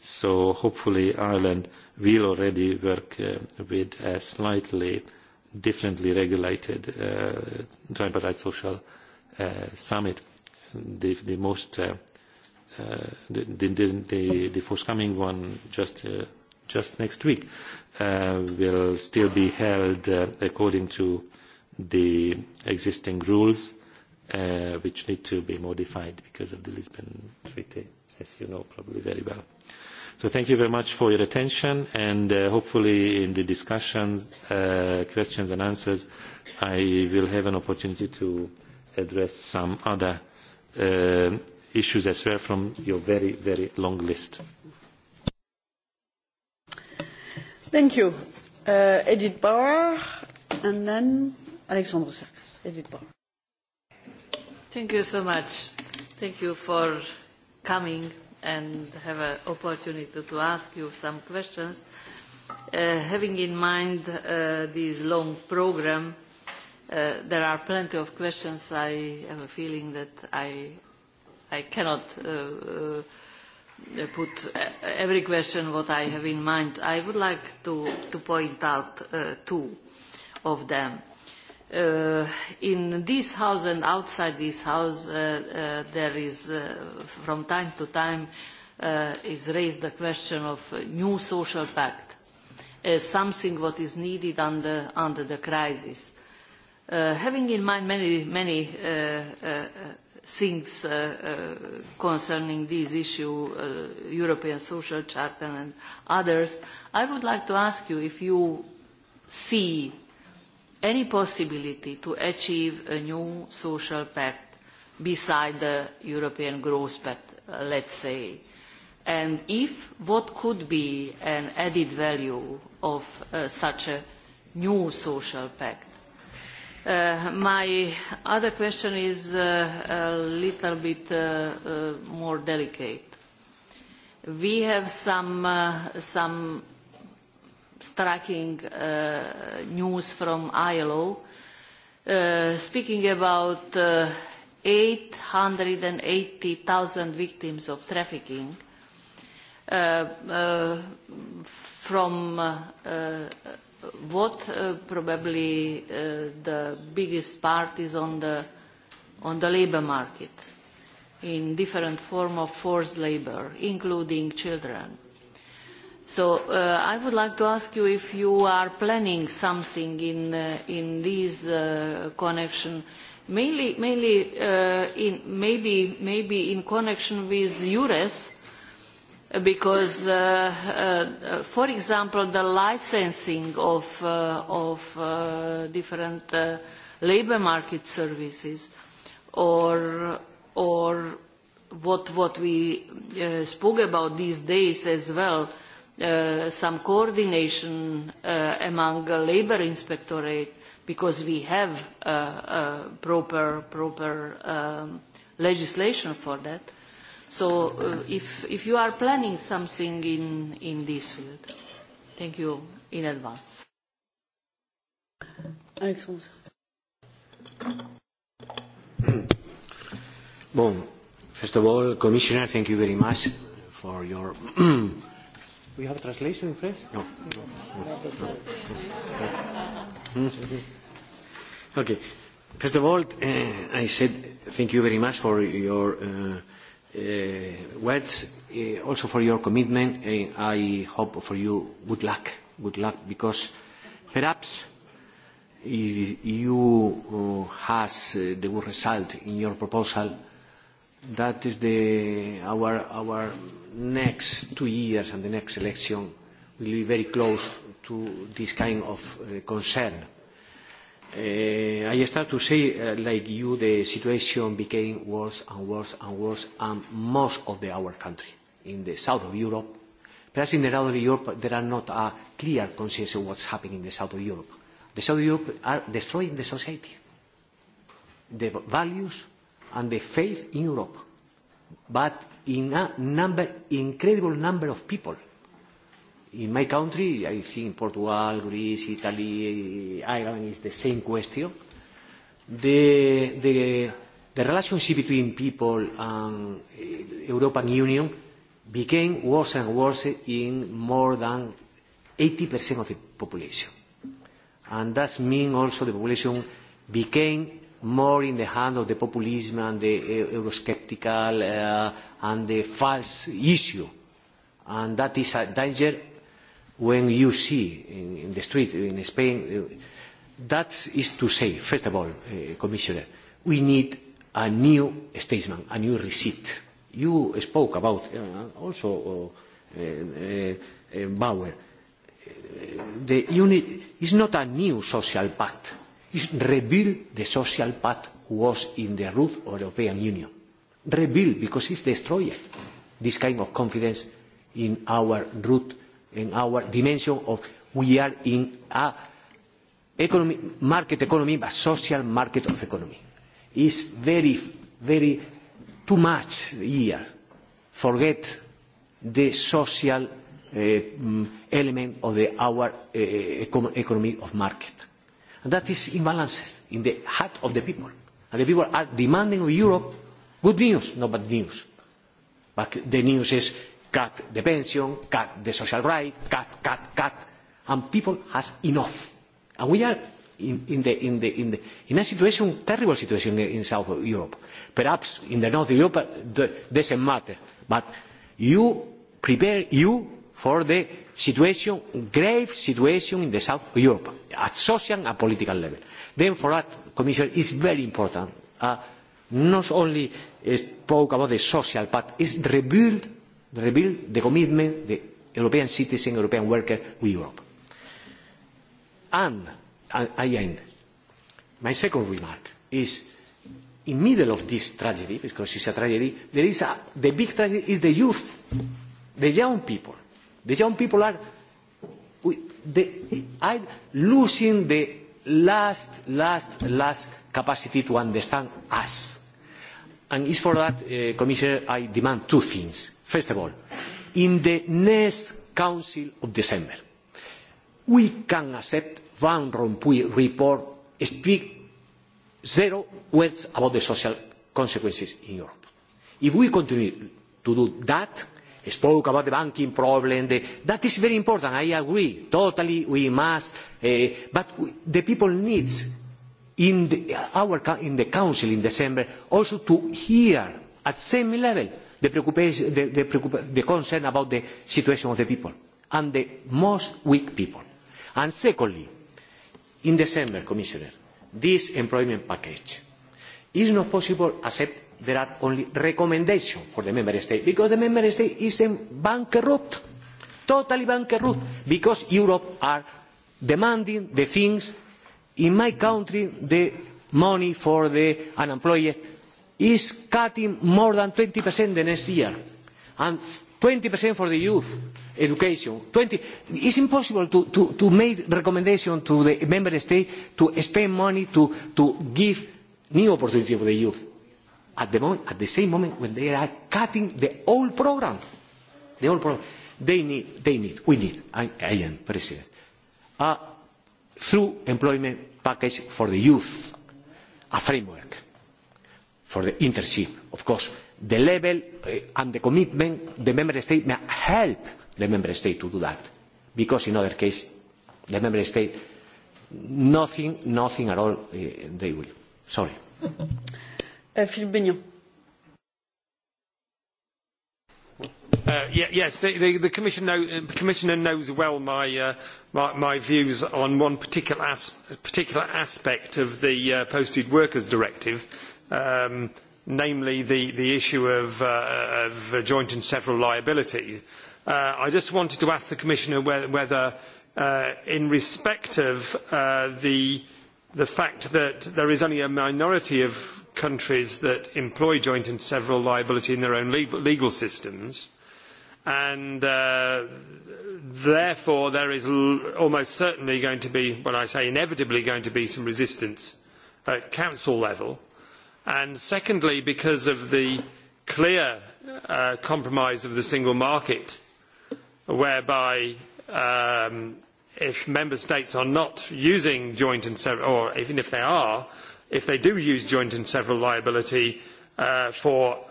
so hopefully Ireland will already work with a slightly differently regulated tripartite social summit. The most the forthcoming one just next week will still be held according to the existing rules which need to be modified because of the Lisbon Treaty, as you know probably very well. So thank you very much for your attention and hopefully in the discussions, questions and answers, I will have an opportunity to address some other issues as well from your very, very long list. Thank you. Edith Bauer and then Alexandre Sarkas. Edith Bauer. Thank you so much. Thank you for coming and have an opportunity to ask you some questions. Having in mind this long program, there are plenty of questions. I have a feeling that I I cannot put every question what I have in mind. I would like to point out two of them. In this house and outside this house, there is, from time to time, is raised the question of new social pact as something what is needed under under the crisis. Having in mind many many things concerning this issue, European Social Charter and others, I would like to ask you if you see any possibility to achieve a new social pact beside the European growth pact, let's say. And if what could be an added value of such a new social pact? My other question is a little bit more delicate. We have some striking news from ILO, speaking about 880,000 victims of trafficking from what probably the biggest part is on the on the labor market in different form of forced labor, including children So I would like to ask you if you are planning something in this connection, mainly maybe in connection with EURES, because for example the licensing of of different labour market services, or or what what we spoke about these days as well some coordination among labor inspectorate because we have proper proper legislation for that. So if if you are planning something in in this field, thank you in advance. Bon, first of all, Commissioner, thank you very much for your We have a translation in French? No. okay. First of all, I said thank you very much for your words, also for your commitment. I hope for you good luck, good luck, because perhaps if you has the good result in your proposal. That is the our our next two years and the next election will be very close to this kind of concern. I start to say, like you, the situation became worse and worse and worse and most of our country, in the south of Europe. Perhaps in the south Europe there are not a clear conscience of what's happening in the south of Europe. The south of Europe are destroying the society, the values and the faith in Europe but in a number, incredible number of people. In my country, I think Portugal, Greece, Italy, Ireland is the same question. The, the, the relationship between people and European Union became worse and worse in more than 80% of the population. And that means also the population became more in the hand of the populism and the eurosceptical and the false issue. And that is a danger when you see in the street in Spain. That is to say, first of all, Commissioner, we need a new statement, a new receipt. You spoke about also Bauer. The unit is not a new social pact is rebuild the social path was in the root of European Union. Rebuild because it's destroyed. This kind of confidence in our root, in our dimension of we are in a market economy, but social market of economy. It's very, very too much here. Forget the social element of our economy of market And that is imbalances in the heart of the people. And the people are demanding of Europe good news, not bad news. But the news is cut the pension, cut the social right, cut, cut, cut. And people has enough. And we are in, the, in, the, in, the, in a situation, terrible situation in South Europe. Perhaps in the North Europe, it doesn't matter. But you prepare you for the situation, grave situation in the south of Europe, at social and political level. Then for that, Commissioner, is very important. Not only spoke about the social, but is rebuild, rebuild the commitment, the European citizen, European worker with Europe. And I end. My second remark is, in the middle of this tragedy, because it's a tragedy, there is a, the big tragedy is the youth, the young people The young people are losing the last, last, last capacity to understand us. And it's for that, Commissioner, I demand two things. First of all, in the next Council of December, we can accept Van Rompuy report speak zero words about the social consequences in Europe. If we continue to do that, spoke about the banking problem. That is very important. I agree. Totally, we must. But the people needs in the Council in December, also to hear at the same level the concern about the situation of the people and the most weak people. And secondly, in December, Commissioner, this employment package is not possible except there are only recommendations for the member state because the member state is bankrupt, totally bankrupt, because Europe are demanding the things. In my country, the money for the unemployed is cutting more than 20% the next year, and 20% for the youth education. 20. It's impossible to make recommendations to the member state to spend money to give new opportunity for the youth at the, moment, at the same moment when they are cutting the whole program. The whole program. They need, they need we need, I, I am President, a through employment package for the youth, a framework for the internship. Of course, the level and the commitment, the member state may help the member state to do that. Because in other case, the member state, nothing, nothing at all, they will. Sorry. Yes, the Commissioner knows well my views on one particular aspect of the Posted Workers Directive, namely the issue of joint and several liability. I just wanted to ask the Commissioner whether, in respect of the fact that there is only a minority of countries that employ joint and several liability in their own legal systems and therefore there is almost certainly going to be when i say inevitably going to be some resistance at council level and secondly because of the clear compromise of the single market whereby if member states are not using joint and several or even if they are if they do use joint and several liability for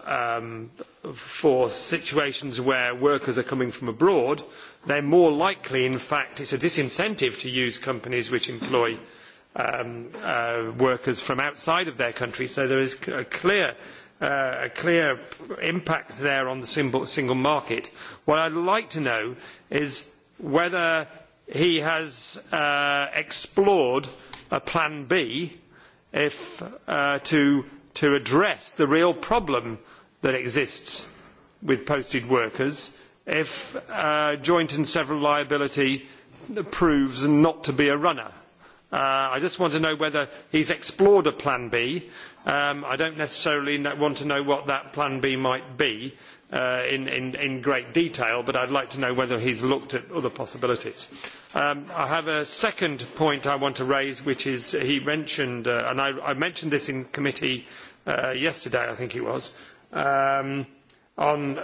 situations where workers are coming from abroad, they are more likely, in fact, it's a disincentive to use companies which employ workers from outside of their country. So there is a clear impact there on the single market. What I'd like to know is whether he has explored a plan B if to address the real problem that exists with posted workers if joint and several liability proves not to be a runner. I just want to know whether he's explored a plan B. I don't necessarily want to know what that plan B might be in great detail, but I'd like to know whether he's looked at other possibilities. I have a second point I want to raise, which is he mentioned, and I mentioned this in committee yesterday, I think it was, on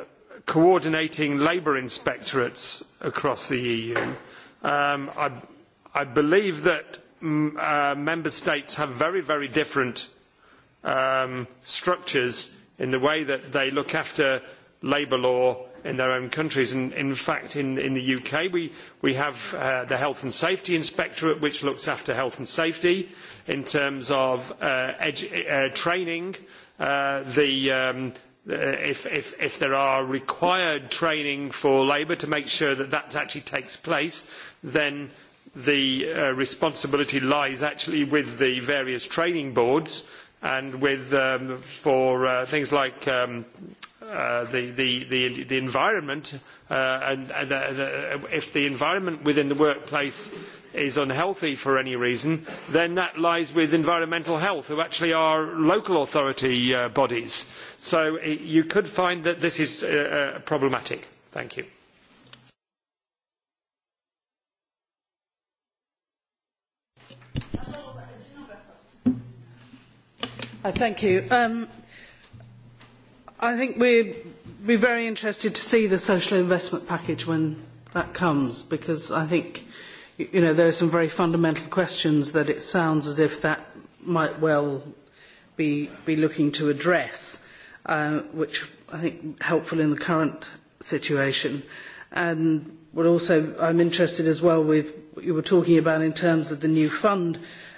coordinating labour inspectorates across the EU. I believe that member states have very, very different structures in the way that they look after labour law in their own countries. In fact, in the UK, we have the Health and Safety Inspectorate, which looks after health and safety in terms of training. If there are required training for labour to make sure that that actually takes place, then the responsibility lies actually with the various training boards and with for things like the the environment and if the environment within the workplace is unhealthy for any reason, then that lies with environmental health, who actually are local authority bodies. So you could find that this is problematic. Thank you. Thank you. I think we'd be very interested to see the social investment package when that comes, because I think you know there are some very fundamental questions that it sounds as if that might well be be looking to address, which I think helpful in the current situation. And also I'm interested as well with what you were talking about in terms of the new fund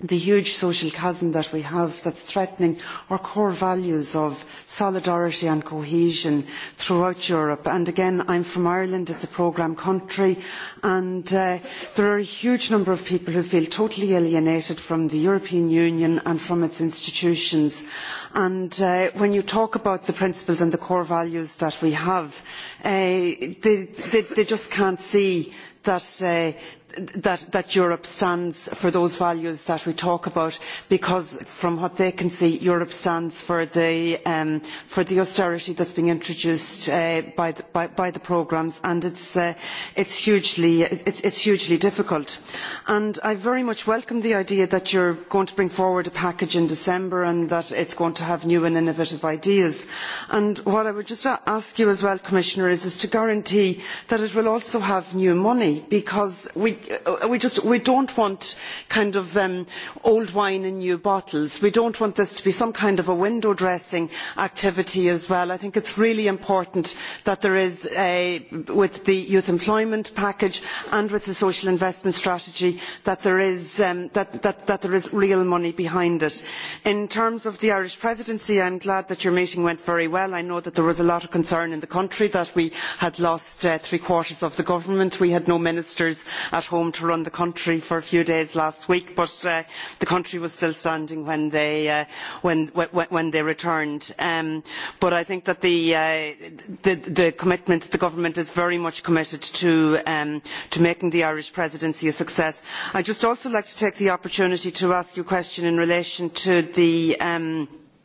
the huge social chasm that we have that's threatening our core values of solidarity and cohesion throughout Europe. And again, I'm from Ireland, it's a programme country, and there are a huge number of people who feel totally alienated from the European Union and from its institutions. And when you talk about the principles and the core values that we have, they just can't see that that Europe stands for those values that we talk about, because from what they can see, Europe stands for the austerity that's being introduced by the programmes, and it's hugely difficult. And I very much welcome the idea that you're going to bring forward a package in December and that it's going to have new and innovative ideas. And what I would just ask you as well, Commissioner, is to guarantee that it will also have new money, because we we do not want kind of old wine in new bottles. we don't want this to be some kind of a window dressing activity as well. i think it's really important that there is with the youth employment package and with the social investment strategy that there is real money behind it. in terms of the irish presidency i am glad that your meeting went very well. i know that there was a lot of concern in the country that we had lost three quarters of the government. we had no ministers at home home to run the country for a few days last week, but the country was still standing when they returned. But I think that the commitment, the government is very much committed to making the Irish presidency a success. I just also like to take the opportunity to ask you a question in relation to the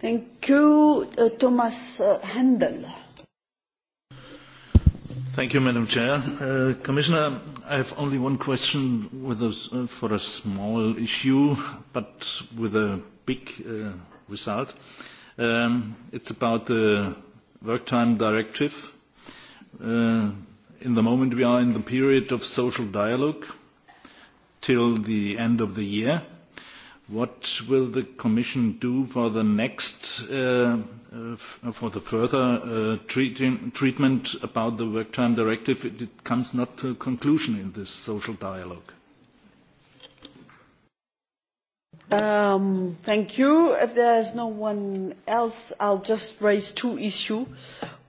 Thank you, Thomas Handel. Thank you, Madam Chair. Commissioner, I have only one question for a small issue, but with a big result. It's about the work time directive. In the moment we are in the period of social dialogue till the end of the year What will the Commission do for the next, for the further treatment about the work time directive? It comes not to a conclusion in this social dialogue. Thank you. If there is no one else, I'll just raise two issues.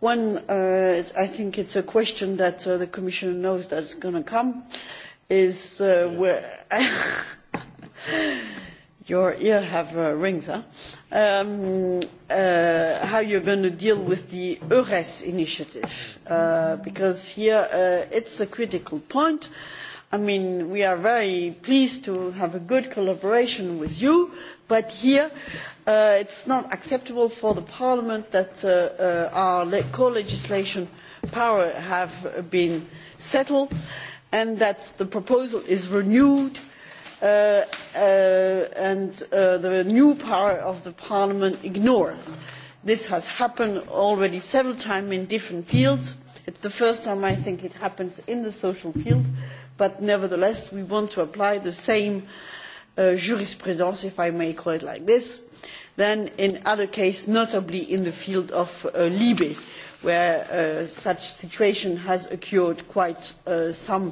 One, I think it's a question that the Commission knows that's going to come, is where your ear have rings, huh? How you're going to deal with the EURES initiative, because here it's a critical point. I mean, we are very pleased to have a good collaboration with you, but here it's not acceptable for the Parliament that our co-legislation power have been settled, and that the proposal is renewed and the new power of the parliament ignored. this has happened already several times in different fields. It's the first time i think it happens in the social field but nevertheless we want to apply the same jurisprudence if i may call it like this than in other cases notably in the field of libe where such situation has occurred quite some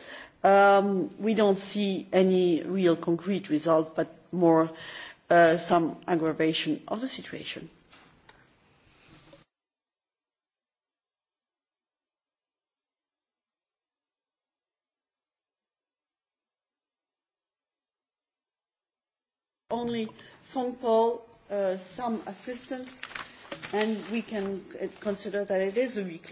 We don't see any real concrete result, but more some aggravation of the situation. Only phone call, some assistance, and we can consider that it is a week.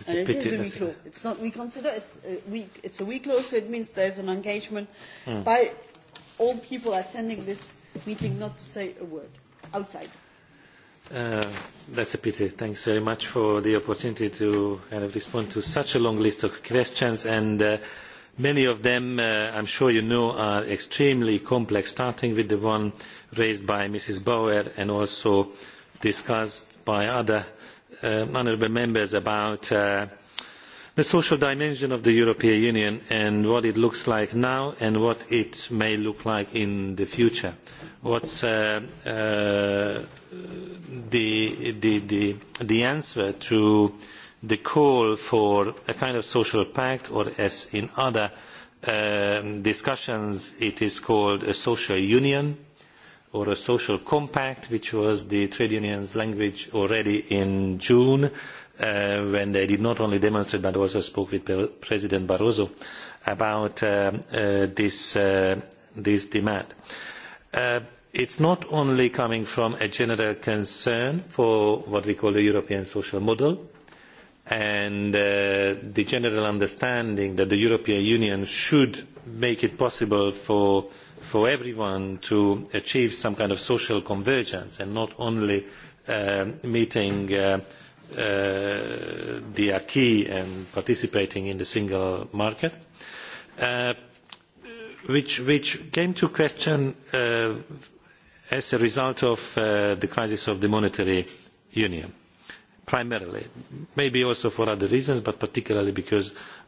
It's a pity. It is a week low. It's not. We consider it's a week. It's a week law, so it means there's an engagement by all people attending this meeting not to say a word outside. That's a pity. Thanks very much for the opportunity to kind of respond to such a long list of questions, and many of them, I'm sure you know, are extremely complex. Starting with the one raised by Mrs. Bauer and also discussed by other honourable members about the social dimension of the european union and what it looks like now and what it may look like in the future what is the answer to the call for a kind of social pact or as in other discussions it is called a social union or a social compact, which was the trade union's language already in June, when they did not only demonstrate but also spoke with President Barroso about this demand. It's not only coming from a general concern for what we call the European social model and the general understanding that the European Union should make it possible for for everyone to achieve some kind of social convergence and not only meeting the acquis and participating in the single market which came to question as a result of the crisis of the monetary union primarily maybe also for other reasons but particularly because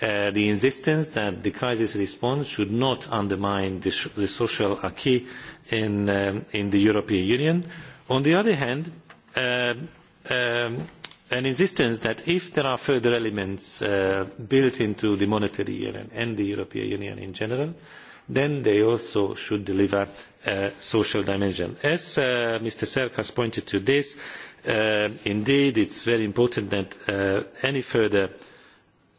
the insistence that the crisis response should not undermine the social acquis in the European Union. On the other hand, an insistence that if there are further elements built into the monetary union and the European Union in general, then they also should deliver a social dimension. As Mr. has pointed to this, indeed, it's very important that any further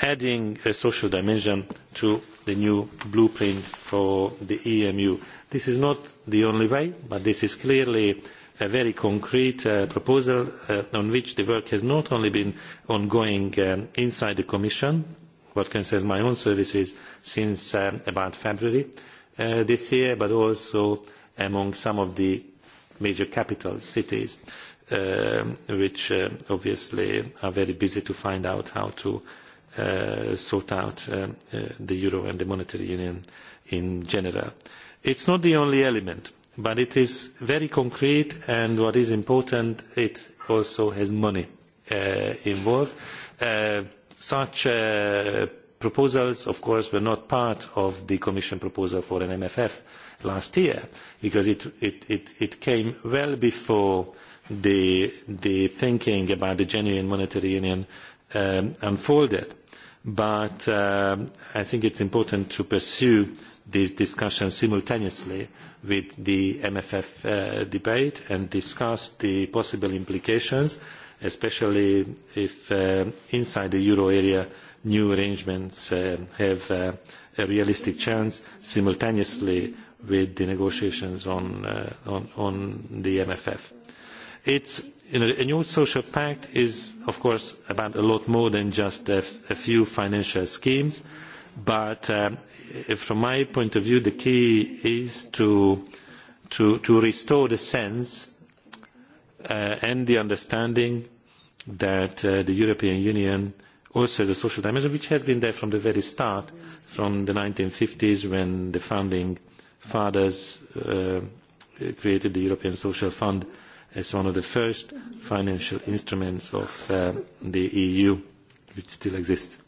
adding a social dimension to the new blueprint for the emu. this is not the only way but this is clearly a very concrete proposal on which the work has not only been ongoing inside the commission what concerns my own services since about february this year but also among some of the major capital cities which obviously are very busy to find out how to sort out the euro and the monetary union in general. It's not the only element, but it is very concrete and what is important, it also has money involved. Such proposals, of course, were not part of the Commission proposal for an MFF last year because it came well before the thinking about the genuine monetary union unfolded but I think it's important to pursue this discussions simultaneously with the MFF debate and discuss the possible implications, especially if inside the euro area new arrangements have a realistic chance simultaneously with the negotiations on the MFF. It's a new social pact is of course about a lot more than just a few financial schemes but from my point of view the key is to restore the sense and the understanding that the european union also has a social dimension which has been there from the very start from the 1950s when the founding fathers created the european social fund as one of the first financial instruments of the EU which still exists.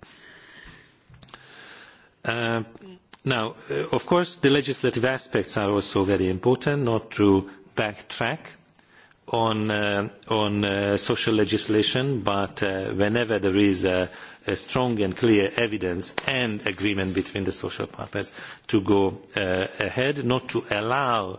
Now, of course, the legislative aspects are also very important, not to backtrack on social legislation, but whenever there is a strong and clear evidence and agreement between the social partners to go ahead, not to allow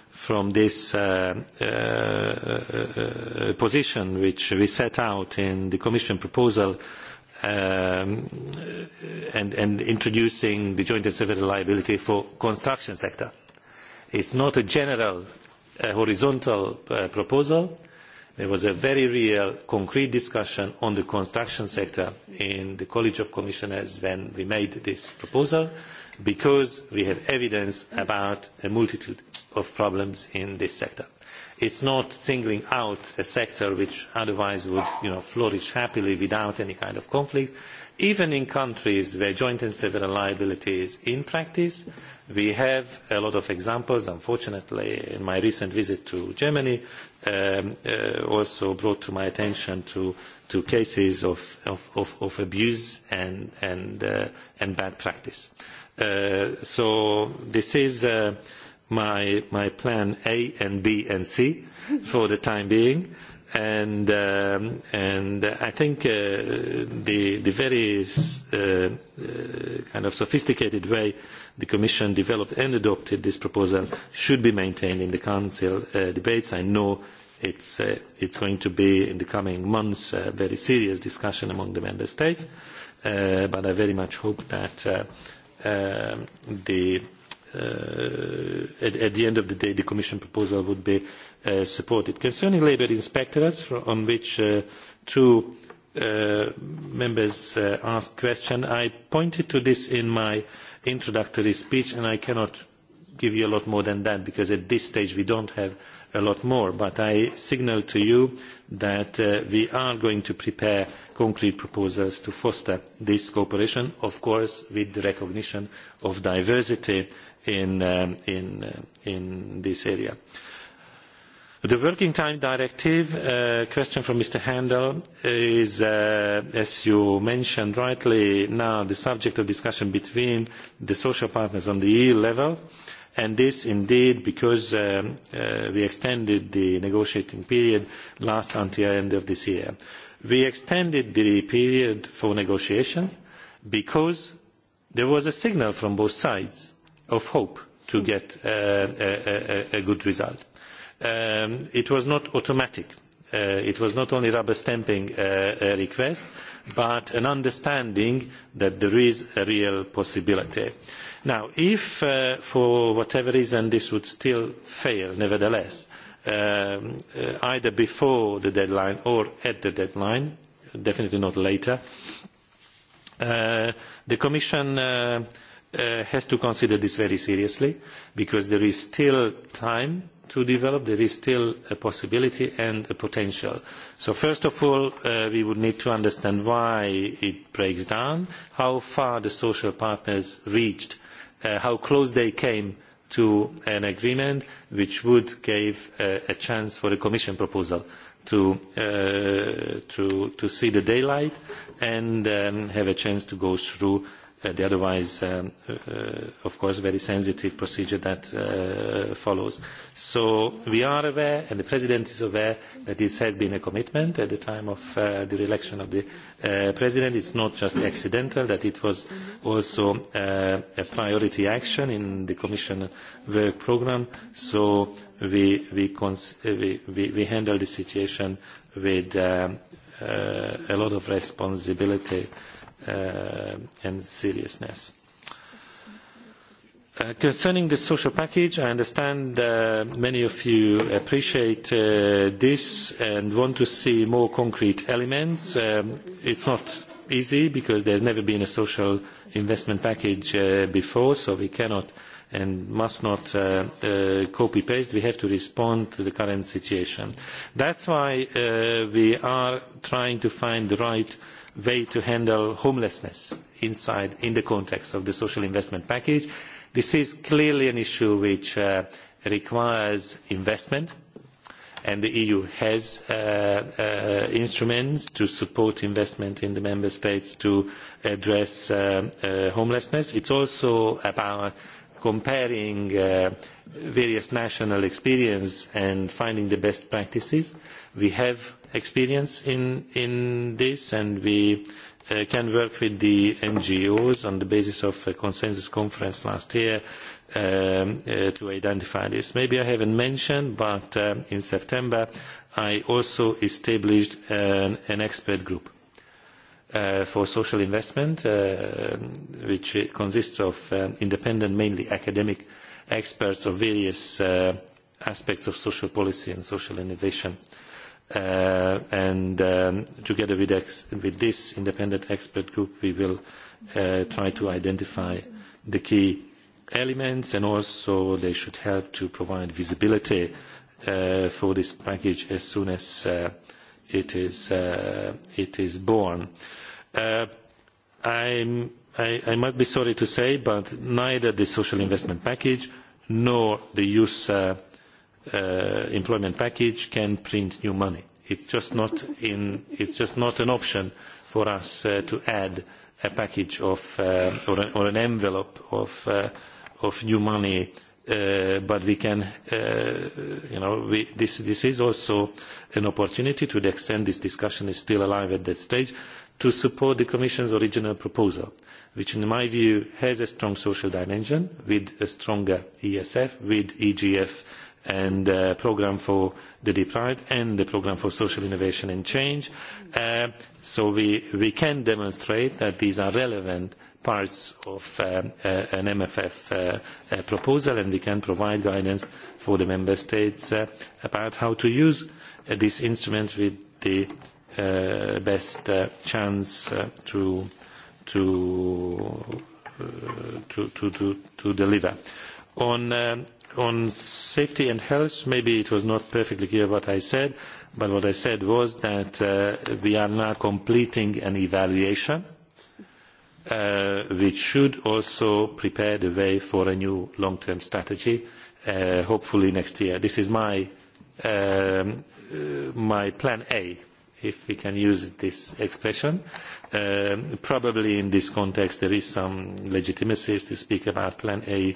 from this position which we set out in the Commission proposal and introducing the joint and several liability for the construction sector. It is not a general horizontal proposal. There was a very real concrete discussion on the construction sector in the College of Commissioners when we made this proposal because we have evidence about a multitude of problems in this sector. It not singling out a sector which otherwise would flourish happily without any kind of conflict. Even in countries where joint and several liability is in practice, we have a lot of examples. Unfortunately, in my recent visit to Germany, also brought to my attention to cases of abuse and bad practice. So this is my plan A and B and C for the time being, and I think the very kind of sophisticated way the Commission developed and adopted this proposal should be maintained in the Council debates. I know it's it's going to be in the coming months a very serious discussion among the Member States, but I very much hope that the at the end of the day the commission proposal would be supported. concerning labour inspectorates on which two members asked questions i pointed to this in my introductory speech and i cannot give you a lot more than that because at this stage we don't have a lot more but i signal to you that we are going to prepare concrete proposals to foster this cooperation of course with the recognition of diversity in this area. The Working Time Directive, question from Mr. Handel, is, as you mentioned rightly now, the subject of discussion between the social partners on the EU level, and this indeed because we extended the negotiating period last until the end of this year. We extended the period for negotiations because there was a signal from both sides of hope to get a good result. It was not automatic. It was not only rubber stamping a request, but an understanding that there is a real possibility. Now, if for whatever reason this would still fail, nevertheless, either before the deadline or at the deadline, definitely not later, the Commission has to consider this very seriously because there is still time to develop there is still a possibility and a potential. so first of all we would need to understand why it breaks down how far the social partners reached how close they came to an agreement which would give a chance for the commission proposal to see the daylight and have a chance to go through the otherwise of course very sensitive procedure that follows. So we are aware and the President is aware that this has been a commitment at the time of the re election of the President. It's not just accidental that it was also a priority action in the Commission work programme, so we handle the situation with a lot of responsibility and seriousness. Concerning the social package, I understand many of you appreciate this and want to see more concrete elements. It's not easy because there has never been a social investment package before, so we cannot and must not copy paste. We have to respond to the current situation. That's why we are trying to find the right way to handle homelessness inside in the context of the social investment package. This is clearly an issue which requires investment and the EU has instruments to support investment in the Member States to address homelessness. It is also about comparing various national experiences and finding the best practices. We have experience in this and we can work with the ngos on the basis of a consensus conference last year to identify this. maybe i haven't mentioned but in september i also established an expert group for social investment which consists of independent mainly academic experts of various aspects of social policy and social innovation and together with this independent expert group we will try to identify the key elements and also they should help to provide visibility for this package as soon as it is born. I must be sorry to say but neither the social investment package nor the youth employment package can print new money. It's just not an option for us to add a package or an envelope of new money, but we can, you know, this is also an opportunity to the extent this discussion is still alive at that stage to support the Commission's original proposal, which in my view has a strong social dimension with a stronger ESF, with EGF and the programme for the deprived and the programme for social innovation and change so we can demonstrate that these are relevant parts of an mff proposal and we can provide guidance for the member states about how to use this instrument with the best chance to deliver. on On safety and health, maybe it was not perfectly clear what I said, but what I said was that we are now completing an evaluation which should also prepare the way for a new long term strategy, hopefully next year. This is my plan A, if we can use this expression. Probably in this context there is some legitimacy to speak about plan A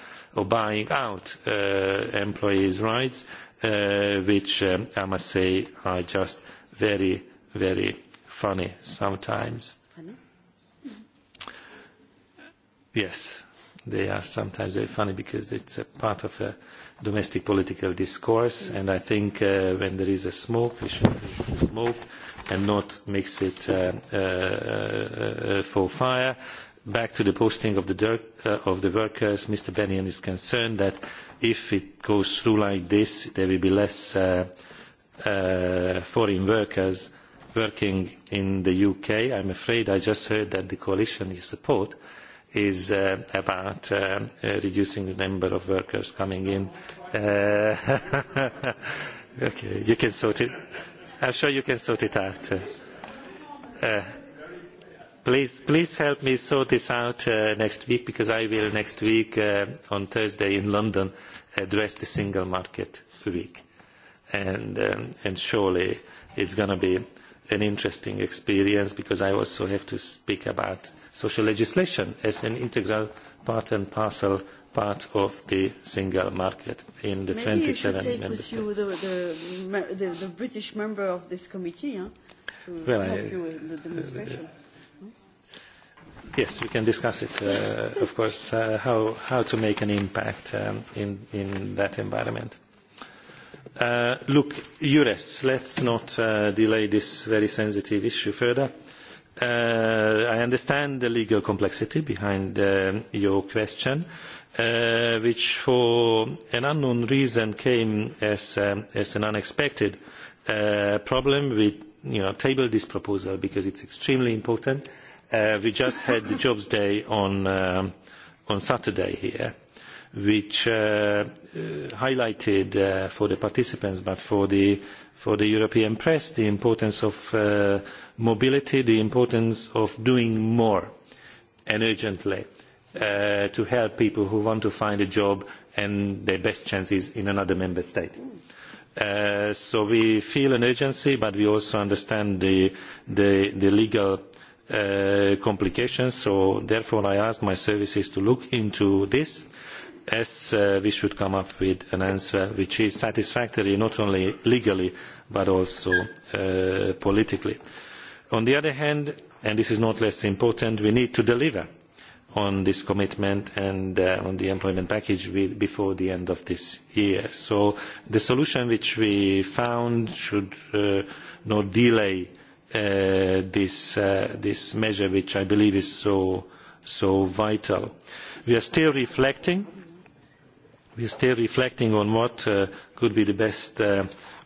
or buying out employees' rights, which I must say are just very, very funny sometimes. Yes, they are sometimes very funny because it's a part of a domestic political discourse, and I think when there is a smoke, we should smoke and not mix it for fire back to the posting of the workers, Mr. Bennion is concerned that if it goes through like this, there will be less foreign workers working in the UK. I'm afraid I just heard that the coalition you support is about reducing the number of workers coming in. Okay, you can sort it. I'm sure you can sort it out. Please help me sort this out next week because I will next week on Thursday in London address the Single Market Week and surely it's going to be an interesting experience because I also have to speak about social legislation as an integral part and parcel part of the single market in the 27 member states. you should take with the British member of this committee to help you with the demonstration. Yes, we can discuss it, of course, how how to make an impact in in that environment. Look, EURES, let's not delay this very sensitive issue further. I understand the legal complexity behind your question, which for an unknown reason came as an unexpected problem. We tabled this proposal because it's extremely important we just had the jobs day on saturday here which highlighted for the participants but for the european press the importance of mobility the importance of doing more and urgently to help people who want to find a job and their best chances in another member state. so we feel an urgency but we also understand the legal complications so therefore i asked my services to look into this as we should come up with an answer which is satisfactory not only legally but also politically. on the other hand and this is not less important we need to deliver on this commitment and on the employment package before the end of this year. so the solution which we found should not delay this measure which i believe is so vital. we are still reflecting We are still reflecting on what could be the best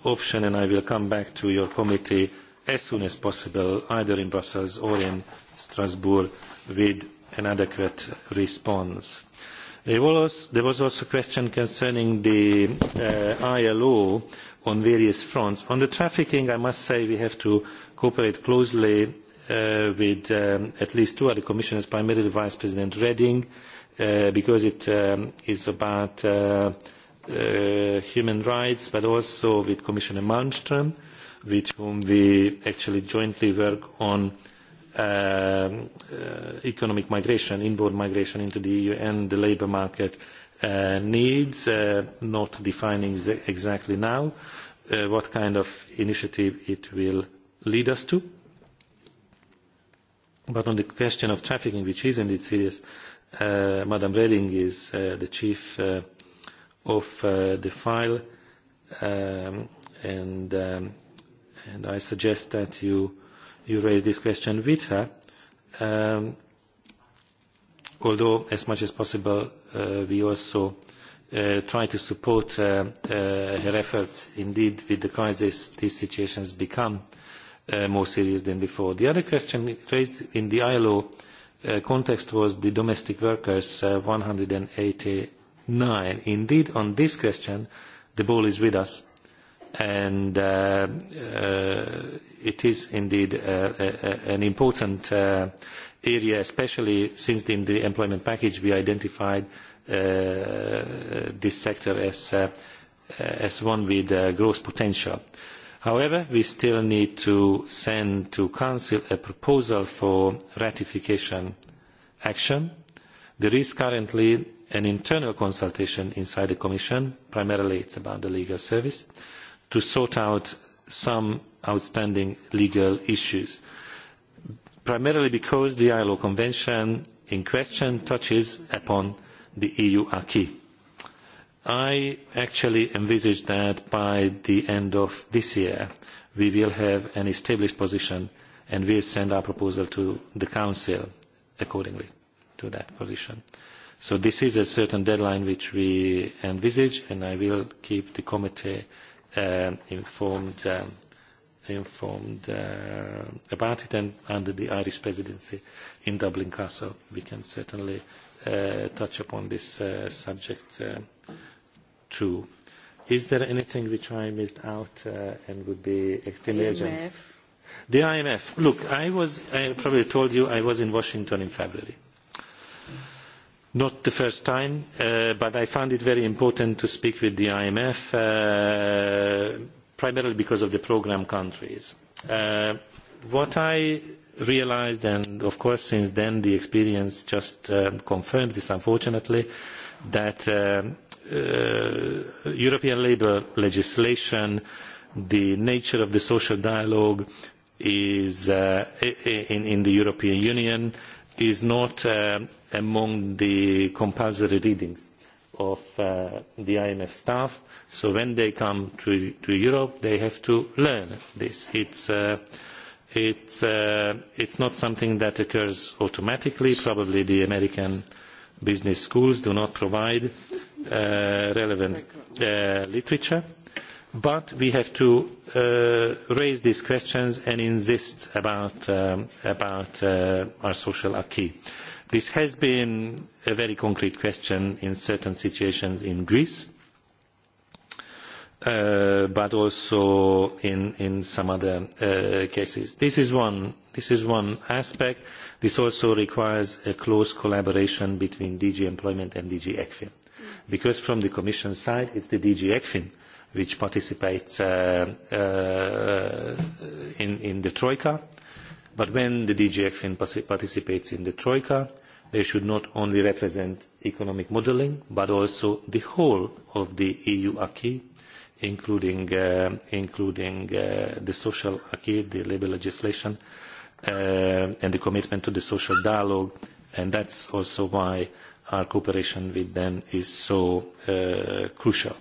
option and i will come back to your committee as soon as possible either in brussels or in strasbourg with an adequate response. there was also a question concerning the ilo on various fronts. on the trafficking i must say we have to cooperate closely with at least two other commissioners, primarily Vice President Reding, because it is about human rights, but also with Commissioner Malmström, with whom we actually jointly work on economic migration, inward migration into the EU and the labour market needs, not defining exactly now what kind of initiative it will lead us to. But on the question of trafficking, which is indeed serious, Madam Reding is the chief of the file, and I suggest that you raise this question with her. Although, as much as possible, we also try to support her efforts. Indeed, with the crisis, these situations become more serious than before. The other question raised in the ILO context was the domestic workers 189. Indeed, on this question, the ball is with us, and it is indeed an important area, especially since in the employment package we identified this sector as one with growth potential. However, we still need to send to Council a proposal for ratification action. There is currently an internal consultation inside the Commission, primarily it's about the legal service, to sort out some outstanding legal issues, primarily because the ILO Convention in question touches upon the EU acquis. I actually envisage that by the end of this year we will have an established position and will send our proposal to the Council accordingly to that position. So this is a certain deadline which we envisage and I will keep the committee informed informed about it and under the Irish presidency in Dublin Castle we can certainly touch upon this subject two. Is there anything which I missed out and would be extremely urgent? The IMF. Look, I was, I probably told you I was in Washington in February. Not the first time, but I found it very important to speak with the IMF, primarily because of the program countries. What I realised, and of course since then the experience just confirms this unfortunately, that European labour legislation, the nature of the social dialogue is in the European Union is not among the compulsory readings of the IMF staff. So when they come to Europe, they have to learn this. It's not something that occurs automatically. Probably the American business schools do not provide relevant literature but we have to raise these questions and insist about our social acquis. this has been a very concrete question in certain situations in greece but also in some other cases. this is one aspect. This also requires a close collaboration between DG Employment and DG ECFIN, because from the Commission side it's the DG ECFIN which participates in the Troika, but when the DG ECFIN participates in the Troika, they should not only represent economic modelling, but also the whole of the EU acquis, including the social acquis, the labour legislation and the commitment to the social dialogue, and that's also why our cooperation with them is so crucial.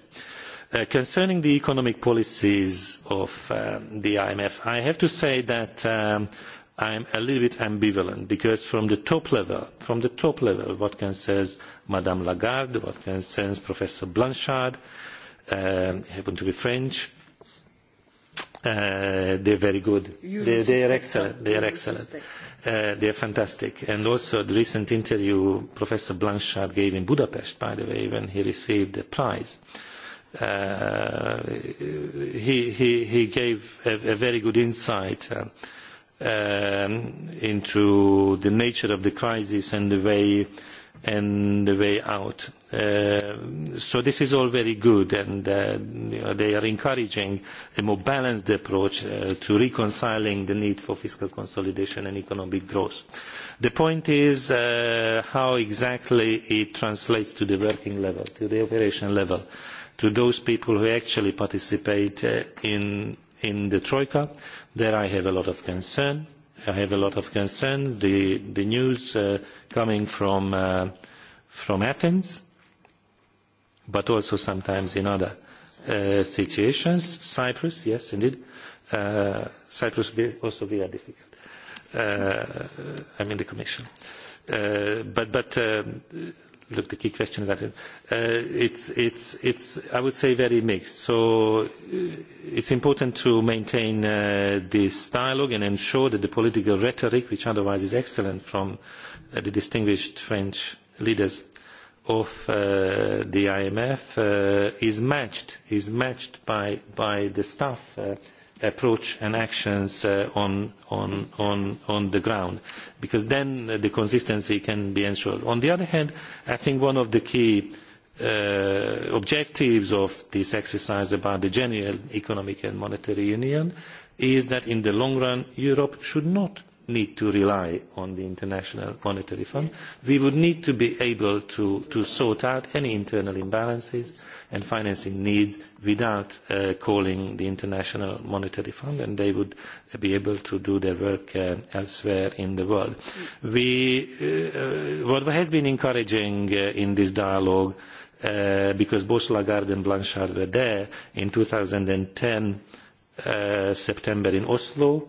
Concerning the economic policies of the IMF, I have to say that I am a little bit ambivalent because from the top level, from the top level, what concerns Madame Lagarde, what concerns Professor Blanchard, happen to be French They're very good. They are excellent. They are excellent. They are fantastic. And also the recent interview Professor Blanchard gave in Budapest, by the way, when he received the prize, he gave a very good insight into the nature of the crisis and the way and the way out. So this is all very good and they are encouraging a more balanced approach to reconciling the need for fiscal consolidation and economic growth. The point is how exactly it translates to the working level, to the operation level, to those people who actually participate in the Troika. There I have a lot of concern. I have a lot of concern. The news coming from Athens, but also sometimes in other situations. Cyprus, yes, indeed. Cyprus also very difficult. I mean the Commission. But but look, the key question is that it's it's I would say very mixed. So it's important to maintain this dialogue and ensure that the political rhetoric, which otherwise is excellent from the distinguished French leaders of the IMF is matched is matched by the staff approach and actions on on the ground because then the consistency can be ensured. On the other hand, I think one of the key objectives of this exercise about the general economic and monetary union is that in the long run Europe should not need to rely on the International Monetary Fund. We would need to be able to sort out any internal imbalances and financing needs without calling the International Monetary Fund, and they would be able to do their work elsewhere in the world. What has been encouraging in this dialogue, because both Lagarde and Blanchard were there in 2010 September in Oslo,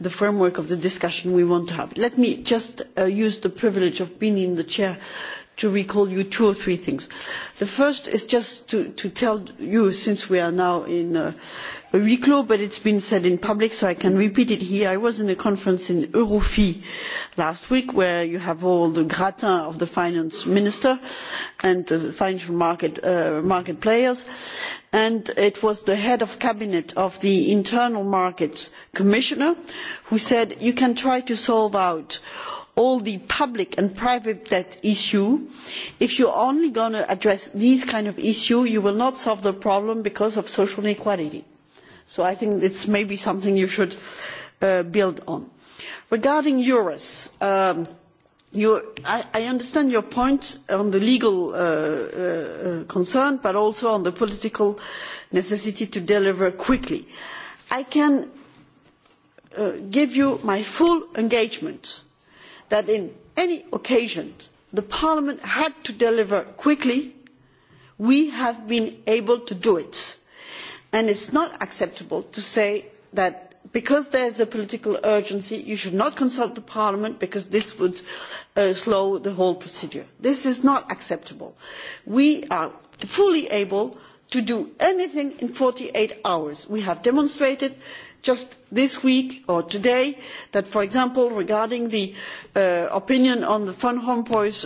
the framework of the discussion we want to have. Let me just use the privilege of being in the chair to recall you two or three things. The first is just to tell you, since we are now in a huis but it's been said in public, so I can repeat it here. I was in a conference in Eurofi last week, where you have all the gratin of the finance minister and the financial market players, and it was the head of cabinet of the internal markets commissioner who said, you can try to solve out all the public and private debt issue if you are only going to address these kind of issues you will not solve the problem because of social inequality. so i think it maybe something you should build on. regarding eures i understand your point on the legal concern but also on the political necessity to deliver quickly. i can give you my full engagement that on any occasion the parliament had to deliver quickly we have been able to do it and it is not acceptable to say that because there is a political urgency you should not consult the parliament because this would slow the whole procedure. this is not acceptable. we are fully able to do anything in forty eight hours. we have demonstrated just this week or today that for example regarding the opinion on the van rompuy's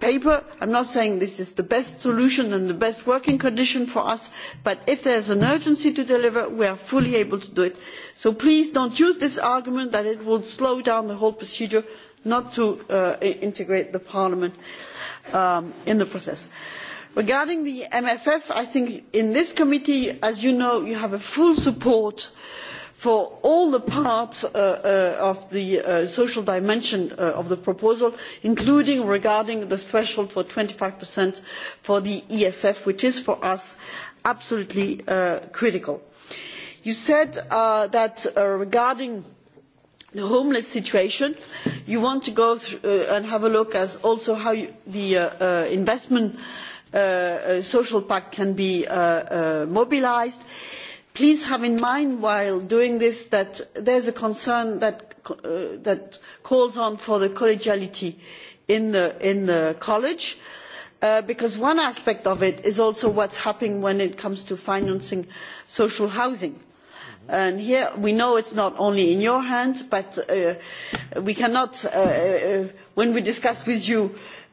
paper I'm not saying this is the best solution and the best working condition for us but if there is an urgency to deliver we are fully able to do it. so please don't use this argument that it will slow down the whole procedure not to integrate the parliament in the process regarding the mff i think in this committee as you know you have a full support for all the parts of the social dimension of the proposal including regarding the threshold for twenty five for the esf which is for us absolutely critical. you said that regarding the homeless situation you want to go and have a look at also how the investment social pact can be mobilised. please have in mind while doing this that there is a concern that calls on for the collegiality in the college because one aspect of it is also what is happening when it comes to financing social housing and here we know it is not only in your hands but we cannot when we discuss with you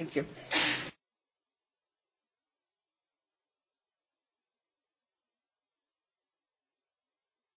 Thank you.